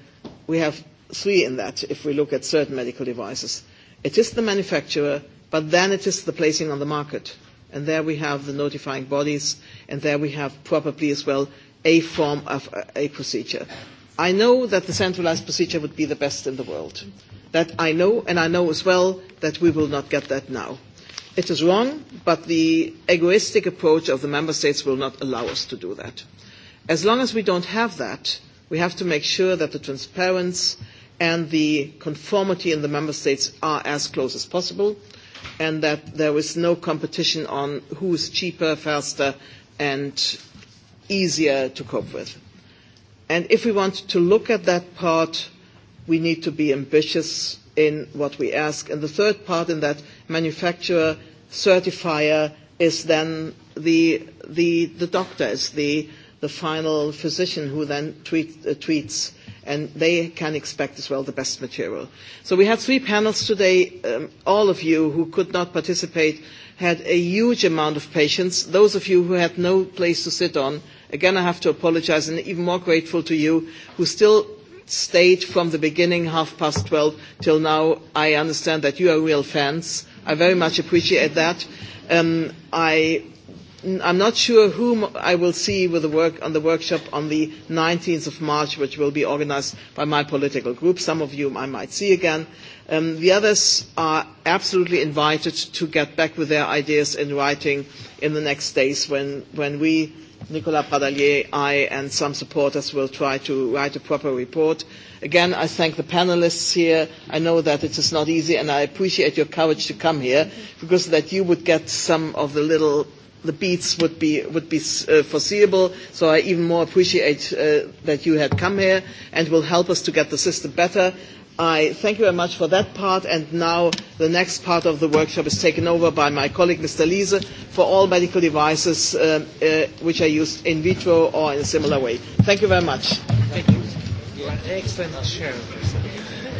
We have three in that if we look at certain medical devices. It is the manufacturer, But then it is the placing on the market. And there we have the notifying bodies, and there we have probably as well a form of a procedure. I know that the centralised procedure would be the best in the world. That I know, and I know as well that we will not get that now. It is wrong, but the egoistic approach of the member states will not allow us to do that. As long as we don't have that, we have to make sure that the transparency and the conformity in the member states are as close as possible and that there was no competition on who is cheaper, faster, and easier to cope with. And if we want to look at that part, we need to be ambitious in what we ask. And the third part in that manufacturer certifier is then the, the, the doctor, is the, the final physician who then treat, uh, treats and they can expect as well the best material. So we had three panels today. Um, all of you who could not participate had a huge amount of patience. Those of you who had no place to sit on, again, I have to apologize and even more grateful to you who still stayed from the beginning, half past 12 till now. I understand that you are real fans. I very much appreciate that. Um, I I'm not sure whom I will see with the work on the workshop on the 19th of March, which will be organised by my political group. Some of you I might see again. Um, the others are absolutely invited to get back with their ideas in writing in the next days when, when we, Nicolas Pradalier, I, and some supporters will try to write a proper report. Again, I thank the panelists here. I know that it is not easy, and I appreciate your courage to come here because that you would get some of the little the beats would be would be uh, foreseeable. So I even more appreciate uh, that you had come here and will help us to get the system better. I thank you very much for that part, and now the next part of the workshop is taken over by my colleague Mr. Liese for all medical devices uh, uh, which are used in vitro or in a similar way. Thank you very much. Thank you. You are an excellent chair.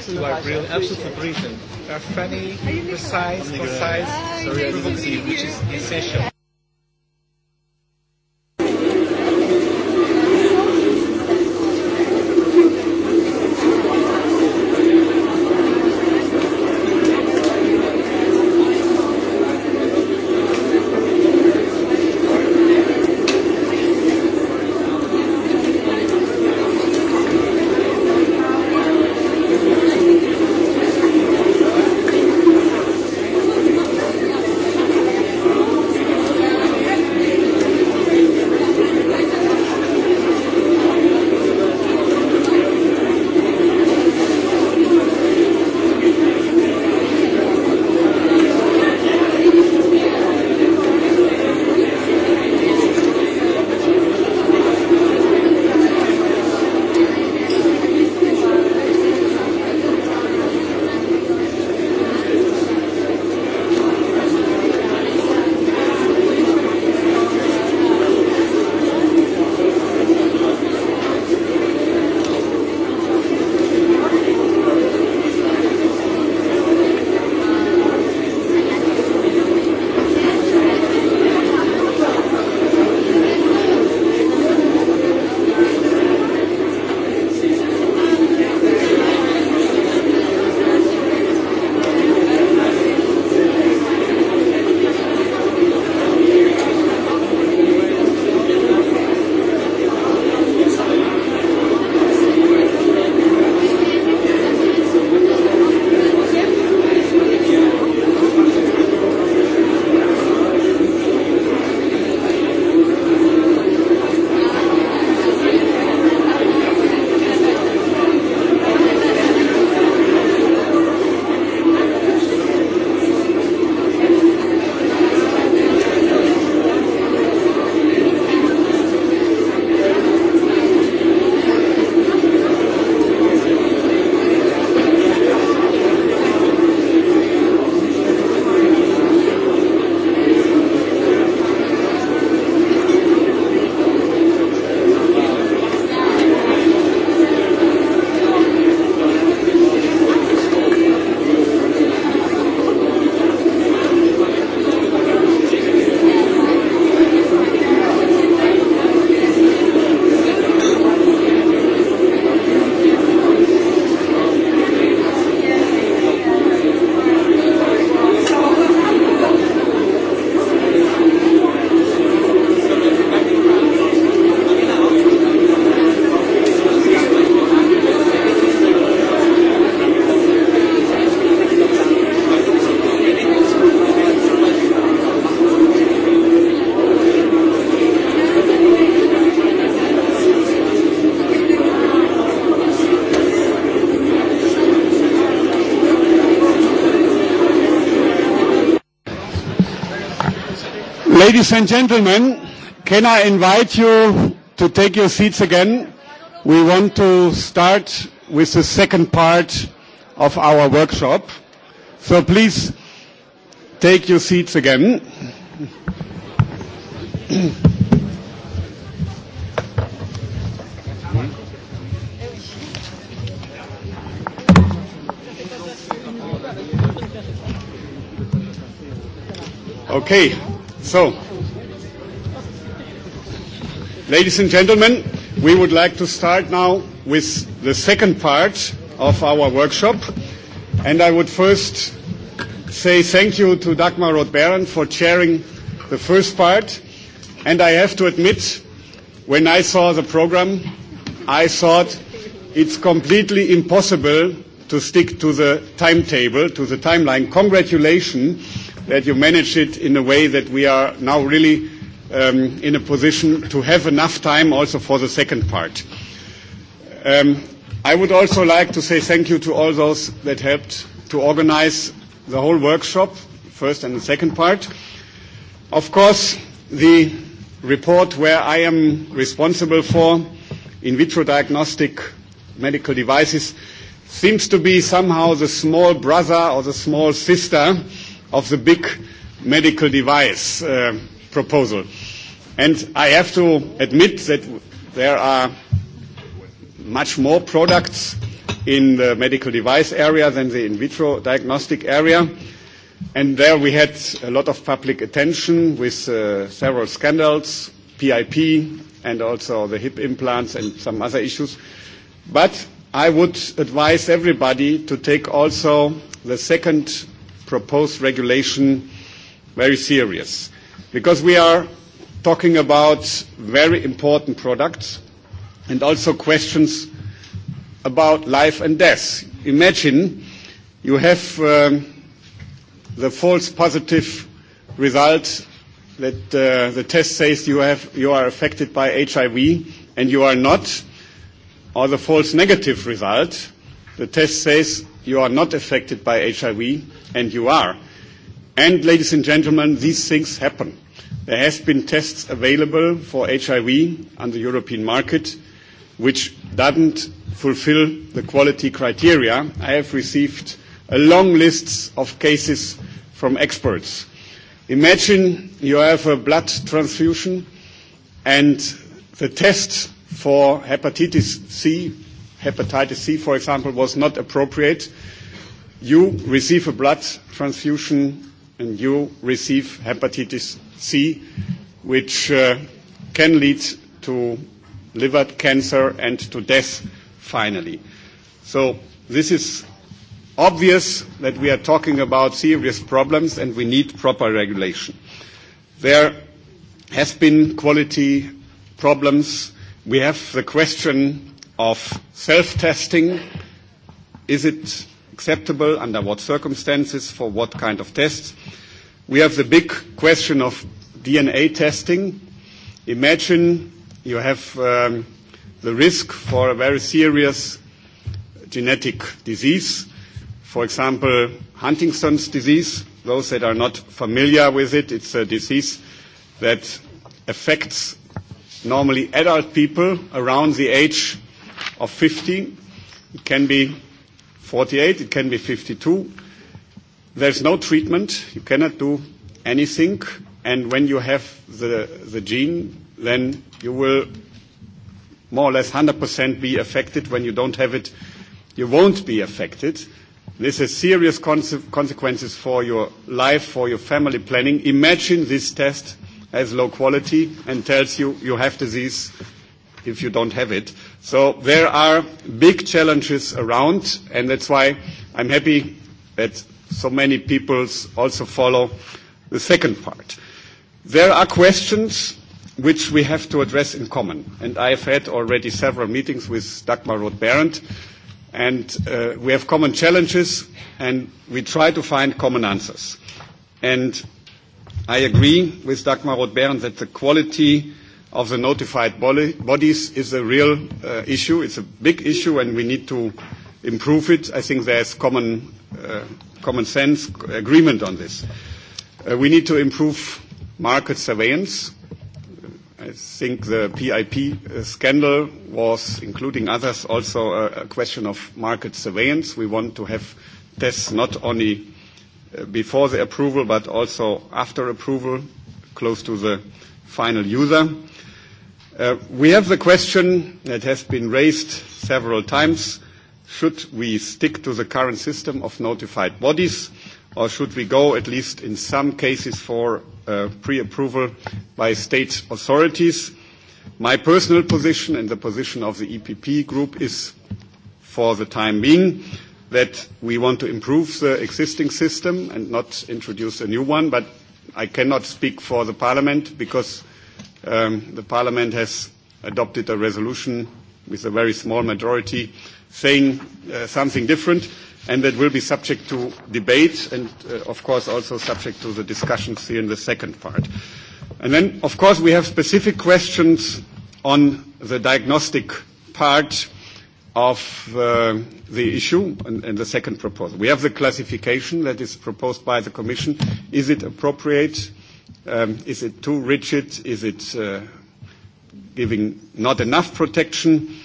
You are brilliant, absolutely brilliant. You are funny, precise, concise, which is essential. Ladies and gentlemen, can I invite you to take your seats again? We want to start with the second part of our workshop. So please take your seats again. Okay. So, ladies and gentlemen, we would like to start now with the second part of our workshop. And I would first say thank you to Dagmar Roth-Baron for chairing the first part. And I have to admit, when I saw the program, I thought it's completely impossible to stick to the timetable, to the timeline. Congratulations that you manage it in a way that we are now really um, in a position to have enough time also for the second part. Um, I would also like to say thank you to all those that helped to organize the whole workshop, first and the second part. Of course, the report where I am responsible for, in vitro diagnostic medical devices, seems to be somehow the small brother or the small sister of the big medical device uh, proposal. And I have to admit that there are much more products in the medical device area than the in vitro diagnostic area. And there we had a lot of public attention with uh, several scandals, PIP, and also the hip implants and some other issues. But I would advise everybody to take also the second proposed regulation very serious because we are talking about very important products and also questions about life and death. Imagine you have um, the false positive result that uh, the test says you, have, you are affected by HIV and you are not, or the false negative result. The test says you are not affected by HIV, and you are. And, ladies and gentlemen, these things happen. There have been tests available for HIV on the European market, which doesn't fulfill the quality criteria. I have received a long list of cases from experts. Imagine you have a blood transfusion and the test for hepatitis C hepatitis C, for example, was not appropriate. You receive a blood transfusion and you receive hepatitis C, which uh, can lead to liver cancer and to death finally. So this is obvious that we are talking about serious problems and we need proper regulation. There have been quality problems. We have the question of self-testing. Is it acceptable? Under what circumstances? For what kind of tests? We have the big question of DNA testing. Imagine you have um, the risk for a very serious genetic disease, for example, Huntington's disease. Those that are not familiar with it, it's a disease that affects normally adult people around the age of 50. It can be 48, it can be 52. There's no treatment. You cannot do anything. And when you have the, the gene, then you will more or less 100% be affected. When you don't have it, you won't be affected. This has serious consequences for your life, for your family planning. Imagine this test as low quality and tells you you have disease if you don't have it. So there are big challenges around, and that's why I'm happy that so many people also follow the second part. There are questions which we have to address in common, and I have had already several meetings with Dagmar Roth-Behrendt, and we have common challenges, and we try to find common answers. And I agree with Dagmar Roth-Behrendt that the quality of the notified bodies is a real issue. It's a big issue, and we need to improve it. I think there's common, uh, common sense agreement on this. Uh, we need to improve market surveillance. I think the PIP scandal was, including others, also a, a question of market surveillance. We want to have tests not only before the approval but also after approval, close to the final user. We have the question that has been raised several times, should we stick to the current system of notified bodies, or should we go, at least in some cases, for pre-approval by state authorities? My personal position and the position of the EPP Group is, for the time being, that we want to improve the existing system and not introduce a new one, but I cannot speak for the parliament because the Parliament has adopted a resolution with a very small majority saying something different, and that will be subject to debate and, of course, also subject to the discussions here in the second part. And then, of course, we have specific questions on the diagnostic part of the issue and the second proposal. We have the classification that is proposed by the Commission. Is it appropriate Is it too rigid? Is it giving not enough protection?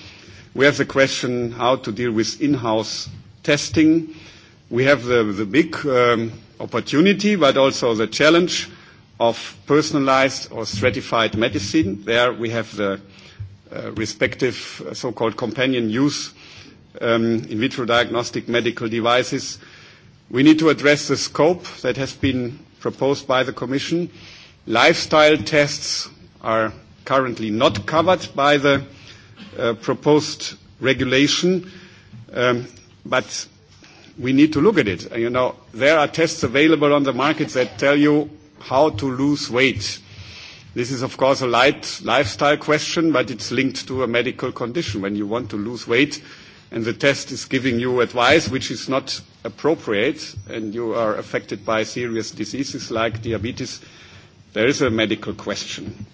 We have the question how to deal with in-house testing. We have the the big opportunity, but also the challenge of personalized or stratified medicine. There we have the respective so-called companion use in vitro diagnostic medical devices. We need to address the scope that has been proposed by the Commission. Lifestyle tests are currently not covered by the proposed regulation, but we need to look at it. You know, there are tests available on the market that tell you how to lose weight. This is, of course, a light lifestyle question, but it's linked to a medical condition. When you want to lose weight, and the test is giving you advice which is not appropriate and you are affected by serious diseases like diabetes, there is a medical question.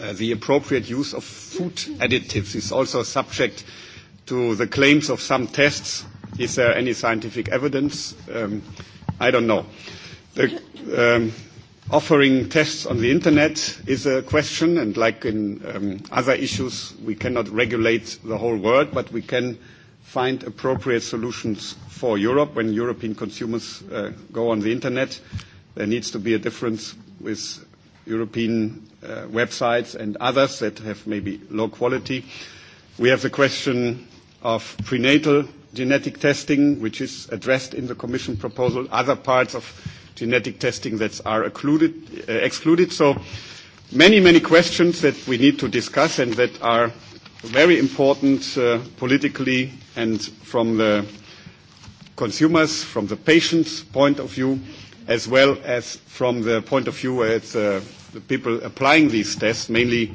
Uh, the appropriate use of food additives is also subject to the claims of some tests. Is there any scientific evidence? Um, I don't know. The, um, offering tests on the internet is a question, and like in um, other issues, we cannot regulate the whole world, but we can find appropriate solutions for Europe. When European consumers go on the internet, there needs to be a difference with European websites and others that have maybe low quality. We have the question of prenatal genetic testing, which is addressed in the Commission proposal, other parts of genetic testing that are excluded, excluded. So many, many questions that we need to discuss and that are very important politically and from the consumers, from the patient's point of view, as well as from the point of view as the people applying these tests, mainly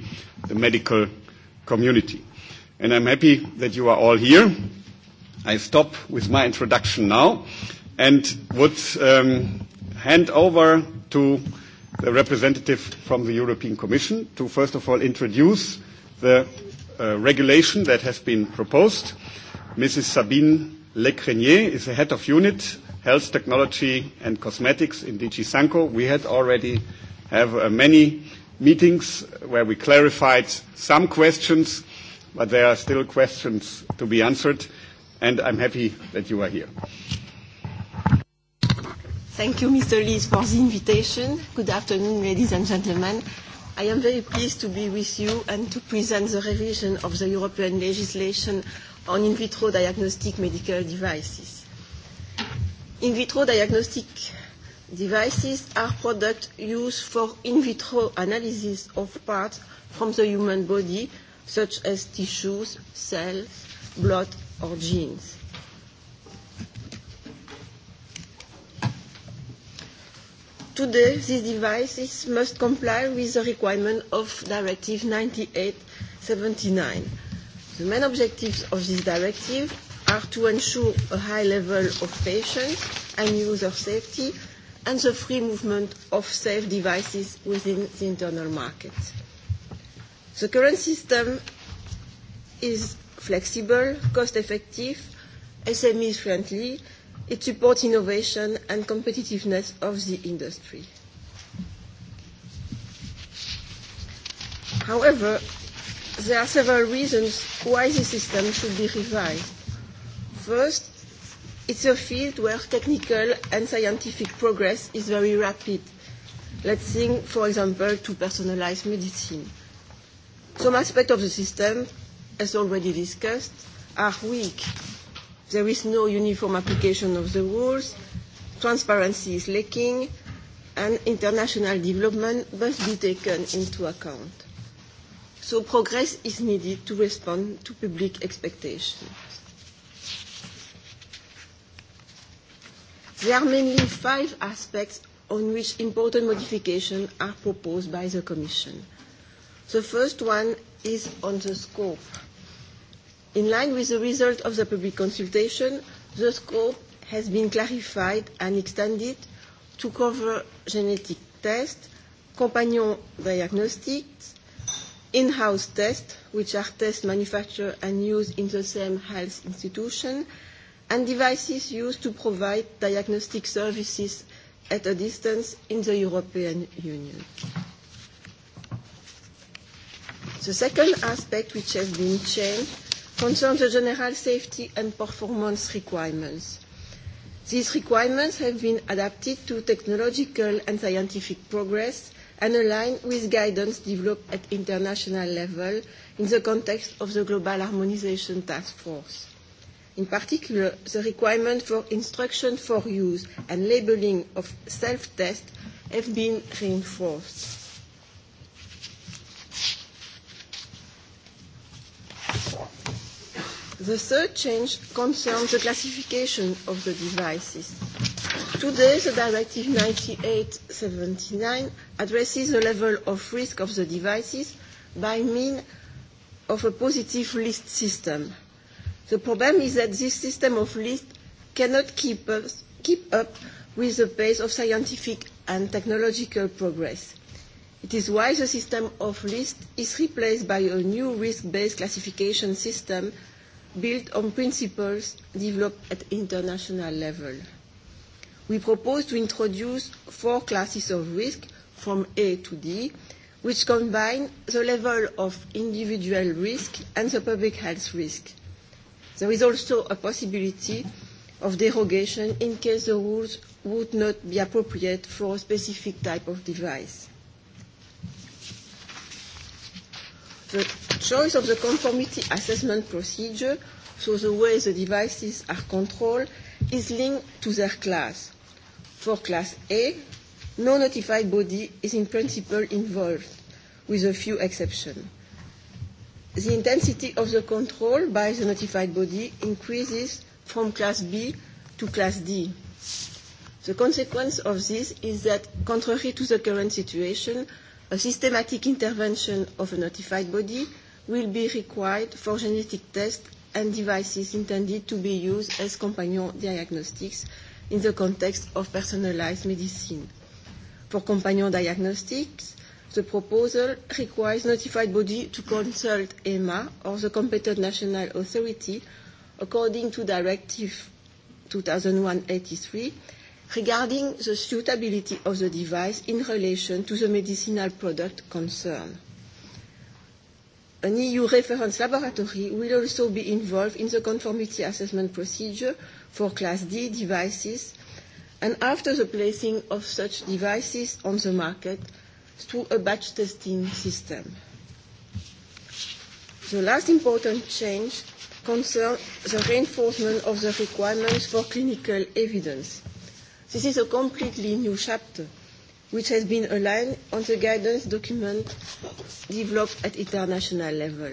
the medical community. I'm happy that you are all here. I stop with my introduction now and would hand over to the representative from the European Commission to first of all introduce the regulation that has been proposed Mrs. Sabine Lecrenier is the head of unit, health technology and cosmetics in DG Sanco. We had already have uh, many meetings where we clarified some questions, but there are still questions to be answered, and I'm happy that you are here. Thank you, Mr. Lees, for the invitation. Good afternoon, ladies and gentlemen. I am very pleased to be with you and to present the revision of the European legislation on in vitro diagnostic medical devices. In vitro diagnostic devices are products used for in vitro analysis of parts from the human body, such as tissues, cells, blood, or genes. Today, these devices must comply with the requirement of Directive 9879 The main objectives of this directive are to ensure a high level of patient and user safety and the free movement of safe devices within the internal market. The current system is flexible, cost-effective, SME-friendly. It supports innovation and competitiveness of the industry. However, there are several reasons why the system should be revised. First, it's a field where technical and scientific progress is very rapid. Let's think, for example, to personalized medicine. Some aspects of the system, as already discussed, are weak. There is no uniform application of the rules, transparency is lacking, and international development must be taken into account so progress is needed to respond to public expectations. There are mainly five aspects on which important modifications are proposed by the Commission. The first one is on the scope. In line with the result of the public consultation, the scope has been clarified and extended to cover genetic tests, companion diagnostics, in-house tests, which are tests manufactured and used in the same health institution, and devices used to provide diagnostic services at a distance in the European Union. The second aspect which has been changed concerns the general safety and performance requirements. These requirements have been adapted to technological and scientific progress and align with guidance developed at international level in the context of the Global Harmonization Task Force. In particular, the requirement for instruction for use and labeling of self test have been reinforced. The third change concerns the classification of the devices. Today, the Directive 98/79 addresses the level of risk of the devices by means of a positive list system. The problem is that this system of list cannot keep up, keep up with the pace of scientific and technological progress. It is why the system of list is replaced by a new risk-based classification system built on principles developed at international level we propose to introduce four classes of risk from A to D, which combine the level of individual risk and the public health risk. There is also a possibility of derogation in case the rules would not be appropriate for a specific type of device. The choice of the conformity assessment procedure, so the way the devices are controlled, is linked to their class. For class A, no notified body is in principle involved, with a few exceptions. The intensity of the control by the notified body increases from class B to class D. The consequence of this is that, contrary to the current situation, a systematic intervention of a notified body will be required for genetic tests and devices intended to be used as companion diagnostics in the context of personalized medicine. For companion diagnostics, the proposal requires notified body to consult EMA or the competent national authority according to Directive 2001/83 regarding the suitability of the device in relation to the medicinal product concerned an EU reference laboratory will also be involved in the conformity assessment procedure for Class D devices and after the placing of such devices on the market through a batch testing system. The last important change concerns the reinforcement of the requirements for clinical evidence. This is a completely new chapter which has been aligned on the guidance document developed at international level.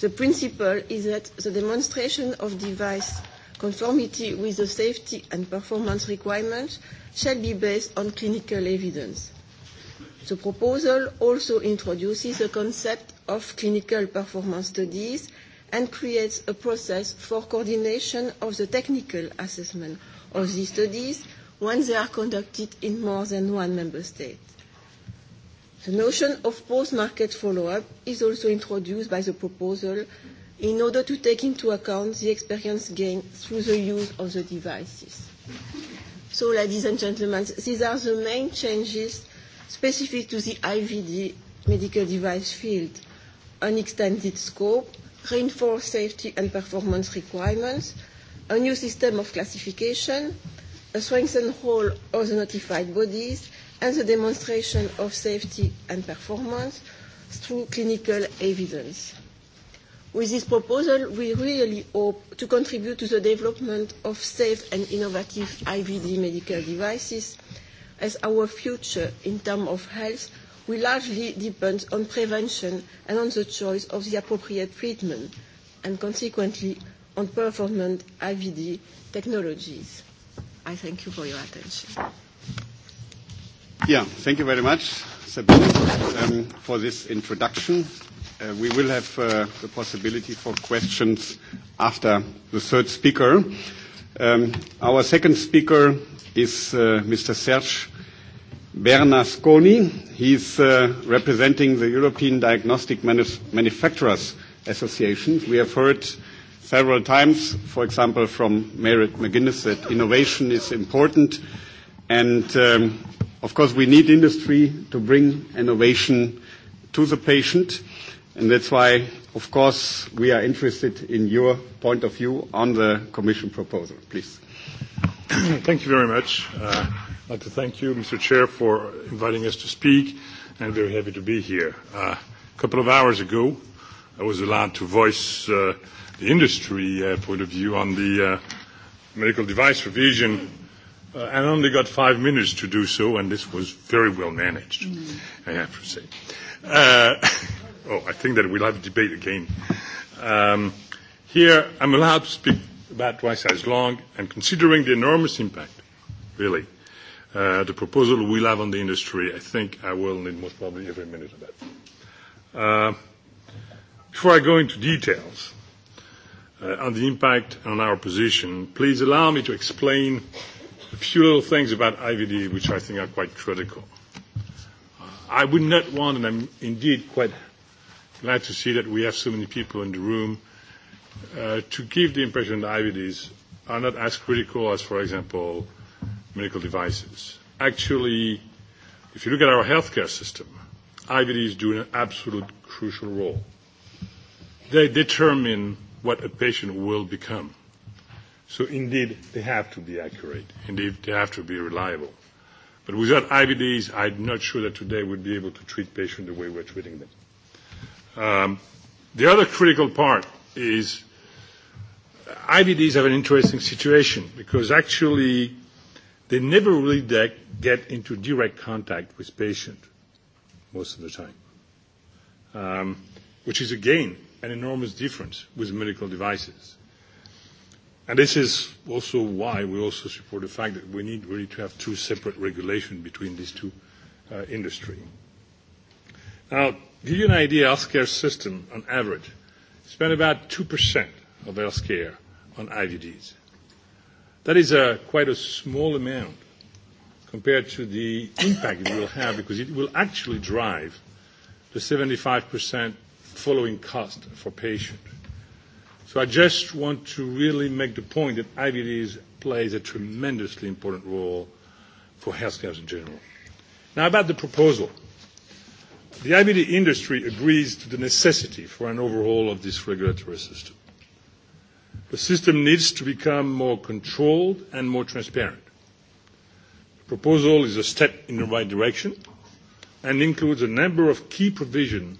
The principle is that the demonstration of device conformity with the safety and performance requirements shall be based on clinical evidence. The proposal also introduces the concept of clinical performance studies and creates a process for coordination of the technical assessment of these studies when they are conducted in more than one member state. The notion of post-market follow-up is also introduced by the proposal in order to take into account the experience gained through the use of the devices. So, ladies and gentlemen, these are the main changes specific to the IVD medical device field. An extended scope, reinforced safety and performance requirements, a new system of classification, a strengthened role of the notified bodies, and the demonstration of safety and performance through clinical evidence. With this proposal, we really hope to contribute to the development of safe and innovative IVD medical devices, as our future in terms of health will largely depend on prevention and on the choice of the appropriate treatment, and consequently on performant IVD technologies. I thank you for your attention. Yeah, thank you very much, Sabine, for this introduction. we will have the possibility for questions after the third speaker. our second speaker is Mr. Serge Bernasconi. He's representing the European Diagnostic Manufacturers Association. We have heard several times, for example, from Merit McGuinness, that innovation is important. And um, of course, we need industry to bring innovation to the patient. And that's why, of course, we are interested in your point of view on the Commission proposal. Please. Thank you very much. Uh, I'd like to thank you, Mr. Chair, for inviting us to speak. I'm very happy to be here. Uh, a couple of hours ago, I was allowed to voice uh, the industry uh, point of view on the uh, medical device revision. Uh, I only got five minutes to do so, and this was very well managed, mm. I have to say. Uh, oh, I think that we'll have a debate again. Um, here, I'm allowed to speak about twice as long, and considering the enormous impact, really, uh, the proposal we'll have on the industry, I think I will need most probably every minute of that. Uh, before I go into details, and the impact on our position, please allow me to explain a few little things about IVD which I think are quite critical. I would not want, and I'm indeed quite glad to see that we have so many people in the room, uh, to give the impression that IVDs are not as critical as, for example, medical devices. Actually, if you look at our healthcare system, IVDs do an absolute crucial role. They determine what a patient will become. So indeed, they have to be accurate. Indeed, they have to be reliable. But without IVDs, I'm not sure that today we'd be able to treat patients the way we're treating them. Um, the other critical part is IVDs have an interesting situation because actually they never really de- get into direct contact with patient most of the time, um, which is again an enormous difference with medical devices. And this is also why we also support the fact that we need really to have two separate regulations between these two uh, industries. Now, to give you an idea, healthcare system on average spend about 2% of healthcare on IVDs. That is a, quite a small amount compared to the impact it will have because it will actually drive the 75% following cost for patient. So I just want to really make the point that IVDs plays a tremendously important role for healthcare in general. Now about the proposal. The IVD industry agrees to the necessity for an overhaul of this regulatory system. The system needs to become more controlled and more transparent. The proposal is a step in the right direction and includes a number of key provisions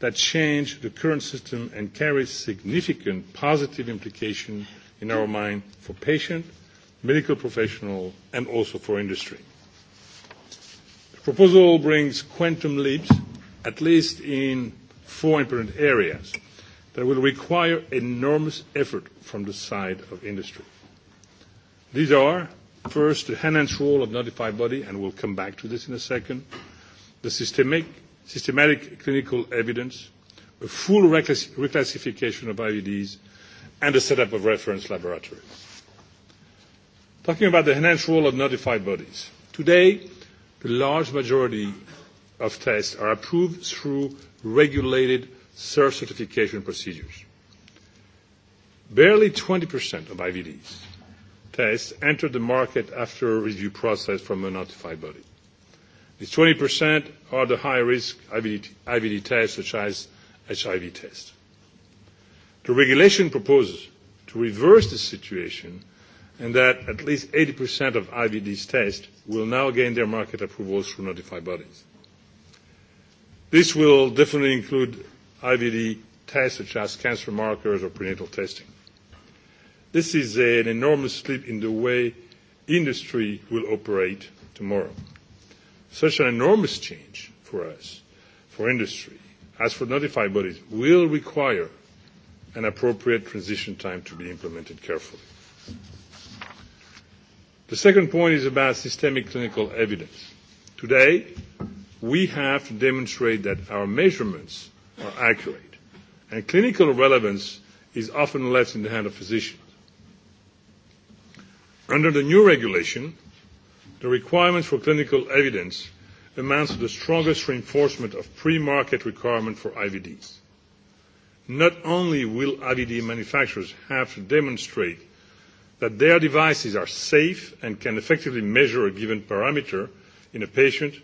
that change the current system and carries significant positive implication in our mind for patient, medical professional, and also for industry. The proposal brings quantum leaps, at least in four important areas, that will require enormous effort from the side of industry. These are, first, the enhanced role of notified body, and we'll come back to this in a second, the systemic systematic clinical evidence, a full reclassification of IVDs, and the setup of reference laboratories. Talking about the enhanced role of notified bodies. Today, the large majority of tests are approved through regulated self-certification procedures. Barely 20% of IVD tests enter the market after a review process from a notified body. The 20% are the high-risk IVD tests, such as HIV tests. The regulation proposes to reverse the situation and that at least 80% of IVD's tests will now gain their market approvals through notified bodies. This will definitely include IVD tests such as cancer markers or prenatal testing. This is an enormous leap in the way industry will operate tomorrow such an enormous change for us, for industry, as for notified bodies, will require an appropriate transition time to be implemented carefully. The second point is about systemic clinical evidence. Today, we have to demonstrate that our measurements are accurate, and clinical relevance is often left in the hand of physicians. Under the new regulation, the requirement for clinical evidence amounts to the strongest reinforcement of pre-market requirement for IVDs. Not only will IVD manufacturers have to demonstrate that their devices are safe and can effectively measure a given parameter in a patient,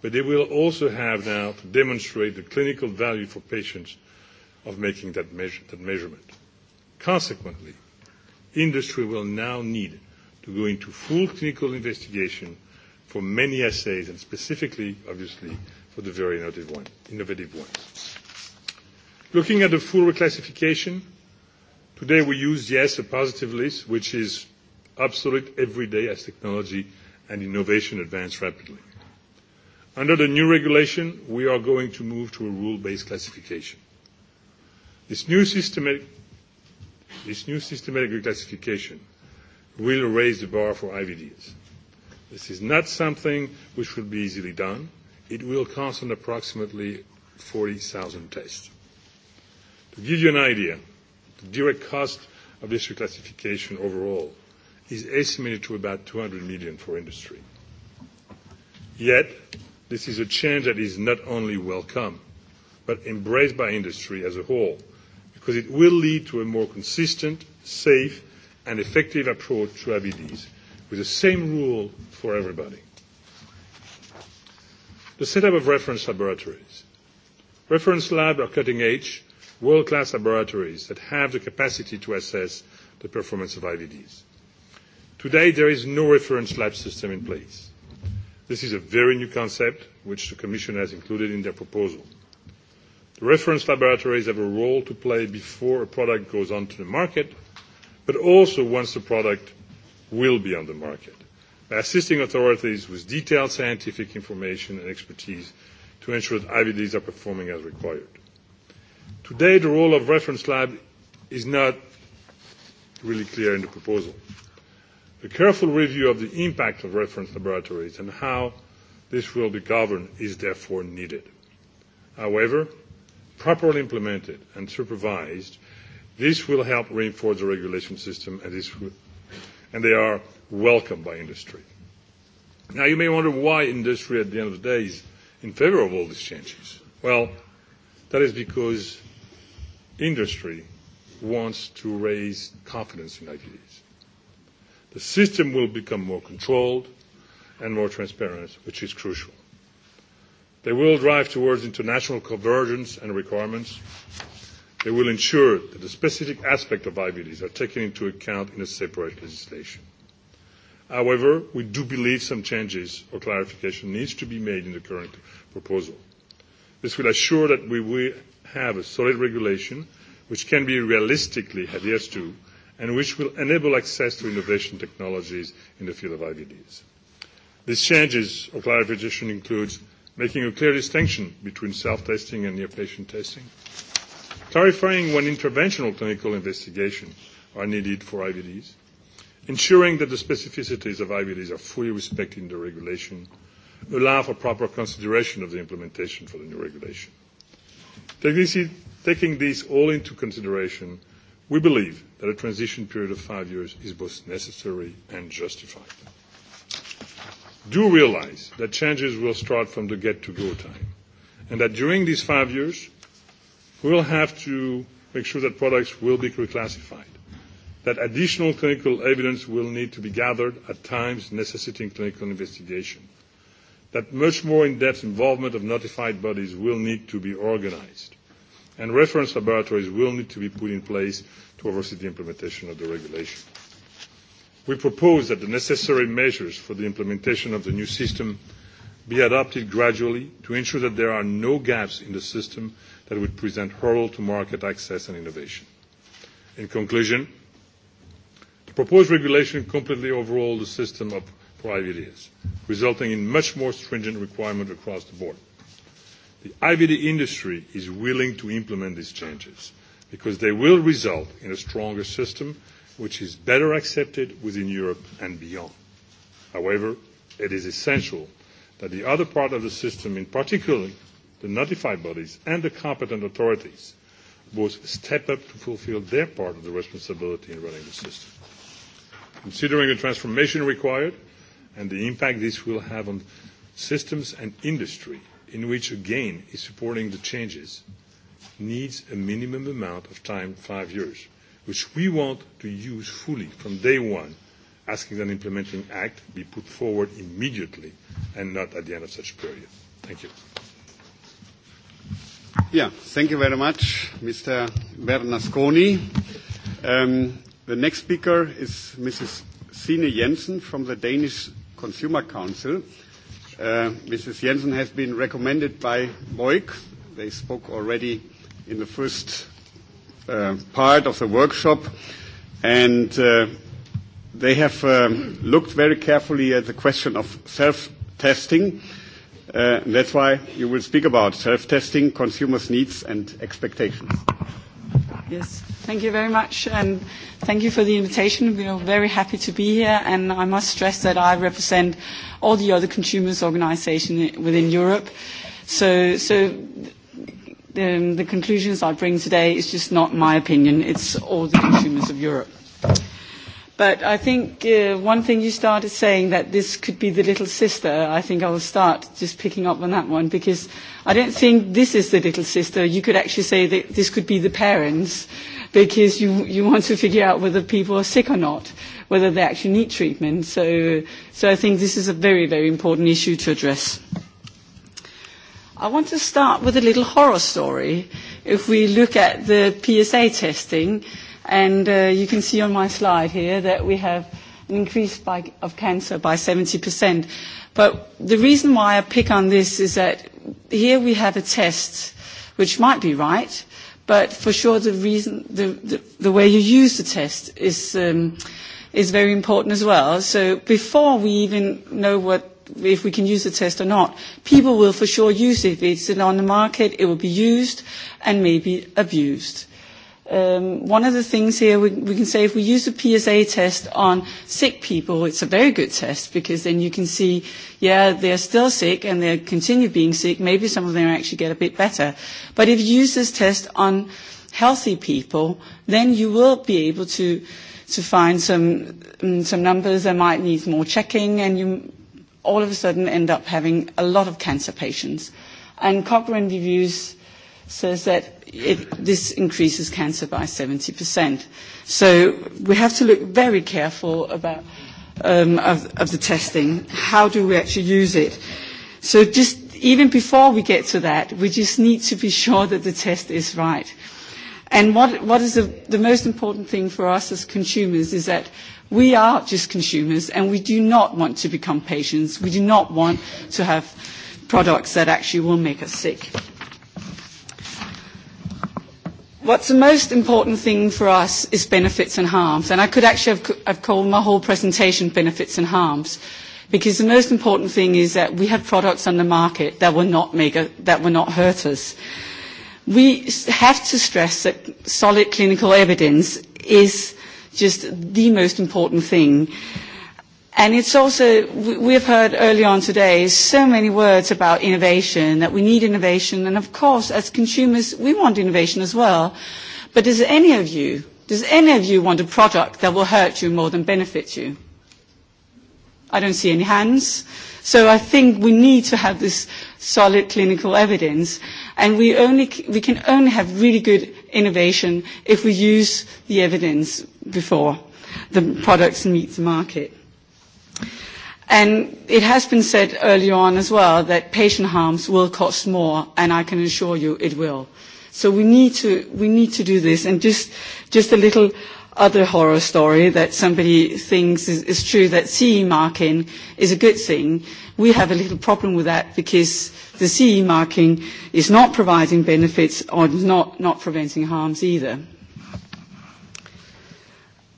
but they will also have now to demonstrate the clinical value for patients of making that, measure, that measurement. Consequently, industry will now need to go into full clinical investigation for many assays and specifically, obviously, for the very innovative, one, innovative ones. Looking at the full reclassification, today we use, yes, a positive list, which is obsolete every day as technology and innovation advance rapidly. Under the new regulation, we are going to move to a rule-based classification. This new systematic, this new systematic reclassification will raise the bar for IVDs. This is not something which will be easily done. It will cost an approximately 40,000 tests. To give you an idea, the direct cost of this reclassification overall is estimated to about 200 million for industry. Yet, this is a change that is not only welcome, but embraced by industry as a whole, because it will lead to a more consistent, safe, and effective approach to IBDs with the same rule for everybody. The setup of reference laboratories. Reference labs are cutting edge, world class laboratories that have the capacity to assess the performance of IVDs. Today, there is no reference lab system in place. This is a very new concept which the Commission has included in their proposal. The reference laboratories have a role to play before a product goes onto the market but also once the product will be on the market, by assisting authorities with detailed scientific information and expertise to ensure that IVDs are performing as required. Today, the role of reference lab is not really clear in the proposal. A careful review of the impact of reference laboratories and how this will be governed is therefore needed. However, properly implemented and supervised, This will help reinforce the regulation system, and, this will, and they are welcomed by industry. Now, you may wonder why industry, at the end of the day, is in favor of all these changes. Well, that is because industry wants to raise confidence in IPDs. The system will become more controlled and more transparent, which is crucial. They will drive towards international convergence and requirements, They will ensure that the specific aspects of IVDs are taken into account in a separate legislation. However, we do believe some changes or clarification needs to be made in the current proposal. This will assure that we will have a solid regulation which can be realistically adhered to and which will enable access to innovation technologies in the field of IVDs. These changes or clarification includes making a clear distinction between self-testing and near-patient testing, clarifying when interventional clinical investigations are needed for IVDs, ensuring that the specificities of IVDs are fully respected in the regulation, allow for proper consideration of the implementation for the new regulation. Taking this all into consideration, we believe that a transition period of five years is both necessary and justified. Do realize that changes will start from the get-to-go time, and that during these five years, we will have to make sure that products will be reclassified, that additional clinical evidence will need to be gathered at times necessitating clinical investigation, that much more in-depth involvement of notified bodies will need to be organized, and reference laboratories will need to be put in place to oversee the implementation of the regulation. We propose that the necessary measures for the implementation of the new system be adopted gradually to ensure that there are no gaps in the system that would present hurdle to market access and innovation. In conclusion, the proposed regulation completely overhaul the system of for IVDs, resulting in much more stringent requirements across the board. The IVD industry is willing to implement these changes because they will result in a stronger system which is better accepted within Europe and beyond. However, it is essential that the other part of the system, in particular the notified bodies and the competent authorities both step up to fulfil their part of the responsibility in running the system. Considering the transformation required and the impact this will have on systems and industry, in which again is supporting the changes, needs a minimum amount of time, five years, which we want to use fully from day one, asking that an implementing act be put forward immediately and not at the end of such a period. Thank you. Yeah, thank you very much, Mr. Bernasconi. Um, the next speaker is Mrs. Sine Jensen from the Danish Consumer Council. Uh, Mrs. Jensen has been recommended by Boik. They spoke already in the first uh, part of the workshop, and uh, they have um, looked very carefully at the question of self-testing. Uh, That's why you will speak about self-testing, consumers' needs, and expectations. Yes. Thank you very much, and thank you for the invitation. We are very happy to be here, and I must stress that I represent all the other consumers' organization within Europe. So the conclusions I bring today is just not my opinion, it's all the consumers of Europe. But I think uh, one thing you started saying that this could be the little sister, I think I will start just picking up on that one because I don't think this is the little sister. You could actually say that this could be the parents because you, you want to figure out whether people are sick or not, whether they actually need treatment. So, so I think this is a very, very important issue to address. I want to start with a little horror story. If we look at the PSA testing, And uh, you can see on my slide here that we have an increase by, of cancer by 70%. But the reason why I pick on this is that here we have a test which might be right, but for sure the reason, the, the, the way you use the test is, um, is very important as well. So before we even know what if we can use the test or not. People will for sure use it. If it's on the market, it will be used and maybe abused um, one of the things here we, we can say if we use the PSA test on sick people, it's a very good test because then you can see, yeah, they're still sick and they continue being sick. Maybe some of them actually get a bit better. But if you use this test on healthy people, then you will be able to to find some um, some numbers that might need more checking, and you all of a sudden end up having a lot of cancer patients. And Cochrane reviews says that it, this increases cancer by 70%. So we have to look very careful about um, of, of the testing. How do we actually use it? So just even before we get to that, we just need to be sure that the test is right. And what, what is the, the most important thing for us as consumers is that we are just consumers and we do not want to become patients. We do not want to have products that actually will make us sick. What's the most important thing for us is benefits and harms. And I could actually have, have called my whole presentation benefits and harms. Because the most important thing is that we have products on the market that will not, make a, that will not hurt us. We have to stress that solid clinical evidence is just the most important thing. And it's also, we have heard early on today so many words about innovation, that we need innovation. And of course, as consumers, we want innovation as well. But does any of you, does any of you want a product that will hurt you more than benefit you? I don't see any hands. So I think we need to have this solid clinical evidence. And we, only, we can only have really good innovation if we use the evidence before the products meet the market. And it has been said earlier on as well that patient harms will cost more, and I can assure you it will. So we need to, we need to do this. And just, just a little other horror story that somebody thinks is, is true that CE marking is a good thing. We have a little problem with that because the CE marking is not providing benefits or not, not preventing harms either.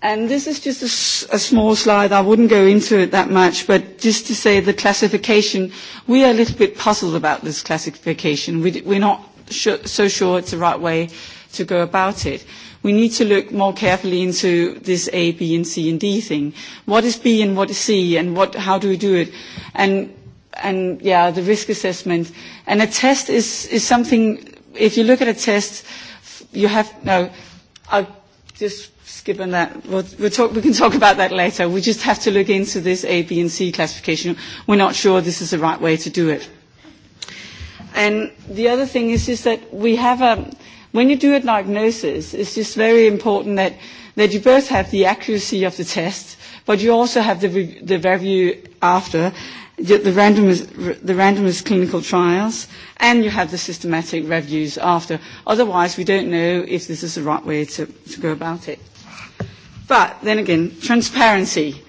And this is just a, a small slide. I wouldn't go into it that much, but just to say the classification, we are a little bit puzzled about this classification. We, we're not sure, so sure it's the right way to go about it. We need to look more carefully into this A, B, and C and D thing. What is B and what is C, and what, how do we do it? And and yeah, the risk assessment. And a test is is something. If you look at a test, you have no. I just given that we'll, we'll talk, we can talk about that later. We just have to look into this A, B, and C classification. We're not sure this is the right way to do it. And the other thing is just that we have a, when you do a diagnosis, it's just very important that, that you both have the accuracy of the test, but you also have the, the review after, the, the, randomized, the randomized clinical trials, and you have the systematic reviews after. Otherwise, we don't know if this is the right way to, to go about it. But then again, transparency.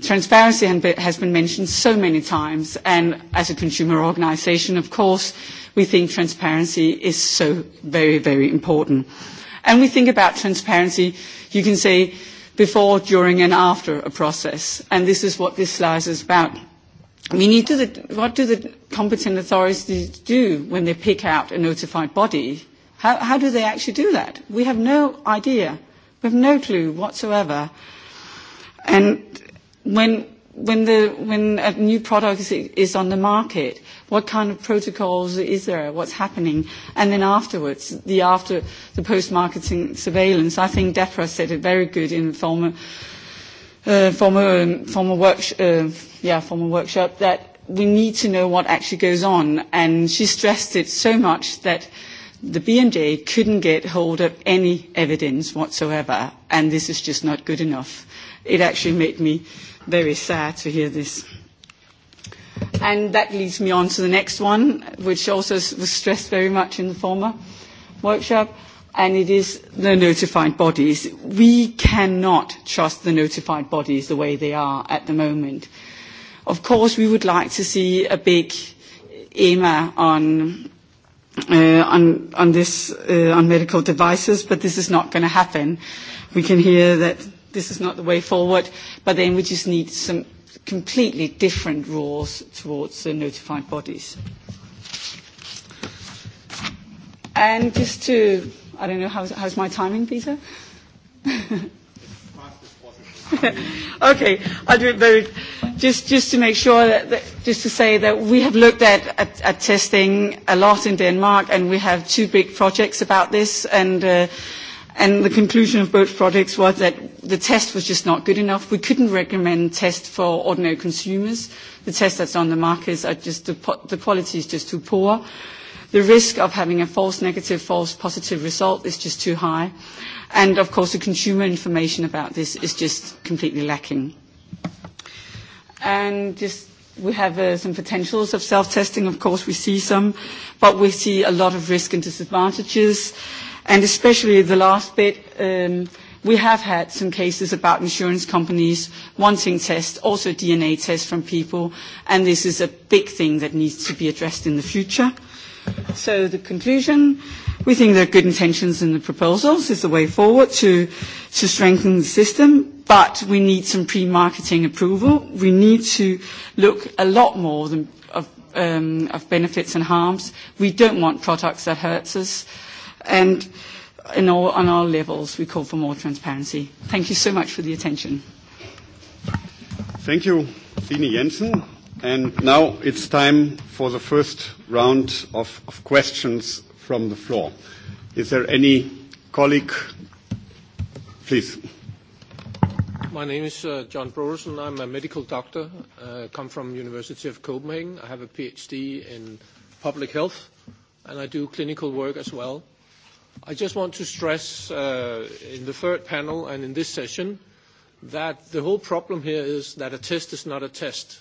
Transparency has been mentioned so many times, and as a consumer organisation, of course, we think transparency is so very, very important. And we think about transparency, you can say, before, during, and after a process. And this is what this slide is about. We need to the, what do the competent authorities do when they pick out a notified body? How, how do they actually do that? We have no idea We have no clue whatsoever. And when when the when a new product is, is on the market, what kind of protocols is there? What's happening? And then afterwards, the after the post-marketing surveillance. I think DEFRA said it very good in former uh, former um, former work uh, yeah former workshop that we need to know what actually goes on. And she stressed it so much that the B&J couldn't get hold of any evidence whatsoever, and this is just not good enough. It actually made me very sad to hear this. And that leads me on to the next one, which also was stressed very much in the former workshop, and it is the notified bodies. We cannot trust the notified bodies the way they are at the moment. Of course, we would like to see a big EMA on uh, on, on this, uh, on medical devices, but this is not going to happen. We can hear that this is not the way forward, but then we just need some completely different rules towards the notified bodies. And just to, I don't know, how's, how's my timing, Peter? Okay, I'll do it very just just to make sure that that just to say that we have looked at at at testing a lot in Denmark, and we have two big projects about this. and uh and The conclusion of both projects was that the test was just not good enough. We couldn't recommend tests for ordinary consumers. The tests that's on the markets are just the the quality is just too poor The risk of having a false negative, false positive result is just too high. And of course, the consumer information about this is just completely lacking. And just we have uh, some potentials of self-testing. Of course, we see some, but we see a lot of risk and disadvantages. And especially the last bit, um, we have had some cases about insurance companies wanting tests, also DNA tests from people, and this is a big thing that needs to be addressed in the future. So the conclusion, we think there are good intentions in the proposals is the way forward to, strengthen the system, but we need some pre-marketing approval. We need to look a lot more than, of, benefits and harms. We don't want products that hurts us. And on all levels, we call for more transparency. Thank you so much for the attention. Thank you, Line Jensen. And now it's time for the first round of, questions from the floor. Is there any colleague? Please. My name is John Brodersen. I'm a medical doctor. I come from University of Copenhagen. I have a PhD in public health, and I do clinical work as well. I just want to stress in the third panel and in this session that the whole problem here is that a test is not a test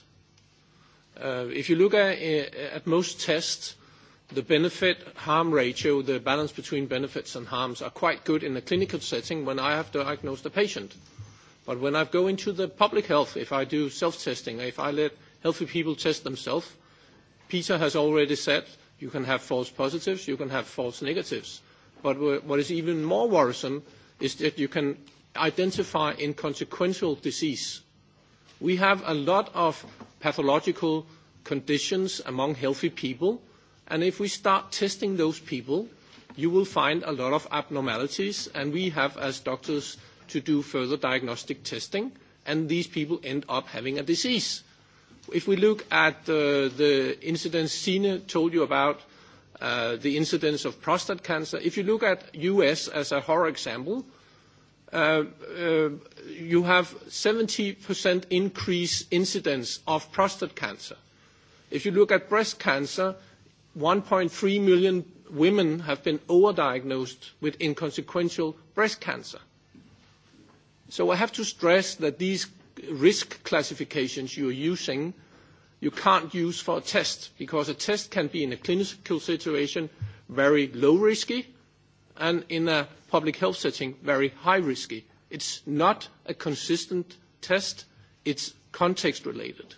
If you look at most tests, the benefit-harm ratio, the balance between benefits and harms, are quite good in the clinical setting when I have diagnosed the patient. But when I go into the public health, if I do self-testing, if I let healthy people test themselves, Peter has already said you can have false positives, you can have false negatives. But what is even more worrisome is that you can identify inconsequential disease. We have a lot of pathological conditions among healthy people. And if we start testing those people, you will find a lot of abnormalities. And we have, as doctors, to do further diagnostic testing. And these people end up having a disease. If we look at the incidence Sine told you about, the incidence of prostate cancer, if you look at U.S. as a horror example, you have 70% increase incidence of prostate cancer. If you look at breast cancer, 1.3 million women have been overdiagnosed with inconsequential breast cancer. So I have to stress that these risk classifications you're using, you can't use for a test, because a test can be in a clinical situation very low risky, and in a public health setting, very high risky. It's not a consistent test. It's context related.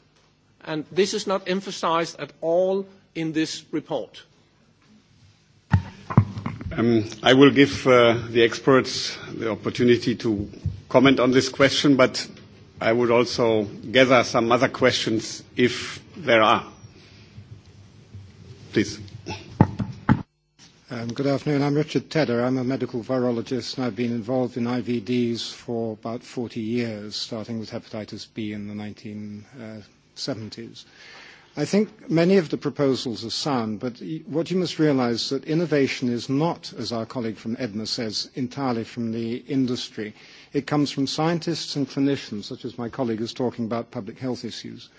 And this is not emphasized at all in this report. I will give the experts the opportunity to comment on this question, but I would also gather some other questions if there are. Please. Good afternoon. I'm Richard Tedder. I'm a medical virologist, and I've been involved in IVDs for about 40 years, starting with hepatitis B in the 1970s. I think many of the proposals are sound, but what you must realize is that innovation is not, as our colleague from Edna says, entirely from the industry. It comes from scientists and clinicians, such as my colleague is talking about public health issues.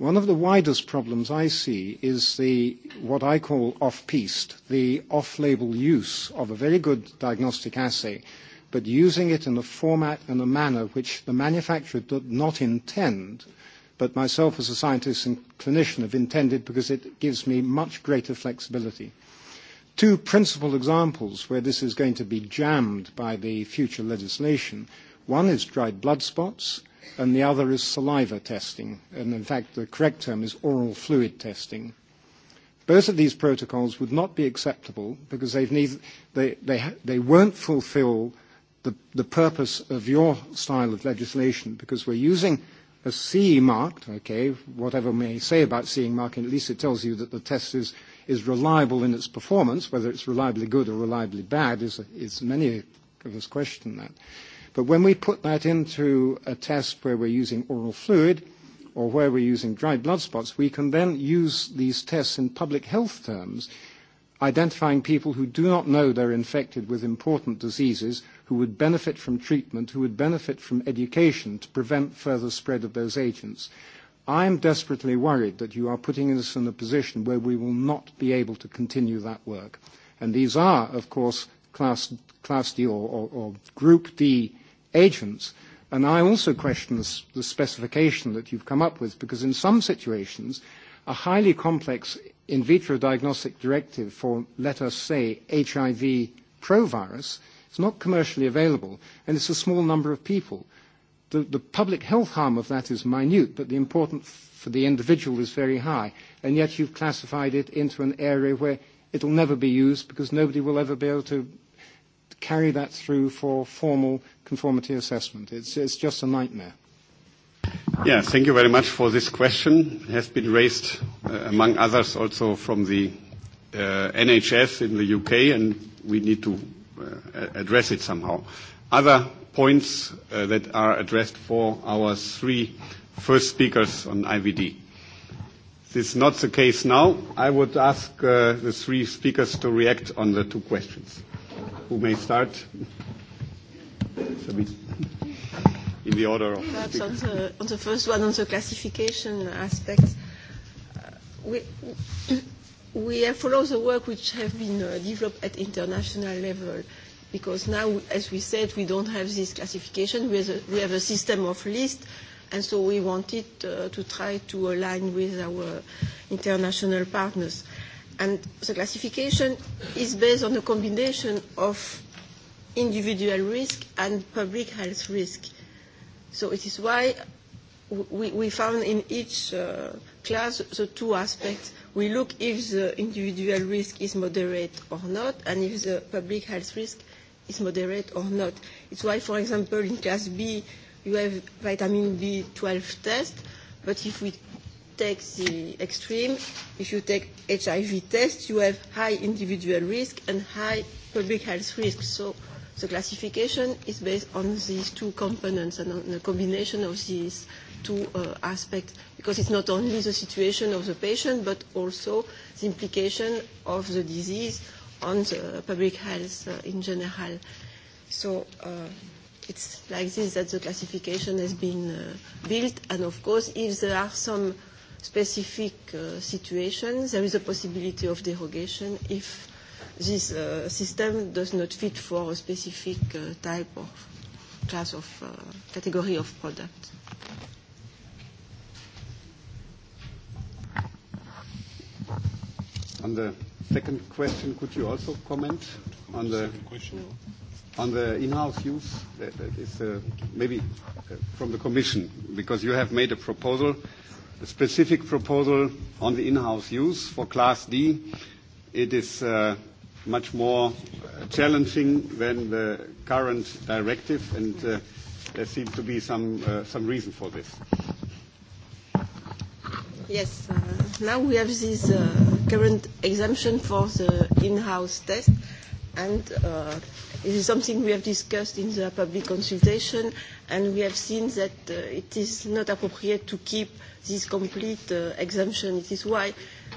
One of the widest problems I see is the, what I call off-piste, the off-label use of a very good diagnostic assay, but using it in a format and a manner which the manufacturer did not intend, but myself as a scientist and clinician have intended because it gives me much greater flexibility. Two principal examples where this is going to be jammed by the future legislation. One is dried blood spots, and the other is saliva testing. And in fact, the correct term is oral fluid testing. Both of these protocols would not be acceptable because they've neither, they, they, they won't fulfill the, the purpose of your style of legislation because we're using a CE marked, okay, whatever may say about CE marking, at least it tells you that the test is, is reliable in its performance. Whether it's reliably good or reliably bad is, is many of us question that. But when we put that into a test where we're using oral fluid or where we're using dry blood spots, we can then use these tests in public health terms, identifying people who do not know they're infected with important diseases, who would benefit from treatment, who would benefit from education to prevent further spread of those agents. I am desperately worried that you are putting us in a position where we will not be able to continue that work. And these are, of course, Class, class D or, or, or Group D agents. And I also question the, the specification that you've come up with, because in some situations, a highly complex in vitro diagnostic directive for, let us say, HIV provirus is not commercially available, and it's a small number of people. The, the public health harm of that is minute, but the importance for the individual is very high. And yet you've classified it into an area where it'll never be used because nobody will ever be able to carry that through for formal conformity assessment? It's, it's just a nightmare. Yeah, thank you very much for this question. It has been raised, uh, among others, also from the uh, NHS in the UK, and we need to uh, address it somehow. Other points uh, that are addressed for our three first speakers on IVD. This is not the case now. I would ask uh, the three speakers to react on the two questions who may start? It's a bit in the order of. Perhaps on the, on the first one, on the classification aspect, uh, we, we have followed the work which have been uh, developed at international level because now, as we said, we don't have this classification. We have a, we have a system of lists, and so we wanted uh, to try to align with our international partners. Uh, And the classification is based on a combination of individual risk and public health risk. So it is why we, we found in each uh, class the two aspects. We look if the individual risk is moderate or not, and if the public health risk is moderate or not. It's why, for example, in class B, you have vitamin B12 test, but if we take the extreme, if you take HIV test, you have high individual risk and high public health risk. So the classification is based on these two components and on the combination of these two uh, aspects, because it's not only the situation of the patient, but also the implication of the disease on the public health uh, in general. So uh, it's like this that the classification has been uh, built, and of course, if there are some specific uh, situations, there is a possibility of derogation if this uh, system does not fit for a specific uh, type of class of uh, category of product. On the second question, could you also comment on the question? On the in-house use, that, that is uh, maybe uh, from the Commission, because you have made a proposal uh, a specific proposal on the in-house use for Class D. It is much more challenging than the current directive, and there seems to be some some reason for this. Yes. Now we have this current exemption for the in-house test, and This is something we have discussed in the public consultation, and we have seen that uh, it is not appropriate to keep this complete uh, exemption. It is why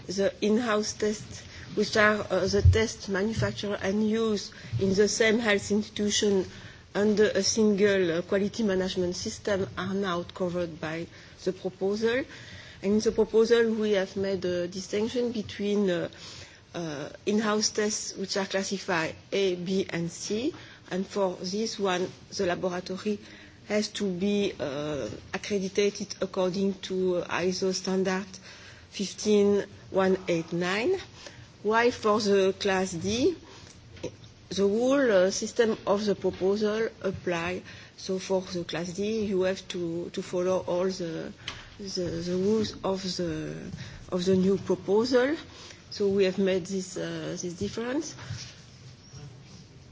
the in-house tests, which are uh, the tests manufactured and used in the same health institution under a single uh, quality management system, are now covered by the proposal. And in the proposal, we have made a distinction between uh, uh, in-house tests which are classified A, B, and C. And for this one, the laboratory has to be uh, accredited according to ISO standard 15189, while for the class D, the whole uh, system of the proposal apply. So for the class D, you have to, to follow all the, the, the rules of the, of the new proposal. Uh, So we have made this, uh, this difference.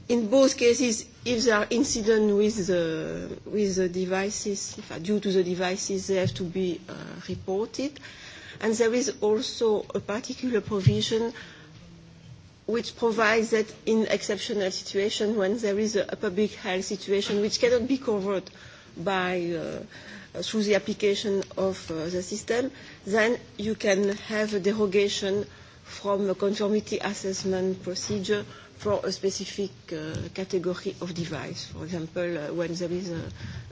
In both cases, if there are incidents with the, with the devices, due to the devices, they have to be uh, reported. And there is also a particular provision which provides that in exceptional situations, when there is a, a public health situation which cannot be covered by uh, through the application of uh, the system, then you can have a derogation from a conformity assessment procedure for a specific uh, category of device. For example, uh, when there is a,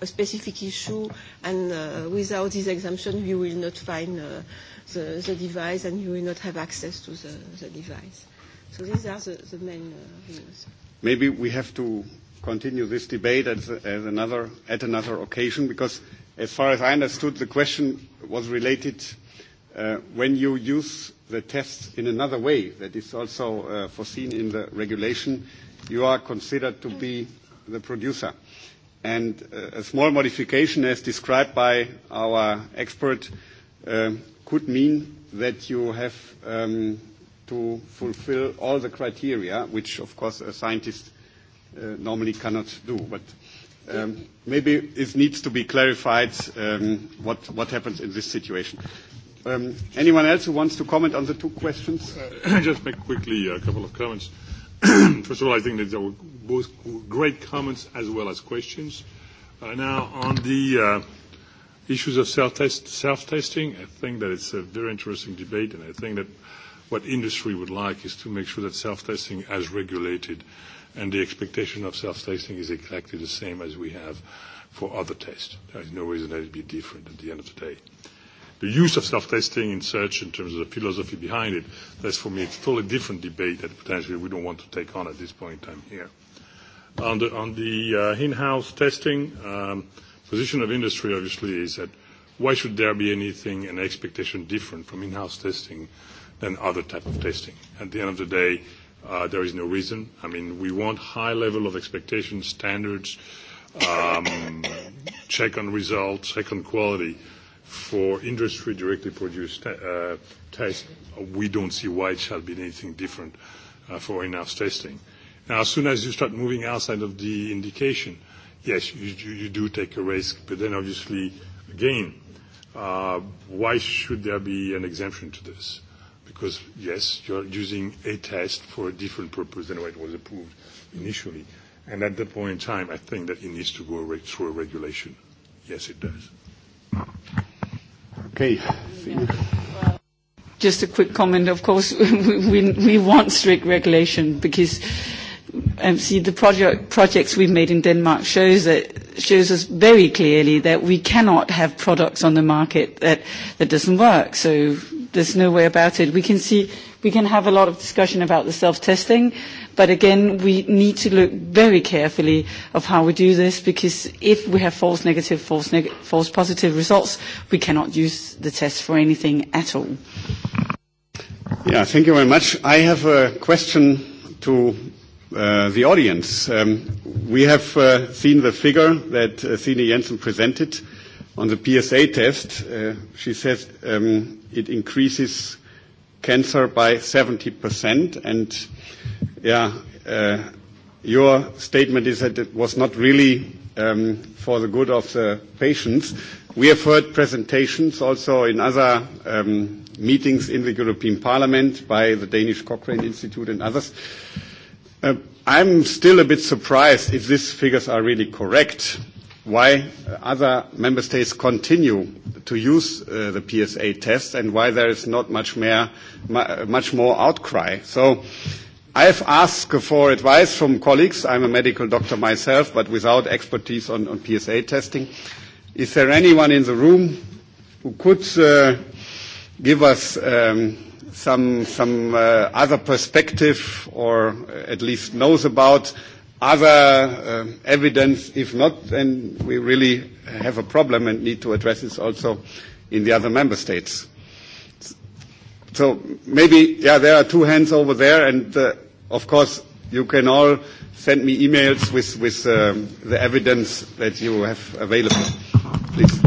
a specific issue and uh, without this exemption you will not find uh, the, the device and you will not have access to the, the device. So these are the, the main uh, rules. Maybe we have to continue this debate at, at, another, at another occasion because as far as I understood the question was related uh, when you use the tests in another way that is also foreseen in the regulation, you are considered to be the producer. And a small modification, as described by our expert, could mean that you have to fulfill all the criteria, which, of course, a scientist normally cannot do. But maybe it needs to be clarified what, what happens in this situation. Um, anyone else who wants to comment on the two questions? Uh, just make quickly a couple of comments. First of all, I think that they were both great comments as well as questions. Uh, now, on the uh, issues of self-test, self-testing, I think that it's a very interesting debate, and I think that what industry would like is to make sure that self-testing as regulated and the expectation of self-testing is exactly the same as we have for other tests. There is no reason that it'd be different at the end of the day. The use of self-testing in search in terms of the philosophy behind it, that's for me, it's a totally different debate that potentially we don't want to take on at this point in time here. On the, on the uh, in-house testing, um, position of industry obviously is that why should there be anything, an expectation different from in-house testing than other type of testing? At the end of the day, uh, there is no reason. I mean, we want high level of expectation standards, um, check on results, check on quality for industry directly produced uh, tests, we don't see why it shall be anything different uh, for in-house testing. Now, as soon as you start moving outside of the indication, yes, you, you, you do take a risk, but then obviously, again, uh, why should there be an exemption to this? Because yes, you're using a test for a different purpose than what was approved initially. And at that point in time, I think that it needs to go through a regulation. Yes, it does. Okay. Just a quick comment. Of course, we, we want strict regulation because um, see the project, projects we've made in Denmark shows that shows us very clearly that we cannot have products on the market that, that doesn't work. So there's no way about it. We can see we can have a lot of discussion about the self-testing, But again, we need to look very carefully of how we do this because if we have false negative, false, false positive results, we cannot use the test for anything at all. Yeah, thank you very much. I have a question to uh, the audience. Um, we have uh, seen the figure that uh, Sine Jensen presented on the PSA test. Uh, she says um, it increases cancer by 70%, and yeah, uh, your statement is that it was not really um, for the good of the patients. We have heard presentations also in other um, meetings in the European Parliament by the Danish Cochrane Institute and others. Uh, I'm still a bit surprised if these figures are really correct, why other member states continue to use uh, the PSA test and why there is not much more, much more outcry. So I've asked for advice from colleagues. I'm a medical doctor myself, but without expertise on, PSA testing. Is there anyone in the room who could give us some, other perspective or at least knows about other evidence? If not, then we really have a problem and need to address this also in the other member states. So maybe, yeah, there are two hands over there, and uh, of course you can all send me emails with, with um, the evidence that you have available. Please.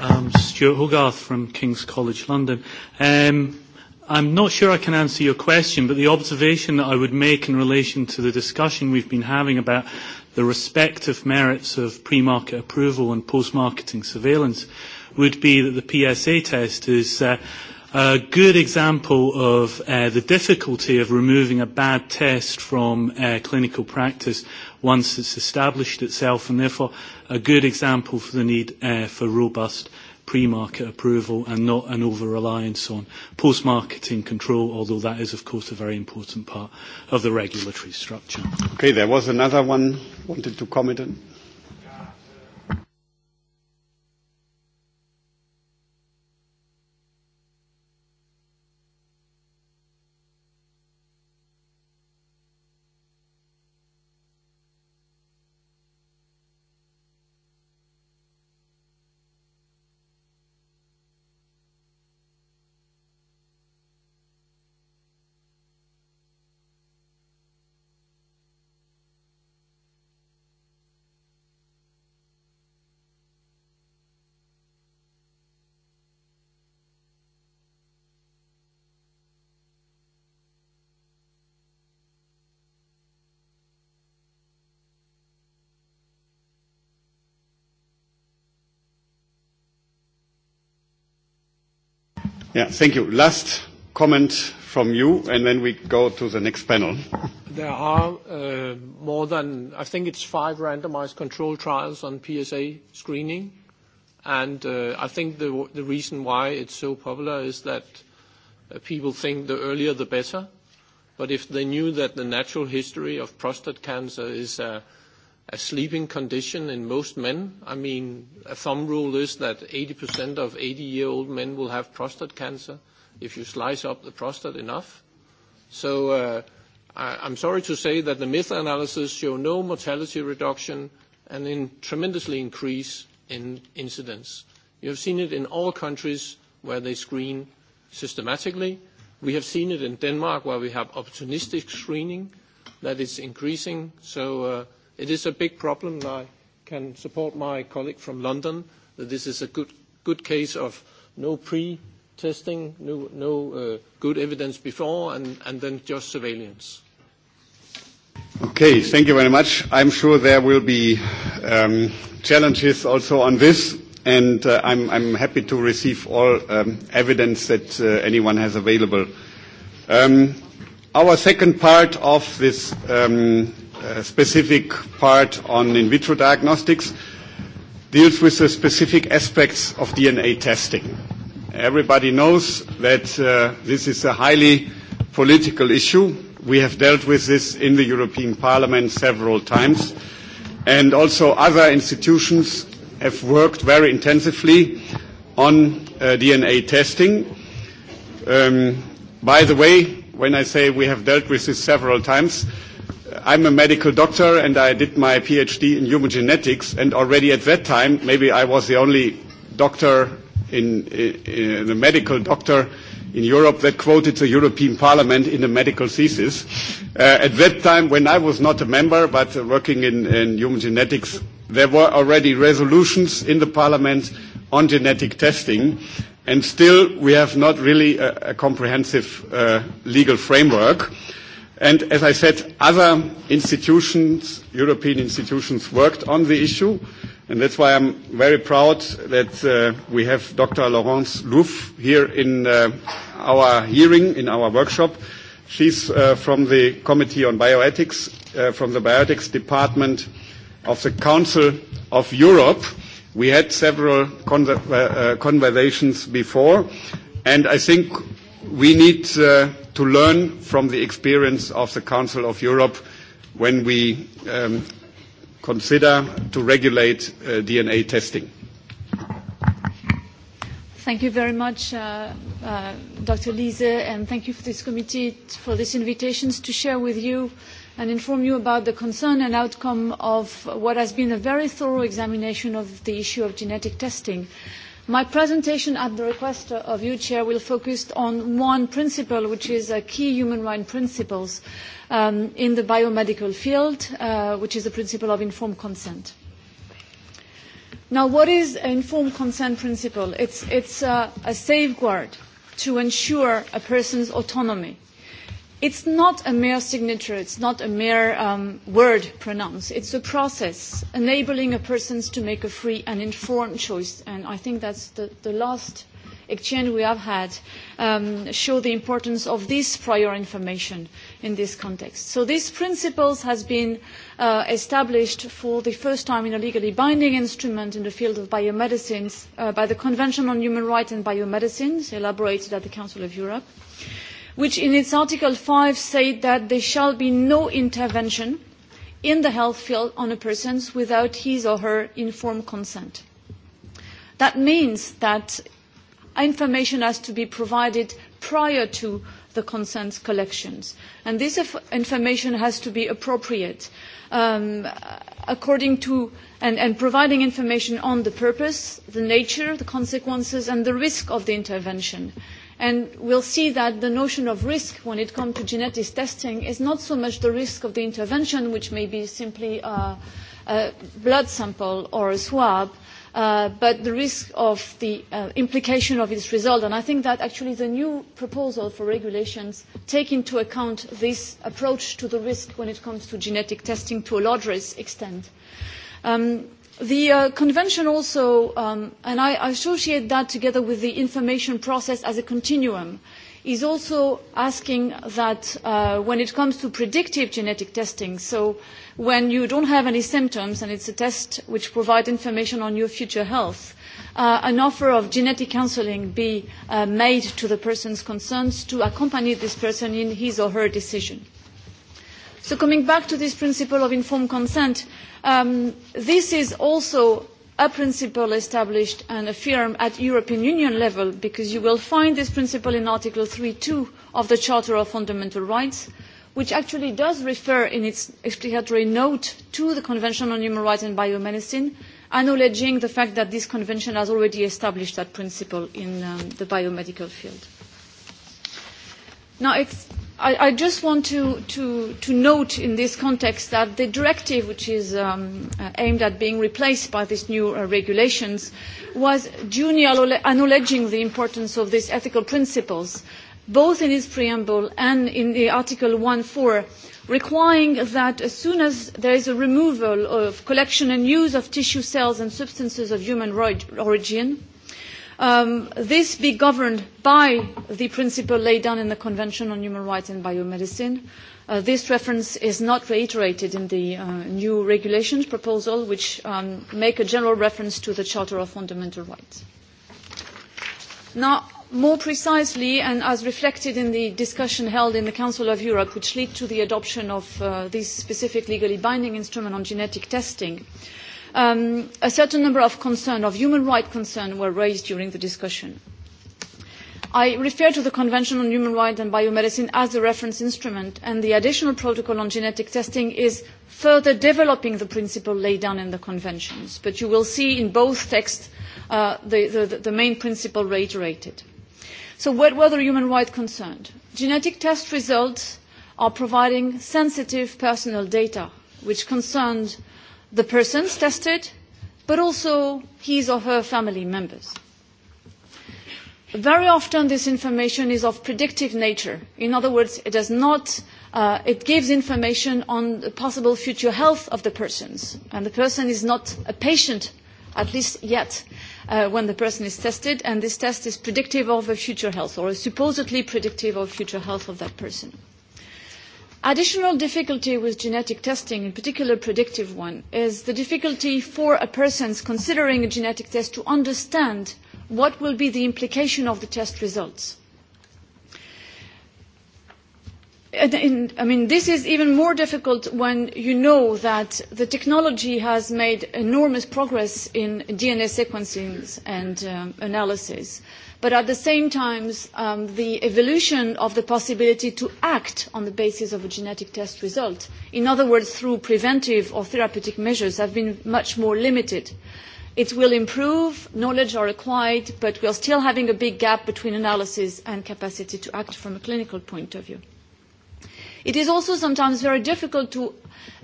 Um, Stuart Hogarth from King's College London. Um, I'm not sure I can answer your question, but the observation that I would make in relation to the discussion we've been having about the respective merits of pre-market approval and post-marketing surveillance would be that the PSA test is uh, A good example of uh, the difficulty of removing a bad test from uh, clinical practice once it's established itself, and therefore a good example for the need uh, for robust pre-market approval and not an over-reliance on post-marketing control, although that is, of course, a very important part of the regulatory structure. Okay, there was another one wanted to comment on. Yeah, thank you. Last comment from you, and then we go to the next panel. There are uh more than, I think it's five randomized control trials on PSA screening. and uh I think the the reason why it's so popular is that uh people think the earlier, the better. But If they knew that the natural history of prostate cancer is a a sleeping condition in most men. I mean, a thumb rule is that 80% of 80-year-old men will have prostate cancer if you slice up the prostate enough. So uh, I, I'm sorry to say that the meta-analysis show no mortality reduction and in tremendously increase in incidence. You have seen it in all countries where they screen systematically. We have seen it in Denmark where we have opportunistic screening that is increasing. So uh, It is a big problem, and I can support my colleague from London that this is a good, good case of no pre-testing, no, no uh, good evidence before, and, and then just surveillance. Okay, thank you very much. I'm sure there will be um, challenges also on this, and uh, I'm, I'm happy to receive all um, evidence that uh, anyone has available. Um, our second part of this um, specific part on in vitro diagnostics deals with the specific aspects of DNA testing. Everybody knows that this is a highly political issue. We have dealt with this in the European Parliament several times, and also other institutions have worked very intensively on DNA testing. By the way, when I say we have dealt with this several times, I'm a medical doctor and I did my PhD in human genetics and already at that time, maybe I was the only doctor in, in a medical doctor in Europe that quoted the European Parliament in a medical thesis. Uh, at that time, when I was not a member but working in, in human genetics, there were already resolutions in the Parliament on genetic testing, and still we have not really a, a comprehensive uh, legal framework. Uh, And as I said, other institutions, European institutions, worked on the issue. And that's why I'm very proud that uh, we have Dr. Laurence Louf here in uh, our hearing, in our workshop. She's uh, from the Committee on Bioethics, uh, from the Bioethics Department of the Council of Europe. We had several uh, conversations before, and I think we need uh, to learn from the experience of the Council of Europe when we consider to regulate DNA testing. Thank you very much, Dr. Liese, and thank you for this committee for this invitation to share with you and inform you about the concern and outcome of what has been a very thorough examination of the issue of genetic testing. My presentation at the request of you, Chair, will focus on one principle, which is a key human rights principles in the biomedical field, which is the principle of informed consent. Now, what is an informed consent principle? It's, it's a safeguard to ensure a person's autonomy It's not a mere signature, it's not a mere um, word pronounced. It's a process enabling a person to make a free and informed choice. And I think that's the, the last exchange we have had um, show the importance of this prior information in this context. So these principles has been uh, established for the first time in a legally binding instrument in the field of biomedicines uh, by the Convention on Human Rights and Biomedicines, elaborated at the Council of Europe. Uh, which in its Article five said that there shall be no intervention in the health field on a person without his or her informed consent. That means that information has to be provided prior to the consent collections. And this information has to be appropriate according to and, providing information on the purpose, the nature, the consequences and the risk of the intervention And we'll see that the notion of risk when it comes to genetic testing is not so much the risk of the intervention, which may be simply a, a blood sample or a swab, but the risk of the implication of its result. And I think that actually the new proposal for regulations take into account this approach to the risk when it comes to genetic testing to a larger extent. Um, The convention also, and I associate that together with the information process as a continuum, is also asking that when it comes to predictive genetic testing, so when you don't have any symptoms and it's a test which provides information on your future health, an offer of genetic counselling be made to the persons concerned to accompany this person in his or her decision So coming back to this principle of informed consent, this is also a principle established and affirmed at European Union level because you will find this principle in Article three of the Charter of Fundamental Rights, which actually does refer in its explanatory note to the Convention on Human Rights and Biomedicine, acknowledging the fact that this convention has already established that principle in the biomedical field. Now, it's I, I just want to, to, to note in this context that the directive, which is um, aimed at being replaced by these new uh, regulations, was duly acknowledging the importance of these ethical principles, both in its preamble and in the Article 1.4, requiring that as soon as there is a removal of collection and use of tissue cells and substances of human origin, this be governed by the principle laid down in the Convention on Human Rights in Biomedicine. this reference is not reiterated in the new regulations proposal, which makes a general reference to the Charter of Fundamental Rights. Now, more precisely, and as reflected in the discussion held in the Council of Europe, which led to the adoption of this specific legally binding instrument on genetic testing, uh, a certain number of concerns, of human rights concerns, were raised during the discussion. I refer to the Convention on Human Rights and Biomedicine as the reference instrument, and the additional protocol on genetic testing is further developing the principle laid down in the conventions. But you will see in both texts the, main principle reiterated. So what were the human rights concerned? Genetic test results are providing sensitive personal data, which concerned the persons tested, but also his or her family members. Very often this information is of predictive nature. In other words, it does not it gives information on the possible future health of the persons. And the person is not a patient, at least yet, when the person is tested, and this test is predictive of a future health, or supposedly predictive of future health of that person. Additional difficulty with genetic testing, in particular predictive one, is the difficulty for a person considering a genetic test to understand what will be the implication of the test results. I mean, this is even more difficult when you know that the technology has made enormous progress in DNA sequencing and analysis. Uh, But at the same time, the evolution of the possibility to act on the basis of a genetic test result, in other words, through preventive or therapeutic measures, have been much more limited. It will improve, knowledge are acquired, but we are still having a big gap between analysis and capacity to act from a clinical point of view. It is also sometimes very difficult to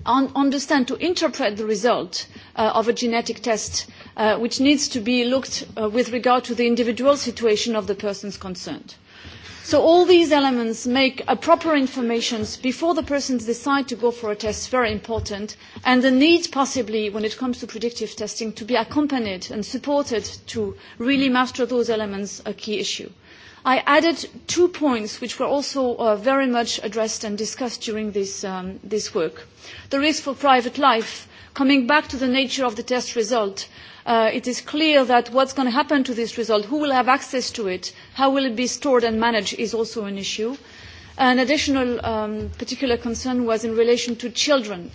understand, to interpret the result of a genetic test, which needs to be looked at with regard to the individual situation of the persons concerned. So all these elements make a proper information before the persons decide to go for a test very important, and the need possibly, when it comes to predictive testing, to be accompanied and supported to really master those elements a key issue. I added two points which were also very much addressed and discussed during this, work. The risk for private life, coming back to the nature of the test result, it is clear that what is going to happen to this result, who will have access to it, how will it be stored and managed is also an issue. An additional particular concern was in relation to children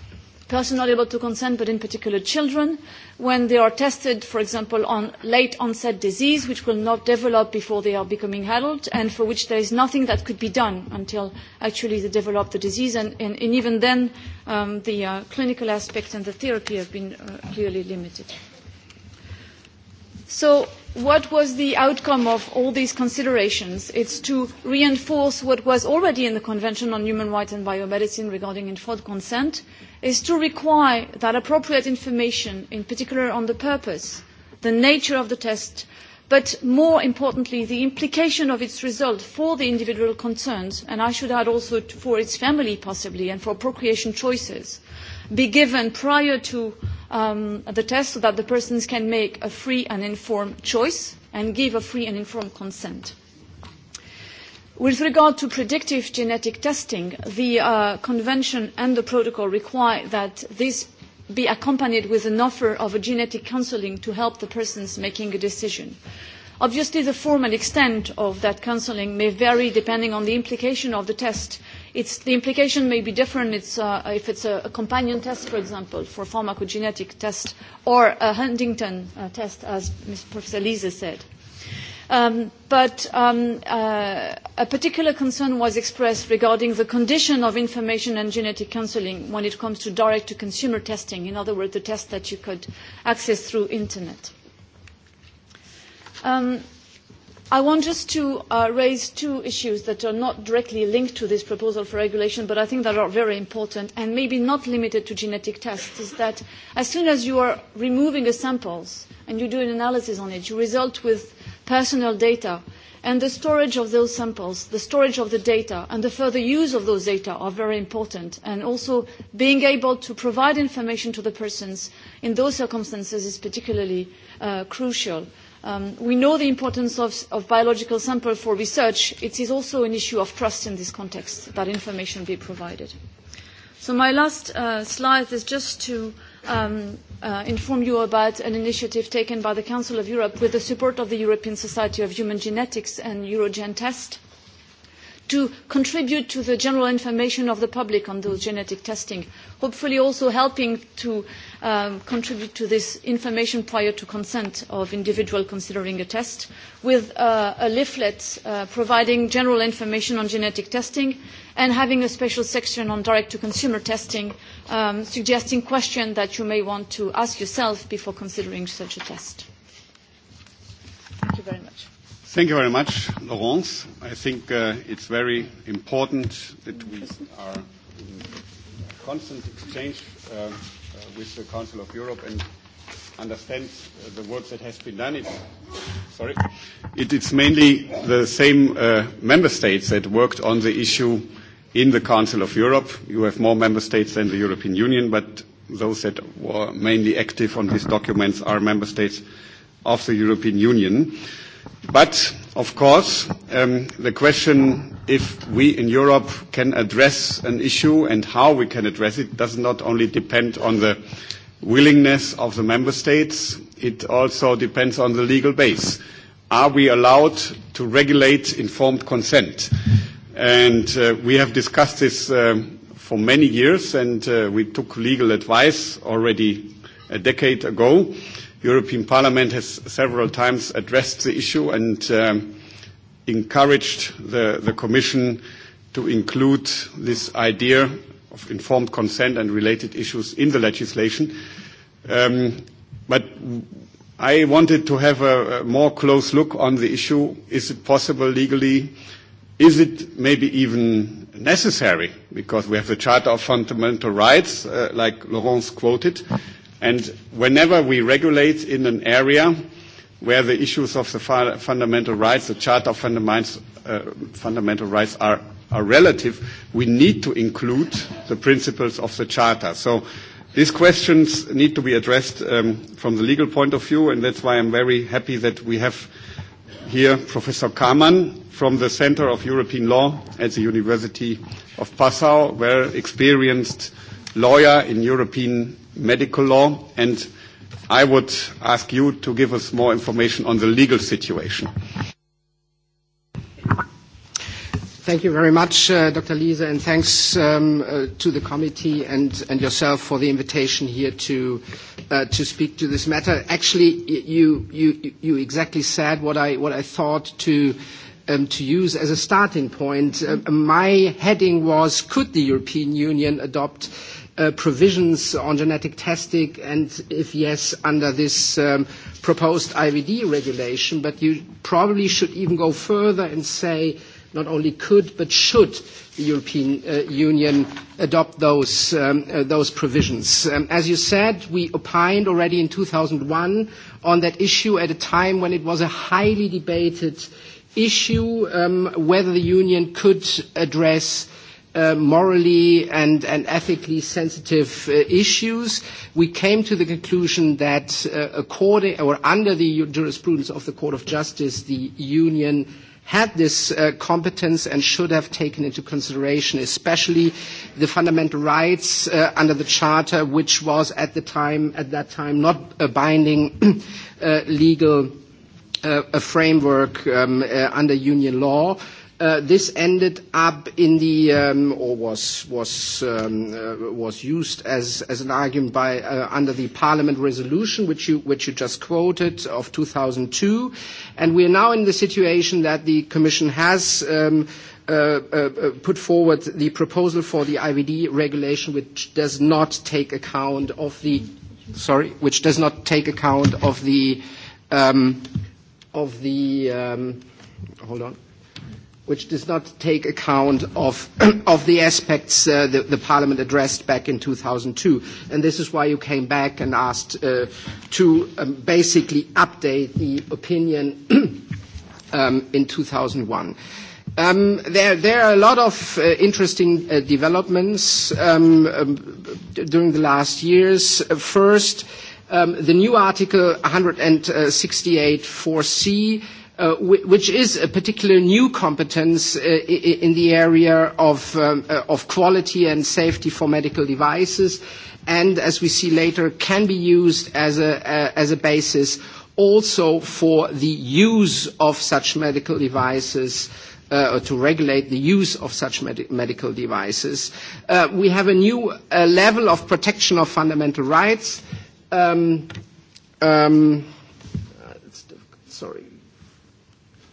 person not able to consent, but in particular children, when they are tested, for example, on late onset disease, which will not develop before they are becoming adult, and for which there is nothing that could be done until actually they develop the disease. And, and, and even then, um, the uh, clinical aspect and the therapy have been uh, clearly limited. So what was the outcome of all these considerations? It is to reinforce what was already in the Convention on Human Rights and Biomedicine regarding informed consent, is to require that appropriate information, in particular on the purpose, the nature of the test, but more importantly, the implication of its result for the individual concerned, and I should add also for its family possibly, and for procreation choices, be given prior to the test so that the persons can make a free and informed choice and give a free and informed consent. With regard to predictive genetic testing, the Convention and the Protocol require that this be accompanied with an offer of a genetic counselling to help the persons making a decision. Obviously, the form and extent of that counselling may vary depending on the implication of the test it's, the implication may be different it's, uh, if it's a, a companion test, for example, for pharmacogenetic test, or a Huntington uh, test, as Ms. Professor Lise said. Um, but um, uh, a particular concern was expressed regarding the condition of information and genetic counselling when it comes to direct-to-consumer testing, in other words, the test that you could access through Internet. Um, I want just to raise two issues that are not directly linked to this proposal for regulation, but I think that are very important and maybe not limited to genetic tests, is that as soon as you are removing a sample and you do an analysis on it, you result with personal data. And the storage of those samples, the storage of the data, and the further use of those data are very important. And also being able to provide information to the persons in those circumstances is particularly crucial we know the importance of, biological samples for research. It is also an issue of trust in this context that information be provided. So my last slide is just to inform you about an initiative taken by the Council of Europe with the support of the European Society of Human Genetics and Eurogen Test to contribute to the general information of the public on those genetic testing, hopefully also helping to contribute to this information prior to consent of individual considering a test with a leaflet providing general information on genetic testing and having a special section on direct-to-consumer testing suggesting questions that you may want to ask yourself before considering such a test. Thank you very much. Thank you very much, Laurence. I think uh, it's very important that we are in constant exchange. Uh, with the Council of Europe and understand the work that has been done. It's, sorry. It, it's mainly the same uh, member states that worked on the issue in the Council of Europe. You have more member states than the European Union, but those that were mainly active on these documents are member states of the European Union. Uh, But Of course, the question if we in Europe can address an issue and how we can address it does not only depend on the willingness of the member states, it also depends on the legal base. Are we allowed to regulate informed consent? And We have discussed this for many years, and we took legal advice already a decade ago European Parliament has several times addressed the issue and um, encouraged the, the Commission to include this idea of informed consent and related issues in the legislation. Um, but I wanted to have a, a more close look on the issue. Is it possible legally? Is it maybe even necessary? Because we have the Charter of Fundamental Rights, uh, like Laurence quoted. And whenever we regulate in an area where the issues of the fundamental rights, the Charter of Fundamental Rights are, are relative, we need to include the principles of the Charter. So These questions need to be addressed um, from the legal point of view, and that's why I'm very happy that we have here Professor Kaman from the Center of European Law at the University of Passau, very experienced lawyer in European medical law, and I would ask you to give us more information on the legal situation. Thank you very much, Dr. Liese, and thanks um to the committee and and yourself for the invitation here to to speak to this matter. Actually, you you you exactly said what I what I thought to use as a starting point. My heading was, could the European Union adopt provisions on genetic testing, and if yes, under this proposed IVD regulation. But you probably should even go further and say not only could but should the European Union adopt those, provisions. as you said, we opined already in two thousand one on that issue at a time when it was a highly debated issue whether the Union could address uh, morally and, and ethically sensitive uh, issues, we came to the conclusion that uh, according or under the jurisprudence of the Court of Justice, the Union had this uh, competence and should have taken into consideration, especially the fundamental rights uh, under the Charter, which was at the time at that time not a binding uh, legal uh, a framework um, uh, under Union law. Uh, this ended up in the um, or was was um, uh, was used as as an argument by uh, under the Parliament resolution which you which you just quoted of 2002, and we are now in the situation that the Commission has. Um, put forward the proposal for the IVD regulation, which does not take account of the sorry, which does not take account of the um, of the um, hold on which does not take account of, of the aspects uh, that the Parliament addressed back in 2002. And this is why you came back and asked uh, to um, basically update the opinion um, in 2001. Um, there, there are a lot of uh, interesting uh, developments um, um, during the last years. First, um, the new Article 168 4C which is a particular new competence in the area of quality and safety for medical devices, and as we see later, can be used as a basis also for the use of such medical devices or to regulate the use of such medical devices. We have a new level of protection of fundamental rights. Sorry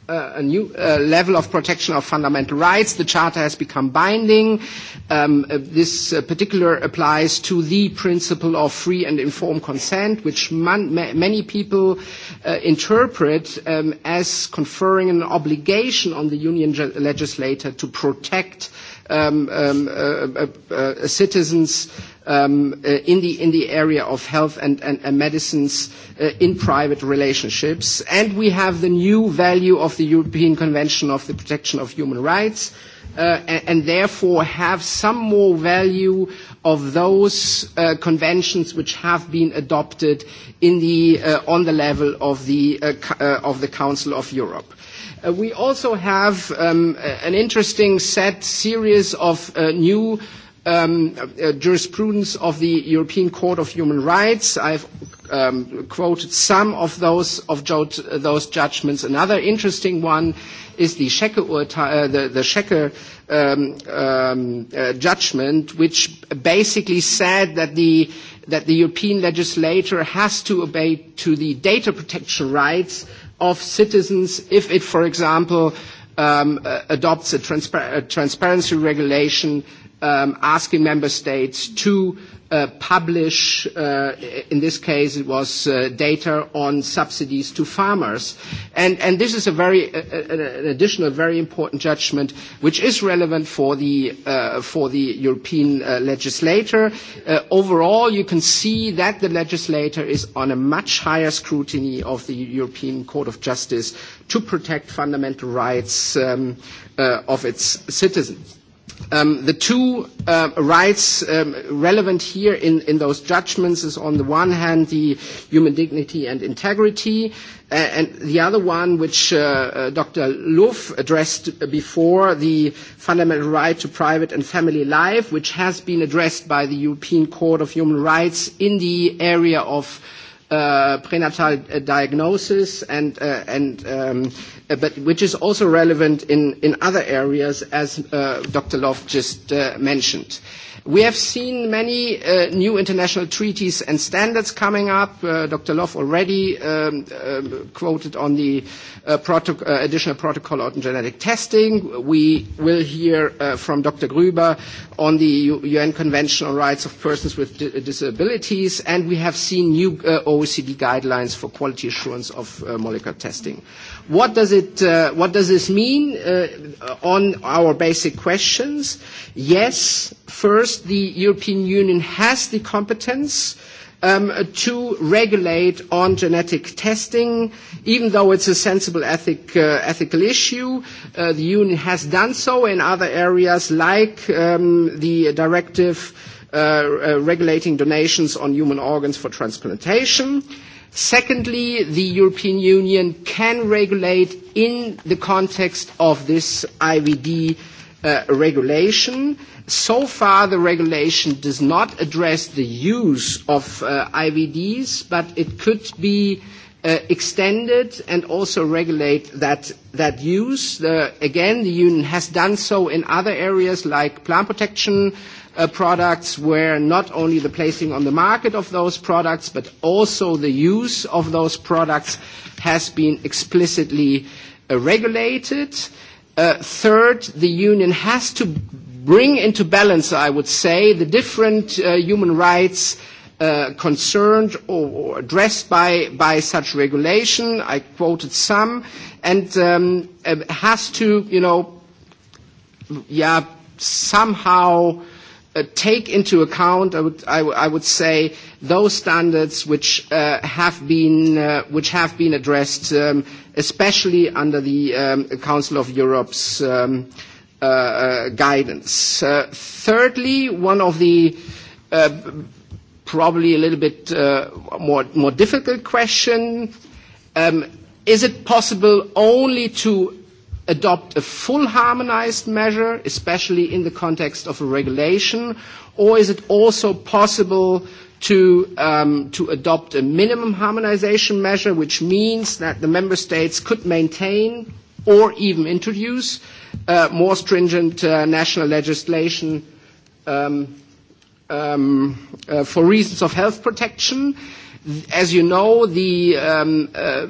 a new uh, level of protection of fundamental rights. The Charter has become binding. Um, uh, this uh, particular applies to the principle of free and informed consent, which man, ma- many people uh, interpret um, as conferring an obligation on the Union legislator to protect citizens in the area of health and medicines in private relationships. And we have the new value of the European Convention of the Protection of Human Rights, and therefore have some more value of those conventions which have been adopted on the level of the Council of Europe. Uh, we also have um, an interesting set series of uh, new um, uh, jurisprudence of the European Court of Human Rights. I've um, quoted some of those of those judgments. Another interesting one is the Schecker, uh, the, the Schecker um, um, uh, judgment, which basically said that the that the European legislator has to obey to the data protection rights of citizens if it, for example, um, adopts a, a transparency regulation um, asking member states to uh, publish, uh, in this case it was uh, data on subsidies to farmers. And, and this is a very, an additional very important judgment which is relevant for the, uh, for the European uh, legislator. Uh, overall, you can see that the legislator is on a much higher scrutiny of the European Court of Justice to protect fundamental rights um, uh, of its citizens. Um, the two uh, rights um, relevant here in, in those judgments is on the one hand the human dignity and integrity, uh, and the other one, which uh, uh, Dr. Luff addressed before, the fundamental right to private and family life, which has been addressed by the European Court of Human Rights in the area of uh, uh, prenatal diagnosis and, uh, and um, but which is also relevant in, in other areas as uh, Dr. Love just uh, mentioned. Uh, We have seen many uh, new international treaties and standards coming up. Uh, Dr. Love already um, um, quoted on the uh, uh, additional protocol on genetic testing. We will hear uh, from Dr. Gruber on the U- UN Convention on Rights of Persons with D- Disabilities, and we have seen new uh, OECD guidelines for quality assurance of uh, molecular testing. Mm-hmm. What does it, uh, what does this mean uh, on our basic questions? Yes, first, the European Union has the competence um, to regulate on genetic testing, even though it's a sensible ethic, uh, ethical issue. Uh, the Union has done so in other areas like um, the directive uh, uh, regulating donations on human organs for transplantation. Uh, Secondly, the European Union can regulate in the context of this IVD regulation. So far, the regulation does not address the use of IVDs, but it could be extended and also regulate that use. Again, the union has done so in other areas like plant protection, products where not only the placing on the market of those products, but also the use of those products has been explicitly regulated. Third, the union has to bring into balance, I would say, the different human rights concerned or addressed by such regulation. I quoted some. And has to, somehow take into account, I would, I, I would say, those standards which uh, have been uh, which have been addressed, um, especially under the um, Council of Europe's um, uh, uh, guidance. Uh, thirdly, one of the uh, probably a little bit uh, more more difficult questions um, Is it possible only to adopt a full harmonized measure, especially in the context of a regulation, or is it also possible to, um, to adopt a minimum harmonization measure, which means that the member states could maintain or even introduce uh, more stringent uh, national legislation um, um, uh, for reasons of health protection? As you know, the, um, uh,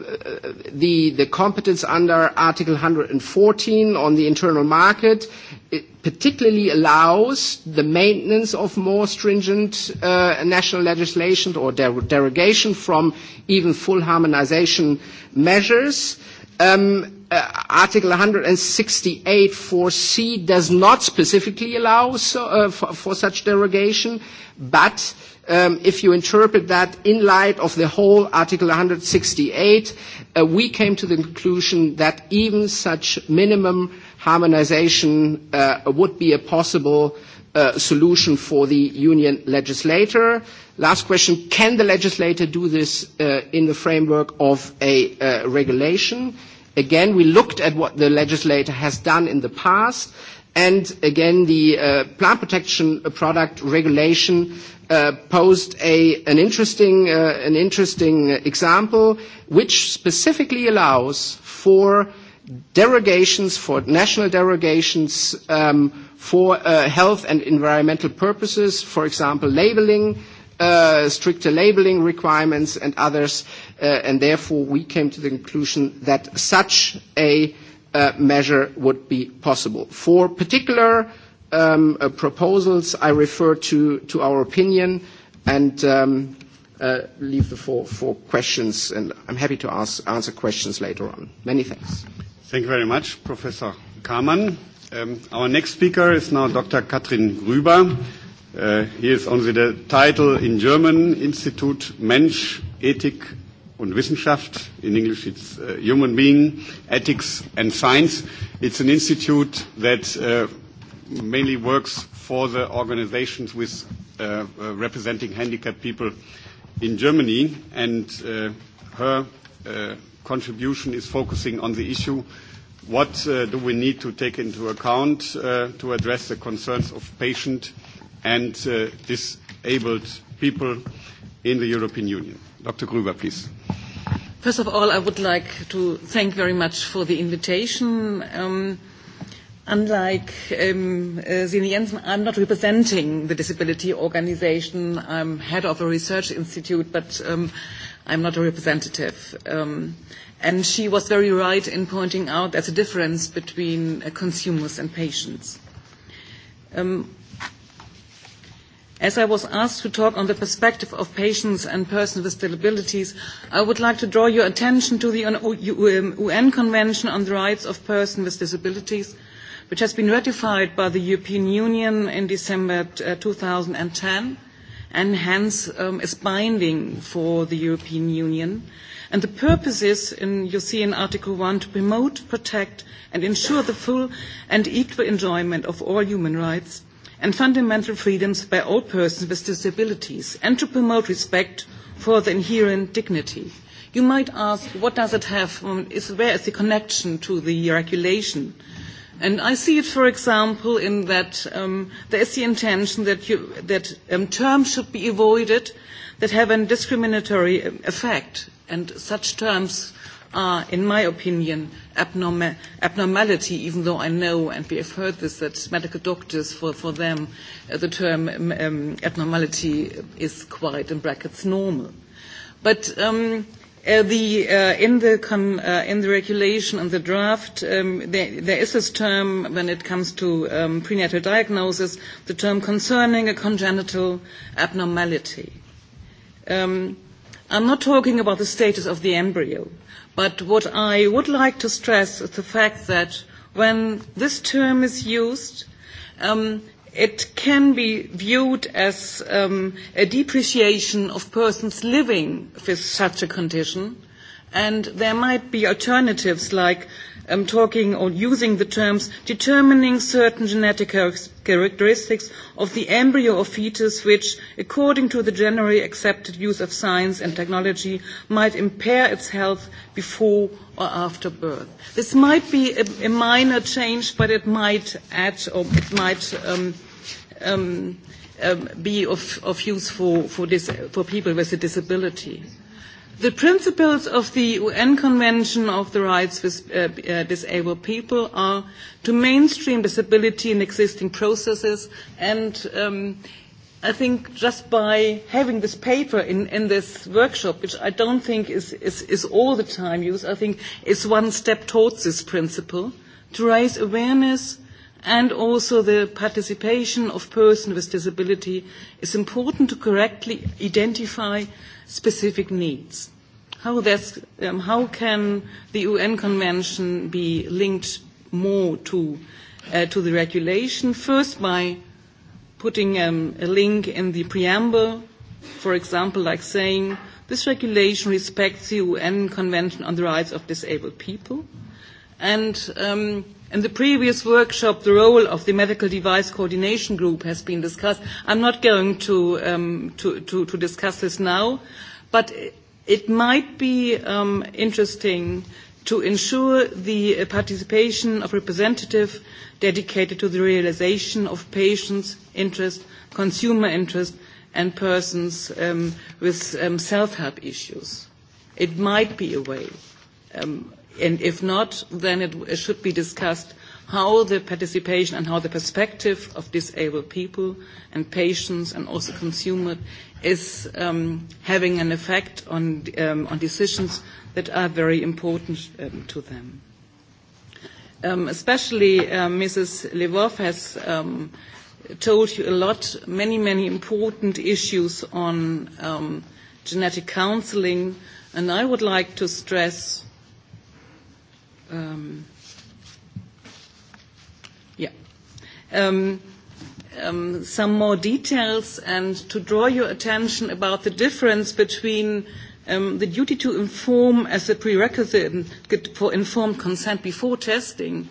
the, the competence under Article 114 on the internal market it particularly allows the maintenance of more stringent uh, national legislation or der- derogation from even full harmonization measures. Um, uh, Article 168 4C does not specifically allow so, uh, for, for such derogation, but if you interpret that in light of the whole Article 168, uh, we came to the conclusion that even such minimum harmonization uh, would be a possible uh, solution for the union legislator. Last question, can the legislator do this uh, in the framework of a uh, regulation? Again, we looked at what the legislator has done in the past, and again, the uh, plant protection product regulation posed a, an, interesting, uh, an interesting example which specifically allows for derogations, for national derogations um, for uh, health and environmental purposes, for example, labeling, uh, stricter labeling requirements and others, uh, and therefore we came to the conclusion that such a uh, measure would be possible. For particular proposals. I refer to our opinion and leave the floor for questions, and I'm happy to answer questions later on. Many thanks. Thank you very much, Professor Kamann. Our next speaker is now Dr. Katrin Grüber. Here is only the title in German, Institut Mensch, Ethik und Wissenschaft. In English, it's Human Being, Ethics and Science. It's an institute that mainly works for the organizations with uh, uh, representing handicapped people in Germany, and uh, her uh, contribution is focusing on the issue what uh, do we need to take into account uh, to address the concerns of patient and uh, disabled people in the European Union. Dr. Gruber, please. First of all, I would like to thank very much for the invitation. Um, Unlike um, uh, Zine Jensen, I'm not representing the disability organization. I'm head of a research institute, but um, I'm not a representative. Um, and she was very right in pointing out there's a difference between uh, consumers and patients. Um, As I was asked to talk on the perspective of patients and persons with disabilities, I would like to draw your attention to the UN Convention on the Rights of Persons with Disabilities, which has been ratified by the European Union in December ten and hence is binding for the European Union. And the purpose is, in, you see in Article one to promote, protect, and ensure the full and equal enjoyment of all human rights and fundamental freedoms by all persons with disabilities, and to promote respect for the inherent dignity. You might ask, what does it have? Is, where is the connection to the regulation? And I see it, for example, in that um, there is the intention that, you, that um, terms should be avoided that have a discriminatory effect. And such terms are, in my opinion, abnorma- abnormality, even though I know, and we have heard this, that medical doctors, for, for them, uh, the term um, abnormality is quite, in brackets, normal. But... Um, in the regulation and the draft, there is this term when it comes to prenatal diagnosis, the term concerning a congenital abnormality. I'm not talking about the status of the embryo, but what I would like to stress is the fact that when this term is used, it can be viewed as um, a depreciation of persons living with such a condition. And there might be alternatives like um, talking or using the terms determining certain genetic characteristics of the embryo or fetus which, according to the generally accepted use of science and technology, might impair its health before or after birth. This might be a, a minor change, but it might add or it might um, um, um, be of, of use for, for, dis- for people with a disability. The principles of the UN Convention of the Rights of uh, Disabled People are to mainstream disability in existing processes and um, I think just by having this paper in, in this workshop, which I don't think is, is, is all the time used, I think is one step towards this principle to raise awareness and also the participation of persons with disability is important to correctly identify specific needs. How, this, um, how can the UN Convention be linked more to, uh, to the regulation? First, by putting um, a link in the preamble, for example, like saying, this regulation respects the UN Convention on the Rights of Disabled People. And um, In the previous workshop, the role of the medical device coordination group has been discussed. I'm not going to, um, to, to, to discuss this now, but it might be um, interesting to ensure the participation of representatives dedicated to the realisation of patients' interest, consumer interest, and persons um, with um, self-help issues. It might be a way. Um, And if not, then it should be discussed how the participation and how the perspective of disabled people and patients and also consumers is um, having an effect on, um, on decisions that are very important um, to them. Um, especially uh, Mrs. Levov has um, told you a lot, many, many important issues on um, genetic counseling, and I would like to stress Um, yeah. Um, um, some more details and to draw your attention about the difference between um, the duty to inform as a prerequisite for informed consent before testing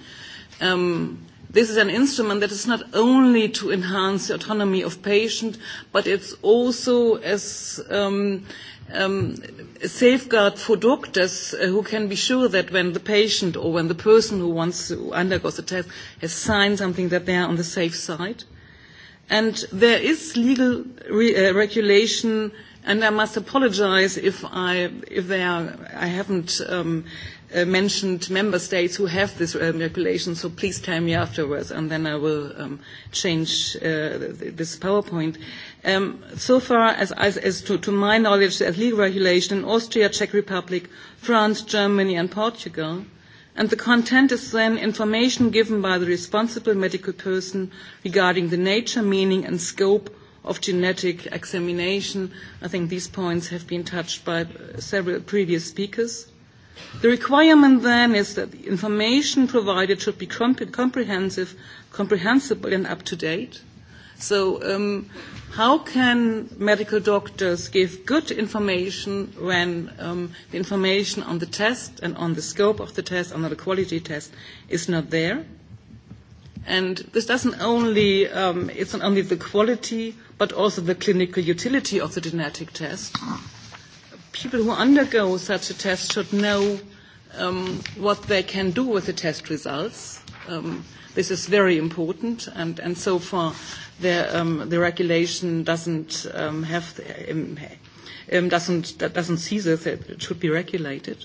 um, This is an instrument that is not only to enhance the autonomy of patient, but it's also as um, um, a safeguard for doctors who can be sure that when the patient or when the person who wants to undergo the test has signed something that they are on the safe side. And there is legal re- uh, regulation, and I must apologize if I if they are I haven't. Um, mentioned member states who have this um, regulation, so please tell me afterwards, and then I will um, change uh, this PowerPoint. Um, so far, as, as, as to, to my knowledge, as legal regulation in Austria, Czech Republic, France, Germany, and Portugal. And the content is then information given by the responsible medical person regarding the nature, meaning, and scope of genetic examination. I think these points have been touched by several previous speakers. The requirement then is that the information provided should be comp- comprehensive, comprehensible, and up to date. So, um, how can medical doctors give good information when um, the information on the test and on the scope of the test, on the quality test, is not there? And this doesn't only, um, it's not only the quality, but also the clinical utility of the genetic test people who undergo such a test should know um, what they can do with the test results. Um, this is very important, and, and so far the, um, the regulation doesn't um, have um, um, doesn't that doesn't see this. It should be regulated,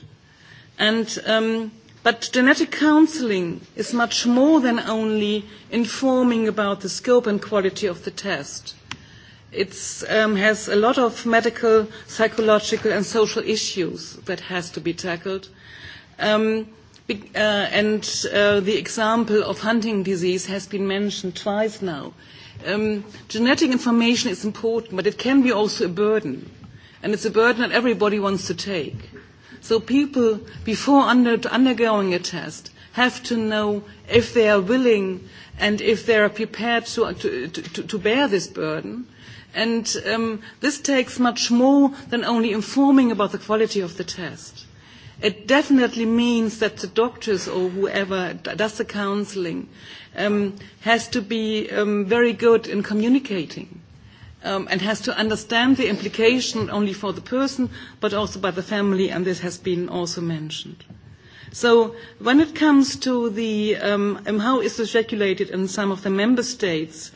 and. Um, But genetic counselling is much more than only informing about the scope and quality of the test it has a lot of medical, psychological, and social issues that has to be tackled. and the example of hunting disease has been mentioned twice now. genetic information is important, but it can be also a burden. And it's a burden that everybody wants to take. So people, before undergoing a test, have to know if they are willing and if they are prepared to, to, to, to bear this burden And this takes much more than only informing about the quality of the test. It definitely means that the doctors or whoever does the counseling has to be very good in communicating and has to understand the implication not only for the person but also by the family, and this has been also mentioned. So when it comes to the um, how is this regulated in some of the member states,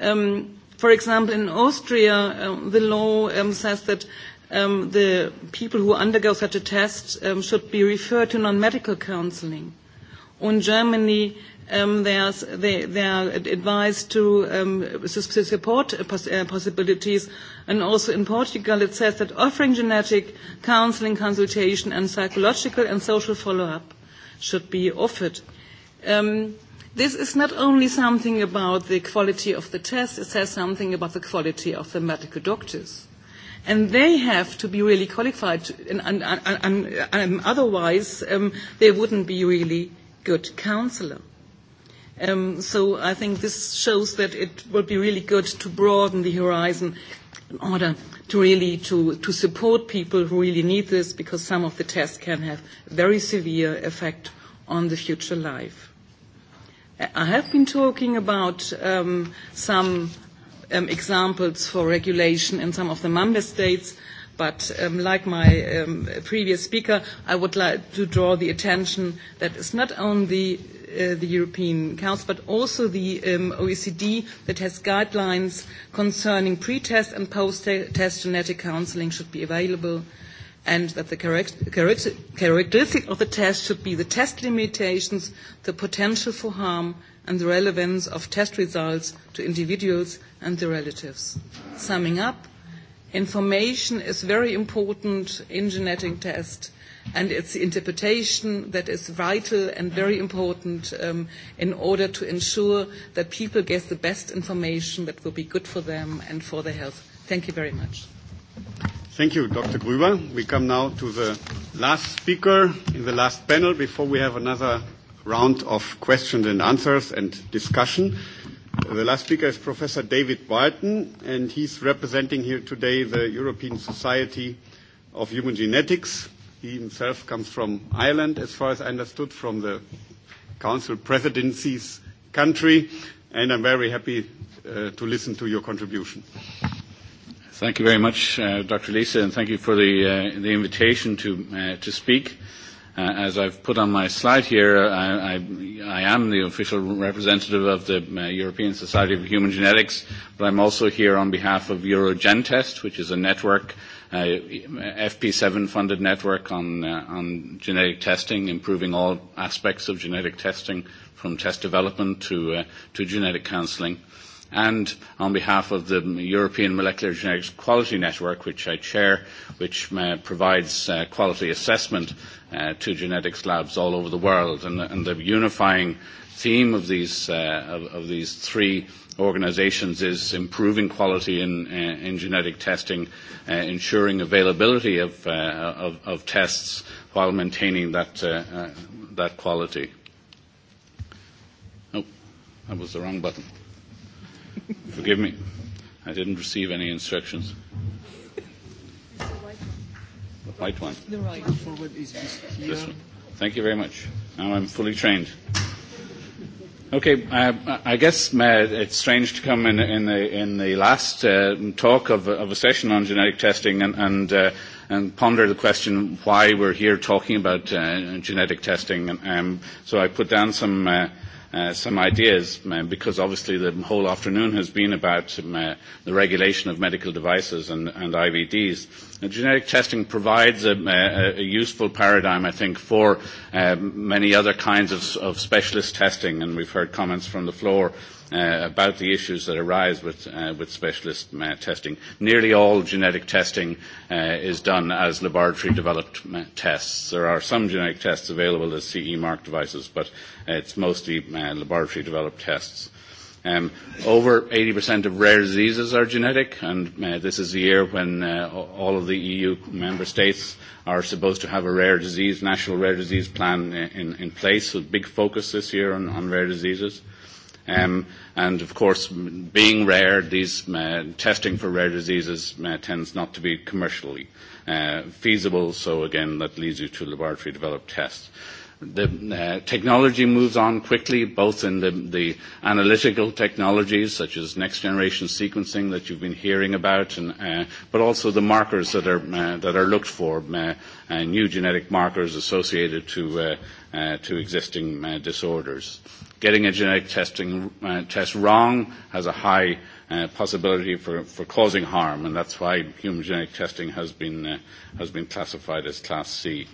um, For example, in Austria, um, the law um, says that um, the people who undergo such a test um, should be referred to non-medical counseling. Or in Germany, um, they, are, they, they are advised to um, support uh, possibilities. And also in Portugal, it says that offering genetic counseling, consultation, and psychological and social follow-up should be offered. Um, This is not only something about the quality of the test, it says something about the quality of the medical doctors. And they have to be really qualified, and, and, and, and, and otherwise um, they wouldn't be really good counsellor. Um, so I think this shows that it would be really good to broaden the horizon in order to really to, to support people who really need this because some of the tests can have very severe effect on the future life. I have been talking about um, some um, examples for regulation in some of the member states, but um, like my um, previous speaker, I would like to draw the attention that it's not only the European Council, but also the OECD that has guidelines concerning pre-test and post-test genetic counselling should be available and that the characteristic of the test should be the test limitations, the potential for harm, and the relevance of test results to individuals and their relatives. Summing up, information is very important in genetic tests, and its interpretation that is vital and very important um, in order to ensure that people get the best information that will be good for them and for their health. Thank you very much. Thank you, Dr. Gruber. We come now to the last speaker in the last panel before we have another round of questions and answers and discussion. The last speaker is Professor David Barton, and he's representing here today the European Society of Human Genetics. He himself comes from Ireland, as far as I understood, from the Council Presidency's country, and I'm very happy uh, to listen to your contribution. Thank you very much, uh, Dr. Lisa, and thank you for the, uh, the invitation to, uh, to speak. Uh, as I've put on my slide here, I, I, I am the official representative of the uh, European Society of Human Genetics, but I'm also here on behalf of Eurogentest, which is a network uh, FP7-funded network on, uh, on genetic testing, improving all aspects of genetic testing, from test development to, uh, to genetic counselling and on behalf of the European Molecular Genetics Quality Network, which I chair, which uh, provides uh, quality assessment uh, to genetics labs all over the world. And, and the unifying theme of these, uh, of, of these three organizations is improving quality in, uh, in genetic testing, uh, ensuring availability of, uh, of, of tests while maintaining that, uh, uh, that quality. Oh, that was the wrong button. Forgive me. I didn't receive any instructions. The white one. The right forward is this one. Thank you very much. Now I'm fully trained. Okay, I, I guess it's strange to come in, in, the, in the last uh, talk of, of a session on genetic testing and, and, uh, and ponder the question why we're here talking about uh, genetic testing. Um, so I put down some. Uh, uh, some ideas because obviously the whole afternoon has been about um, uh, the regulation of medical devices and, and IVDs. And genetic testing provides a, a, a useful paradigm, I think, for uh, many other kinds of, of specialist testing, and we've heard comments from the floor uh, uh, about the issues that arise with, uh, with specialist uh, testing. Nearly all genetic testing uh, is done as laboratory developed tests. There are some genetic tests available as CE mark devices, but it's mostly uh, laboratory developed tests. Um, over 80% of rare diseases are genetic, and uh, this is the year when uh, all of the EU member states are supposed to have a rare disease, national rare disease plan in, in place, with big focus this year on, on rare diseases. Uh, Um, and of course, being rare, these uh, testing for rare diseases uh, tends not to be commercially uh, feasible. So again, that leads you to laboratory developed tests the uh technology moves on quickly, both in the, the analytical technologies such as next generation sequencing that you've been hearing about, and, uh, but also the markers that are, uh, that are looked for, uh, uh, new genetic markers associated to, uh, uh, to existing uh, disorders. Uh, Getting a genetic testing uh, test wrong has a high uh, possibility for, for causing harm, and that's why human genetic testing has been, uh, has been classified as Class C.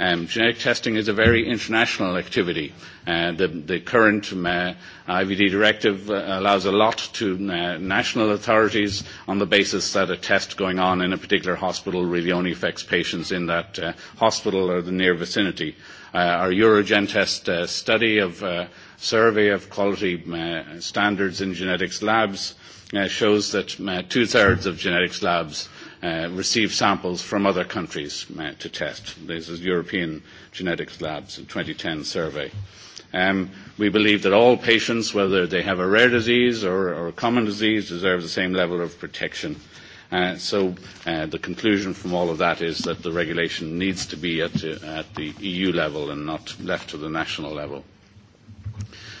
Um, genetic testing is a very international activity. Uh, the, the current uh, IVD directive uh, allows a lot to uh, national authorities on the basis that a test going on in a particular hospital really only affects patients in that uh, hospital or the near vicinity. Uh, our Eurogen test uh, study of uh, survey of quality standards in genetics labs shows that two-thirds of genetics labs receive samples from other countries to test. This is European Genetics Labs in 2010 survey. Um, we believe that all patients, whether they have a rare disease or, or a common disease, deserve the same level of protection. Uh, so uh, the conclusion from all of that is that the regulation needs to be at, uh, at the EU level and not left to the national level.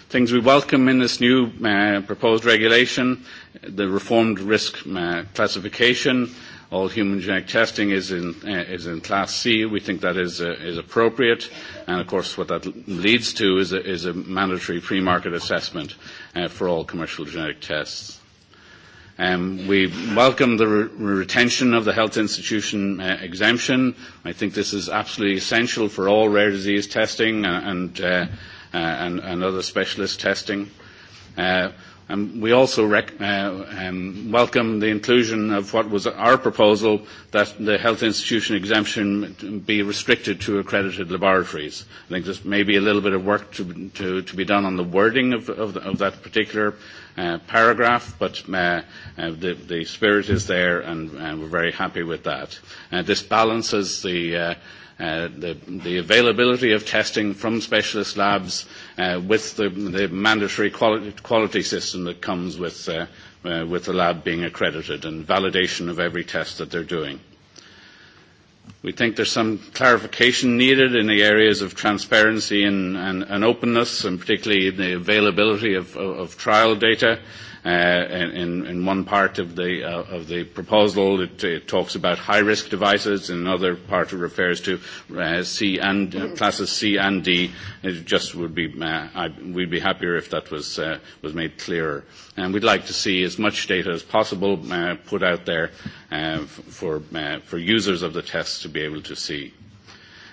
Things we welcome in this new uh, proposed regulation, the reformed risk uh, classification, all human genetic testing is in, uh, is in class C. We think that is, uh, is appropriate. And of course, what that leads to is a, is a mandatory pre-market assessment uh, for all commercial genetic tests. Um, we welcome the re- retention of the health institution uh, exemption. I think this is absolutely essential for all rare disease testing and, and uh, and, and other specialist testing. Uh, and we also rec- uh, um, welcome the inclusion of what was our proposal that the health institution exemption be restricted to accredited laboratories. I think there's maybe a little bit of work to, to, to be done on the wording of, of, of that particular uh, paragraph, but the, the spirit is there, and we're very happy with that. this balances the uh, the, the availability of testing from specialist labs uh, with the, the mandatory quality, quality system that comes with, uh, uh, with the lab being accredited and validation of every test that they're doing. We think there's some clarification needed in the areas of transparency and, and, and openness, and particularly the availability of, of, of trial data in, in one part of the, uh, of the proposal, it, it talks about high-risk devices. In another part, it refers to uh, C and uh, classes C and D. It just would be, uh, I, we'd be happier if that was, uh, was made clearer. And we'd like to see as much data as possible uh, put out there uh, for, uh, for users of the tests to be able to see.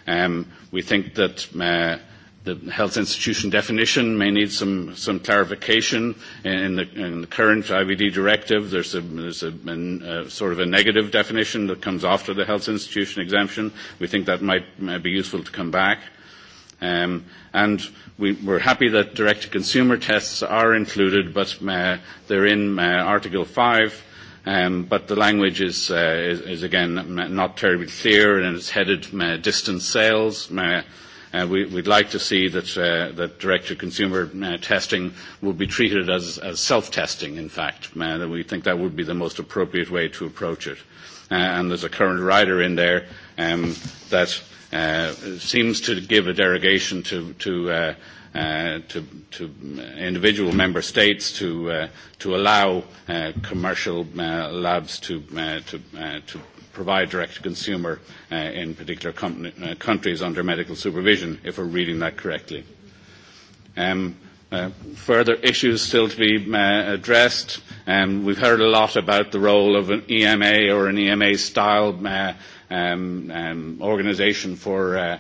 Um, we think that uh, the health institution definition may need some, some clarification in the, in the current IVD directive. There's, a, there's a, a, a sort of a negative definition that comes after the health institution exemption. We think that might, might be useful to come back. Um, and we, we're happy that direct-to-consumer tests are included, but uh, they're in uh, Article 5 um, but the language is, uh, is, is again not terribly clear and it's headed uh, distance sales. Uh, Uh, we, we'd like to see that, uh, that direct-to-consumer uh, testing would be treated as, as self-testing, in fact. Uh, we think that would be the most appropriate way to approach it. Uh, and there's a current rider in there um, that uh, seems to give a derogation to, to uh, to, to individual member states to, uh, to allow uh, commercial uh, labs to, uh, to, uh, to provide direct to consumer uh, in particular com- uh, countries under medical supervision, if we're reading that correctly. Um, uh, further issues still to be uh, addressed. Um, we've heard a lot about the role of an EMA or an EMA style uh, um, um, organisation for uh,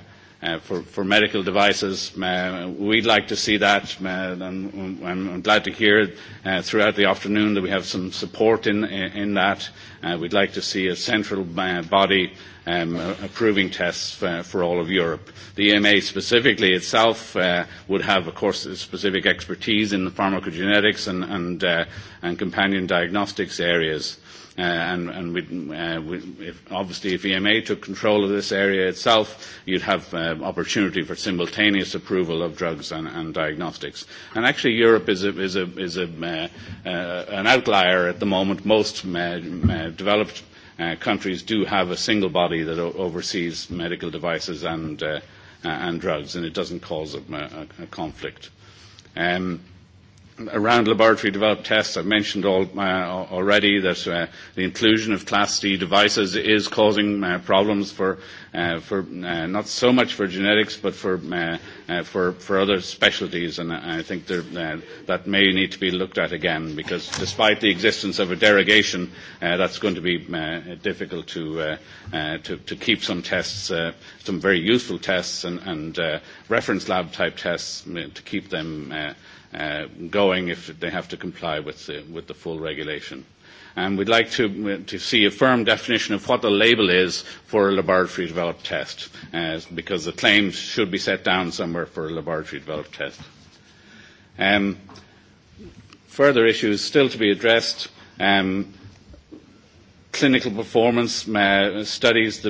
for, for medical devices. Uh, we'd like to see that, uh, and I'm glad to hear uh, throughout the afternoon that we have some support in, in that. Uh, we'd like to see a central body um, approving tests for, for all of Europe. The EMA specifically itself uh, would have, of course, specific expertise in the pharmacogenetics and, and, uh, and companion diagnostics areas and and we, uh, we, if, obviously if EMA took control of this area itself, you'd have uh, opportunity for simultaneous approval of drugs and, and diagnostics. And actually, Europe is a, is a, is a, uh, uh, an outlier at the moment. Most uh, uh, developed uh, countries do have a single body that o- oversees medical devices and uh, and drugs, and it doesn't cause a, a, a conflict. Um, around laboratory developed tests, I've mentioned all, uh, already that uh, the inclusion of Class D devices is causing uh, problems for, uh, for uh, not so much for genetics, but for, uh, uh, for, for other specialties. And I think there, uh, that may need to be looked at again, because despite the existence of a derogation, uh, that's going to be uh, difficult to, uh, uh, to, to keep some tests, uh, some very useful tests and, and uh, reference lab type tests to keep them uh, uh, going if they have to comply with the, with the full regulation. And we'd like to, to see a firm definition of what the label is for a laboratory developed test, uh, because the claims should be set down somewhere for a laboratory developed test. Um, further issues still to be addressed. Um, clinical performance studies, the,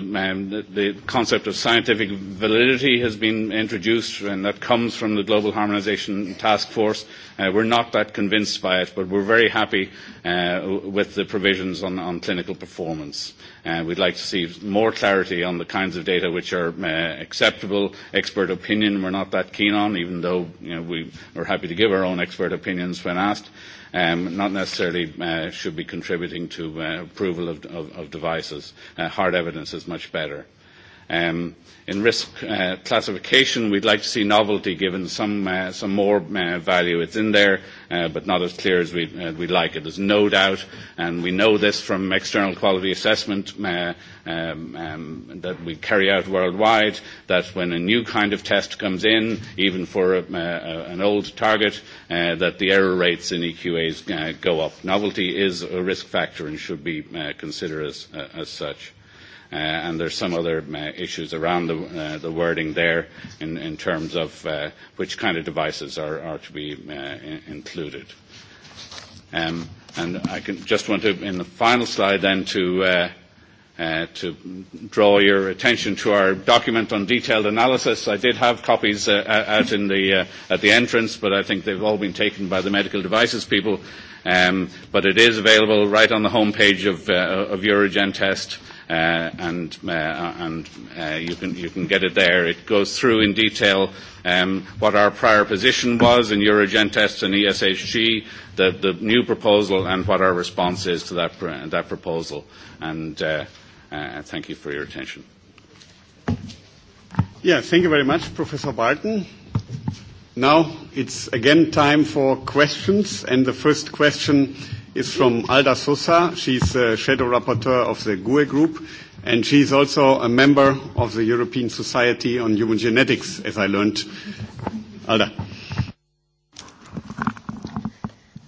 the concept of scientific validity has been introduced, and that comes from the Global Harmonisation Task Force. Uh, we're not that convinced by it, but we're very happy uh, with the provisions on, on clinical performance. Uh, we'd like to see more clarity on the kinds of data which are uh, acceptable. Expert opinion we're not that keen on, even though you know, we are happy to give our own expert opinions when asked um, not necessarily uh, should be contributing to uh, approval of, of, of devices. Uh, hard evidence is much better. Um, in risk uh, classification, we'd like to see novelty given some, uh, some more value. It's in there, but not as clear as we'd, we'd like it. There's no doubt, and we know this from external quality assessment that we carry out worldwide, that when a new kind of test comes in, even for an old target, uh, that the error rates in EQAs uh, go up. Novelty is a risk factor and should be uh, considered as, uh, as such and there's some other issues around the wording there in terms of which kind of devices are to be included. And I just want to, in the final slide then, to to draw your attention to our document on detailed analysis. I did have copies uh, out in the, uh, at the entrance, but I think they've all been taken by the medical devices people. Um, but it is available right on the homepage of, uh, of Eurogen Test and, uh, and uh, you, can, you can get it there. It goes through in detail um, what our prior position was in Eurogentest and ESHG, the, the new proposal, and what our response is to that, that proposal. And uh, uh, thank you for your attention. Yeah, thank you very much, Professor Barton. Now it's again time for questions, and the first question is from Alda Sosa. She's a shadow rapporteur of the GUE group, and she's also a member of the European Society on Human Genetics, as I learned. Alda.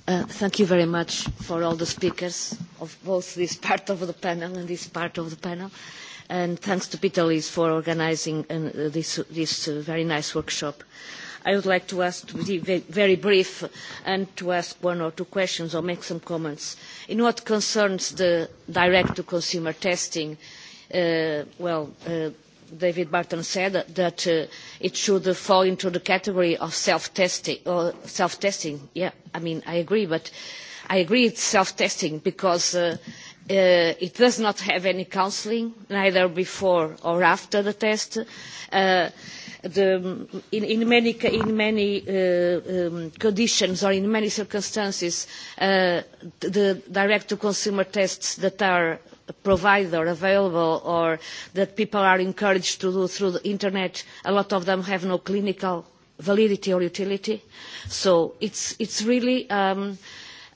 Uh, thank you very much for all the speakers of both this part of the panel and this part of the panel. And thanks to Peter Lees for organizing uh, this, this uh, very nice workshop. Uh, I would like to ask to be very brief and to ask one or two questions or make some comments. In what concerns the direct-to-consumer testing, well, David Barton said that it should fall into the category of self-testing. Or self-testing, yeah, I mean, I agree, but I agree it's self-testing because it does not have any counselling, neither before or after the test the, in, in many, in many uh, um, conditions or in many circumstances, uh, the direct-to-consumer tests that are provided or available or that people are encouraged to do through the internet, a lot of them have no clinical validity or utility. So it's, it's really, um,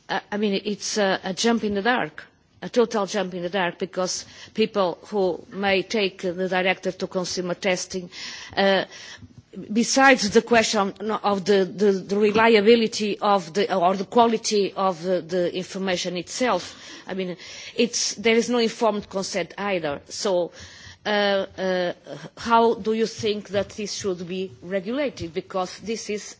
I mean, it's a, a jump in the dark a total jump in the dark because people who may take the directive to consumer testing besides the question of the, reliability of the, or the quality of the, information itself, I mean, there is no informed consent either. So how do you think that this should be regulated? Because this is,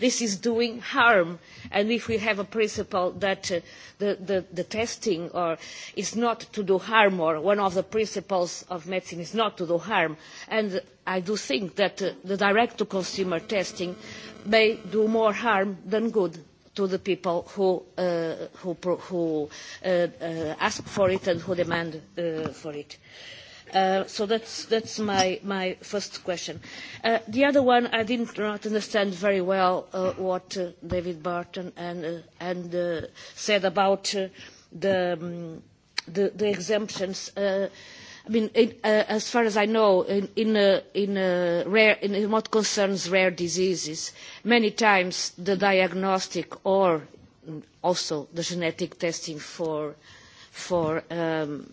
this is doing harm. And if we have a principle that the, testing or is not to do harm, or one of the principles of medicine is not to do harm, and I do think that the direct-to-consumer testing may do more harm than good to the people who, uh, who, who uh, uh, ask for it and who demand uh, for it. Uh, so that's that's my my first question. Uh, the other one, I did not understand very well uh, what uh, David Barton and uh, and uh, said about uh, the, um, the the exemptions. Uh, I mean, in uh, as far as I know, in in, uh, in uh, rare in what concerns rare diseases, many times the diagnostic or also the genetic testing for for um,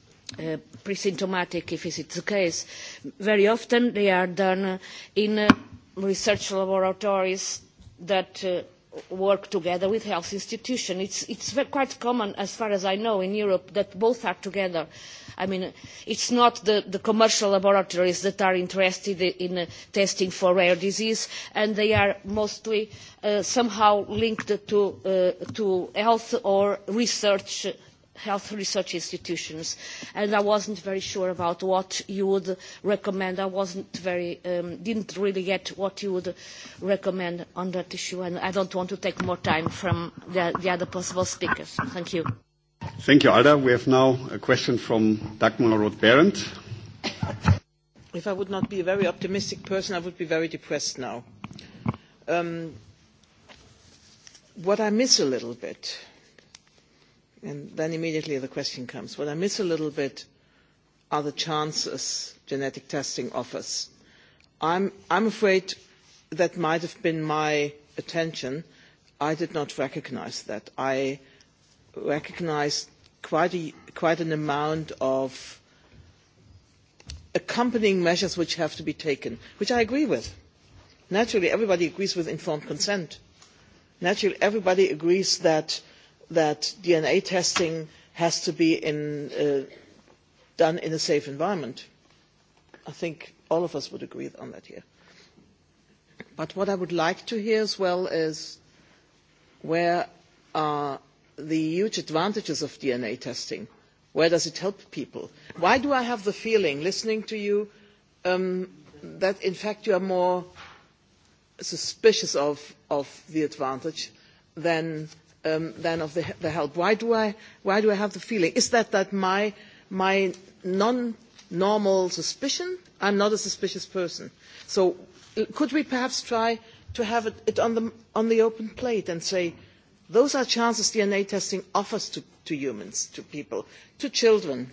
pre-symptomatic, if it is the case. Very often they are done in research laboratories that work together with health institutions. It's, it's quite common, as far as I know, in Europe that both are together. I mean, it's not the, the commercial laboratories that are interested in testing for rare disease, and they are mostly somehow linked to, health or research health research institutions, and I wasn't very sure about what you would recommend. I wasn't very, um, didn't really get what you would recommend on that issue, and I don't want to take more time from the, the other possible speakers. Thank you. Thank you, Alda. We have now a question from Dagmar Roth-Berendt. If I would not be a very optimistic person, I would be very depressed now. Um, what I miss a little bit – And then immediately the question comes, what I miss a little bit are the chances genetic testing offers. I'm, I'm afraid that might have been my attention. I did not recognise that. I recognised quite, a, quite an amount of accompanying measures which have to be taken, which I agree with. Naturally, everybody agrees with informed consent. Naturally, everybody agrees that – that DNA testing has to be done in a safe environment. I think all of us would agree on that here. But what I would like to hear as well is where are the huge advantages of DNA testing? Where does it help people? Why do I have the feeling, listening to you, that in fact you are more suspicious of, of the advantage than than of the, the help. Why do, I, why do I have the feeling? Is that that my, my non-normal suspicion? I'm not a suspicious person. So could we perhaps try to have it, it on, the, on the open plate and say, those are chances DNA testing offers to, to humans, to people, to children,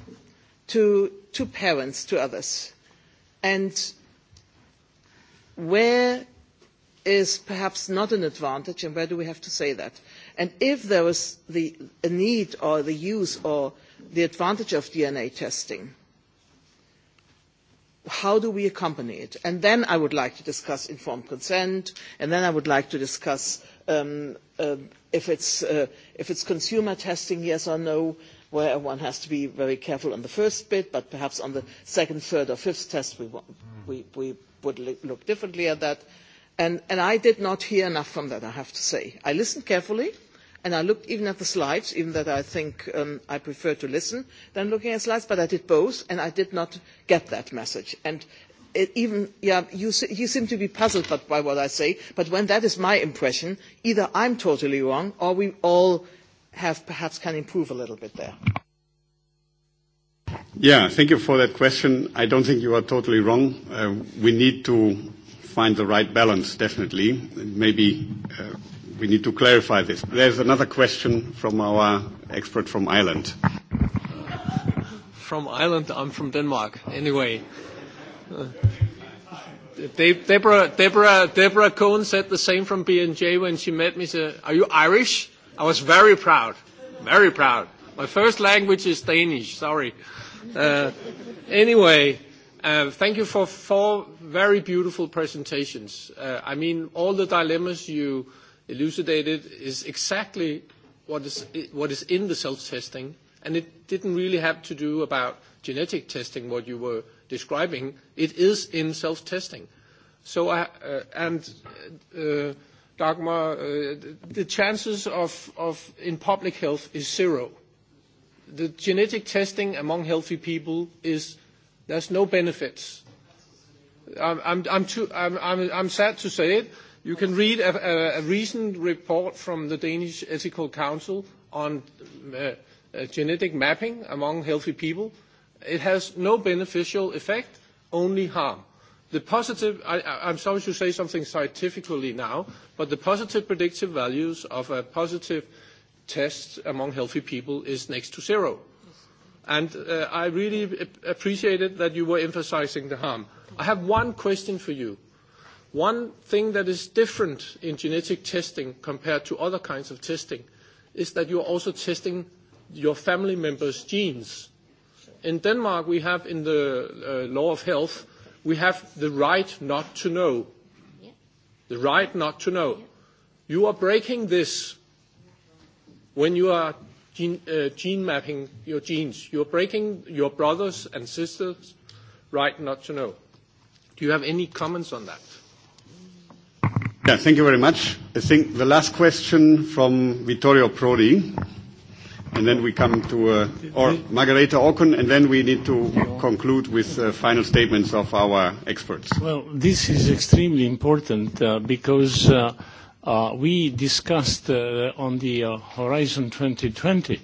to, to parents, to others. And where is perhaps not an advantage and where do we have to say that? And if there was the need or the use or the advantage of DNA testing, how do we accompany it? And then I would like to discuss informed consent, and then I would like to discuss um, uh, if, it's, uh, if it's consumer testing, yes or no, where one has to be very careful on the first bit, but perhaps on the second, third, or fifth test we, we, we would look differently at that. And, and I did not hear enough from that, I have to say. I listened carefully And I looked even at the slides, even though I think I prefer to listen than looking at slides, but I did both, and I did not get that message. And even yeah you seem to be puzzled by what i say but when that is my impression either I am totally wrong or we all have perhaps can improve a little bit there yeah thank you for that question i don't think you are totally wrong we need to find the right balance definitely maybe we need to clarify this. There's another question from our expert from Ireland. From Ireland, I'm from Denmark. Anyway, Deborah, Deborah, Deborah Cohen said the same from B&J when she met me. She said, "Are you Irish?" I was very proud, very proud. My first language is Danish. Sorry. Uh, anyway. Uh, thank you for four very beautiful presentations. Uh, I mean, all the dilemmas you elucidated is exactly what is, what is in the self-testing, and it didn't really have to do about genetic testing, what you were describing. It is in self-testing. So, I uh, and uh, Dagmar, uh, the chances of, of in public health is zero. The genetic testing among healthy people is there's no benefits. I'm, I'm, I'm, too, I'm, I'm, I'm sad to say it, You can read a, a, recent report from the Danish Ethical Council on genetic mapping among healthy people. It has no beneficial effect, only harm. The positive, I, I'm sorry to say something scientifically now, but the positive predictive values of a positive test among healthy people is next to zero. And uh, I really appreciated that you were emphasizing the harm. I have one question for you One thing that is different in genetic testing compared to other kinds of testing is that you're also testing your family members' genes. In Denmark, we have in the law of health, we have the right not to know. The right not to know. You are breaking this when you are gene, uh, gene mapping your genes. You are breaking your brothers and sisters' right not to know. Do you have any comments on that? Yeah, thank you very much. I think the last question from Vittorio Prodi, and then we come to uh, or Margareta Auken, and then we need to conclude with final statements of our experts. Well, this is extremely important uh, because uh, uh, we discussed uh, on the uh, Horizon 2020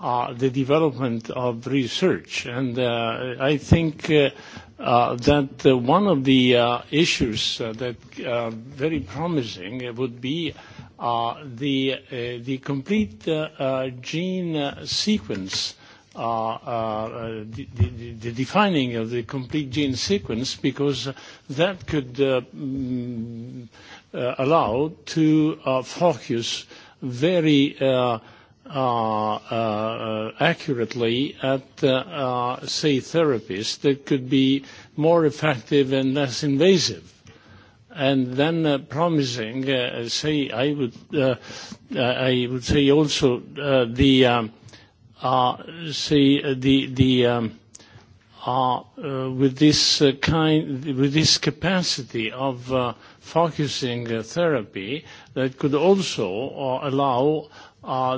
uh, the development of research, and uh, I think. Uh, that one of the issues that are very promising would be the complete gene sequence, the defining of the complete gene sequence, because that could allow to focus very uh accurately at, say, therapies that could be more effective and less invasive. And then promising, say, I would, I would say also the, say, the, the with this kind, with this capacity of focusing therapy that could also allow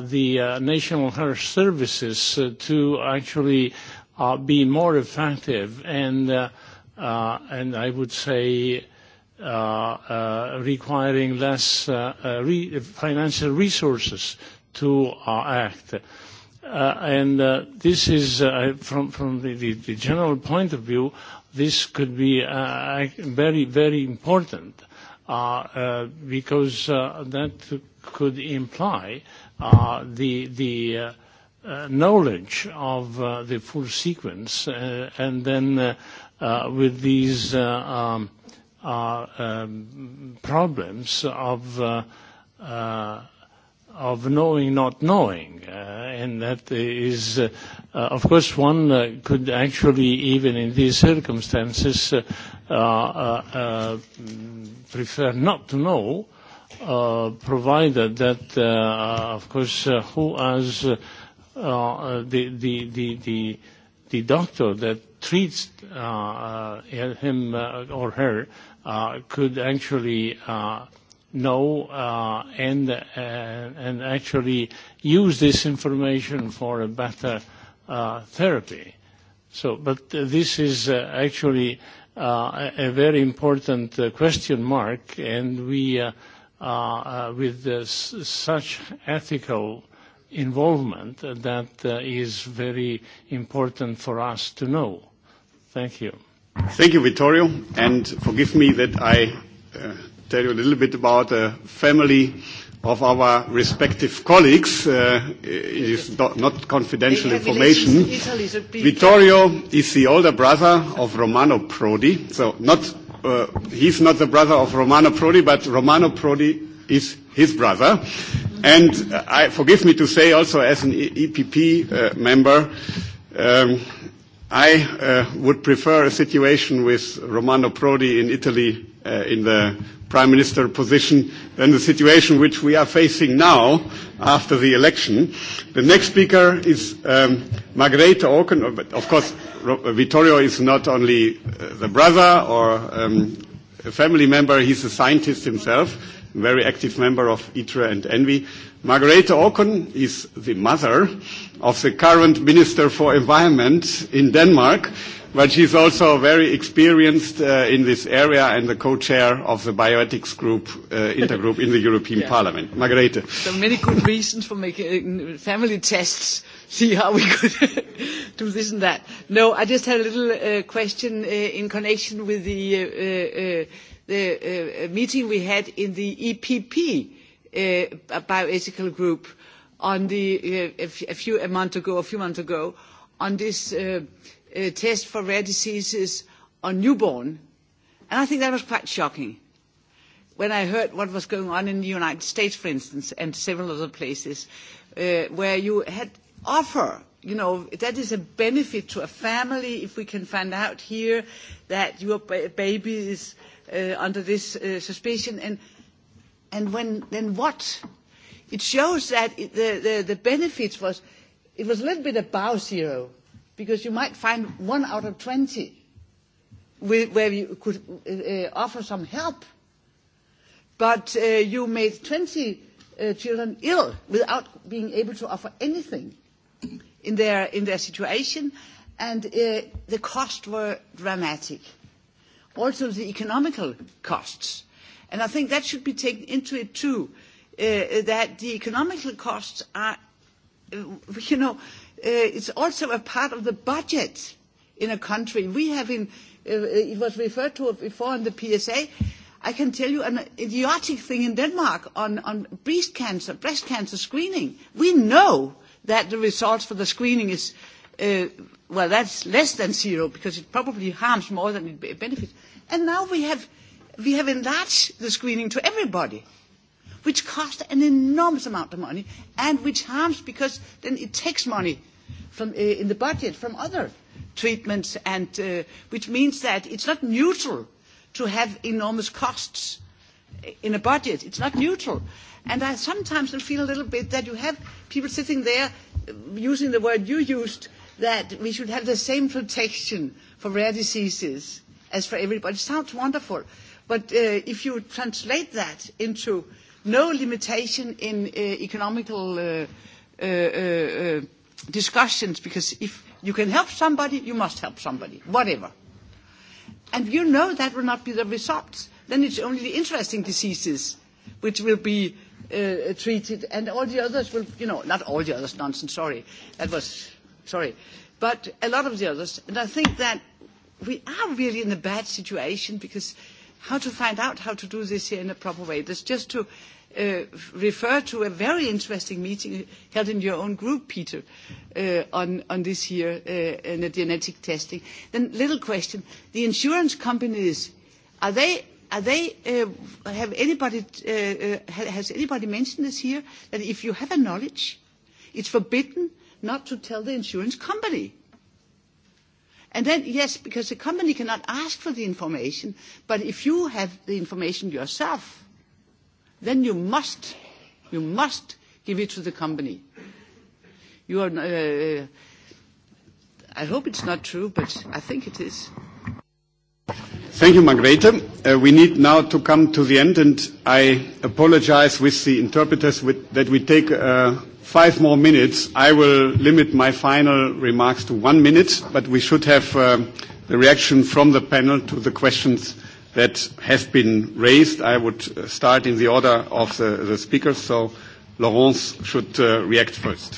the National Health Services to actually be more effective and, and I would say, requiring less financial resources to act. And this is, from from the general point of view, this could be very, very important because that could imply the the knowledge of the full sequence, and then with these problems of of knowing not knowing. Uh, and that is, uh, of course, one uh, could actually, even in these circumstances, uh, uh, uh, prefer not to know uh, provided that, uh, of course, uh, who as uh, the, the, the, the, the doctor that treats uh, uh, him uh, or her uh, could actually uh, know uh, and, uh, and actually use this information for a better uh, therapy. So, but uh, this is uh, actually uh, a very important uh, question mark, and we uh, with such ethical involvement that is very important for us to know. Thank you. Thank you, Vittorio, and forgive me that I tell you a little bit about the family of our respective colleagues. Uh, it is not, not confidential information. Vittorio is the older brother of Romano Prodi, so not uh, he's not the brother of Romano Prodi, but Romano Prodi is his brother. And I, forgive me to say also as an EPP uh, member, um, I uh, would prefer a situation with Romano Prodi in Italy uh, in the prime minister position than the situation which we are facing now after the election. The next speaker is um, Margrethe Auken. But of course, Vittorio is not only the brother or um, a family member, he's a scientist himself very active member of ITRE and ENVI. Margarete Auken is the mother of the current Minister for Environment in Denmark, but she's also very experienced uh, in this area and the co-chair of the bioethics group, uh, intergroup in the European yeah. Parliament. Margarete. So many good reasons for making family tests, see how we could do this and that. No, I just had a little uh, question uh, in connection with the uh, uh, The meeting we had in the EPP bioethical group on the, a, few a month ago, a few months ago, on this test for rare diseases on newborn, and I think that was quite shocking when I heard what was going on in the United States, for instance, and several other places, where you had offer, you know, that is a benefit to a family if we can find out here that your baby is under this suspicion. And, and when, then what? It shows that it, the, the, the benefits was, it was a little bit above zero, because you might find one out of 20 with, where you could uh, offer some help. But uh, you made 20 uh, children ill without being able to offer anything in their, in their situation, and uh, the costs were dramatic also the economical costs. And I think that should be taken into it too, that the economical costs are, you know, uh it's also a part of the budget in a country. We have in, uh it was referred to before in the PSA, I can tell you an idiotic thing in Denmark on, on breast cancer, breast cancer screening. We know that the results for the screening is uh well, that's less than zero because it probably harms more than it benefits. And now we have, we have enlarged the screening to everybody, which costs an enormous amount of money and which harms because then it takes money from, uh, in the budget from other treatments, and, uh, which means that it's not neutral to have enormous costs in a budget. It's not neutral. And I sometimes feel a little bit that you have people sitting there using the word you used – that we should have the same protection for rare diseases as for everybody. It sounds wonderful, but uh, if you translate that into no limitation in uh, economical uh, uh, uh, discussions, because if you can help somebody, you must help somebody, whatever. And you know that will not be the result. Then it's only the interesting diseases which will be uh, treated, and all the others will, you know, not all the others, nonsense, sorry. That was sorry, but a lot of the others. And I think that we are really in a bad situation because how to find out how to do this here in a proper way. That's just to uh, refer to a very interesting meeting held in your own group, Peter, uh, on, on this here uh, in the genetic testing. Then, little question: the insurance companies are they are they uh, have anybody uh, uh, has anybody mentioned this here that if you have a knowledge, it's forbidden not to tell the insurance company. And then, yes, because the company cannot ask for the information, but if you have the information yourself, then you must, you must give it to the company. You are, uh, I hope it's not true, but I think it is. Thank you, Margrethe. Uh, we need now to come to the end, and I apologize with the interpreters with, that we take uh, five more minutes. I will limit my final remarks to one minute, but we should have the reaction from the panel to the questions that have been raised. I would start in the order of the the speakers, so Laurence should react first.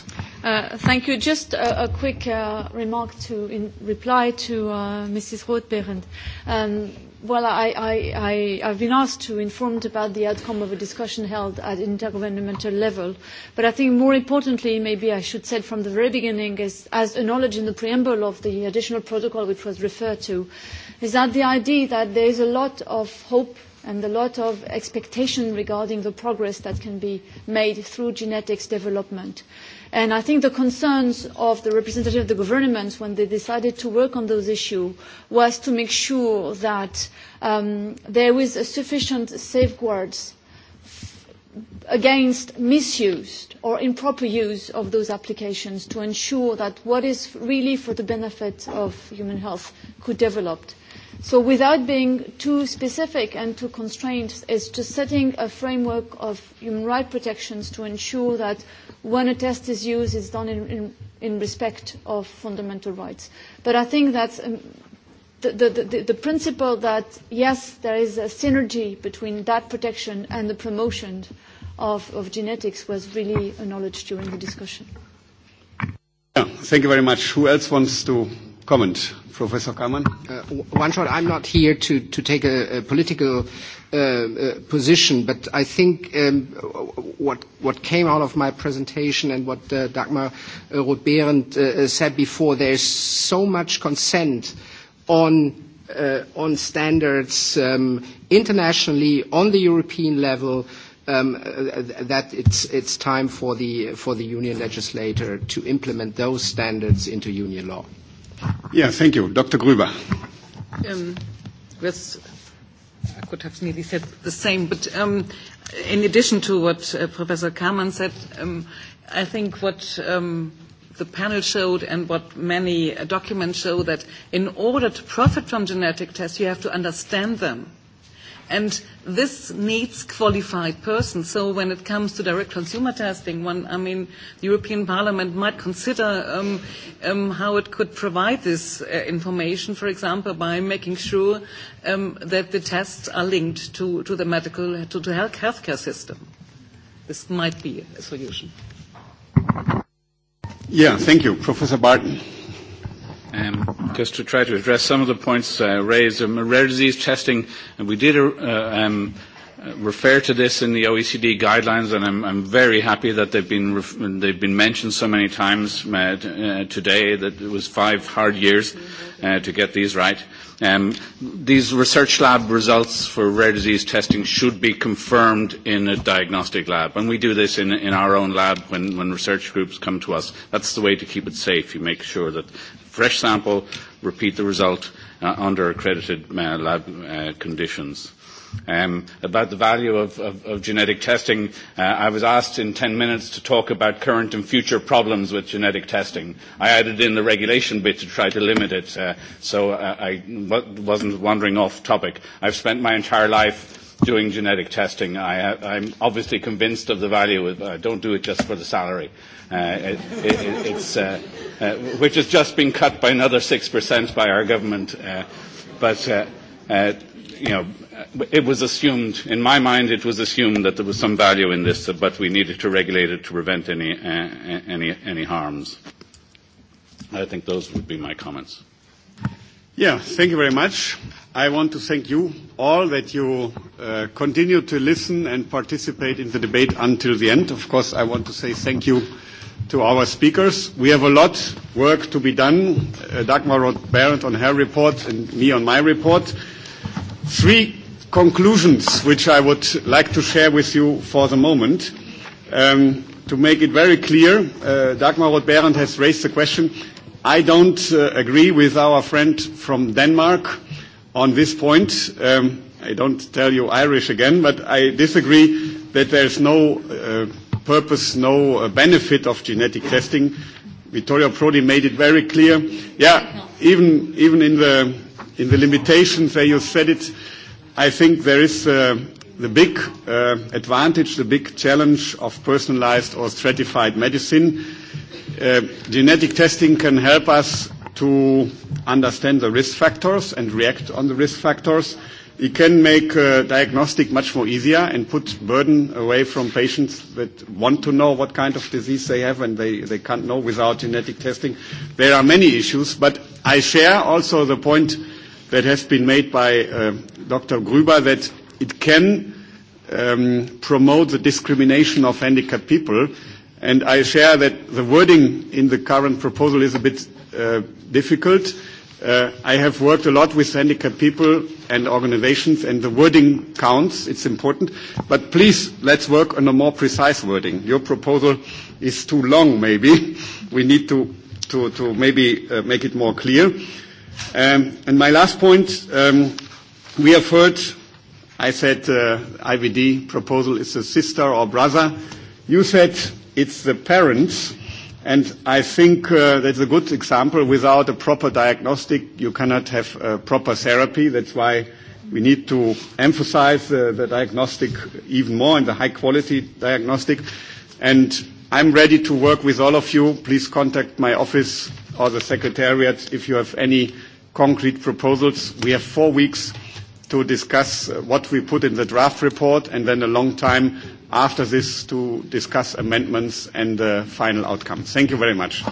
Thank you. Just a quick remark to in reply to Mrs. roth Um, Well, I, I, I, I've been asked to inform about the outcome of a discussion held at intergovernmental level. But I think more importantly, maybe I should say from the very beginning, is, as acknowledged in the preamble of the additional protocol which was referred to, is that the idea that there is a lot of hope and a lot of expectation regarding the progress that can be made through genetics development. And I think the concerns of the representative of the government when they decided to work on those issues was to make sure that um, there was a sufficient safeguards against misuse or improper use of those applications to ensure that what is really for the benefit of human health could develop. So without being too specific and too constrained, it's just setting a framework of human rights protections to ensure that when a test is used, it's done in, in, in respect of fundamental rights. But I think that's um, the, the, the, the principle that, yes, there is a synergy between that protection and the promotion uh, of, of genetics was really acknowledged during the discussion. Yeah, thank you very much. Who else wants to comment? Professor Kamann? Uh, one shot. I'm not here to, to take a, a political uh, uh, position, but I think um, what, what came out of my presentation and what uh, Dagmar uh, Roth-Behrendt uh, said before, there's so much consent on uh, on standards um, internationally, on the European level, uh, um, that it's, it's time for the, for the union legislator to implement those standards into union law. Yeah, thank you. Dr. Gruber. Um, I could have nearly said the same, but um, in addition to what uh, Professor Kaman said, um, I think what um, the panel showed and what many uh, documents show that in order to profit from genetic tests, you have to understand them And this needs qualified persons. So when it comes to direct consumer testing, one, I mean, the European Parliament might consider um, um, how it could provide this uh, information, for example, by making sure um, that the tests are linked to, to the medical, to the health healthcare system. This might be a solution. Yeah, thank you. Professor Barton um, just to try to address some of the points uh, raised. Um, rare disease testing, and we did uh, um, refer to this in the OECD guidelines, and I'm, I'm very happy that they've been, ref- they've been mentioned so many times uh, uh, today that it was five hard years uh, to get these right. Um, these research lab results for rare disease testing should be confirmed in a diagnostic lab, and we do this in, in our own lab when, when research groups come to us. That's the way to keep it safe. You make sure that fresh sample, repeat the result uh, under accredited uh, lab uh, conditions. Um, about the value of, of, of genetic testing, uh, I was asked in 10 minutes to talk about current and future problems with genetic testing. I added in the regulation bit to try to limit it, uh, so uh, I w- wasn't wandering off topic. I've spent my entire life doing genetic testing. I, I'm obviously convinced of the value. Of, I don't do it just for the salary, uh, it, it, it's, uh, uh, which has just been cut by another six percent by our government. Uh, but uh, uh, you know, it was assumed. In my mind, it was assumed that there was some value in this, but we needed to regulate it to prevent any uh, any any harms. I think those would be my comments. Yeah, thank you very much. I want to thank you all that you continue to listen and participate in the debate until the end. Of course, I want to say thank you to our speakers. We have a lot of work to be done. Dagmar Roth-Berendt on her report and me on my report. Three conclusions which I would like to share with you for the moment. to make it very clear, Dagmar Roth-Berendt has raised the question. I don't agree with our friend from Denmark on this point. I don't tell you Irish again, but I disagree that there's no uh, purpose, no uh, benefit of genetic testing. Vittorio Prodi made it very clear. Yeah, even even in the in the limitations where you said it, I think there is uh, the big uh, advantage, the big challenge of personalized or stratified medicine. Uh, genetic testing can help us to understand the risk factors and react on the risk factors you can make diagnostic much more easier and put burden away from patients that want to know what kind of disease they have and they, they can't know without genetic testing. There are many issues, but I share also the point that has been made by uh, Dr. Gruber that it can um, promote the discrimination of handicapped people. And I share that the wording in the current proposal is a bit uh, difficult Uh, I have worked a lot with handicapped people and organizations, and the wording counts. It's important. But please, let's work on a more precise wording. Your proposal is too long, maybe. We need to, to, to maybe uh, make it more clear. Um, and my last point, um, we have heard, I said uh, IVD proposal is a sister or brother. You said it's the parents And I think uh, that's a good example. Without a proper diagnostic, you cannot have a proper therapy. That's why we need to emphasize uh, the diagnostic even more and the high quality diagnostic. And I'm ready to work with all of you. Please contact my office or the secretariat if you have any concrete proposals. We have four weeks to discuss what we put in the draft report and then a long time after this to discuss amendments and the final outcome. Thank you very much.